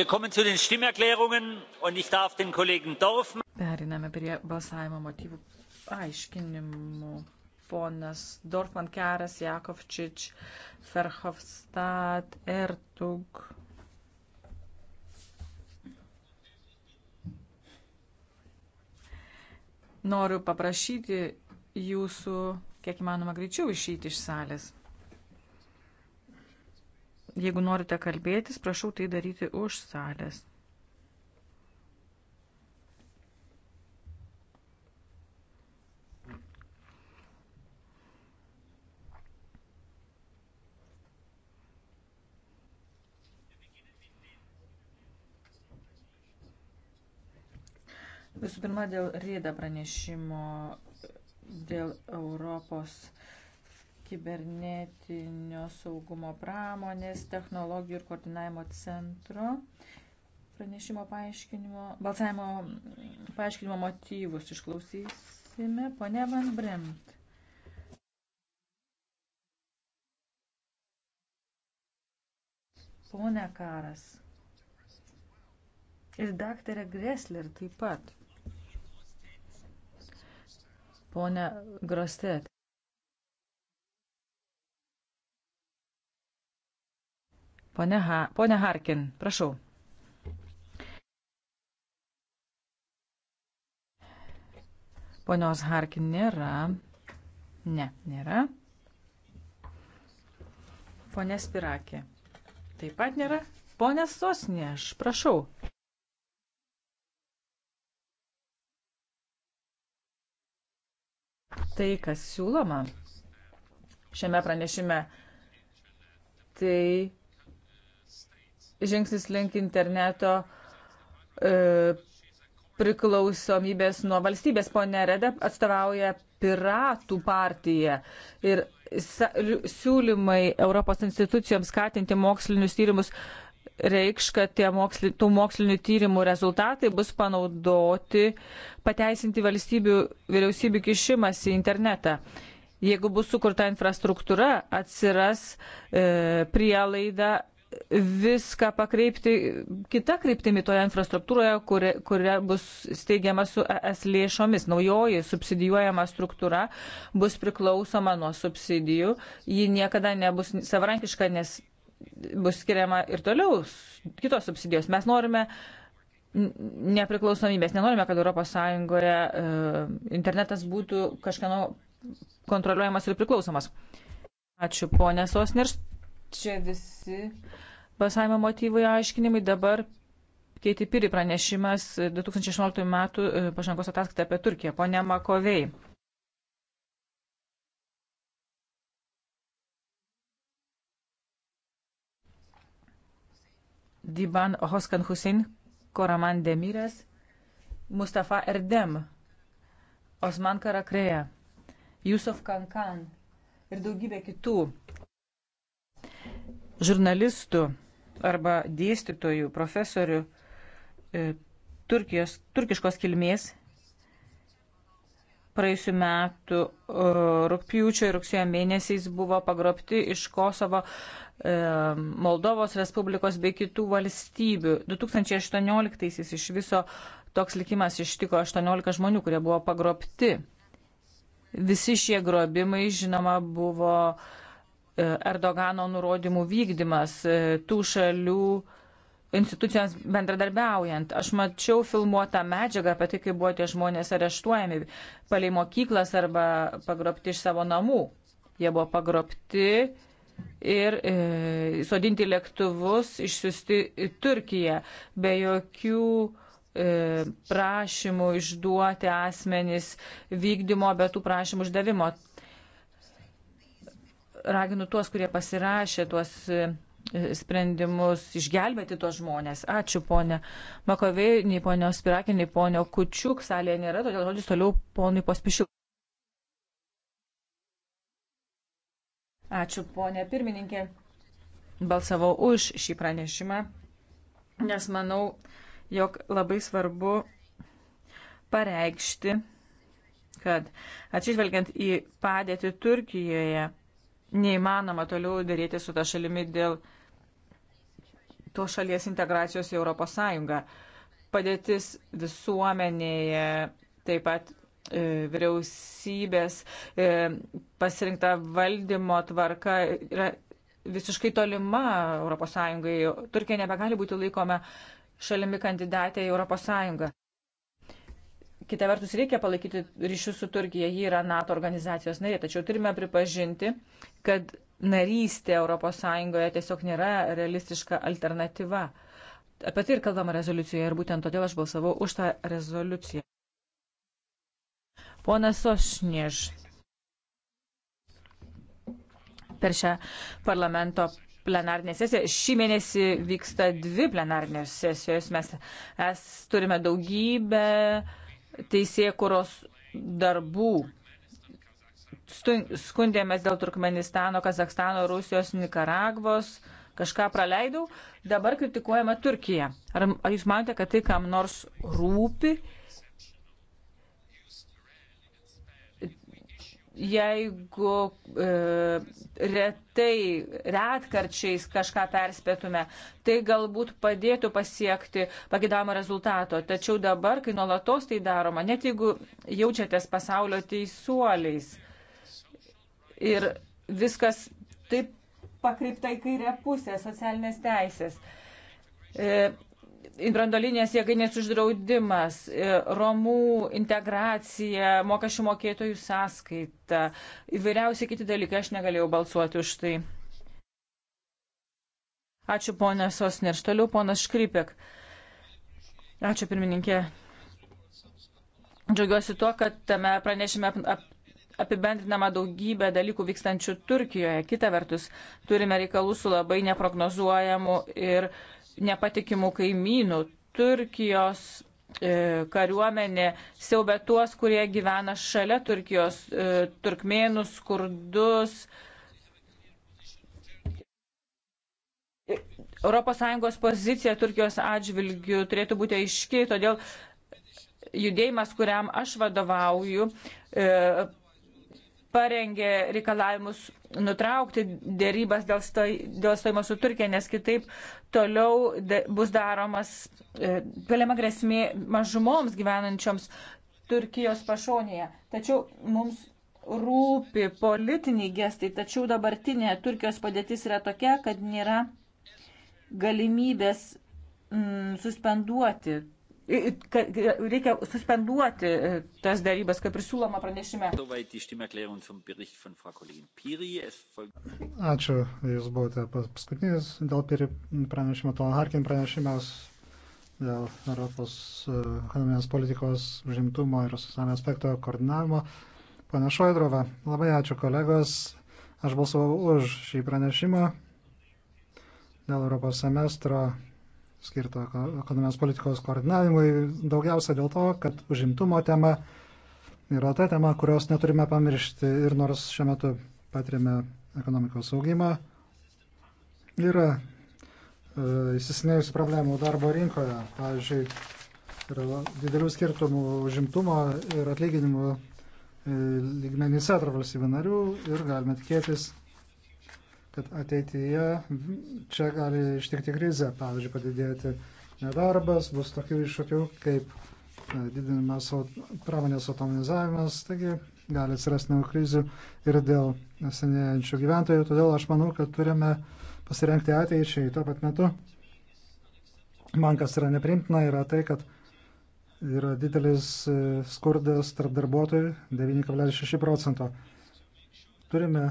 Periname prie balsavimo motyvų aiškinimų. Ponas Dorfman Keras, Jakovčič, Ferhofstad, Ertug. Noriu paprašyti jūsų, kiek įmanoma greičiau išeiti iš salės. Jeigu norite kalbėtis, prašau tai daryti už salės. Visų pirma, dėl rėda pranešimo dėl Europos kibernetinio saugumo pramonės, technologijų ir koordinavimo centro pranešimo paaiškinimo, balsavimo paaiškinimo motyvus išklausysime. Pone Van Bremt. Pone Karas. Ir daktarė Gressler taip pat. Pone Grostet. Pone, ha Pone Harkin, prašau. Ponios Harkin nėra. Ne, nėra. Pone Spirakė. Taip pat nėra. Pone Sosnė, aš prašau. Tai, kas siūloma šiame pranešime, tai žingsnis link interneto e, priklausomybės nuo valstybės. Pone Reda atstovauja piratų partiją ir siūlymai Europos institucijoms skatinti mokslinius tyrimus reikš, kad moksli, tų mokslinių tyrimų rezultatai bus panaudoti pateisinti valstybių vyriausybių kišimas į internetą. Jeigu bus sukurta infrastruktūra, atsiras e, prielaida viską pakreipti kitą kryptimį toje infrastruktūroje, kuria, kuria bus steigiama su ES lėšomis. Naujoji subsidijuojama struktūra bus priklausoma nuo subsidijų, ji niekada nebus savarankiška, nes bus skiriama ir toliau kitos subsidijos. Mes norime nepriklausomybės, nenorime, kad ES e, internetas būtų kažkieno kontroliuojamas ir priklausomas. Ačiū, ponė Sosnirs. Čia visi balsavimo motyvai aiškinimai. Dabar Keiti Piri pranešimas 2016 e, metų e, pažangos ataskaita apie Turkiją. Pone Makovei. Diban Hoskan Husin, Koraman Demirės, Mustafa Erdem, Osman Karakreja, Jusuf Kankan ir daugybė kitų žurnalistų arba dėstytojų, profesorių e, Turkijos, turkiškos kilmės praėjusiu metu rūpjūčio ir rugsėjo mėnesiais buvo pagrobti iš Kosovo, e, Moldovos Respublikos bei kitų valstybių. 2018-aisiais iš viso toks likimas ištiko 18 žmonių, kurie buvo pagrobti. Visi šie grobimai, žinoma, buvo uh, Erdogano nurodymų vykdymas e, tų šalių institucijoms bendradarbiaujant. Aš mačiau filmuotą medžiagą apie tai, kaip buvo tie žmonės areštuojami palei mokyklas arba pagrobti iš savo namų. Jie buvo pagrobti ir e, sodinti lėktuvus, išsiusti į Turkiją be jokių e, prašymų išduoti asmenys vykdymo, be tų prašymų išdavimo raginu tuos, kurie pasirašė tuos e, sprendimus išgelbėti tuos žmonės. Ačiū, ponė Makovėjai, nei ponio Spirakė, nei ponio Kučiuk salėje nėra, todėl žodis toliau ponui Pospišiuk. Ačiū, ponė pirmininkė. Balsavau už šį pranešimą, nes manau, jog labai svarbu pareikšti, kad atsižvelgiant į padėtį Turkijoje, neįmanoma toliau dėrėti su ta šalimi dėl to šalies integracijos į Europos Sąjungą. Padėtis visuomenėje, taip pat e, vyriausybės e, pasirinkta valdymo tvarka yra visiškai tolima Europos Sąjungai. Turkija nebegali būti laikoma šalimi kandidatė į Europos Sąjungą. Kita vertus, reikia palaikyti ryšius su Turkija, ji yra NATO organizacijos narė, tačiau turime pripažinti, kad narystė ES tiesiog nėra realistiška alternatyva. Apie tai ir kalbama rezoliucijoje ir būtent todėl aš balsavau už tą rezoliuciją. Ponas Sošniež, per šią parlamento plenarinė sesija. Šį mėnesį vyksta dvi plenarinės sesijos. Mes es, turime daugybę uh, teisėkuros darbų. Skundėmės dėl Turkmenistano, Kazakstano, Rusijos, Nikaragvos. Kažką praleidau. Dabar kritikuojama Turkija. Ar, ar jūs manote, kad tai kam nors rūpi jeigu e, retai, retkarčiais kažką perspėtume, tai galbūt padėtų pasiekti pagidavimo rezultato. Tačiau dabar, kai nuolatos tai daroma, net jeigu jaučiatės pasaulio teisuoliais ir viskas taip pakreipta į kairę pusę, socialinės teisės. E, brandolinės jėgainės uždraudimas, e, Romų integracija, mokesčių mokėtojų sąskaita, įvairiausi kiti dalykai, aš negalėjau balsuoti už tai. Ačiū ponė Sosner, toliau ponas Škrypek. Ačiū pirmininkė. Džiaugiuosi tuo, kad tame pranešime apibendrinama daugybė dalykų vykstančių Turkijoje. Kita vertus, turime reikalų su labai neprognozuojamu ir uh, nepatikimų kaimynų. Turkijos e, kariuomenė siaubė tuos, kurie gyvena šalia Turkijos, e, turkmėnus, kurdus. ES pozicija Turkijos atžvilgių turėtų būti aiški, todėl judėjimas, kuriam aš vadovauju, e, parengė reikalavimus nutraukti dėrybas dėl, stoj, dėl stojimo su Turkija, nes kitaip toliau de, bus daromas keliama e, grėsmė mažumoms gyvenančioms Turkijos pašonėje. Tačiau mums rūpi politiniai gestai, tačiau dabartinė Turkijos padėtis yra tokia, kad nėra galimybės mm, suspenduoti reikia suspenduoti e, tas darybas, kaip ir siūloma pranešime. Ačiū, jūs buvote paskutinis dėl pranešimo, to Harkin pranešimas dėl Europos e, ekonominės politikos žimtumo ir socialinio aspekto koordinavimo. Pane Šoidrova, labai ačiū kolegos, aš balsavau už šį pranešimą dėl Europos semestro skirto ekonomijos politikos koordinavimui, daugiausia dėl to, kad užimtumo tema yra ta tema, kurios neturime pamiršti ir nors šiuo metu patirime ekonomikos augimą, yra e, įsisinėjusių problemų darbo rinkoje. Pavyzdžiui, yra didelių skirtumų užimtumo ir atlyginimų e, lygmenyse tarp valstybių narių ir galime tikėtis kad ateityje čia gali ištikti krizę, pavyzdžiui, padidėti nedarbas, bus tokių iššūkių kaip e, didinimas pramonės autonomizavimas, taigi gali atsirasti naujų krizių ir dėl senėjančių gyventojų. Todėl aš manau, kad turime pasirengti ateičiai tuo pat metu. Man kas yra neprimtina yra tai, kad yra didelis e, skurdas tarp darbuotojų 9,6 procento. Turime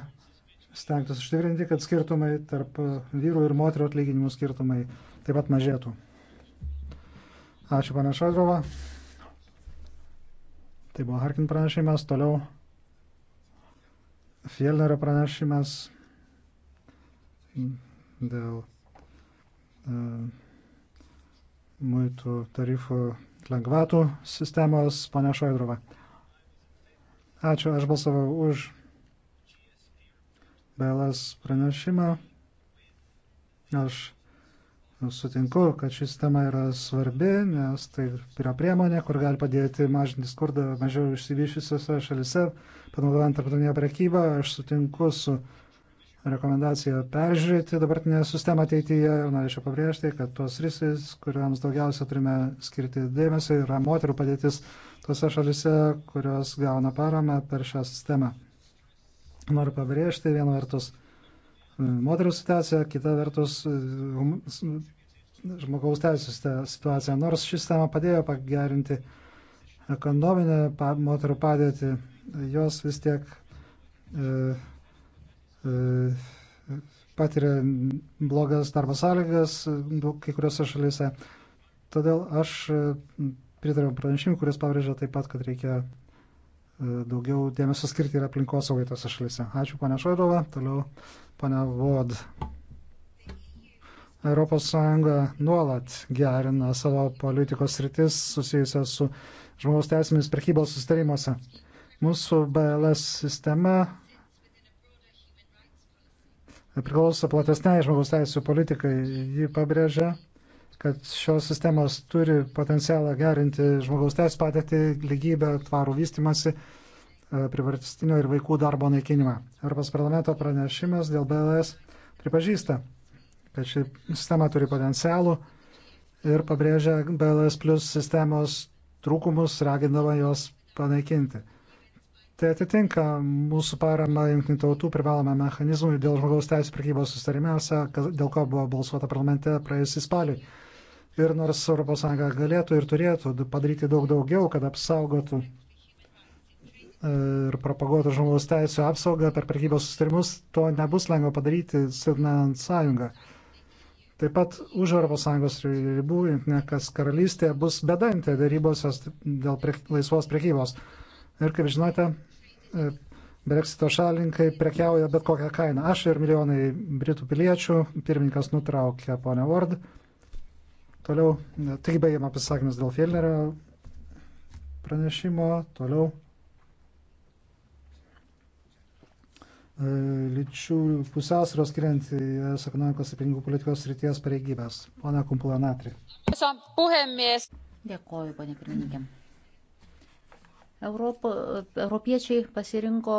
stengtis užtikrinti, kad skirtumai tarp vyrų ir moterų atlyginimų skirtumai taip pat mažėtų. Ačiū, pana Šadrova. Tai buvo Harkin pranešimas, toliau Fielnerio pranešimas dėl uh, muitų tarifų lengvatų sistemos, pana Šaidrova. Ačiū, aš balsavau už Belas pranešimą. Aš sutinku, kad ši sistema yra svarbi, nes tai yra priemonė, kur gali padėti mažinti skurdą mažiau išsivyšusiose šalise, panaudojant tarptautinę prekybą. Aš sutinku su rekomendacija peržiūrėti dabartinę sistemą ateityje ir norėčiau pabrėžti, kad tos rysis, kuriams daugiausia turime skirti dėmesio, yra moterų padėtis tose šalise, kurios gauna paramą per šią sistemą. Noriu pabrėžti vieną vertus e, moterų situaciją, kitą vertus e, žmogaus teisų situaciją. Nors šis tema padėjo pagerinti ekonominę pa, moterų padėtį, jos vis tiek e, e, patiria blogas darbo sąlygas e, kai kuriuose šalyse. Todėl aš pritariu pranešimui, kuris pabrėžia taip pat, kad reikia E, daugiau dėmesio skirti ir aplinkosaugai tose šalise. Ačiū, ponia Šoidova. Toliau, ponia Vod. ES nuolat gerina savo politikos rytis susijusią su žmogaus teisėmis prekybos sustarimuose. Mūsų BLS sistema priklauso platesnei žmogaus teisų politikai. Ji pabrėžia kad šios sistemos turi potencialą gerinti žmogaus teisų padėtį, lygybę, tvarų vystimasi, e, privartistinio ir vaikų darbo naikinimą. Europos parlamento pranešimas dėl BLS pripažįsta, kad ši sistema turi potencialų ir pabrėžia BLS plus sistemos trūkumus, ragindama jos panaikinti. Tai atitinka mūsų parama jungtinių tautų privalomą mechanizmui dėl žmogaus teisų prekybos sustarimiausia, dėl ko buvo balsuota parlamente praėjusį spalį. Ir nors ES galėtų ir turėtų padaryti daug daugiau, kad apsaugotų e, ir propaguotų žmogaus teisų apsaugą per prekybos sustarimus, to nebus lengva padaryti silpnant sąjungą. Taip pat už ES ribų, nekas karalystė, bus bedantė darybose dėl prie, laisvos prekybos. Ir kaip žinote, e, Brexito šalinkai prekiauja bet kokią kainą. Aš ir milijonai Britų piliečių, pirmininkas nutraukė ponę Ward. Toliau, taigi baigiam pasisakymus dėl Fielnerio pranešimo. Toliau. E, lyčių pusiausvėros skiriant ES ekonomikos ir pinigų politikos ryties pareigybės. Pone Kumpulanatri. Dėkoju, ponė pirmininkė. Europo, europiečiai pasirinko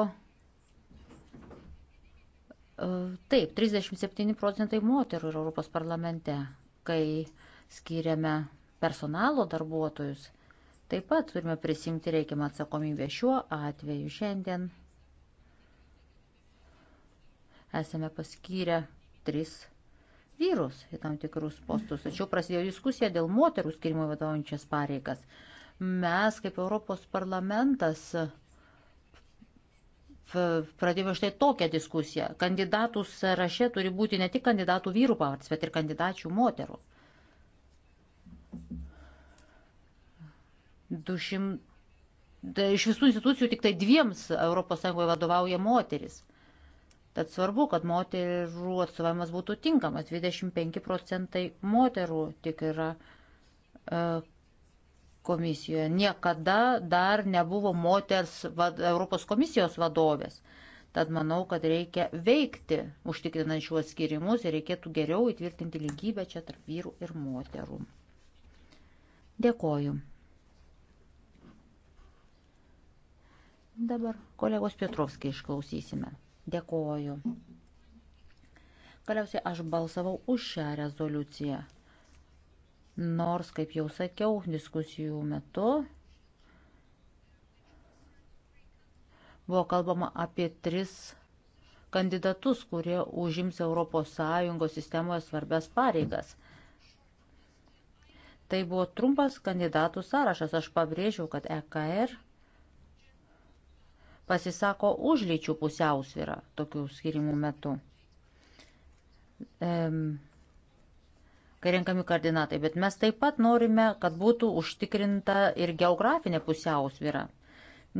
e, Taip, 37 procentai moterų yra Europos parlamente, kai skiriame personalo darbuotojus, taip pat turime prisimti reikiamą atsakomybę šiuo atveju šiandien. Esame paskyrę tris vyrus į tam tikrus postus, tačiau prasidėjo diskusija dėl moterų skirimo vadovaujančias pareigas. Mes kaip Europos parlamentas pradėjome štai tokią diskusiją. Kandidatų sąraše turi būti ne tik kandidatų vyrų pavardės, bet ir kandidačių moterų. 200, tai iš visų institucijų tik tai dviems ES vadovauja moteris. Tad svarbu, kad moterų atstovavimas būtų tinkamas. 25 procentai moterų tik yra e, komisijoje. Niekada dar nebuvo moters vad, Europos komisijos vadovės. Tad manau, kad reikia veikti užtikrinant šiuos skirimus ir reikėtų geriau įtvirtinti lygybę čia tarp vyrų ir moterų. Dėkoju. Dabar kolegos Pietrovskį išklausysime. Dėkoju. Galiausiai aš balsavau už šią rezoliuciją. Nors, kaip jau sakiau, diskusijų metu buvo kalbama apie tris kandidatus, kurie užims ES sistemoje svarbias pareigas. Tai buvo trumpas kandidatų sąrašas. Aš pabrėžiau, kad EKR pasisako už lyčių pusiausvyrą tokių skirimų metu. Ehm, kai renkami koordinatai, bet mes taip pat norime, kad būtų užtikrinta ir geografinė pusiausvyrą,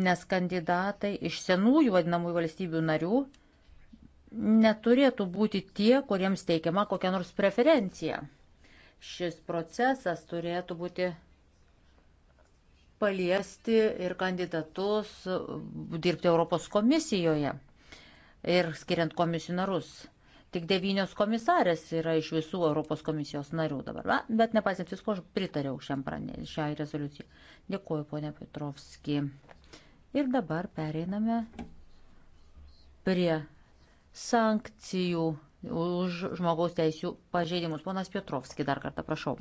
nes kandidatai iš senųjų vadinamųjų valstybių narių neturėtų būti tie, kuriems teikiama kokia nors preferencija. Šis procesas turėtų būti paliesti ir kandidatus dirbti Europos komisijoje ir skiriant komisionarus. Tik devynios komisarės yra iš visų Europos komisijos narių dabar. Na, bet nepaisant visko, aš pritariau šiam pranė, šiai rezoliucijai. Dėkuoju, ponė Petrovski. Ir dabar pereiname prie sankcijų už žmogaus teisų pažeidimus. Ponas Piotrovski, dar kartą prašau.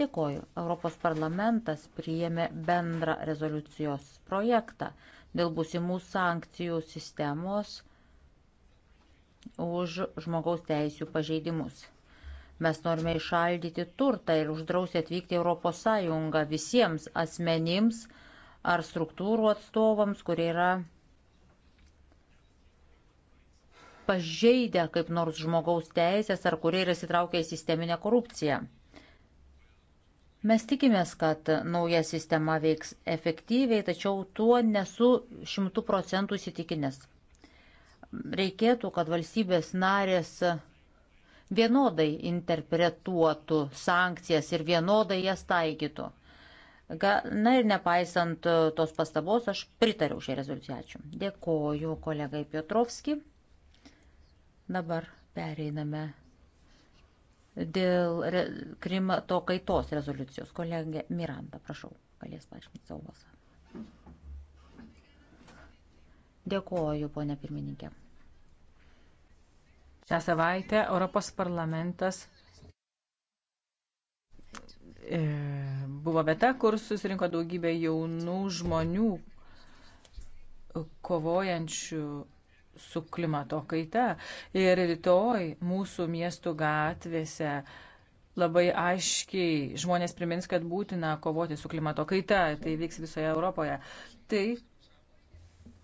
Dėkoju. Europos parlamentas priėmė bendrą rezoliucijos projektą dėl būsimų sankcijų sistemos už žmogaus teisų pažeidimus. Mes norime išaldyti turtą ir uždrausti atvykti Europos Sąjungą visiems asmenims ar struktūrų atstovams, kurie yra pažeidę kaip nors žmogaus teisės ar kurie yra sitraukę į sisteminę korupciją. Mes tikimės, kad nauja sistema veiks efektyviai, tačiau tuo nesu šimtų procentų įsitikinęs. Reikėtų, kad valstybės narės vienodai interpretuotų sankcijas ir vienodai jas taikytų. Na ir nepaisant tos pastabos, aš pritariau šią rezoliuciją. Ačiū. Dėkoju kolegai Piotrovski. Dabar pereiname dėl re, klimato kaitos rezoliucijos. Kolegė Miranda, prašau, galės paaiškinti savo balsą. Dėkuoju, ponė pirmininkė. Šią savaitę Europos parlamentas e, buvo vieta, kur susirinko daugybė jaunų žmonių kovojančių su klimato kaita. Ir rytoj mūsų miestų gatvėse labai aiškiai žmonės primins, kad būtina kovoti su klimato kaita. Tai vyks visoje Europoje. Tai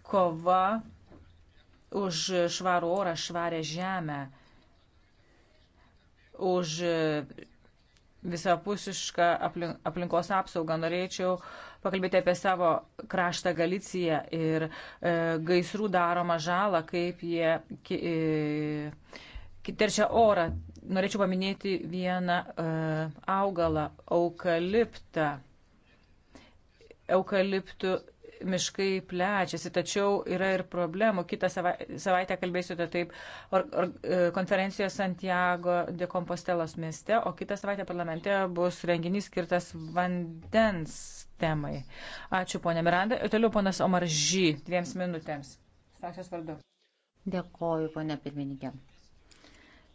kova už švarų orą, švarę žemę, už visapusišką aplinkos apsaugą. Norėčiau uh, pakalbėti apie savo kraštą Galiciją ir e, gaisrų daromą žalą, kaip jie ki, e, teršia orą. Norėčiau paminėti vieną e, augalą - eukaliptą. Eukaliptų miškai plečiasi, tačiau yra ir problemų. Kitą savaitę kalbėsite taip or, or, e, konferencijoje Santiago de Compostelos mieste, o kitą savaitę parlamente bus renginys skirtas vandens temai. Ačiū, ponė Miranda. Ir toliau ponas Omaržy, dviems minutėms. Frakcijos vardu. Dėkoju, ponė pirmininkė.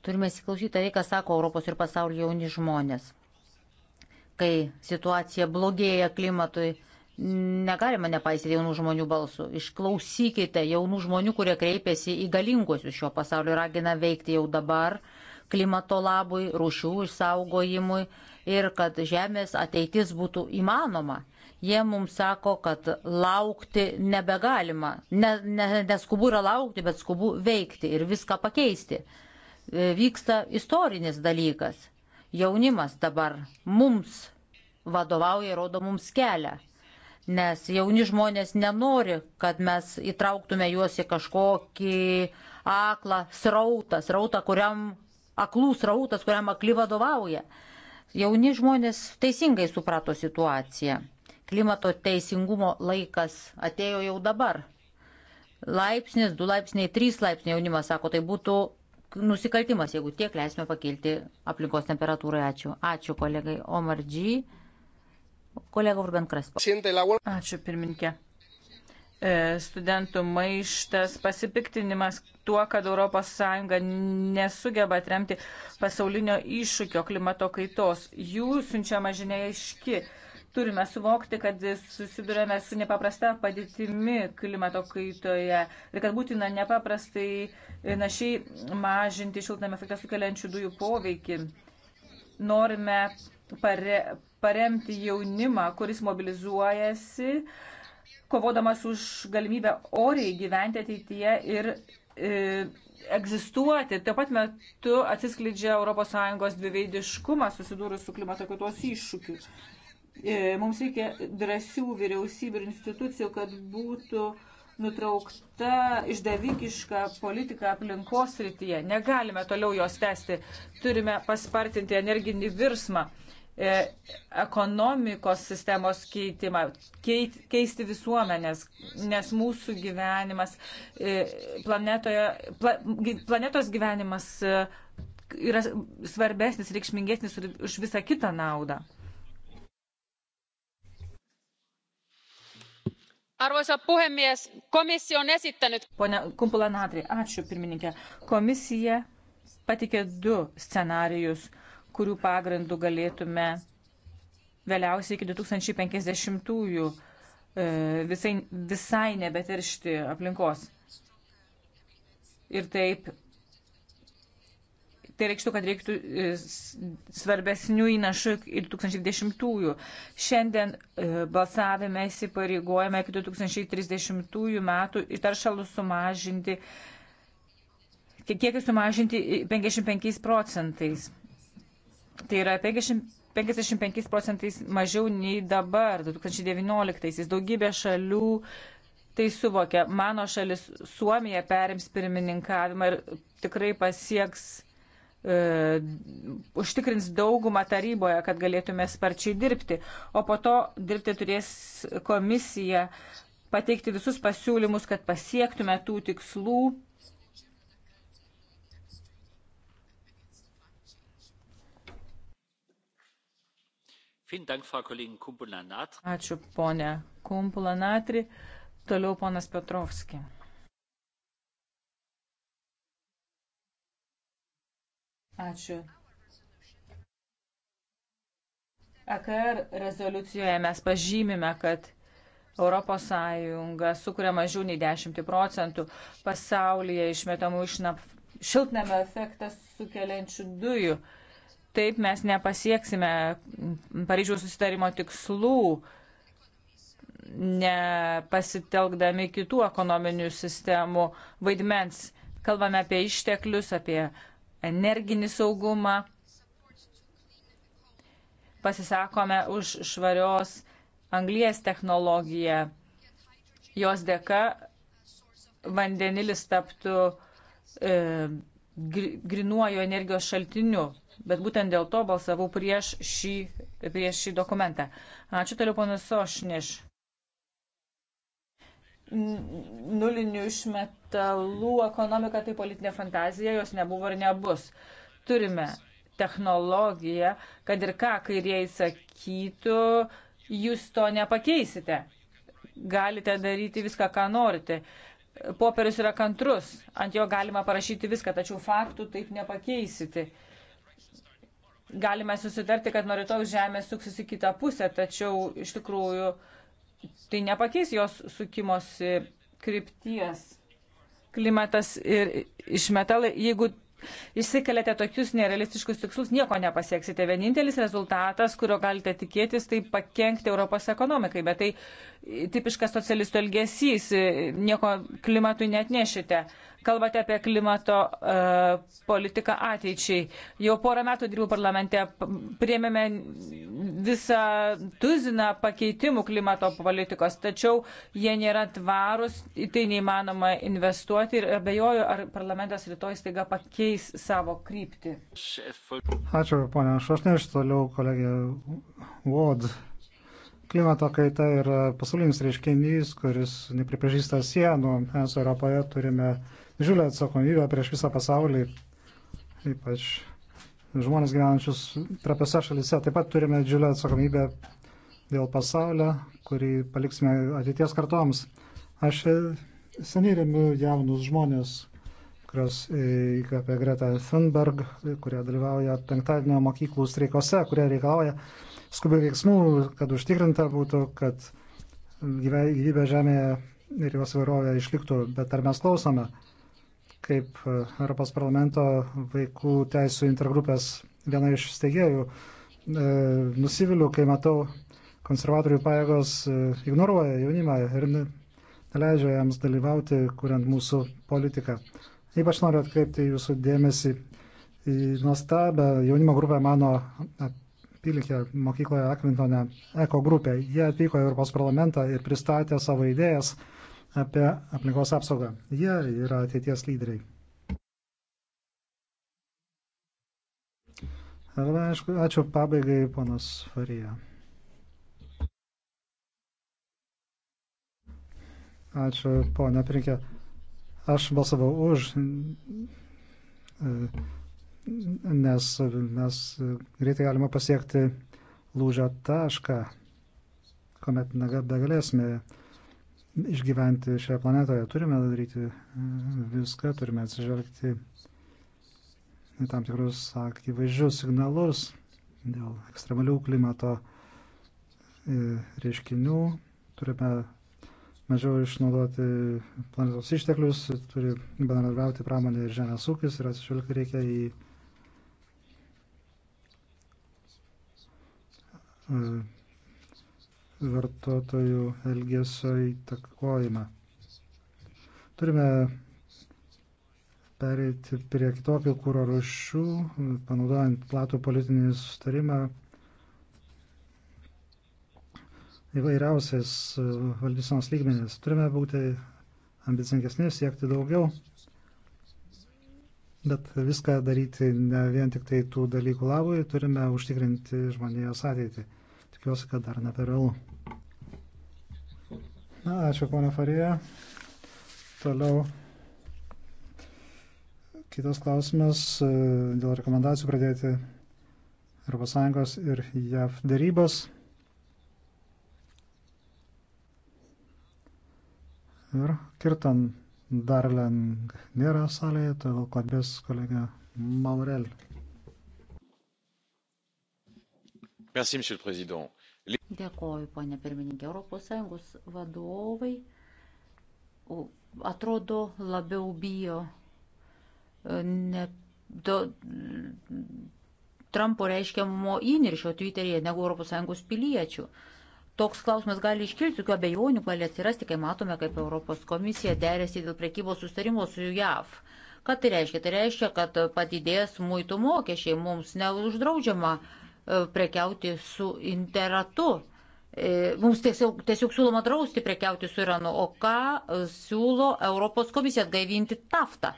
Turime įsiklausyti tai, ką sako Europos ir pasaulio jauni žmonės. Kai situacija blogėja klimatui, negalima nepaisyti jaunų žmonių balsų. Išklausykite jaunų žmonių, kurie kreipiasi į galinguosius šio pasaulio, ragina veikti jau dabar klimato labui, rūšių išsaugojimui ir kad žemės ateitis būtų įmanoma. Jie mums sako, kad laukti nebegalima. Ne, ne, neskubu yra laukti, bet skubu veikti ir viską pakeisti. E, vyksta istorinis dalykas. Jaunimas dabar mums vadovauja, rodo mums kelią nes jauni žmonės nenori, kad mes įtrauktume juos į kažkokį aklą srautą, srautą, kuriam aklų srautas, kuriam akli vadovauja. Jauni žmonės teisingai suprato situaciją. Klimato teisingumo laikas atėjo jau dabar. Laipsnis, du laipsniai, trys laipsniai jaunimas sako, tai būtų nusikaltimas, jeigu tiek leisime pakilti aplinkos temperatūrai. Ačiū. Ačiū kolegai Omar G. Kolega Urban Krespo. Ačiū pirmininkė e, studentų maištas, pasipiktinimas tuo, kad ES nesugeba atremti pasaulinio iššūkio klimato kaitos. Jų siunčiama žinia aiški. Turime suvokti, kad susidurėme su nepaprasta padėtimi klimato kaitoje ir kad būtina nepaprastai našiai mažinti šiltnamio efektą sukeliančių dujų poveikį. Norime pare, paremti jaunimą, kuris mobilizuojasi, kovodamas už galimybę oriai gyventi ateityje ir e, egzistuoti. Tuo pat metu atsiskleidžia ES dviveidiškumas susidūrus su klimato kaitos iššūkiu. E, mums reikia drąsių vyriausybių ir institucijų, kad būtų nutraukta išdavikiška politika aplinkos rytyje. Negalime toliau jos tęsti. Turime paspartinti energinį virsmą, e, ekonomikos sistemos keitimą, keit, keisti visuomenės, nes mūsų gyvenimas, e, planetoje, pla, planetos gyvenimas e, yra svarbesnis, reikšmingesnis už visą kitą naudą. Arvoisa puhemies, komissio on esittänyt. Pone Kumpula Natri, ačiū pirmininkė. Komisija patikė du scenarius, kurių pagrindų galėtume vėliausiai iki 2050-ųjų e, visai, visai nebeteršti aplinkos. Ir taip Tai reikštų, kad reiktų e, svarbesnių įnašų ir 2010-ųjų. Šiandien e, balsavime įsipareigojame iki 2030 metų taršalus sumažinti, kiekį sumažinti 55 procentais. Tai yra 50, 55 procentais mažiau nei dabar, 2019-aisiais. Daugybė šalių tai suvokia. Mano šalis Suomija perims pirmininkavimą ir tikrai pasieks E, užtikrins daugumą taryboje, kad galėtume sparčiai dirbti. O po to dirbti turės komisija pateikti visus pasiūlymus, kad pasiektume tų tikslų. Ačiū, ponė Kumpulanatri. Toliau ponas Petrovski. Ačiū. AKR e rezoliucijoje mes pažymime, kad ES sukuria mažiau nei 10 procentų pasaulyje išmetamų iš šiltnamio efektą sukeliančių dujų. Taip mes nepasieksime Paryžiaus susitarimo tikslų, nepasitelkdami kitų ekonominių sistemų vaidmens. Kalbame apie išteklius, apie energinį saugumą. Pasisakome už švarios anglies technologiją. Jos dėka vandenilis taptų e, grinuoju energijos šaltiniu. Bet būtent dėl to balsavau prieš šį, prieš šį dokumentą. Ačiū toliau, ponas Sošniš nulinių išmetalų ekonomika tai politinė fantazija, jos nebuvo ir nebus. Turime technologiją, kad ir ką kairieji sakytų, jūs to nepakeisite. Galite daryti viską, ką norite. Popierius yra kantrus, ant jo galima parašyti viską, tačiau faktų taip nepakeisite. Galime susitarti, kad nuo rytojų žemė suksis į kitą pusę, tačiau iš tikrųjų uh, tai nepakeis jos sukimosi krypties. Klimatas ir išmetalai, jeigu išsikeliate tokius nerealistiškus tikslus, nieko nepasieksite. Vienintelis rezultatas, kurio galite tikėtis, tai pakengti Europos ekonomikai, bet tai tipiškas socialistų elgesys, nieko klimatui net nešite. Kalbate apie klimato uh, politiką ateičiai. Jau porą metų dirbu parlamente, priemėme visą tuziną pakeitimų klimato politikos, tačiau jie nėra tvarus, į tai neįmanoma investuoti ir abejoju, ar parlamentas rytoj staiga pakeis savo kryptį. Ačiū, ponia Šošneš, toliau kolegė Ward klimato kaita yra pasaulinis reiškinys, kuris nepripažįsta sienų. Mes Europoje turime didžiulę atsakomybę prieš visą pasaulį, ypač žmonės gyvenančius trapiose šalise. Taip pat turime didžiulę atsakomybę dėl pasaulio, kurį paliksime ateities kartoms. Aš seniai remiu jaunus žmonės, kurios įkvėpė Greta Thunberg, kurie dalyvauja penktadienio mokyklų streikose, kurie reikalauja skubių veiksmų, kad užtikrinta būtų, kad gyvybė žemėje ir jos vairovė išliktų. Bet ar mes klausome? kaip e, Europos parlamento vaikų teisų intergrupės viena iš steigėjų, e, nusiviliu, kai matau konservatorių pajėgos e, ignoruoja jaunimą ir neleidžia jiems dalyvauti, kuriant mūsų politiką. Ypač noriu atkreipti jūsų dėmesį į nuostabę jaunimo grupę mano apylinkė mokykloje Akvintone, eko grupė. Jie atvyko į Europos parlamentą ir pristatė savo idėjas apie aplinkos apsaugą. Jie yra ateities lyderiai. Aišku, ačiū pabaigai, ponas Farija. Ačiū, ponia Prinkė. Aš balsavau už, nes mes greitai galime pasiekti lūžio tašką, kuomet negalėsime išgyventi šioje planetoje. Turime daryti e, viską, turime atsižvelgti į tam tikrus akivaizdžius signalus dėl ekstremalių klimato e, reiškinių. Turime mažiau išnaudoti planetos išteklius, turi bendradarbiauti pramonė ir žemės ūkis ir atsižvelgti reikia į uh, vartotojų elgesio įtakojimą. Turime pereiti prie kitokių kūro rušių, panaudojant platų politinį sustarimą įvairiausiais e, valdysenos lygmenės. Turime būti ambicingesni, siekti daugiau, bet viską daryti ne vien tik tai tų dalykų labui, turime užtikrinti žmonijos ateitį. Tikiuosi, kad dar ne per vėlų. Na, ačiū, ponia Farija. Toliau. Kitas klausimas e, dėl rekomendacijų pradėti ES ir JAV darybos. Ir Kirtan Darling nėra salėje, todėl kalbės kolega Maurel. Merci, monsieur le président. Dėkoju, ponė pirmininkė. ES vadovai atrodo labiau bijo e, ne, do, Trumpo reiškiamo įniršio Twitter'yje negu ES piliečių. Toks klausimas gali iškilti, tokių abejonių gali atsirasti, kai matome, kaip Europos komisija derėsi dėl prekybos sustarimo su JAV. Ką tai reiškia? Tai reiškia, kad padidės muitų mokesčiai, mums neuždraudžiama uh, E, prekiauti su interatu. E, mums tiesiog, tiesiog siūloma drausti prekiauti su Iranu, o ką e, siūlo Europos komisija atgaivinti taftą.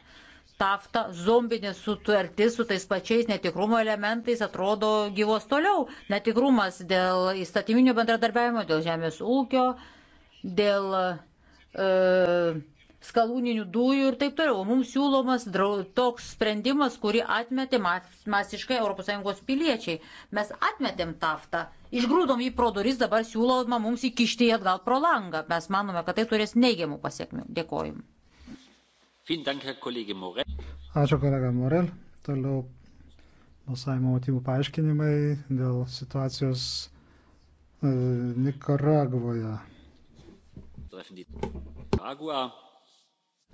Tafta zombinė sutartis su tais pačiais netikrumo elementais atrodo gyvos toliau. Netikrumas dėl įstatyminio bendradarbiavimo, dėl žemės ūkio, dėl e, skalūninių dujų ir taip toliau. Mums siūlomas toks sprendimas, kurį atmetė masiškai ES piliečiai. Mes atmetėm taftą, išgrūdom jį pro duris, dabar siūloma mums įkišti jį atgal pro langą. Mes manome, kad tai turės neigiamų pasiekmių. Dėkoju. Ačiū kolega Morel. Toliau balsavimo motyvų paaiškinimai dėl situacijos e, Nikaragvoje. Nicaragua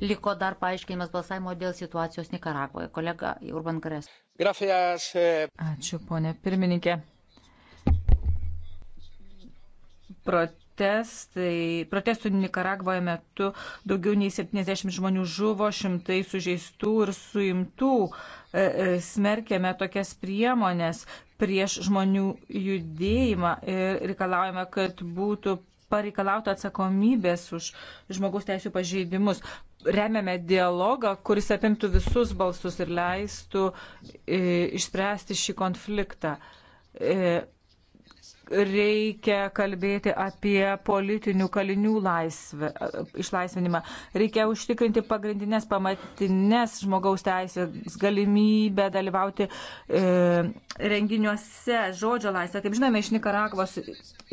Liko dar paaiškinimas balsavimo dėl situacijos Nikaragvoje. Kolega Urban Kres. Gracias. Eh. Ačiū, ponė pirmininkė. Protestai, protestų Nikaragvoje metu daugiau nei 70 žmonių žuvo, šimtai sužeistų ir suimtų. E, e, smerkėme tokias priemonės prieš žmonių judėjimą ir reikalaujame, kad būtų pareikalauti atsakomybės už žmogaus teisų pažeidimus remiame dialogą, kuris apimtų visus balsus ir leistų e, išspręsti šį konfliktą. E, reikia kalbėti apie politinių kalinių laisvę, išlaisvinimą. Reikia užtikrinti pagrindinės pamatinės žmogaus teisės galimybę dalyvauti e, renginiuose, žodžio laisvę. Kaip žinome, iš Nikaragvos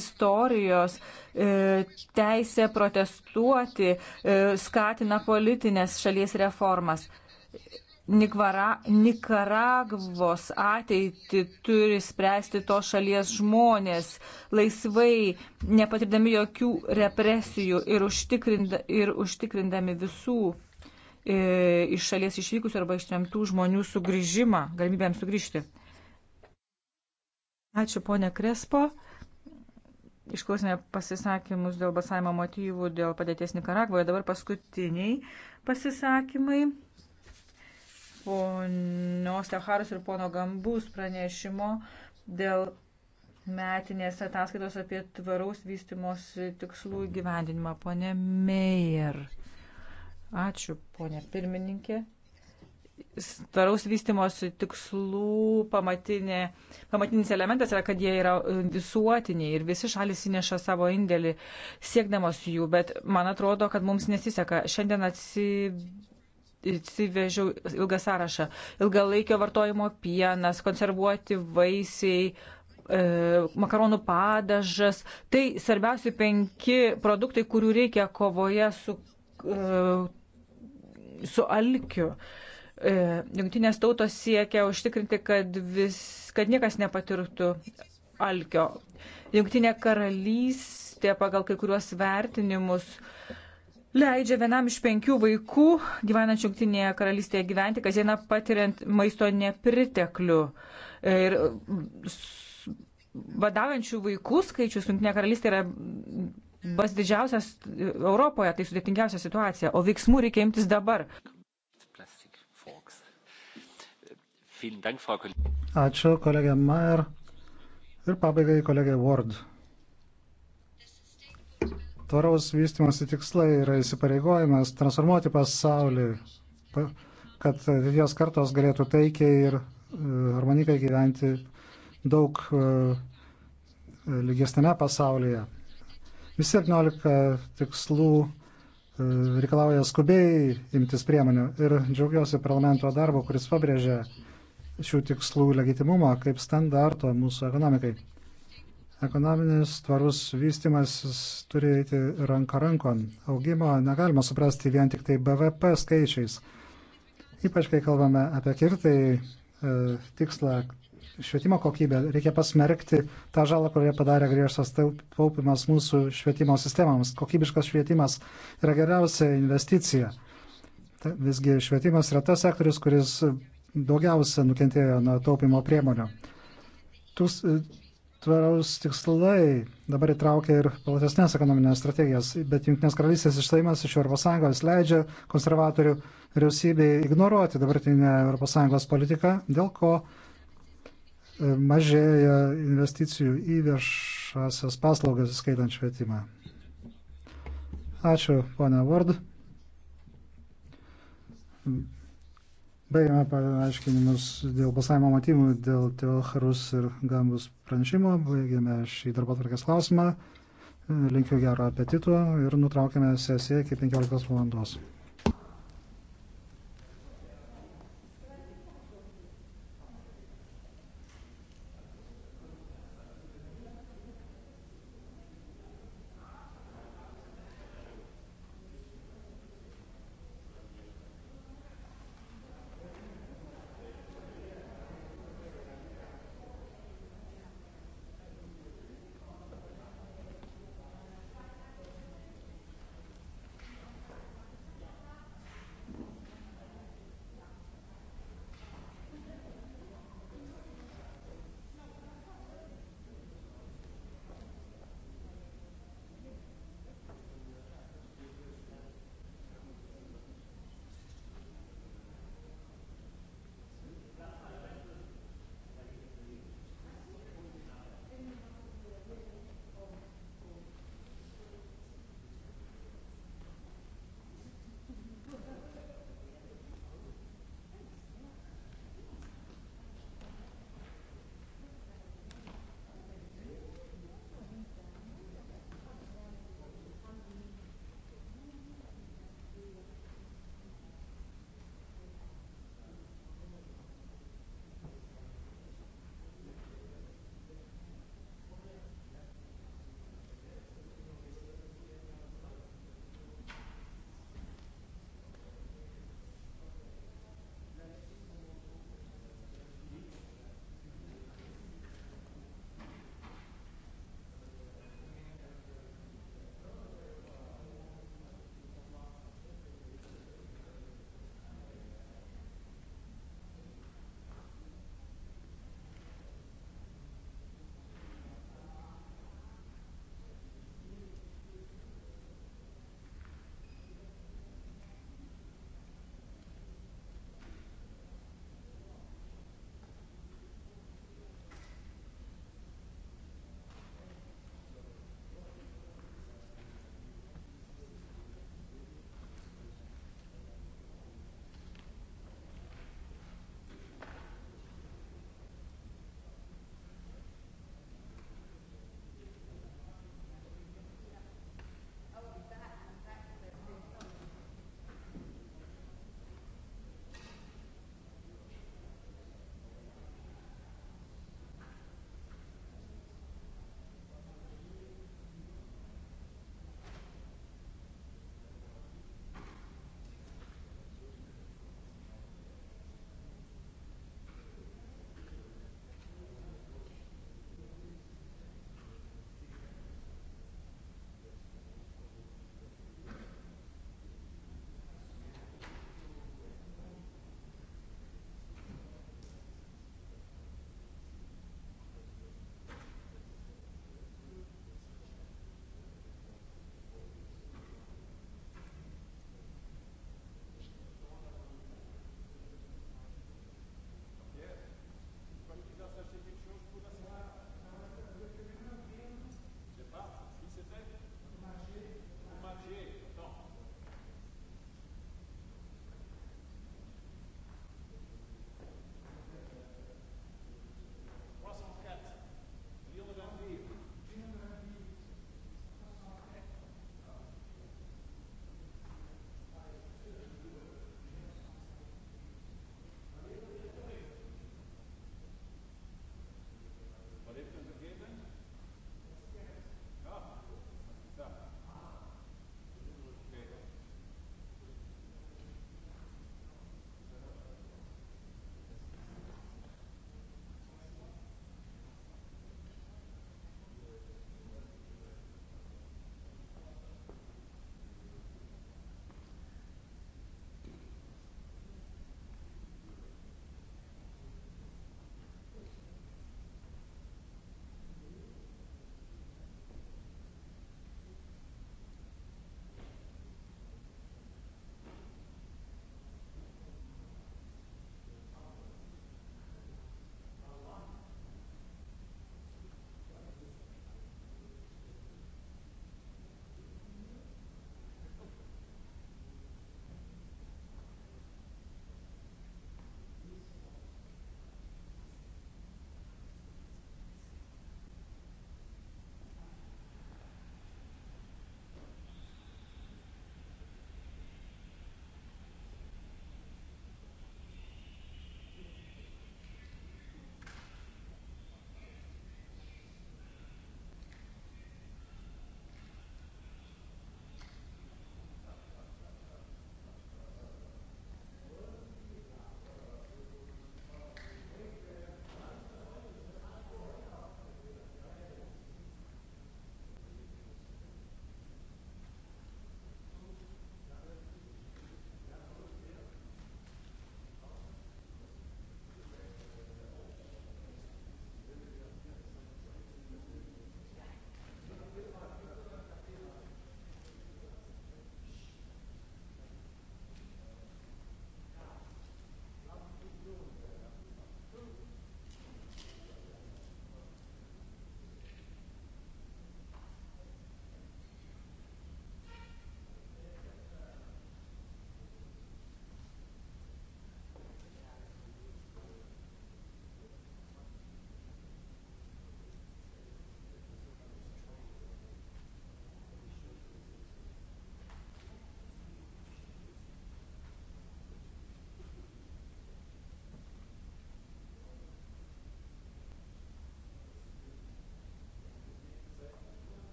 istorijos e, teisė protestuoti e, skatina politinės šalies reformas. Nikvara, Nikaragvos ateitį turi spręsti to šalies žmonės laisvai, nepatirdami jokių represijų ir, užtikrinda, ir užtikrindami visų e, iš šalies išvykusių arba ištremtų žmonių sugrįžimą, galimybėm sugrįžti. Ačiū ponė Krespo. Išklausėme pasisakymus dėl basavimo motyvų, dėl padėties Nikaragvoje. Dabar paskutiniai pasisakymai ponios Teoharus ir pono Gambus pranešimo dėl metinės ataskaitos apie tvaraus vystimos tikslų įgyvendinimą. Pone Meijer. Ačiū, ponė pirmininkė. Tvaraus vystimosi tikslų pamatinė, pamatinis elementas yra, kad jie yra e, visuotiniai ir visi šalis įneša savo indėlį siekdamos jų, bet man atrodo, kad mums nesiseka. Šiandien atsiv įsivežiau ilgą sąrašą. Ilgalaikio vartojimo pienas, konservuoti vaisiai, e, makaronų padažas. Tai svarbiausi penki produktai, kurių reikia kovoje su, e, su alkiu. E, Junktinės tautos siekia užtikrinti, kad, vis, kad niekas nepatirtų alkio. Junktinė karalystė pagal kai kuriuos vertinimus uh, leidžia vienam iš penkių vaikų gyvenančių Junktinėje karalystėje gyventi, kasdieną patiriant maisto nepriteklių. Ir vadaujančių vaikų skaičius Junktinėje karalystėje yra bas didžiausias Europoje, tai sudėtingiausia situacija, o veiksmų reikia imtis dabar. Ačiū kolegė Mayer ir pabaigai kolegė Ward. Tvaraus vystimosi tikslai yra įsipareigojimas transformuoti pasaulį, kad ateities kartos galėtų taikiai ir e, harmoningai gyventi daug e, lygesnėme pasaulyje. Visi 17 tikslų e, reikalauja skubiai imtis priemonių ir džiaugiuosi parlamento darbo, kuris pabrėžia šių tikslų legitimumą kaip standarto mūsų ekonomikai. Ekonominis tvarus vystimasis turi eiti ranka rankon. Augimo negalima suprasti vien tik tai BVP skaičiais. Ypač kai kalbame apie kirtai e, tikslą švietimo kokybę, reikia pasmerkti tą žalą, kurią padarė griežtas taupimas mūsų švietimo sistemams. Kokybiškas švietimas yra geriausia investicija. Ta, visgi švietimas yra tas sektorius, kuris daugiausia nukentėjo nuo taupimo priemonių. Tūs, tvaraus tikslai dabar įtraukia ir platesnės ekonominės strategijas, bet Junktinės karalystės išstojimas iš ES leidžia konservatorių vyriausybei ignoruoti dabartinę ES politiką, dėl ko e, mažėja investicijų į viešasias paslaugas, skaitant švietimą. Ačiū, ponia Ward. Baigėme paaiškinimus dėl balsavimo motyvų, dėl Teoharus ir Gambus pranešimo. Baigėme šį darbo tvarkės klausimą. Linkiu gero apetito ir nutraukėme sesiją iki 15 valandos.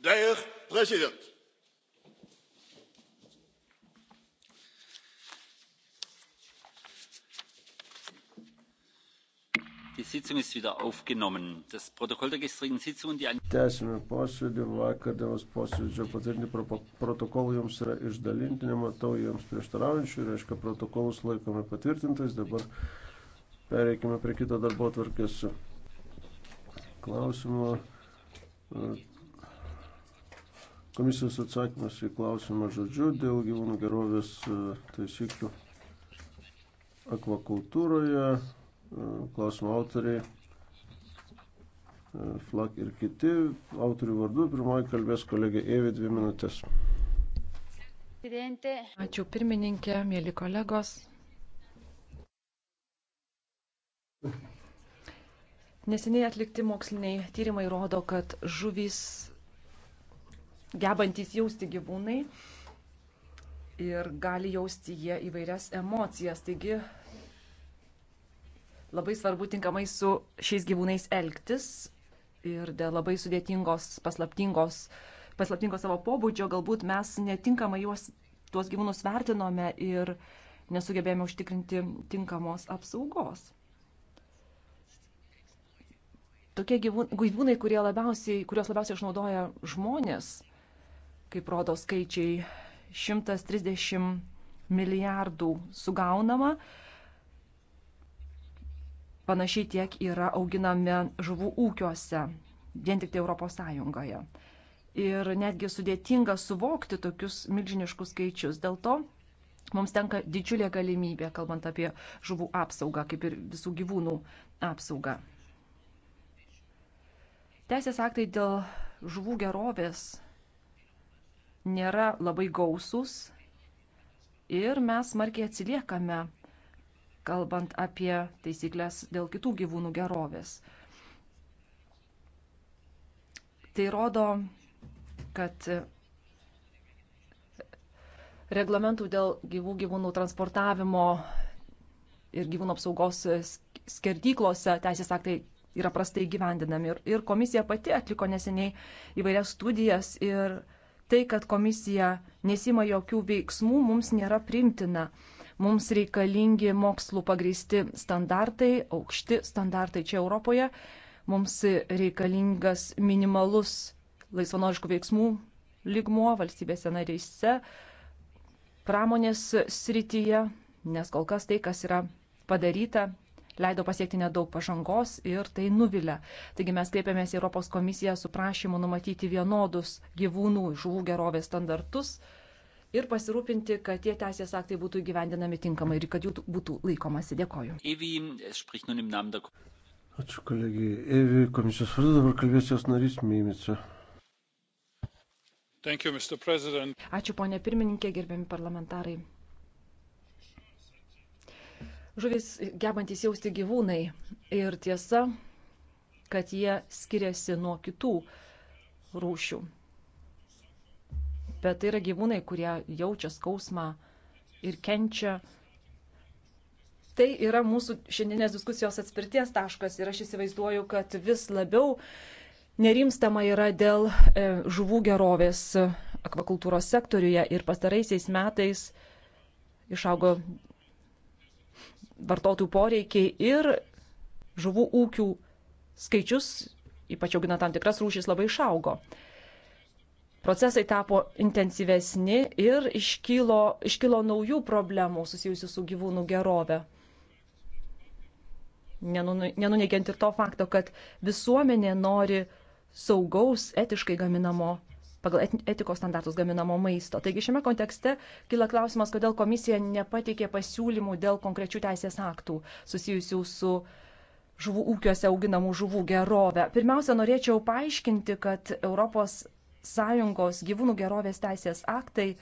dear president tęsiame posėdį vakar dienos posėdžio patvirtinti protokolai jums yra išdalinti nematau jiems prieštaraujančių reiškia protokolus laikome patvirtintais dabar pereikime prie kito darbotvarkės klausimo Komisijos atsakymas į klausimą žodžiu dėl gyvūnų gerovės e, taisyklių akvakultūroje. E, klausimo autoriai e, Flak ir kiti autorių vardu. Pirmoji kalbės kolegė Evi dvi minutės. Ačiū pirmininkė, mėly kolegos. Neseniai atlikti moksliniai tyrimai rodo, kad žuvys gebantys jausti gyvūnai ir gali jausti jie įvairias emocijas. Taigi labai svarbu tinkamai su šiais gyvūnais elgtis ir dėl labai sudėtingos, paslaptingos, paslaptingos savo pobūdžio galbūt mes netinkamai juos, tuos gyvūnus vertinome ir nesugebėjome užtikrinti tinkamos apsaugos. Tokie gyvūnai, kurie labiausiai, kurios labiausiai išnaudoja žmonės, kaip rodo skaičiai, 130 milijardų sugaunama. Panašiai tiek yra auginami žuvų ūkiuose, vien tik tai Europos Sąjungoje. Ir netgi sudėtinga suvokti tokius milžiniškus skaičius. Dėl to mums tenka didžiulė galimybė, kalbant apie žuvų apsaugą, kaip ir visų gyvūnų apsaugą. Teisės aktai dėl žuvų gerovės nėra labai gausūs ir mes smarkiai atsiliekame, kalbant apie taisyklės dėl kitų gyvūnų gerovės. Tai rodo, kad reglamentų dėl gyvų gyvūnų transportavimo ir gyvūnų apsaugos skerdyklose teisės aktai yra prastai gyvendinami. Ir, ir komisija pati atliko neseniai įvairias studijas ir Tai, kad komisija nesima jokių veiksmų, mums nėra primtina. Mums reikalingi mokslų pagristi standartai, aukšti standartai čia Europoje. Mums reikalingas minimalus laisvanoriškų veiksmų lygmuo valstybėse narėse, pramonės srityje, nes kol kas tai, kas yra padaryta, leido pasiekti nedaug pažangos ir tai nuvilia. Taigi mes kreipiamės į Europos komisiją su prašymu numatyti vienodus gyvūnų žuvų gerovės standartus ir pasirūpinti, kad tie teisės aktai būtų gyvendinami tinkamai ir kad jų būtų laikomasi. Dėkoju. Nu Ačiū kolegijai. Evi komisijos vardu dabar kalbės jos narys Mimica. Ačiū ponė pirmininkė, gerbiami parlamentarai žuvis gebantys jausti gyvūnai. Ir tiesa, kad jie skiriasi nuo kitų rūšių. Bet tai yra gyvūnai, kurie jaučia skausmą ir kenčia. Tai yra mūsų šiandienės diskusijos atspirties taškas ir aš įsivaizduoju, kad vis labiau nerimstama yra dėl e, žuvų gerovės e, akvakultūros sektoriuje ir pastaraisiais metais išaugo vartotojų poreikiai ir žuvų ūkių skaičius, ypač auginant tam tikras rūšis, labai išaugo. Procesai tapo intensyvesni ir iškilo, iškilo naujų problemų susijusių su gyvūnų gerove. Nenuneigiant ir to fakto, kad visuomenė nori saugaus, etiškai gaminamo pagal etikos standartus gaminamo maisto. Taigi šiame kontekste kyla klausimas, kodėl komisija nepateikė pasiūlymų dėl konkrečių teisės aktų susijusių su žuvų ūkiuose auginamų žuvų gerovę. Pirmiausia, norėčiau paaiškinti, kad ES gyvūnų gerovės teisės aktai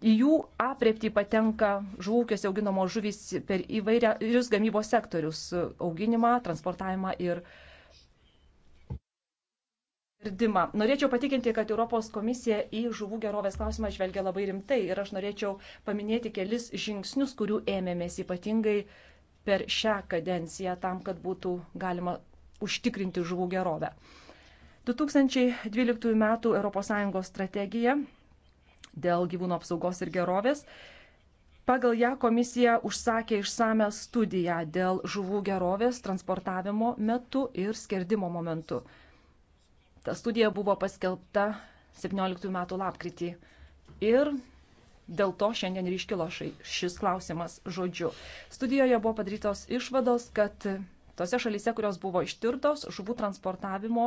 Į jų apriepti patenka žuvūkiuose auginamos žuvys per įvairius gamybos sektorius - auginimą, transportavimą ir uh, girdimą. Norėčiau patikinti, kad Europos komisija į žuvų gerovės klausimą žvelgia labai rimtai ir aš norėčiau paminėti kelis žingsnius, kurių ėmėmės ypatingai per šią kadenciją tam, kad būtų galima užtikrinti žuvų gerovę. 2012 m. ES strategija dėl gyvūnų apsaugos ir gerovės. Pagal ją komisija užsakė išsame studiją dėl žuvų gerovės transportavimo metu ir skerdimo momentu. Ta studija buvo paskelbta 17 metų lapkritį ir dėl to šiandien ir iškilo šis klausimas žodžiu. Studijoje buvo padarytos išvados, kad tose šalyse, kurios buvo ištirtos, žuvų transportavimo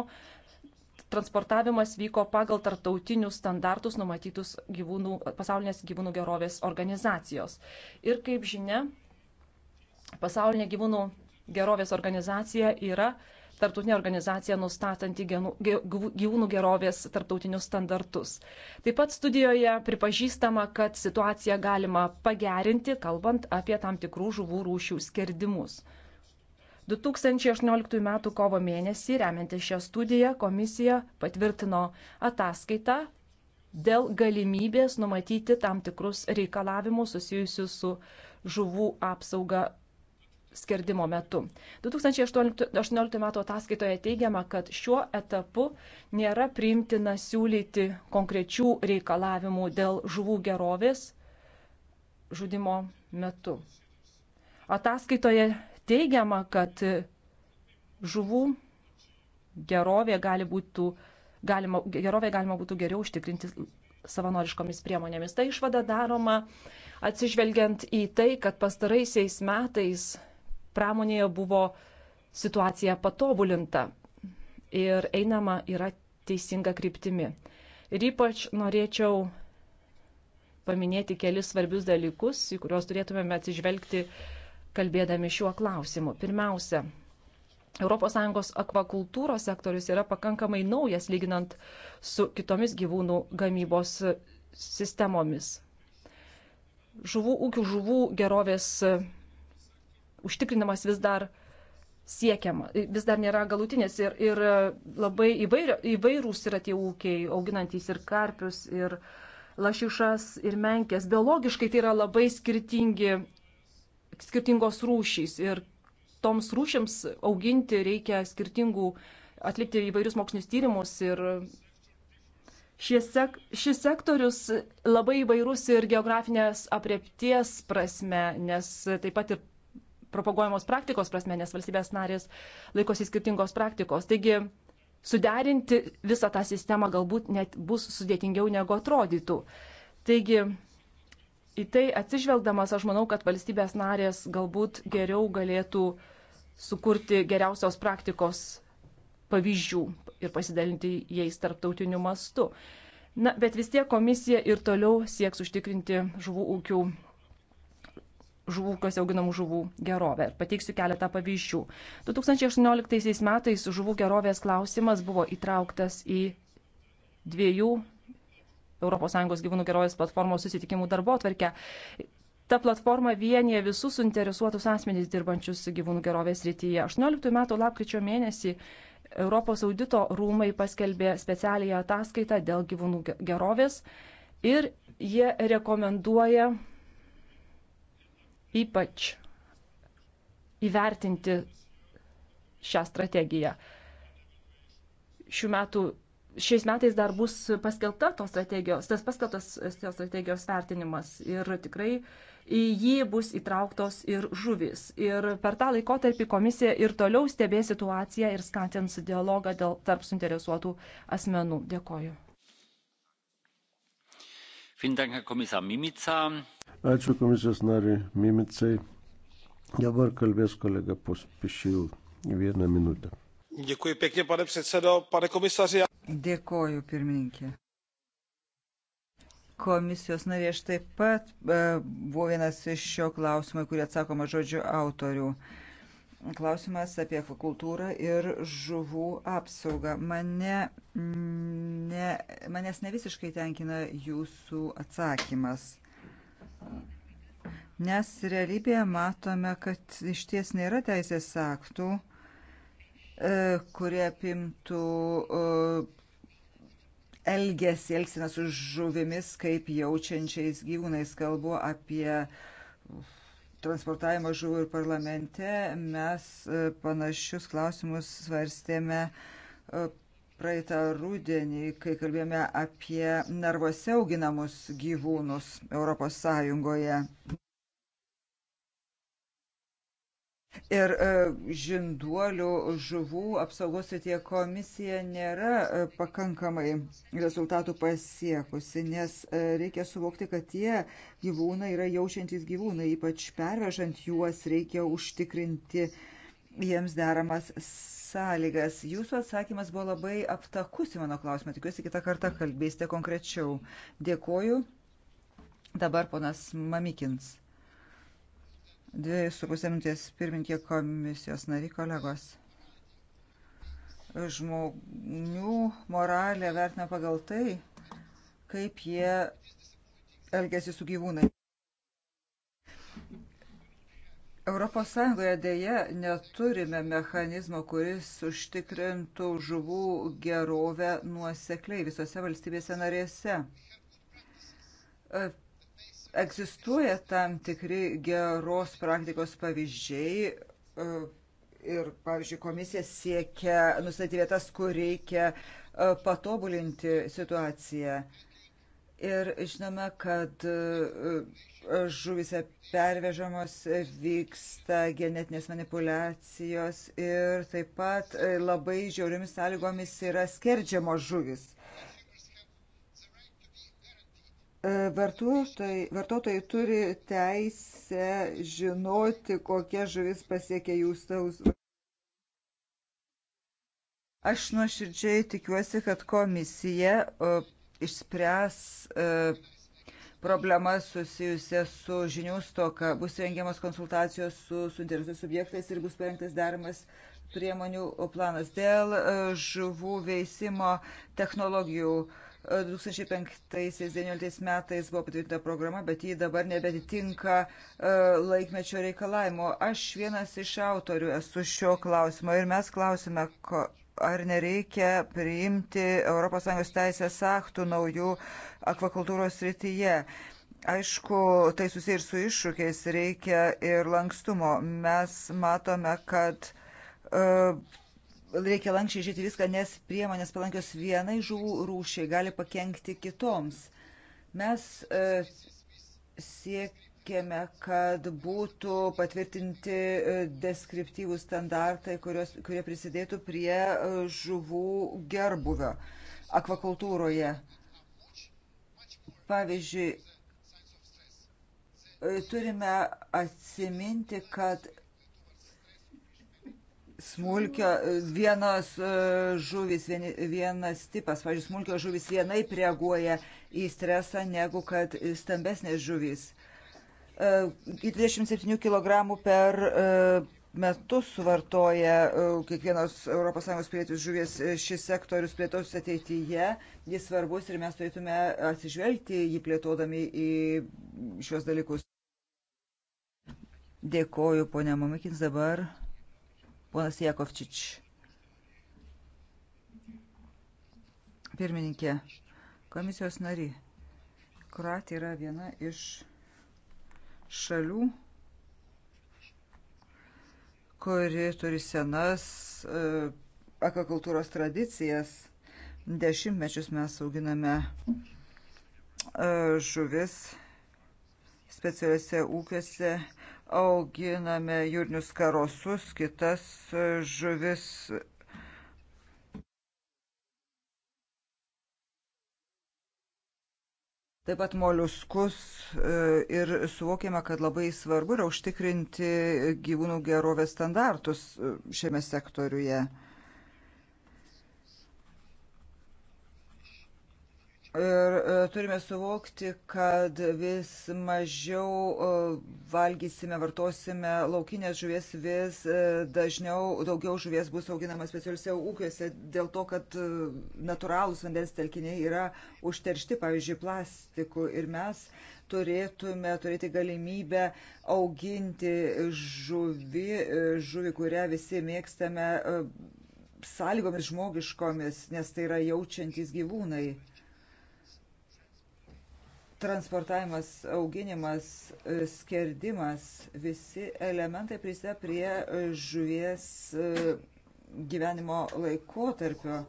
transportavimas vyko pagal tarptautinius standartus numatytus gyvūnų, pasaulinės gyvūnų gerovės organizacijos. Ir kaip žinia, pasaulinė gyvūnų gerovės organizacija yra tarptautinė organizacija nustatanti genų, gyvūnų gerovės tarptautinius standartus. Taip pat studijoje pripažįstama, kad situaciją galima pagerinti, kalbant apie tam tikrų žuvų rūšių skerdimus. 2018 m. kovo mėnesį, remiantis šią studiją, komisija patvirtino ataskaitą dėl galimybės numatyti tam tikrus reikalavimus susijusius su žuvų apsauga skerdimo metu. 2018 m. ataskaitoje teigiama, kad šiuo etapu nėra priimtina siūlyti konkrečių reikalavimų dėl žuvų gerovės žudimo metu. Ataskaitoje teigiama, kad žuvų gerovė gali būtų, galima, gerovė galima būtų geriau užtikrinti savanoriškomis priemonėmis. Ta išvada daroma atsižvelgiant į tai, kad pastaraisiais metais pramonėje buvo situacija patobulinta ir einama yra teisinga kryptimi. Ir ypač norėčiau paminėti kelis svarbius dalykus, į kuriuos turėtumėme atsižvelgti, kalbėdami šiuo klausimu. Pirmiausia, ES akvakultūros sektorius yra pakankamai naujas lyginant su kitomis gyvūnų gamybos sistemomis. Žuvų ūkių žuvų gerovės užtikrinimas vis dar siekiama, vis dar nėra galutinės ir, ir e, labai įvairio, įvairūs yra tie ūkiai, auginantys ir karpius, ir lašišas, ir menkės. Biologiškai tai yra labai skirtingi, skirtingos rūšys ir toms rūšims auginti reikia skirtingų, atlikti įvairius mokslinius tyrimus ir sek, šis sektorius labai įvairus ir geografinės apriepties prasme, nes taip pat ir propaguojamos praktikos prasme, nes valstybės narės laikosi skirtingos praktikos. Taigi suderinti visą tą sistemą galbūt net bus sudėtingiau negu atrodytų. Taigi į tai atsižvelgdamas aš manau, kad valstybės narės galbūt geriau galėtų sukurti geriausios praktikos pavyzdžių ir pasidalinti jais tarptautiniu mastu. Na, bet vis tiek komisija ir toliau sieks užtikrinti žuvų ūkių žuvų, kas auginamų žuvų gerovę. Pateiksiu keletą pavyzdžių. 2018 metais žuvų gerovės klausimas buvo įtrauktas į dviejų ES gyvūnų gerovės platformos susitikimų darbo atverkę. Ta platforma vienyje visus suinteresuotus asmenys dirbančius gyvūnų gerovės rytyje. 18 metų lapkričio mėnesį Europos audito rūmai paskelbė specialiją ataskaitą dėl gyvūnų gerovės ir jie rekomenduoja ypač įvertinti šią strategiją. Šių metų, šiais metais dar bus paskelbta tos strategijos, tas paskelbtas tos strategijos vertinimas ir tikrai į jį bus įtrauktos ir žuvis. Ir per tą laikotarpį komisija ir toliau stebės situaciją ir skatins dialogą dėl tarp suinteresuotų asmenų. Dėkoju. Vielen Dank, Herr Kommissar Mimica. Ačiū komisijos nariai Mimicai. Dabar kalbės kolega Pospišil. Vieną minutę. Děkuji pěkně, pane předsedo, pane komisaři. Dėkoju, pirmininkė. Komisijos narė aš taip pat e, buvo vienas iš šio klausimo, kurį atsakoma žodžiu autorių. Klausimas apie akvakultūrą ir žuvų apsaugą. Mane, ne, manęs ne visiškai tenkina jūsų atsakymas Nes realybėje matome, kad iš ties nėra teisės aktų, e, kurie apimtų e, elgesį, elgsiną su žuvimis, kaip jaučiančiais gyvūnais. Kalbu apie transportavimo žuvų ir parlamente. Mes e, panašius klausimus svarstėme praeitą rudenį, kai kalbėjome apie narvose auginamus gyvūnus Europos Sąjungoje. Ir e, žinduolių žuvų apsaugos srityje komisija nėra e, pakankamai rezultatų pasiekusi, nes e, reikia suvokti, kad tie gyvūnai yra jaučiantis gyvūnai, ypač pervežant juos reikia užtikrinti jiems deramas sąlygas. Jūsų atsakymas buvo labai aptakus į mano klausimą. Tikiuosi, kitą kartą kalbėsite konkrečiau. Dėkoju. Dabar ponas Mamikins. Dviejų su pusė minties pirmininkė komisijos nariai kolegos. Žmonių moralę vertina pagal tai, kaip jie elgesi su gyvūnai. Europos Sąjungoje dėje neturime mechanizmo, kuris užtikrintų žuvų gerovę nuosekliai visose valstybėse narėse. E, egzistuoja tam tikri geros praktikos pavyzdžiai e, ir, pavyzdžiui, komisija siekia nustatyti vietas, kur reikia e, patobulinti situaciją. Ir žinome, kad e, e, žuvise pervežamos vyksta genetinės manipulacijos ir taip pat e, labai žiauriomis sąlygomis yra skerdžiamos žuvis. Vartotojai, vartotojai turi teisę žinoti, kokia žuvis pasiekia jų saus. Aš nuoširdžiai tikiuosi, kad komisija išspręs e, problemas susijusias su žinių stoka, bus rengiamas konsultacijos su suinteresuotais subjektais ir bus parengtas deramas priemonių planas. Dėl e, žuvų veisimo technologijų 2005-2019 e, metais buvo patvirtinta programa, bet ji dabar nebetitinka laikmečio reikalavimo. Aš vienas iš autorių esu šio klausimo ir mes klausime, ko ar nereikia priimti ES teisės aktų naujų akvakultūros rytyje. Aišku, tai susiję ir su iššūkiais, reikia ir lankstumo. Mes matome, kad uh, reikia lankščiai žiūrėti viską, nes priemonės palankios vienai žuvų rūšiai gali pakengti kitoms. Mes uh, siek, siekiame, kad būtų patvirtinti e, deskriptyvų standartai, kurios, kurie prisidėtų prie e, žuvų gerbuvio akvakultūroje. Pavyzdžiui, e, turime atsiminti, kad smulkio vienos žuvis, vienas tipas, pavyzdžiui, smulkio žuvis vienaip reaguoja į stresą negu kad stambesnės žuvis. 27 e, kg per e, metus suvartoja e, kiekvienos ES pilietis žuvies šis sektorius plėtos ateityje. Jis svarbus ir mes turėtume atsižvelgti jį plėtodami į šios dalykus. Dėkoju, ponia Mamikins, dabar ponas Jakovčič. Pirmininkė, komisijos nari. Kroatija yra viena iš šalių, kuri turi senas e, akakultūros tradicijas. Dešimtmečius mes auginame e, žuvis specialiuose ūkiuose, auginame jūrinius karosus, kitas e, žuvis taip pat moliuskus e, ir suvokiama, kad labai svarbu yra užtikrinti gyvūnų gerovės standartus e, šiame sektoriuje. Ir e, turime suvokti, kad vis mažiau e, valgysime, vartosime laukinės žuvies, vis e, dažniau daugiau žuvies bus auginama specialiuose ūkiuose dėl to, kad natūralūs vandens telkiniai yra užteršti, pavyzdžiui, plastiku. Ir mes turėtume turėti galimybę auginti žuvį, žuvį, kurią visi mėgstame sąlygomis žmogiškomis, nes tai yra jaučiantis gyvūnai transportavimas, auginimas, e, skerdimas, visi elementai prisideda prie e, žuvies e, gyvenimo laikotarpio.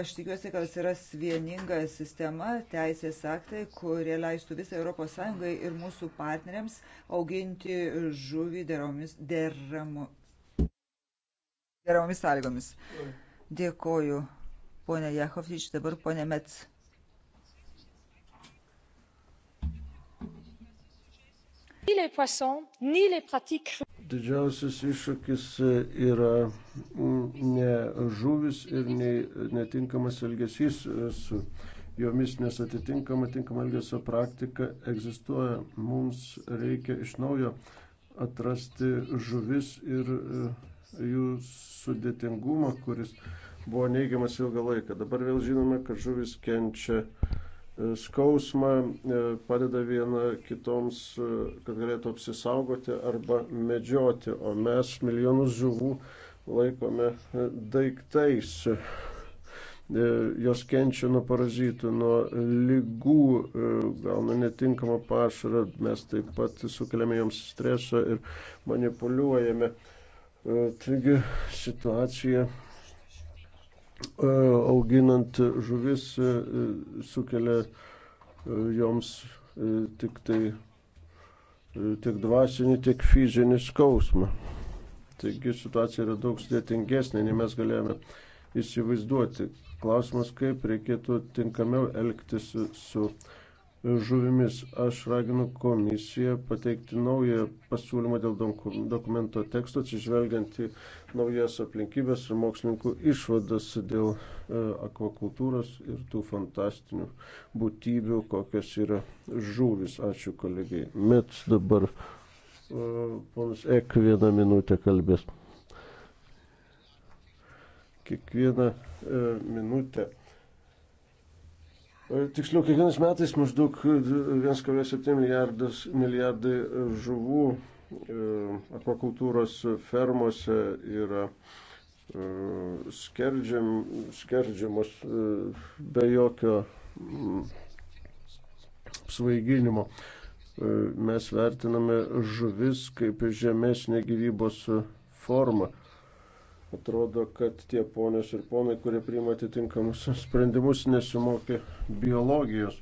Aš tikiuosi, kad atsiras vieninga sistema, teisės aktai, kurie leistų visą ES ir mūsų partneriams auginti žuvį deromis, deramu, deramomis sąlygomis. Dėkoju, ponė Jakovčič, dabar ponė Mets. Didžiausias iššūkis e, yra mm, ne žuvis ir ne, netinkamas elgesys e, su jomis, nes atitinkama tinkama elgesio praktika egzistuoja. Mums reikia iš naujo atrasti žuvis ir e, jų sudėtingumą, kuris buvo neigiamas ilgą laiką. Dabar vėl žinome, kad žuvis kenčia E, skausmą, e, padeda viena kitoms, e, kad galėtų apsisaugoti arba medžioti, o mes milijonus žuvų laikome daiktais. Jos kenčia nuo parazitų, nuo lygų, gauna netinkamą pašarą, mes taip pat sukeliame joms stresą ir manipuliuojame. Taigi situacija E, auginant žuvis e, sukelia e, joms tik tai tiek dvasinį, tiek fizinį skausmą. Taigi situacija yra daug sudėtingesnė, nei mes galėjome įsivaizduoti. Klausimas, kaip reikėtų tinkamiau elgtis su, su žuvimis. Aš raginu komisiją pateikti naują pasiūlymą dėl dokumento teksto, atsižvelgiant į naujas aplinkybės ir mokslininkų išvadas dėl e, akvakultūros ir tų fantastinių būtybių, kokias yra žuvis. Ačiū kolegiai. Met dabar e, ponas Ek vieną minutę kalbės. Kiekvieną e, minutę E, tiksliau, kiekvienais metais maždaug 1,7 e, milijardai žuvų e, akvakultūros fermose yra skerdžiam, skerdžiamos be jokio svaiginimo. Mes vertiname žuvis kaip žemesnė gyvybos forma. Atrodo, kad tie ponios ir ponai, kurie priima atitinkamus sprendimus, nesimokė biologijos.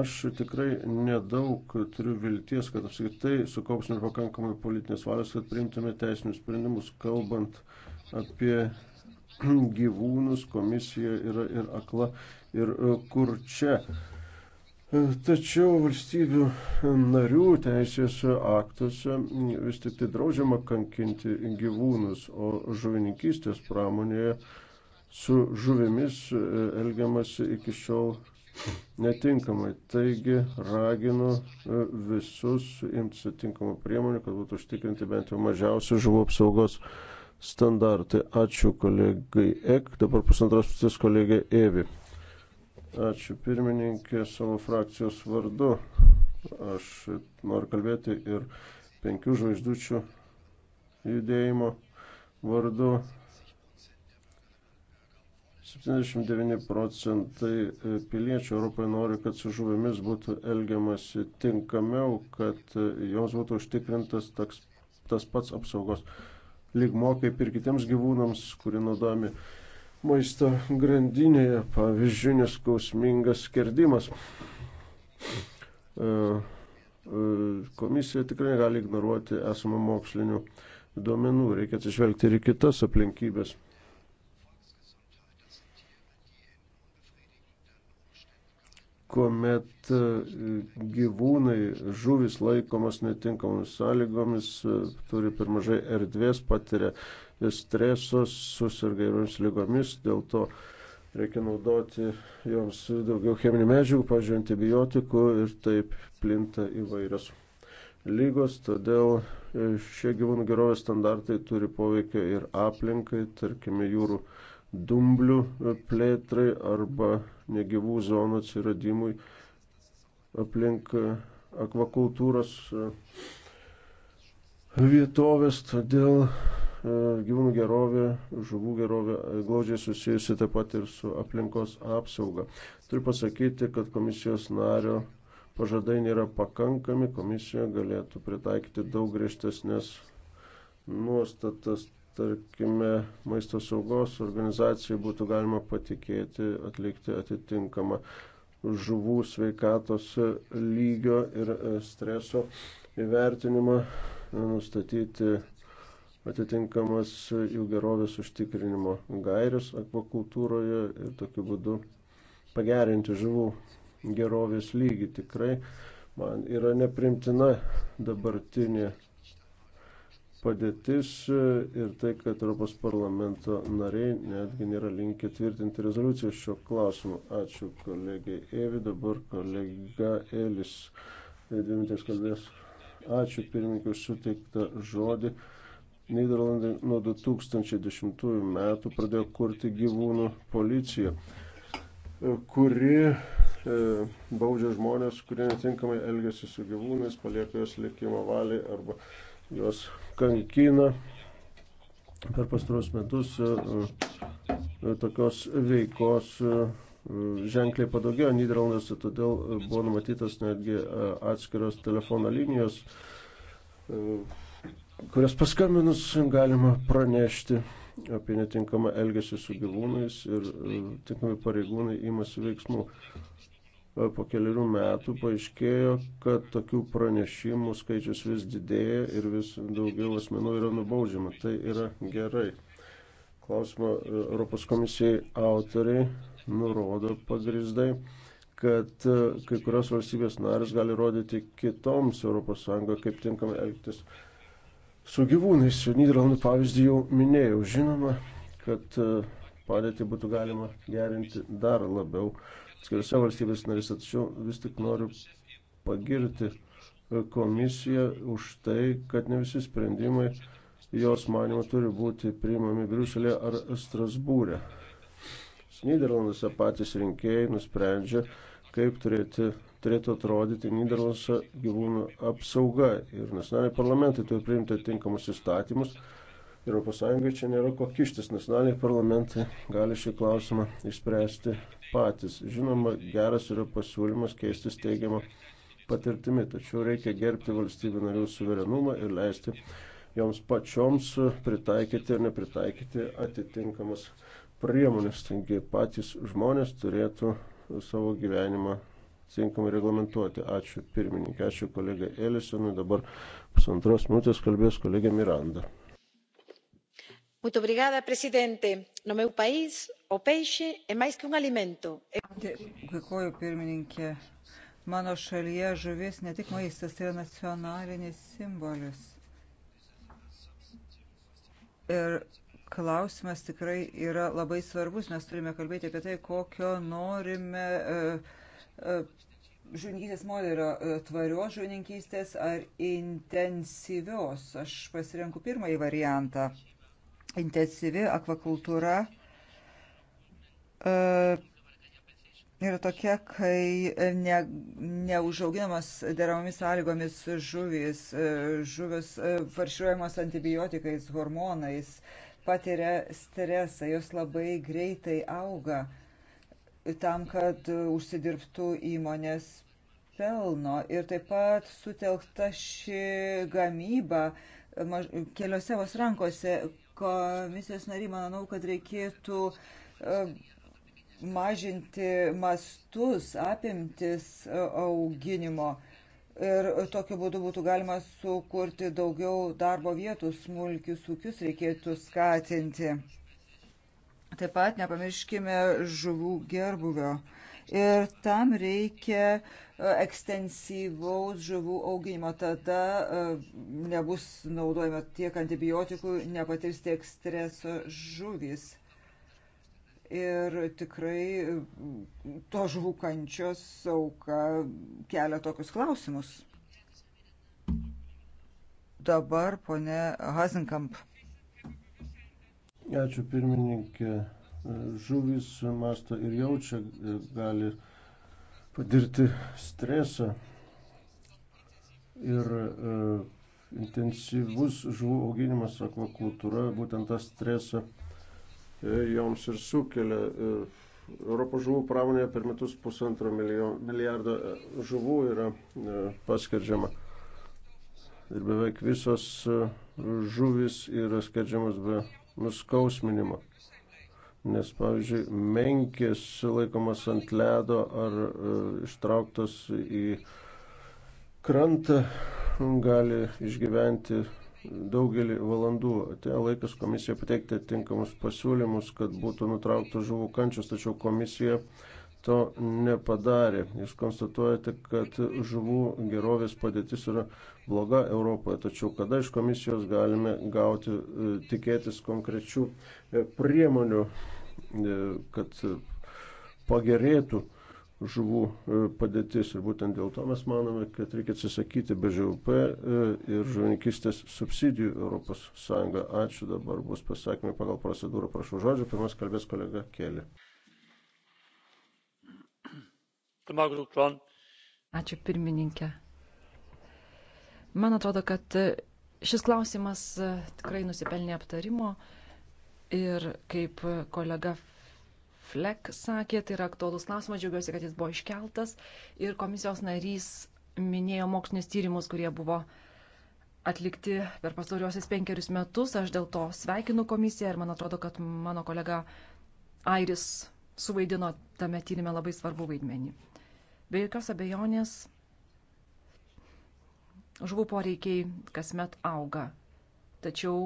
Aš tikrai nedaug turiu vilties, kad apskritai sukaupsime pakankamai politinės valios, kad priimtume teisinius sprendimus. Kalbant apie gyvūnus, komisija yra ir akla, ir e, kur čia. E, tačiau valstybių narių teisės aktuose vis tik tai draudžiama kankinti gyvūnus, o žuvininkystės pramonėje su žuvimis e, elgiamasi iki šiol netinkamai. Taigi raginu e, visus imtis atinkamų priemonių, kad būtų užtikrinti bent jau mažiausių žuvų apsaugos standartai. Ačiū kolegai Ek, dabar pusantros pusės kolegė Evi. Ačiū pirmininkė savo frakcijos vardu. Aš noriu kalbėti ir penkių žvaigždučių judėjimo vardu. 79 procentai e, piliečių Europoje nori, kad su žuvimis būtų elgiamasi tinkamiau, kad e, joms būtų užtikrintas tas, tas pats apsaugos lygmo kaip ir kitiems gyvūnams, kurie naudojami maisto grandinėje, pavyzdžiui, neskausmingas skerdimas. E, e, komisija tikrai gali ignoruoti esamą mokslinių duomenų, reikia atsižvelgti ir kitas aplinkybės. kuomet e, gyvūnai, žuvis laikomas netinkamomis sąlygomis, turi per mažai erdvės, patiria stresas, susirga įvairiomis lygomis, dėl to reikia naudoti joms daugiau cheminių medžiagų, pažiūrėjau, antibiotikų ir taip plinta įvairios lygos, todėl e, šie gyvūnų gerovės standartai turi poveikio ir aplinkai, tarkime jūrų dumblių e, plėtrai arba negyvų zonų atsiradimui aplink e, akvakultūros vietovės, todėl E, gyvūnų gerovė, žuvų gerovė e, glaudžiai susijusi taip pat ir su aplinkos apsauga. Turiu pasakyti, kad komisijos nario pažadai nėra pakankami, komisija galėtų pritaikyti daug griežtesnės nuostatas. Tarkime, maisto saugos organizacijai būtų galima patikėti atlikti atitinkamą žuvų sveikatos lygio ir e, streso įvertinimą, nustatyti atitinkamas ilgerovės užtikrinimo gairius akvakultūroje ir tokiu būdu pagerinti žuvų gerovės lygį. Tikrai man yra neprimtina dabartinė padėtis ir tai, kad Europos parlamento nariai netgi nėra linkę tvirtinti rezoliuciją šio klausimu. Ačiū kolegiai Evi, dabar kolega Elis. Dvi minutės kalbės. Ačiū pirmininkui suteiktą žodį. Niderlandai nuo 2010 metų pradėjo kurti gyvūnų policiją, kuri e, baudžia žmonės, kurie netinkamai elgesi su gyvūnais, palieka juos likimo valiai arba juos kankina. Per pastaros metus e, e, tokios veikos ženkliai padaugėjo Niderlandose, todėl buvo numatytas netgi atskiros telefono linijos kurias paskambinus galima pranešti apie netinkamą elgesį su gyvūnais ir e, tinkami pareigūnai imasi veiksmų. E, po keliarių metų paaiškėjo, kad tokių pranešimų skaičius vis didėja ir vis daugiau asmenų yra nubaudžiama. Tai yra gerai. Klausimą e, Europos komisijai autoriai nurodo pagrįzdai kad kai kurios valstybės narės gali rodyti kitoms ES, kaip tinkamai elgtis su gyvūnais. Niderlandų pavyzdį jau minėjau. Žinoma, kad e, padėtį būtų galima gerinti dar labiau atskirose valstybės narėse, tačiau vis tik noriu pagirti e, komisiją už tai, kad ne visi sprendimai jos manimo turi būti priimami Briuselėje ar Strasbūrė. Niderlanduose patys rinkėjai nusprendžia, kaip turėti turėtų atrodyti Niderlandose gyvūnų apsauga ir nacionaliniai parlamentai turi priimti atitinkamus įstatymus. Europos Sąjungai čia nėra ko kištis, nacionaliniai parlamentai gali šį klausimą išspręsti patys. Žinoma, geras yra pasiūlymas keistis teigiamą patirtimi, tačiau reikia gerbti valstybių narių suverenumą ir leisti joms pačioms pritaikyti ir nepritaikyti atitinkamas priemonės. Taigi patys žmonės turėtų savo gyvenimą tinkamai reglamentuoti. Ačiū pirmininkai, ačiū kolegai Elisonui. Dabar pusantros minutės kalbės kolegė Miranda. Muito obrigada, presidente. No meu país, o peixe é mais que um alimento. Dėkuoju, pirmininkė. Mano šalyje žuvis ne tik maistas, tai yra nacionalinis simbolis. Ir klausimas tikrai yra labai svarbus. Mes turime kalbėti apie tai, kokio norime. Uh, E, žuvininkystės modelio e, tvarios žuvininkystės ar intensyvios. Aš pasirenku pirmąjį variantą. Intensyvi akvakultūra e, yra tokia, kai ne, neužauginamas deramomis sąlygomis žuvys, žuvis farširuojamos antibiotikais, hormonais, patiria stresą, jos labai greitai auga. Uh, tam, kad e, užsidirbtų įmonės pelno. Ir taip pat sutelkta ši gamyba e, keliose vos rankose. Komisijos nariai, manau, kad reikėtų e, mažinti mastus, apimtis auginimo. Ir tokiu būdu būtų galima sukurti daugiau darbo vietų, smulkius ūkius reikėtų skatinti. Taip pat nepamirškime žuvų gerbuvio. Ir tam reikia e, ekstensyvaus žuvų auginimo. Tada e, nebus naudojama tiek antibiotikų, nepatirs tiek streso žuvys. Ir tikrai e, to žuvų kančios auka kelia tokius klausimus. Dabar ponė Hazenkamp. Ačiū pirmininkė. Žuvis masto ir jaučia gali patirti stresą. Ir e, intensyvus žuvų auginimas akvakultūra būtent tą stresą e, joms ir sukelia. E, Europos žuvų pramonėje per metus pusantro milijardo e, žuvų yra e, paskerdžiama. Ir beveik visos e, žuvis yra skerdžiamas be nuskausminimo. Nes, pavyzdžiui, menkės laikomas ant ledo ar e, ištrauktos į krantą gali išgyventi daugelį valandų. Atėjo laikas komisija pateikti atitinkamus pasiūlymus, kad būtų nutrauktos žuvų kančios, tačiau komisija e, to nepadarė. Jūs konstatuojate, kad žuvų gerovės padėtis yra bloga Europoje, tačiau kada iš komisijos galime gauti, e, tikėtis konkrečių e, priemonių, e, kad pagerėtų žuvų padėtis. Ir būtent dėl to mes manome, kad reikia atsisakyti BŽUP ir žuvininkistės subsidijų ES. Ačiū, dabar bus pasakymai pagal procedūrą. Prašau žodžio, pirmas kalbės kolega Kėlė. Ačiū pirmininkė. Man atrodo, kad šis klausimas e, tikrai nusipelnė aptarimo ir kaip kolega Fleck sakė, tai yra aktuolus klausimas, džiaugiuosi, kad jis buvo iškeltas ir komisijos narys minėjo mokslinius tyrimus, kurie buvo atlikti per pastarosius penkerius metus. Aš dėl to sveikinu komisiją ir man atrodo, kad mano kolega Airis suvaidino tame tyrime labai svarbu vaidmenį. Be jokios abejonės žuvų poreikiai kasmet auga, tačiau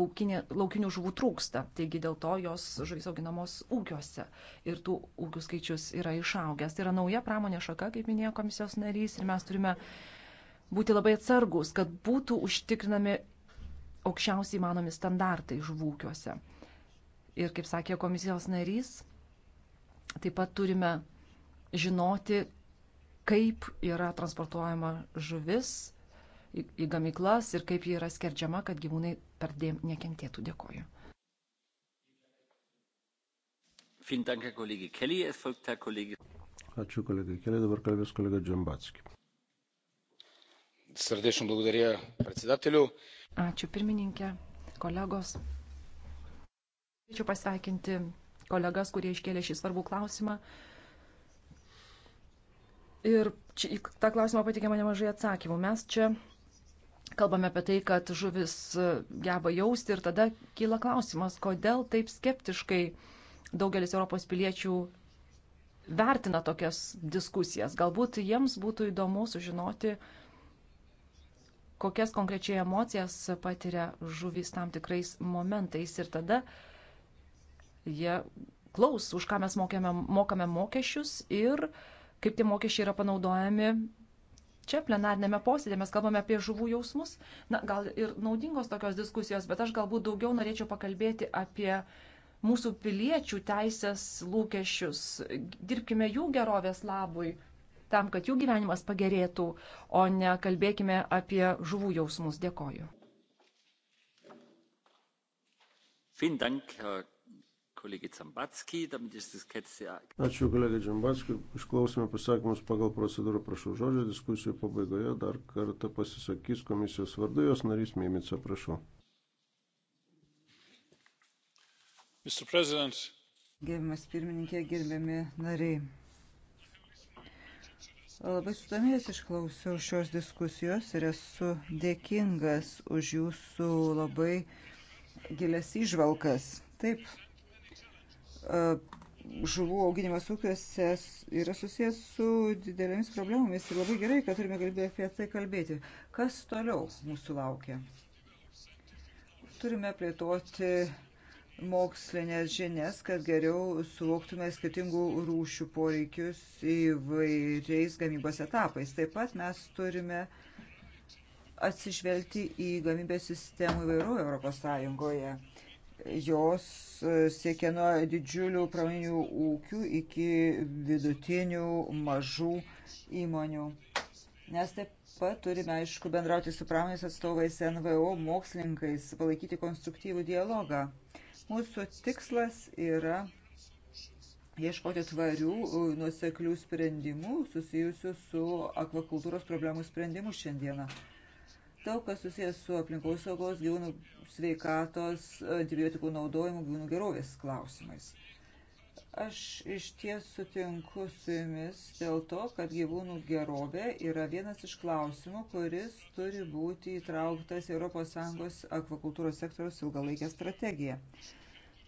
laukinė, laukinių žuvų trūksta, taigi dėl to jos žuvys auginamos ūkiuose ir tų ūkių skaičius yra išaugęs. Tai yra nauja pramonė šaka, kaip minėjo komisijos narys, ir mes turime būti labai atsargus, kad būtų užtikrinami aukščiausiai manomi standartai žuvūkiuose. Ir kaip sakė komisijos narys, taip pat turime žinoti, kaip yra transportuojama žuvis į, į gamyklas ir kaip ji yra skerdžiama, kad gyvūnai perdėm nekentėtų. Dėkoju. Ačiū kolegai Kelly, dabar kalbės kolega Džambatski. Sardėšim благодаря председателю. Ačiū pirmininkė, kolegos. Ačiū pasveikinti kolegas, kurie iškėlė šį svarbų klausimą. Ir čia, į tą klausimą patikėma nemažai atsakymų. Mes čia kalbame apie tai, kad žuvis geba jausti ir tada kyla klausimas, kodėl taip skeptiškai daugelis Europos piliečių vertina tokias diskusijas. Galbūt jiems būtų įdomu sužinoti, kokias konkrečiai emocijas patiria žuvis tam tikrais momentais ir tada jie klaus, už ką mes mokėme, mokame mokesčius ir uh, kaip tie mokesčiai yra panaudojami. Čia plenarnėme posėdėje mes kalbame apie žuvų jausmus. Na, gal ir naudingos tokios diskusijos, bet aš galbūt daugiau norėčiau pakalbėti apie mūsų piliečių teisės lūkesčius. Dirbkime jų gerovės labui, tam, kad jų gyvenimas pagerėtų, o ne kalbėkime apie žuvų jausmus. Dėkoju. Vielen Dank, Herr Ačiū kolegai Džambatskui. Išklausime pasakymus pagal procedūrą. Prašau žodžio. Diskusijų pabaigoje dar kartą pasisakys komisijos vardu jos narys Mėmica. Prašau. Gerbiamas pirmininkė, gerbiami nariai. Labai sudomėjęs išklausiau šios diskusijos ir esu dėkingas už jūsų labai gilias įžvalgas. Taip, E, žuvų auginimas ūkiuose yra susijęs su didelėmis problemomis ir labai gerai, kad turime galimybę apie tai kalbėti. Kas toliau mūsų laukia? Turime plėtoti mokslinės žinias, kad geriau suvoktume skirtingų rūšių poreikius įvairiais gamybos etapais. Taip pat mes turime atsižvelgti į gamybės sistemų įvairovę Europos Sąjungoje jos e, siekia nuo didžiulių pramoninių ūkių iki vidutinių mažų įmonių. Nes taip pat turime, aišku, bendrauti su pramonės atstovais NVO, mokslininkais, palaikyti konstruktyvų dialogą. Mūsų tikslas yra ieškoti tvarių, e, nuseklių sprendimų susijusių su akvakultūros problemų sprendimu šiandieną. Daug kas susijęs su aplinkos saugos, gyvūnų sveikatos, antibiotikų naudojimu, gyvūnų gerovės klausimais. Aš iš ties sutinku su jumis dėl to, kad gyvūnų gerovė yra vienas iš klausimų, kuris turi būti įtrauktas ES akvakultūros sektoriaus ilgalaikę strategiją.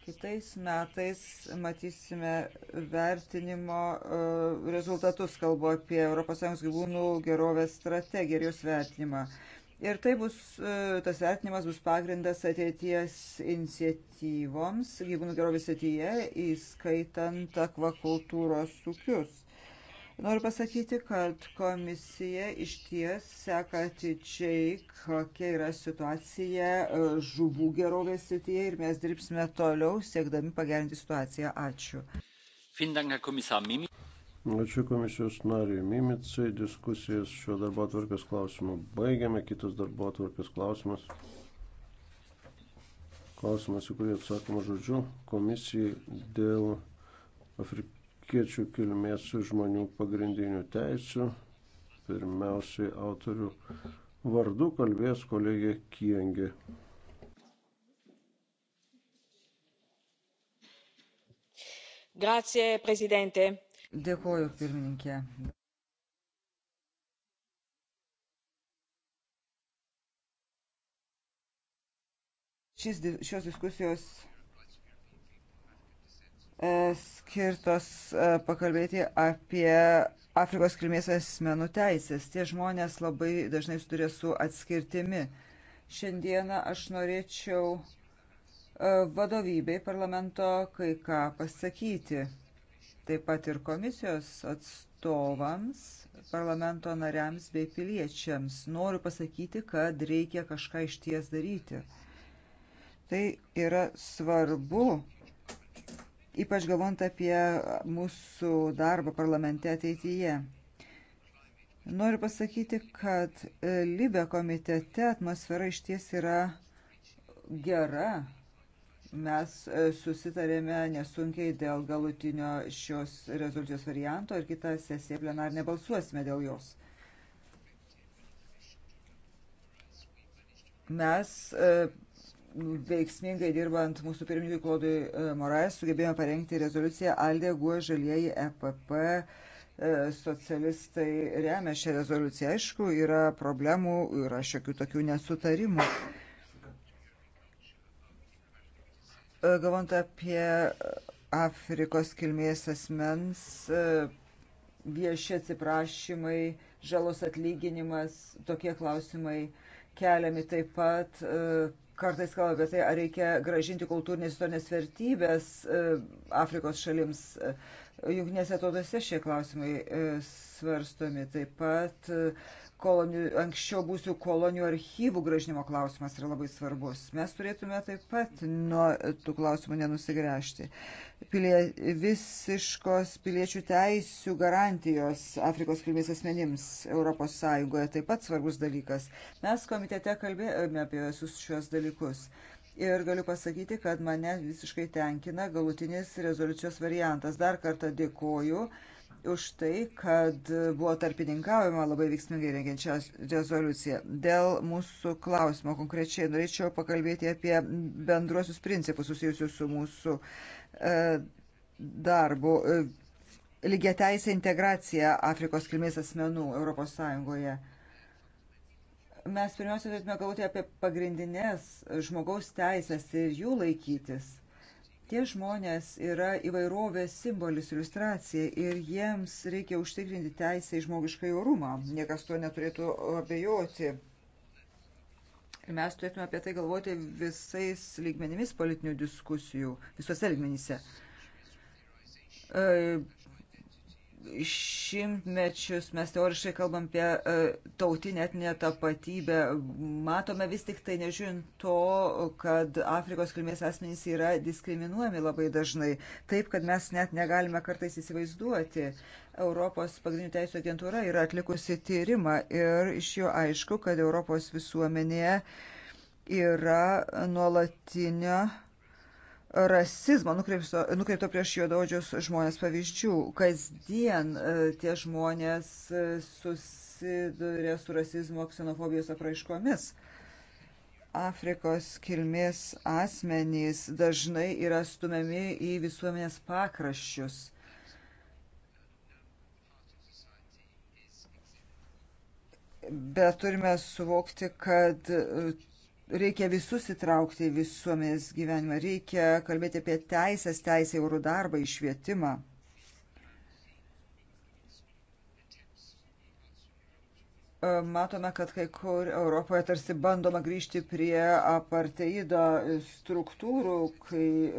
Kitais metais matysime vertinimo e, rezultatus, kalbu apie ES gyvūnų gerovės strategiją ir jos vertinimą. Ir tai bus, e, tas vertinimas bus pagrindas ateities iniciatyvoms gyvūnų gerovės ateityje, įskaitant akvakultūros ūkius. Noriu pasakyti, kad komisija iš ties seka atidžiai, kokia yra situacija e, žuvų gerovės srityje ir mes dirbsime toliau, siekdami pagerinti situaciją. Ačiū. Dank, Ačiū komisijos nariui Mimicai. Diskusijas šio darbo atvarkės klausimu baigiame. Kitas darbo atvarkės klausimas. Klausimas, į kurį atsakoma žodžiu, komisijai dėl afrikiečių kilmės žmonių pagrindinių teisių. Pirmiausiai autorių vardu kalbės kolegė Kiengė. Grazie, Presidente Dėkoju, pirmininkė. Šis, šios diskusijos e, skirtos e, pakalbėti apie Afrikos kilmės asmenų teisės. Tie žmonės labai dažnai susiduria su atskirtimi. Šiandieną aš norėčiau e, vadovybei parlamento kai ką pasakyti taip pat ir komisijos atstovams, parlamento nariams bei piliečiams. Noriu pasakyti, kad reikia kažką iš ties daryti. Tai yra svarbu, ypač galvant apie mūsų darbą parlamente ateityje. Noriu pasakyti, kad Libė komitete atmosfera iš ties yra gera, mes e, susitarėme nesunkiai dėl galutinio šios rezoliucijos varianto ir kitą sesiją plenarinę balsuosime dėl jos. Mes e, veiksmingai dirbant mūsų pirmininkui Klodui e, Morais sugebėjome parengti rezoliuciją Aldė Guo Žalieji EPP socialistai remia šią rezoliuciją. Aišku, yra problemų, yra šiokių tokių nesutarimų E, galvant apie Afrikos kilmės asmens e, vieši atsiprašymai, žalos atlyginimas, tokie klausimai keliami taip pat. E, kartais kalba apie tai, ar reikia gražinti kultūrinės istorinės vertybės Afrikos šalims. Jungtinėse tautose šie klausimai svarstomi taip pat kolonijų, anksčiau būsių kolonijų archyvų gražinimo klausimas yra labai svarbus. Mes turėtume taip pat nuo tų klausimų nenusigręžti. Pilie, visiškos piliečių teisių garantijos Afrikos kilmės asmenims ES taip pat svarbus dalykas. Mes komitete kalbėjome apie visus šios dalykus. Ir galiu pasakyti, kad mane visiškai tenkina galutinis rezoliucijos variantas. Dar kartą dėkoju. Uh, už tai, kad buvo tarpininkaujama labai veiksmingai rengiant šią rezoliuciją. Dėl mūsų klausimo konkrečiai norėčiau pakalbėti apie bendruosius principus susijusius su mūsų e, darbu. E, Lygia teisė integracija Afrikos kilmės asmenų ES. Mes pirmiausia turėtume galvoti apie pagrindinės žmogaus teisės ir jų laikytis Tie žmonės yra įvairovės simbolis, iliustracija ir jiems reikia užtikrinti teisę į žmogišką orumą. Niekas to neturėtų abejoti. Ir mes turėtume apie tai galvoti visais lygmenimis politinių diskusijų, visuose lygmenyse. E, šimtmečius mes teoriškai kalbam apie e, tautinę etinę tapatybę. Matome vis tik tai, nežiūrint to, kad Afrikos kilmės asmenys yra diskriminuojami labai dažnai, taip, kad mes net negalime kartais įsivaizduoti. Europos pagrindinių teisų agentūra yra atlikusi tyrimą ir iš jo aišku, kad Europos visuomenėje yra nuolatinio rasizmo nukreipto, nukreipto prieš juodaodžius žmonės pavyzdžių. Kasdien e, tie žmonės e, susiduria su rasizmo ksenofobijos apraiškomis. Afrikos kilmės asmenys dažnai yra stumiami į visuomenės pakraščius. Bet turime suvokti, kad Reikia visus įtraukti į visuomenės gyvenimą, reikia kalbėti apie teisės, teisę, eurų darbą, išvietimą. E, matome, kad kai kur Europoje tarsi bandoma grįžti prie aparteido struktūrų, kai e,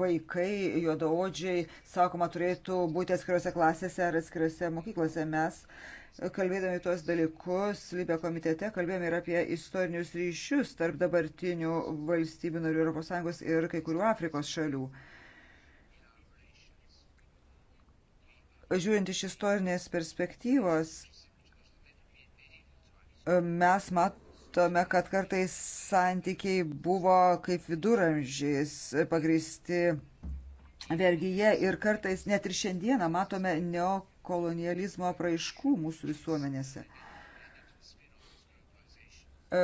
vaikai, juodaodžiai, sakoma, turėtų būti atskiriuose klasėse ar atskiriuose mokyklose. Mes kalbėdami tuos dalykus, Libė komitete kalbėjome ir apie istorinius ryšius tarp dabartinių valstybių narių ES ir kai kurių Afrikos šalių. Žiūrint iš istorinės perspektyvos, mes matome, kad kartais santykiai buvo kaip viduramžiais pagristi vergyje ir kartais net ir šiandieną matome neok kolonializmo apraiškų mūsų visuomenėse. E,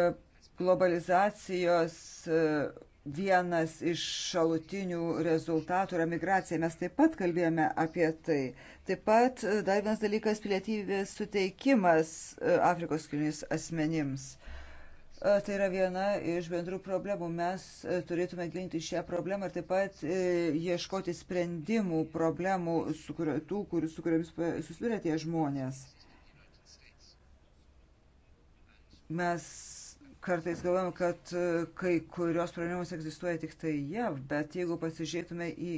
globalizacijos e, vienas iš šalutinių rezultatų yra migracija. Mes taip pat kalbėjome apie tai. Taip pat e, dar vienas dalykas - pilietybės suteikimas Afrikos kilmės asmenims. Uh, Tai yra viena iš bendrų problemų. Mes turėtume gilinti šią problemą ir taip pat e, ieškoti sprendimų problemų, su, kurio, tų, kur, su kuriomis susiduria tie žmonės. Mes kartais galvojame, kad e, kai kurios problemos egzistuoja tik tai jav, bet jeigu pasižiūrėtume į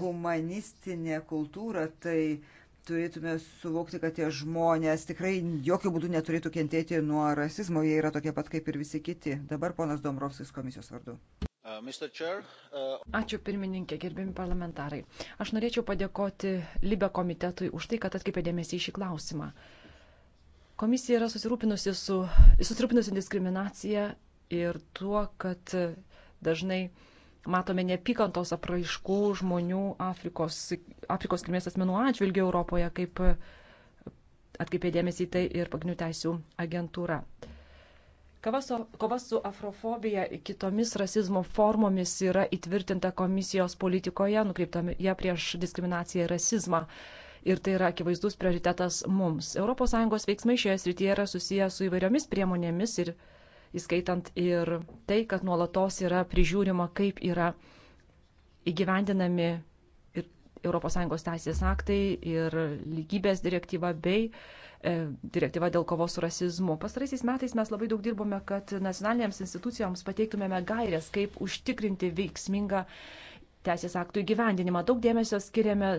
humanistinę kultūrą, tai uh, turėtume suvokti, kad tie žmonės tikrai jokių būdų neturėtų kentėti nuo rasizmo, jie yra tokie pat kaip ir visi kiti. Dabar ponas Dombrovskis komisijos vardu. Uh, uh, Ačiū pirmininkė, gerbimi parlamentarai. Aš norėčiau padėkoti Libe komitetui už tai, kad atkreipė dėmesį į šį klausimą. Komisija yra susirūpinusi, su, susirūpinusi diskriminacija ir tuo, kad dažnai uh, Matome neapykantos apraiškų žmonių Afrikos, Afrikos kilmės asmenų atžvilgių Europoje, kaip atkaipė dėmesį tai ir pagrindinių teisų agentūra. Kova su afrofobija ir kitomis rasizmo formomis yra įtvirtinta komisijos politikoje, nukreiptoje prieš diskriminaciją ir rasizmą. Ir tai yra akivaizdus prioritetas mums. ES veiksmai šioje srityje yra susijęs su įvairiomis priemonėmis ir priemonėmis įskaitant ir tai, kad nuolatos yra prižiūrima, kaip yra įgyvendinami ES teisės aktai ir lygybės direktyva bei e, direktyva dėl kovos su rasizmu. Pastaraisiais metais mes labai daug dirbome, kad nacionalinėms institucijoms pateiktumėme gairias, kaip užtikrinti veiksmingą teisės aktų įgyvendinimą. Daug dėmesio skiriame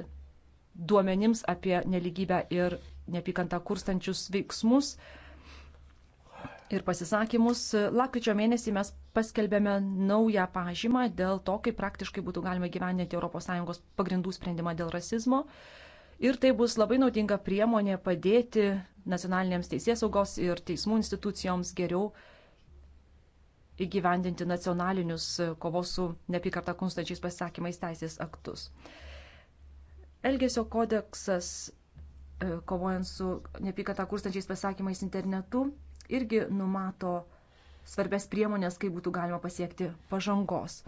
duomenims apie neligybę ir neapykantą kurstančius veiksmus, ir pasisakymus. Lakryčio mėnesį mes paskelbėme naują pažymą dėl to, kaip praktiškai būtų galima gyveninti ES pagrindų sprendimą dėl rasizmo. Ir tai bus labai naudinga priemonė padėti nacionalinėms teisėsaugos ir teismų institucijoms geriau įgyvendinti nacionalinius kovos su neapykarta konstančiais pasisakymais teisės aktus. Elgesio kodeksas e, kovojant su neapykata kurstančiais pasakymais internetu irgi numato svarbės priemonės, kaip būtų galima pasiekti pažangos.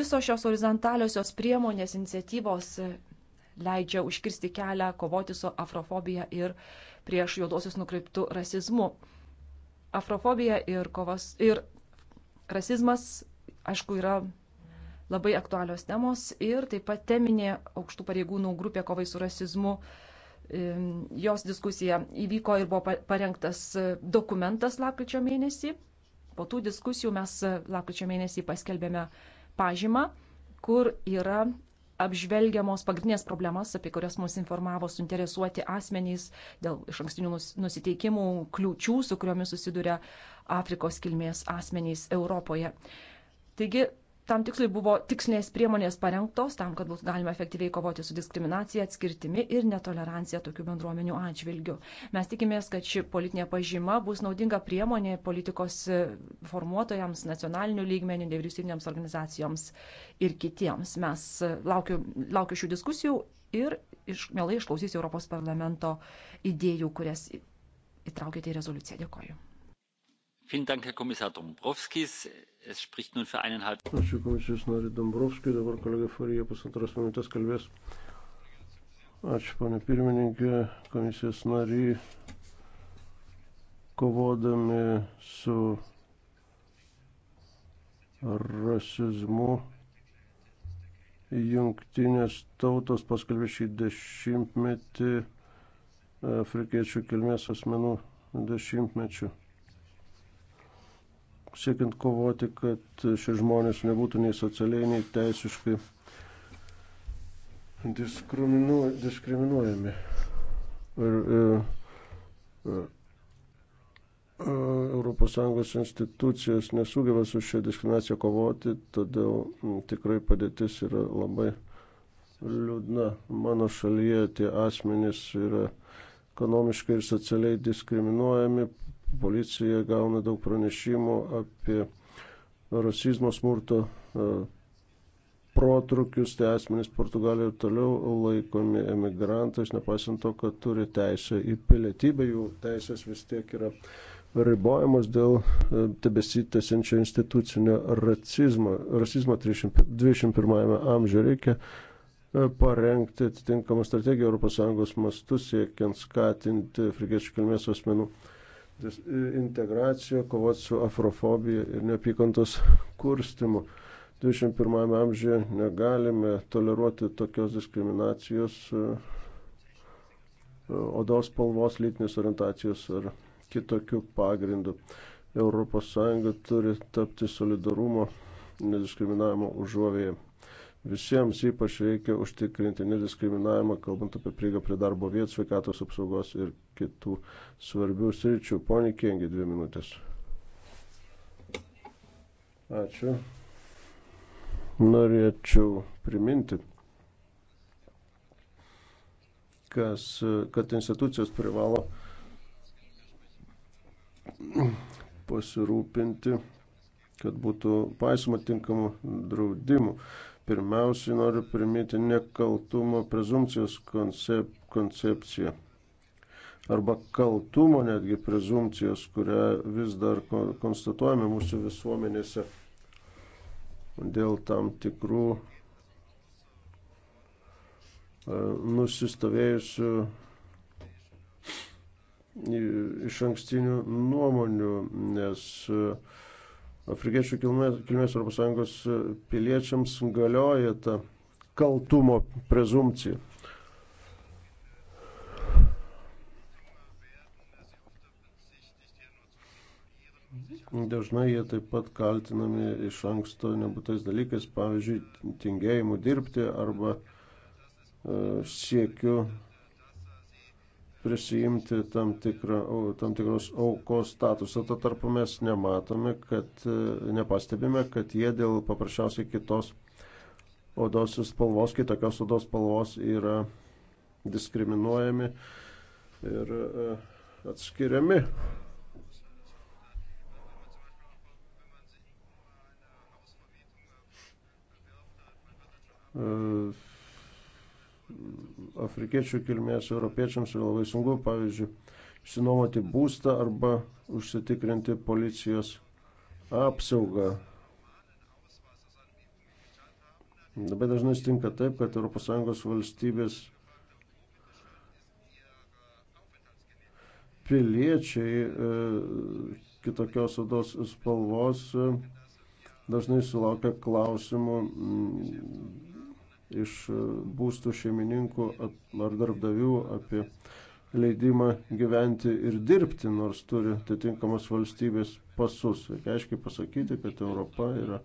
Visos šios horizontaliosios priemonės iniciatyvos e, leidžia užkirsti kelią, kovoti su afrofobija ir prieš juodosius nukreiptų rasizmu. Afrofobija ir, kovas, ir rasizmas, aišku, yra labai aktualios temos ir taip pat teminė aukštų pareigūnų grupė kovai su rasizmu uh, jos diskusija įvyko ir buvo parengtas e, dokumentas lapkričio mėnesį. Po tų diskusijų mes e, lapkričio mėnesį paskelbėme pažymą, kur yra apžvelgiamos pagrindinės problemas, apie kurias mus informavo suinteresuoti asmenys dėl iš ankstinių nusiteikimų, kliūčių, su kuriomis susiduria Afrikos kilmės asmenys Europoje. Taigi Tam tikslai buvo tikslinės priemonės parengtos tam, kad būtų galima efektyviai kovoti su diskriminacija, atskirtimi ir netolerancija tokių bendruomenių atžvilgių. Mes tikimės, kad ši politinė pažyma bus naudinga priemonė politikos formuotojams, nacionalinių lygmenių, nevyriausybinėms organizacijoms ir kitiems. Mes laukiu, laukiu šių diskusijų ir iš, mielai išklausysiu Europos parlamento idėjų, kurias įtraukėte į rezoliuciją. Dėkoju. Ačiū komisijos nariu Dombrovskijui, dabar kolega Farija pusantros minutės kalbės. Ačiū, pane pirmininkė, komisijos nariai, kovodami su rasizmu jungtinės tautos paskelbė šį dešimtmetį e, afrikiečių kilmės asmenų dešimtmečių siekiant kovoti, kad šie žmonės nebūtų nei socialiai, nei teisiškai diskriminuojami. Ir, ir, ES institucijos nesugeba su šia diskriminacija kovoti, todėl tikrai padėtis yra labai liūdna. Mano šalyje tie asmenys yra ekonomiškai ir socialiai diskriminuojami, policija gauna daug pranešimų apie rasizmo smurto e, protrukius, tai asmenys Portugalijoje ir toliau laikomi emigrantais, nepaisant to, kad turi teisę į pilietybę, jų teisės vis tiek yra ribojamos dėl e, tebesitęsiančio institucinio rasizmo. Rasizmo 21 amžiuje reikia e, parengti atitinkamą strategiją ES mastu siekiant skatinti afrikiečių kilmės asmenų integraciją, kovoti su afrofobija ir neapykantos kurstimu. 21 amžiuje negalime toleruoti tokios diskriminacijos e, odos spalvos, lytinės orientacijos ar kitokių pagrindų. ES turi tapti solidarumo nediskriminavimo užuovėje. Visiems ypač reikia užtikrinti nediskriminavimą, kalbant apie prieigą prie darbo vietų, sveikatos apsaugos ir kitų svarbių sričių. Pone Kengi, dvi minutės. Ačiū. Norėčiau priminti, kas, kad institucijos privalo pasirūpinti, kad būtų paisoma tinkamų draudimų Pirmiausiai noriu priminti nekaltumo prezumcijos koncep koncepciją arba kaltumo netgi prezumcijos, kurią vis dar konstatuojame mūsų visuomenėse dėl tam tikrų e, nusistovėjusių iš ankstinių nuomonių, nes uh, afrikiečių kilmės ES e, piliečiams galioja ta kaltumo prezumcija. Dažnai jie taip pat kaltinami iš anksto nebūtais dalykais, pavyzdžiui, tingėjimu dirbti arba e, siekiu prisijimti tam, tikrą, tam tikros aukos statusą. Tuo tarpu mes nematome, kad e, nepastebime, kad jie dėl paprasčiausiai kitos odos spalvos, kitokios odos spalvos yra diskriminuojami ir e, atskiriami. Uh, afrikiečių kilmės europiečiams yra labai sunku, pavyzdžiui, išsinuomoti būstą arba užsitikrinti policijos apsaugą. Labai dažnai stinka taip, kad ES valstybės piliečiai e, kitokios odos spalvos e, dažnai sulaukia klausimų iš e, būstų šeimininkų ar darbdavių apie leidimą gyventi ir dirbti, nors turi atitinkamas valstybės pasus. Reikia aiškiai pasakyti, kad Europa yra,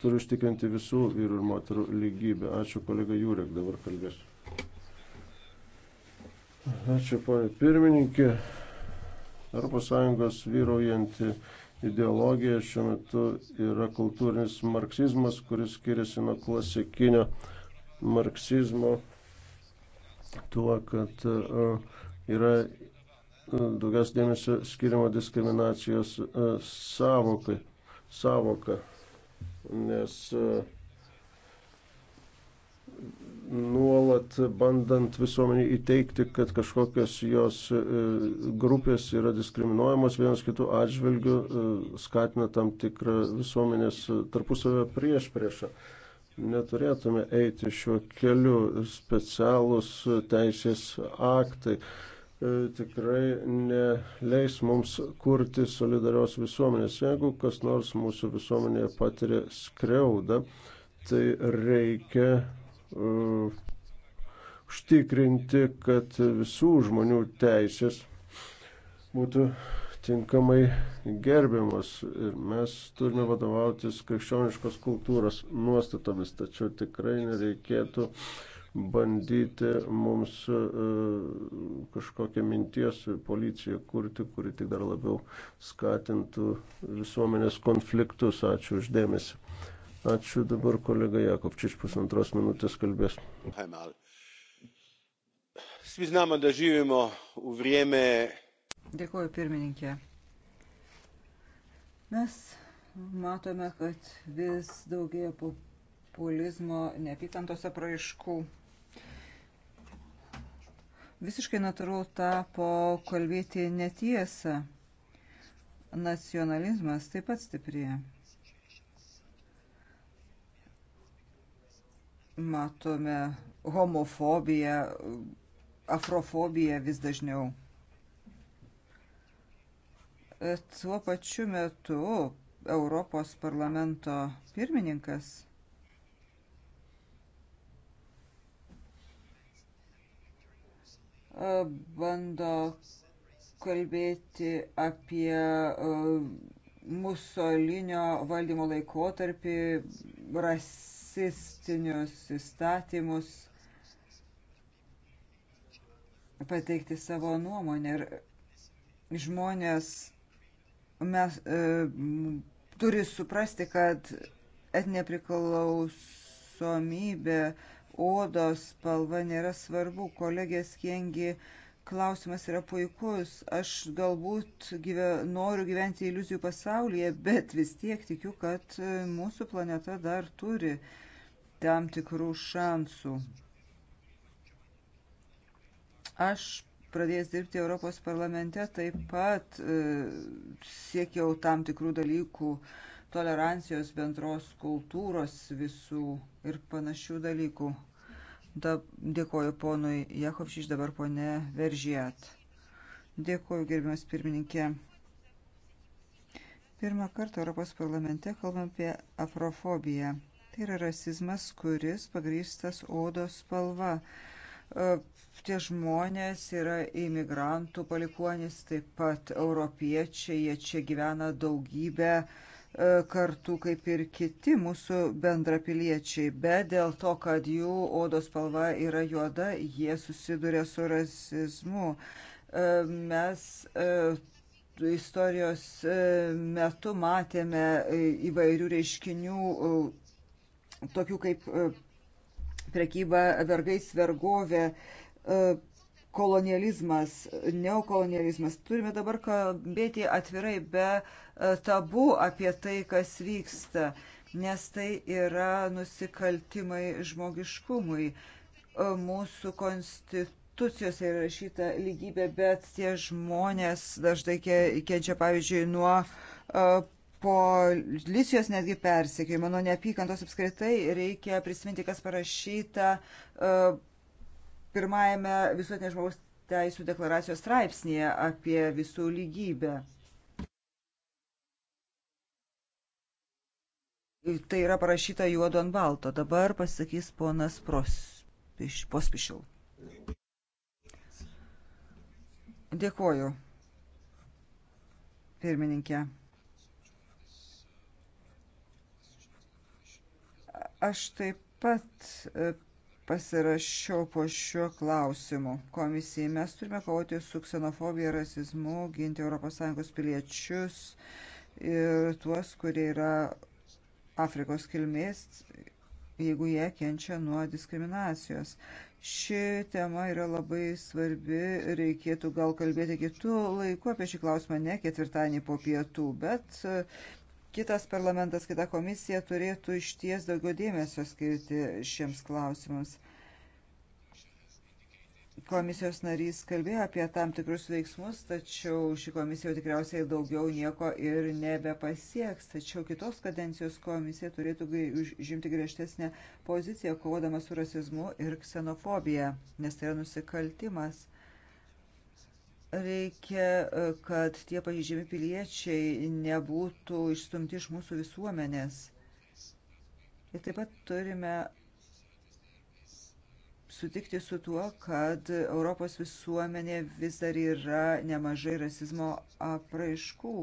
turi užtikrinti visų vyrų ir moterų lygybę. Ačiū kolega Jurek, dabar kalbės. Ačiū, ponė pirmininkė. ES vyraujanti ideologija šiuo metu yra kultūrinis marksizmas, kuris skiriasi nuo klasikinio marksizmo tuo, kad e, yra e, daugiausia dėmesio skiriama diskriminacijos e, savokai, savoka, nes nuolat bandant visuomenį įteikti, kad kažkokios jos grupės yra diskriminuojamos vienas kitų atžvilgių, skatina tam tikrą visuomenės tarpusavio prieš priešą. Prieš neturėtume eiti šiuo keliu specialus teisės aktai e, tikrai neleis mums kurti solidarios visuomenės. Jeigu kas nors mūsų visuomenėje patiria skriaudą, tai reikia uh, užtikrinti, kad visų žmonių teisės būtų tinkamai gerbiamos. Ir mes turime vadovautis krikščioniškos kultūros nuostatomis, tačiau tikrai nereikėtų bandyti mums e, kažkokią minties policiją kurti, kuri tik dar labiau skatintų visuomenės konfliktus. Ačiū uždėmesi. Ačiū dabar kolega Jakovčič pusantros minutės kalbės. Svi znamo da živimo u vrijeme Dėkuoju pirmininkė. Mes matome, kad vis daugėja populizmo neapykantos apraiškų. Visiškai natūralu tapo kalbėti netiesą. Nacionalizmas taip pat stiprėja. Matome homofobiją, afrofobiją vis dažniau. Tuo pačiu metu Europos parlamento pirmininkas bando kalbėti apie e, Musolinio valdymo laikotarpį, rasistinius įstatymus, pateikti savo nuomonę. Ir žmonės mes e, turi suprasti, kad etinė priklausomybė, odos spalva nėra svarbu. Kolegės Kengi klausimas yra puikus. Aš galbūt gyve, noriu gyventi iliuzijų pasaulyje, bet vis tiek tikiu, kad e, mūsų planeta dar turi tam tikrų šansų. Aš pradėjęs dirbti Europos parlamente, taip pat e, siekiau tam tikrų dalykų, tolerancijos bendros kultūros visų ir panašių dalykų. Da, dėkoju ponui Jakovšiš, dabar ponė Veržijat. Dėkoju, gerbiamas pirmininkė. Pirmą kartą Europos parlamente kalbam apie afrofobiją. Tai yra rasizmas, kuris pagrįstas odos spalva. E, tie žmonės yra imigrantų palikuonys, taip pat europiečiai, jie čia gyvena daugybę e, kartu kaip ir kiti mūsų bendrapiliečiai, bet dėl to, kad jų odos spalva yra juoda, jie susiduria su rasizmu. E, mes istorijos metu matėme įvairių reiškinių, tokių kaip prekyba vergais vergovė, e, kolonializmas, neokolonializmas. Turime dabar kalbėti atvirai be e, tabu apie tai, kas vyksta, nes tai yra nusikaltimai žmogiškumui. E, mūsų konstitucija konstitucijose yra rašyta lygybė, bet tie žmonės dažnai kenčia, pavyzdžiui, nuo policijos netgi persekiojimo, nuo neapykantos apskritai reikia prisiminti, kas parašyta uh, pirmajame visuotinės žmogaus teisų deklaracijos straipsnėje apie visų lygybę. Tai yra parašyta juodo ant balto. Dabar pasakys ponas prospiš, Pospišil. Dėkoju, pirmininkė. Aš taip pat e, pasirašiau po šiuo klausimu komisijai. Mes turime kovoti su ksenofobija, rasizmu, ginti ES piliečius ir tuos, kurie yra Afrikos kilmės, jeigu jie kenčia nuo diskriminacijos. Ši tema yra labai svarbi, reikėtų gal kalbėti kitų laikų apie šį klausimą, ne ketvirtadienį po pietų, bet kitas parlamentas, kita komisija turėtų išties daugiau dėmesio skirti šiems klausimams. Komisijos narys kalbėjo apie tam tikrus veiksmus, tačiau ši komisija jau tikriausiai daugiau nieko ir nebepasieks. Tačiau kitos kadencijos komisija turėtų žimti griežtesnę poziciją, kovodama su rasizmu ir ksenofobija, nes tai yra nusikaltimas. Reikia, e, kad tie pažydžiami piliečiai nebūtų išstumti iš mūsų visuomenės. Ir taip pat turime sutikti su tuo, kad Europos visuomenė vis dar yra nemažai rasizmo apraiškų.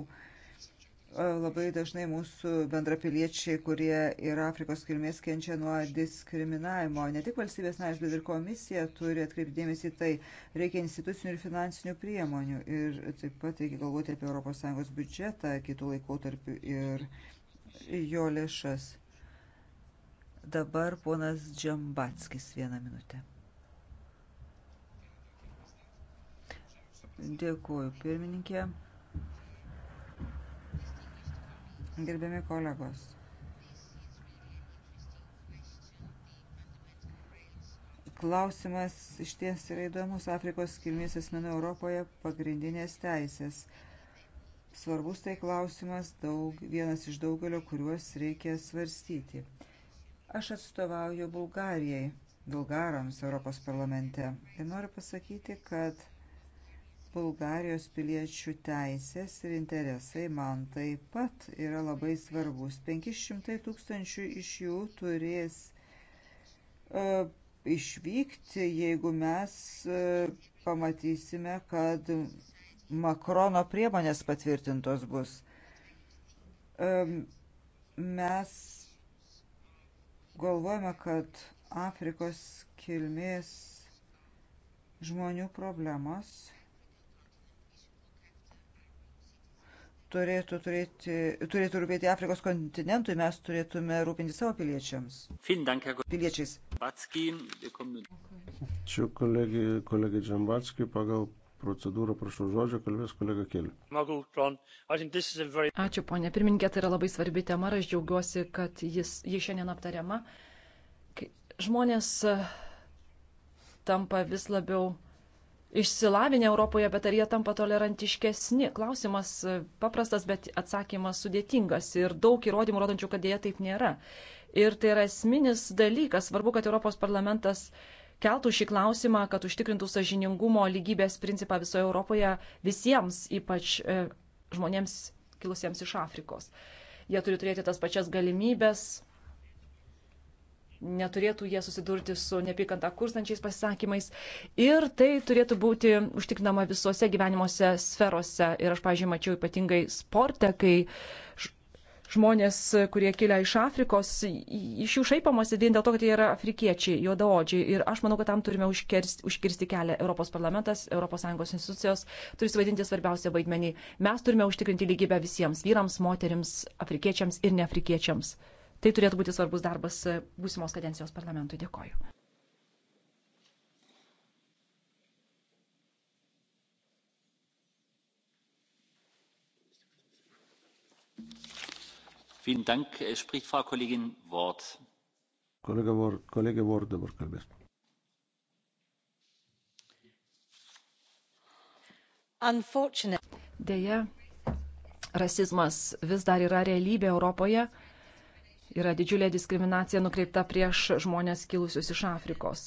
E, labai dažnai mūsų bendrapiliečiai, kurie yra Afrikos kilmės, kenčia nuo diskriminavimo. Ne tik valstybės narės, bet ir komisija turi atkreipdėmėsi į tai. Reikia institucinių ir finansinių priemonių. Ir taip pat reikia galvoti apie ES biudžetą kitų laikotarpių ir jo lėšas. Dabar ponas Džambatskis vieną minutę. Dėkuoju, pirmininkė. gerbiami kolegos. Klausimas iš ties yra įdomus Afrikos kilmės asmenų Europoje pagrindinės teisės. Svarbus tai klausimas, daug, vienas iš daugelio, kuriuos reikia svarstyti. Aš atstovauju Bulgarijai, bulgarams Europos parlamente ir noriu pasakyti, kad Bulgarijos piliečių teisės ir interesai man taip pat yra labai svarbus. 500 tūkstančių iš jų turės uh, išvykti, jeigu mes uh, pamatysime, kad Makrono priemonės patvirtintos bus. Um, mes galvojame, kad Afrikos kilmės žmonių problemos turėtų, turėti, turėtų rūpėti Afrikos kontinentui, mes turėtume rūpinti savo piliečiams. Piliečiais. Ačiū kolegai, kolegai Džambatskiai pagal procedūrą, prašau žodžio, kalbės kolega Keli. Ačiū, ponė pirmininkė, tai yra labai svarbi tema ir aš džiaugiuosi, kad jis, jis šiandien aptariama. Žmonės e, tampa vis labiau išsilavinę Europoje, bet ar jie tampa tolerantiškesni? Klausimas e, paprastas, bet atsakymas sudėtingas ir daug įrodymų rodančių, kad dėja taip nėra. Ir tai yra esminis dalykas. Svarbu, kad Europos parlamentas keltų šį klausimą, kad užtikrintų sažiningumo lygybės principą visoje Europoje visiems, ypač e, žmonėms kilusiems iš Afrikos. Jie turi turėti tas pačias galimybės, neturėtų jie susidurti su nepykantą kurstančiais pasisakymais ir tai turėtų būti užtikrinama visose gyvenimuose sferose. Ir aš, pažiūrėjau, mačiau ypatingai sporte, kai žmonės, kurie kilia iš Afrikos, iš jų šaipamasi vien dėl to, kad jie yra afrikiečiai, juodaodžiai. Ir aš manau, kad tam turime užkirsti, užkirsti kelią. Europos parlamentas, ES institucijos turi suvaidinti svarbiausią vaidmenį. Mes turime užtikrinti lygybę visiems vyrams, moteriams, afrikiečiams ir neafrikiečiams. Tai turėtų būti svarbus darbas e, būsimos kadencijos parlamentui. Dėkoju. Äh, Kolega Ward, kolegė Ward dabar kalbės. Deja, rasizmas vis dar yra realybė Europoje yra didžiulė diskriminacija nukreipta prieš žmonės kilusius iš Afrikos.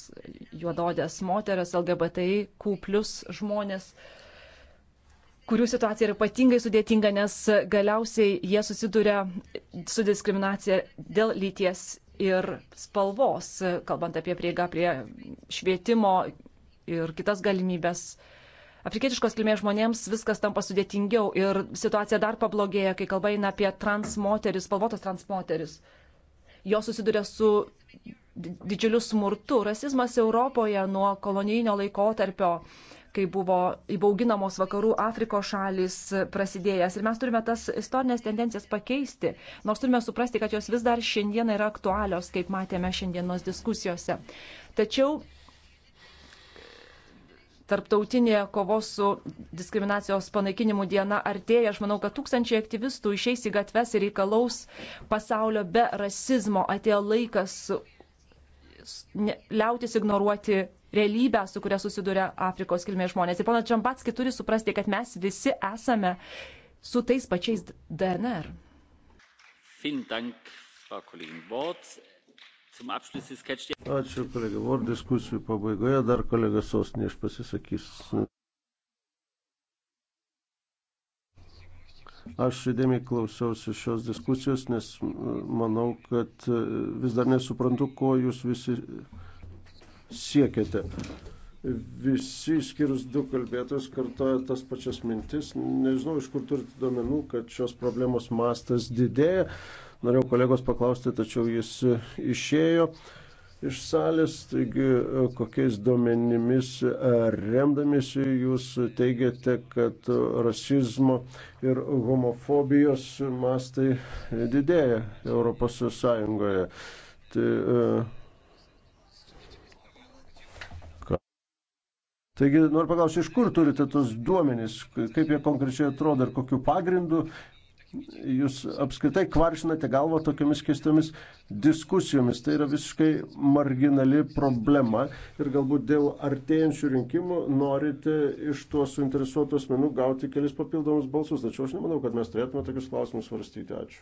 Juododės moteris, LGBTI, kuplius žmonės, kurių situacija yra ypatingai sudėtinga, nes galiausiai jie susiduria su diskriminacija dėl lyties ir spalvos, kalbant apie prieigą prie švietimo ir kitas galimybės afrikietiškos kilmės žmonėms viskas tampa sudėtingiau ir situacija dar pablogėja, kai kalba eina apie trans moteris, spalvotas trans moteris. Jos susiduria su didžiuliu smurtu. Rasizmas Europoje nuo kolonijinio laikotarpio kai buvo įbauginamos vakarų Afrikos šalis prasidėjęs. Ir mes turime tas istorinės tendencijas pakeisti, nors turime suprasti, kad jos vis dar šiandien yra aktualios, kaip matėme šiandienos diskusijose. Tačiau Tarptautinė kovos su diskriminacijos panaikinimu diena artėja. Aš manau, kad tūkstančiai aktyvistų išeis į gatves ir reikalaus pasaulio be rasizmo. Atėjo laikas liautis ignoruoti realybę, su kuria susiduria Afrikos kilmės žmonės. Ir pana Čambatski turi suprasti, kad mes visi esame su tais pačiais DNR. Vielen Dank, Frau Kollegin Bort. Ačiū, kolega. Vor diskusijų pabaigoje dar kolega Sosnieš pasisakys. Aš įdėmiai klausiausi šios diskusijos, nes manau, kad e, vis dar nesuprantu, ko jūs visi siekiate. Visi, skirus du kalbėtojus, kartoja tas pačias mintis. Nežinau, iš kur turite duomenų, kad šios problemos mastas didėja norėjau kolegos paklausti, tačiau jis išėjo iš salės, taigi kokiais duomenimis remdamėsi jūs teigiate, kad rasizmo ir homofobijos mastai didėja Europos Sąjungoje. Tai, e, ka... Taigi noriu paklausti, iš kur turite tos duomenys, kaip jie konkrečiai atrodo ir kokiu pagrindu jūs apskritai kvaršinate galvą tokiamis keistomis diskusijomis. Tai yra visiškai marginali problema ir galbūt dėl artėjančių rinkimų norite iš tuos suinteresuotų asmenų gauti kelis papildomus balsus. Tačiau aš nemanau, kad mes turėtume tokius klausimus svarstyti. Ačiū.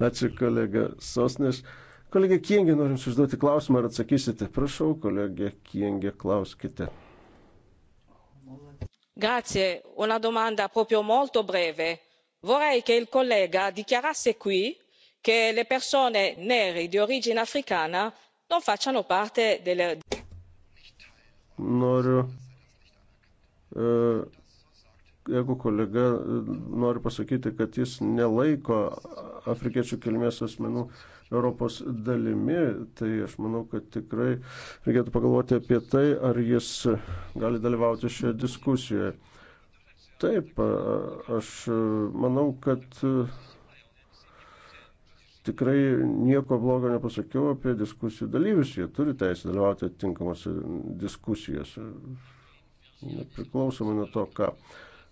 Ačiū, kolega Sosniš. Kolegė Kiengė, norim užduoti klausimą, ar atsakysite? Prašau, kolegė Kiengė, klauskite ho una domanda proprio molto breve vorrei che il collega dichiarasse qui che le persone nere di origine africana non facciano parte delle. noriu eh, jeigu kolega e, nori pasakyti, kad jis nelaiko afrikiečių kilmės asmenų Europos dalimi, tai aš manau, kad tikrai reikėtų pagalvoti apie tai, ar jis gali dalyvauti šioje diskusijoje. Taip, aš e, manau, kad e, tikrai nieko blogo nepasakiau apie diskusijų dalyvius. Jie turi teisę dalyvauti atitinkamose diskusijose, nepriklausomai nuo to, ką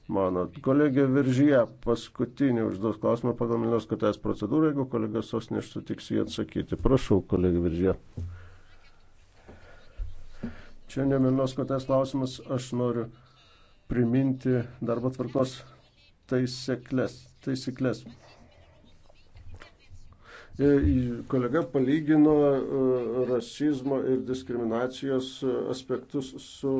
manot. Kolegė Viržyje, paskutinį užduos klausimą pagal Milnos katės procedūrą, jeigu kolega Sosniš sutiks jį atsakyti. Prašau, kolegė Viržyje. Čia ne Milnos katės klausimas, aš noriu priminti darbo tvarkos taisyklės. taisyklės. E, kolega palygino e, rasizmo ir diskriminacijos e, aspektus su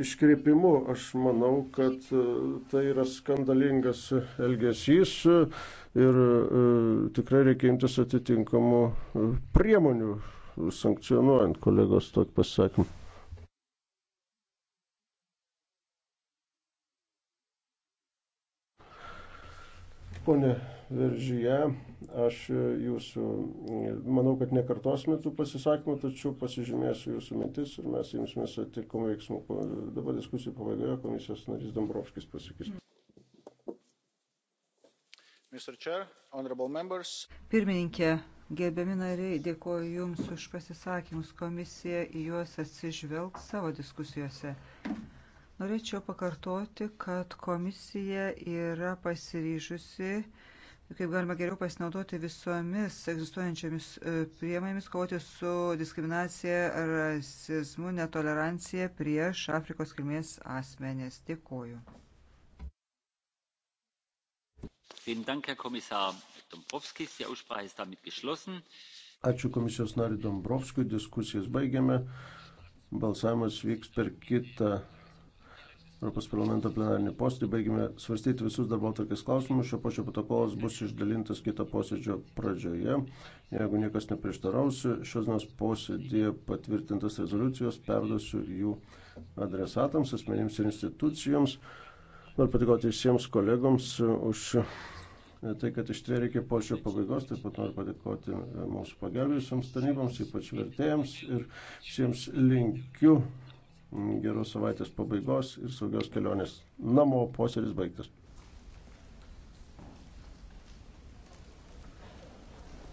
iškreipimu. Aš manau, kad e, tai yra skandalingas elgesys ir e, tikrai reikia imtis atitinkamų e, priemonių sankcionuojant kolegos tokį pasakymą. Pone veržyje. Aš jūsų, manau, kad nekartosime tų pasisakymų, tačiau pasižymėsiu jūsų mintis ir mes imsimės atitinkamų veiksmų. Dabar diskusijų pabaigoje komisijos narys Dombrovskis pasakys. Chair, Pirmininkė, gerbiami nariai, dėkoju Jums už pasisakymus. Komisija į juos atsižvelgs savo diskusijose. Norėčiau pakartoti, kad komisija yra pasiryžusi kaip galima geriau pasinaudoti visomis egzistuojančiomis e, priemonėmis kovoti su diskriminacija, rasizmu, netolerancija prieš Afrikos kilmės asmenės. Dėkoju. Vielen Dank, Herr Kommissar Dombrovskis. Die Aussprache ist damit geschlossen. Ačiū komisijos nariu Dombrovskui, diskusijas baigiame. Balsavimas vyks per kitą Europos parlamento plenarinį postį. Baigime svarstyti visus darbo atvarkės klausimus. Šio pošio protokolas bus išdalintas kito posėdžio pradžioje. Jeigu niekas neprieštaraus, šios dienos posėdėje patvirtintas rezoliucijos perduosiu jų adresatams, asmenims ir institucijoms. Noriu patikoti visiems kolegoms už tai, kad ištvėrė iki pošio pabaigos, taip pat noriu padėkoti mūsų pagelbėjusiems tarnyboms, ypač vertėjams ir visiems linkiu geros savaitės pabaigos ir saugios kelionės namo posėdis baigtas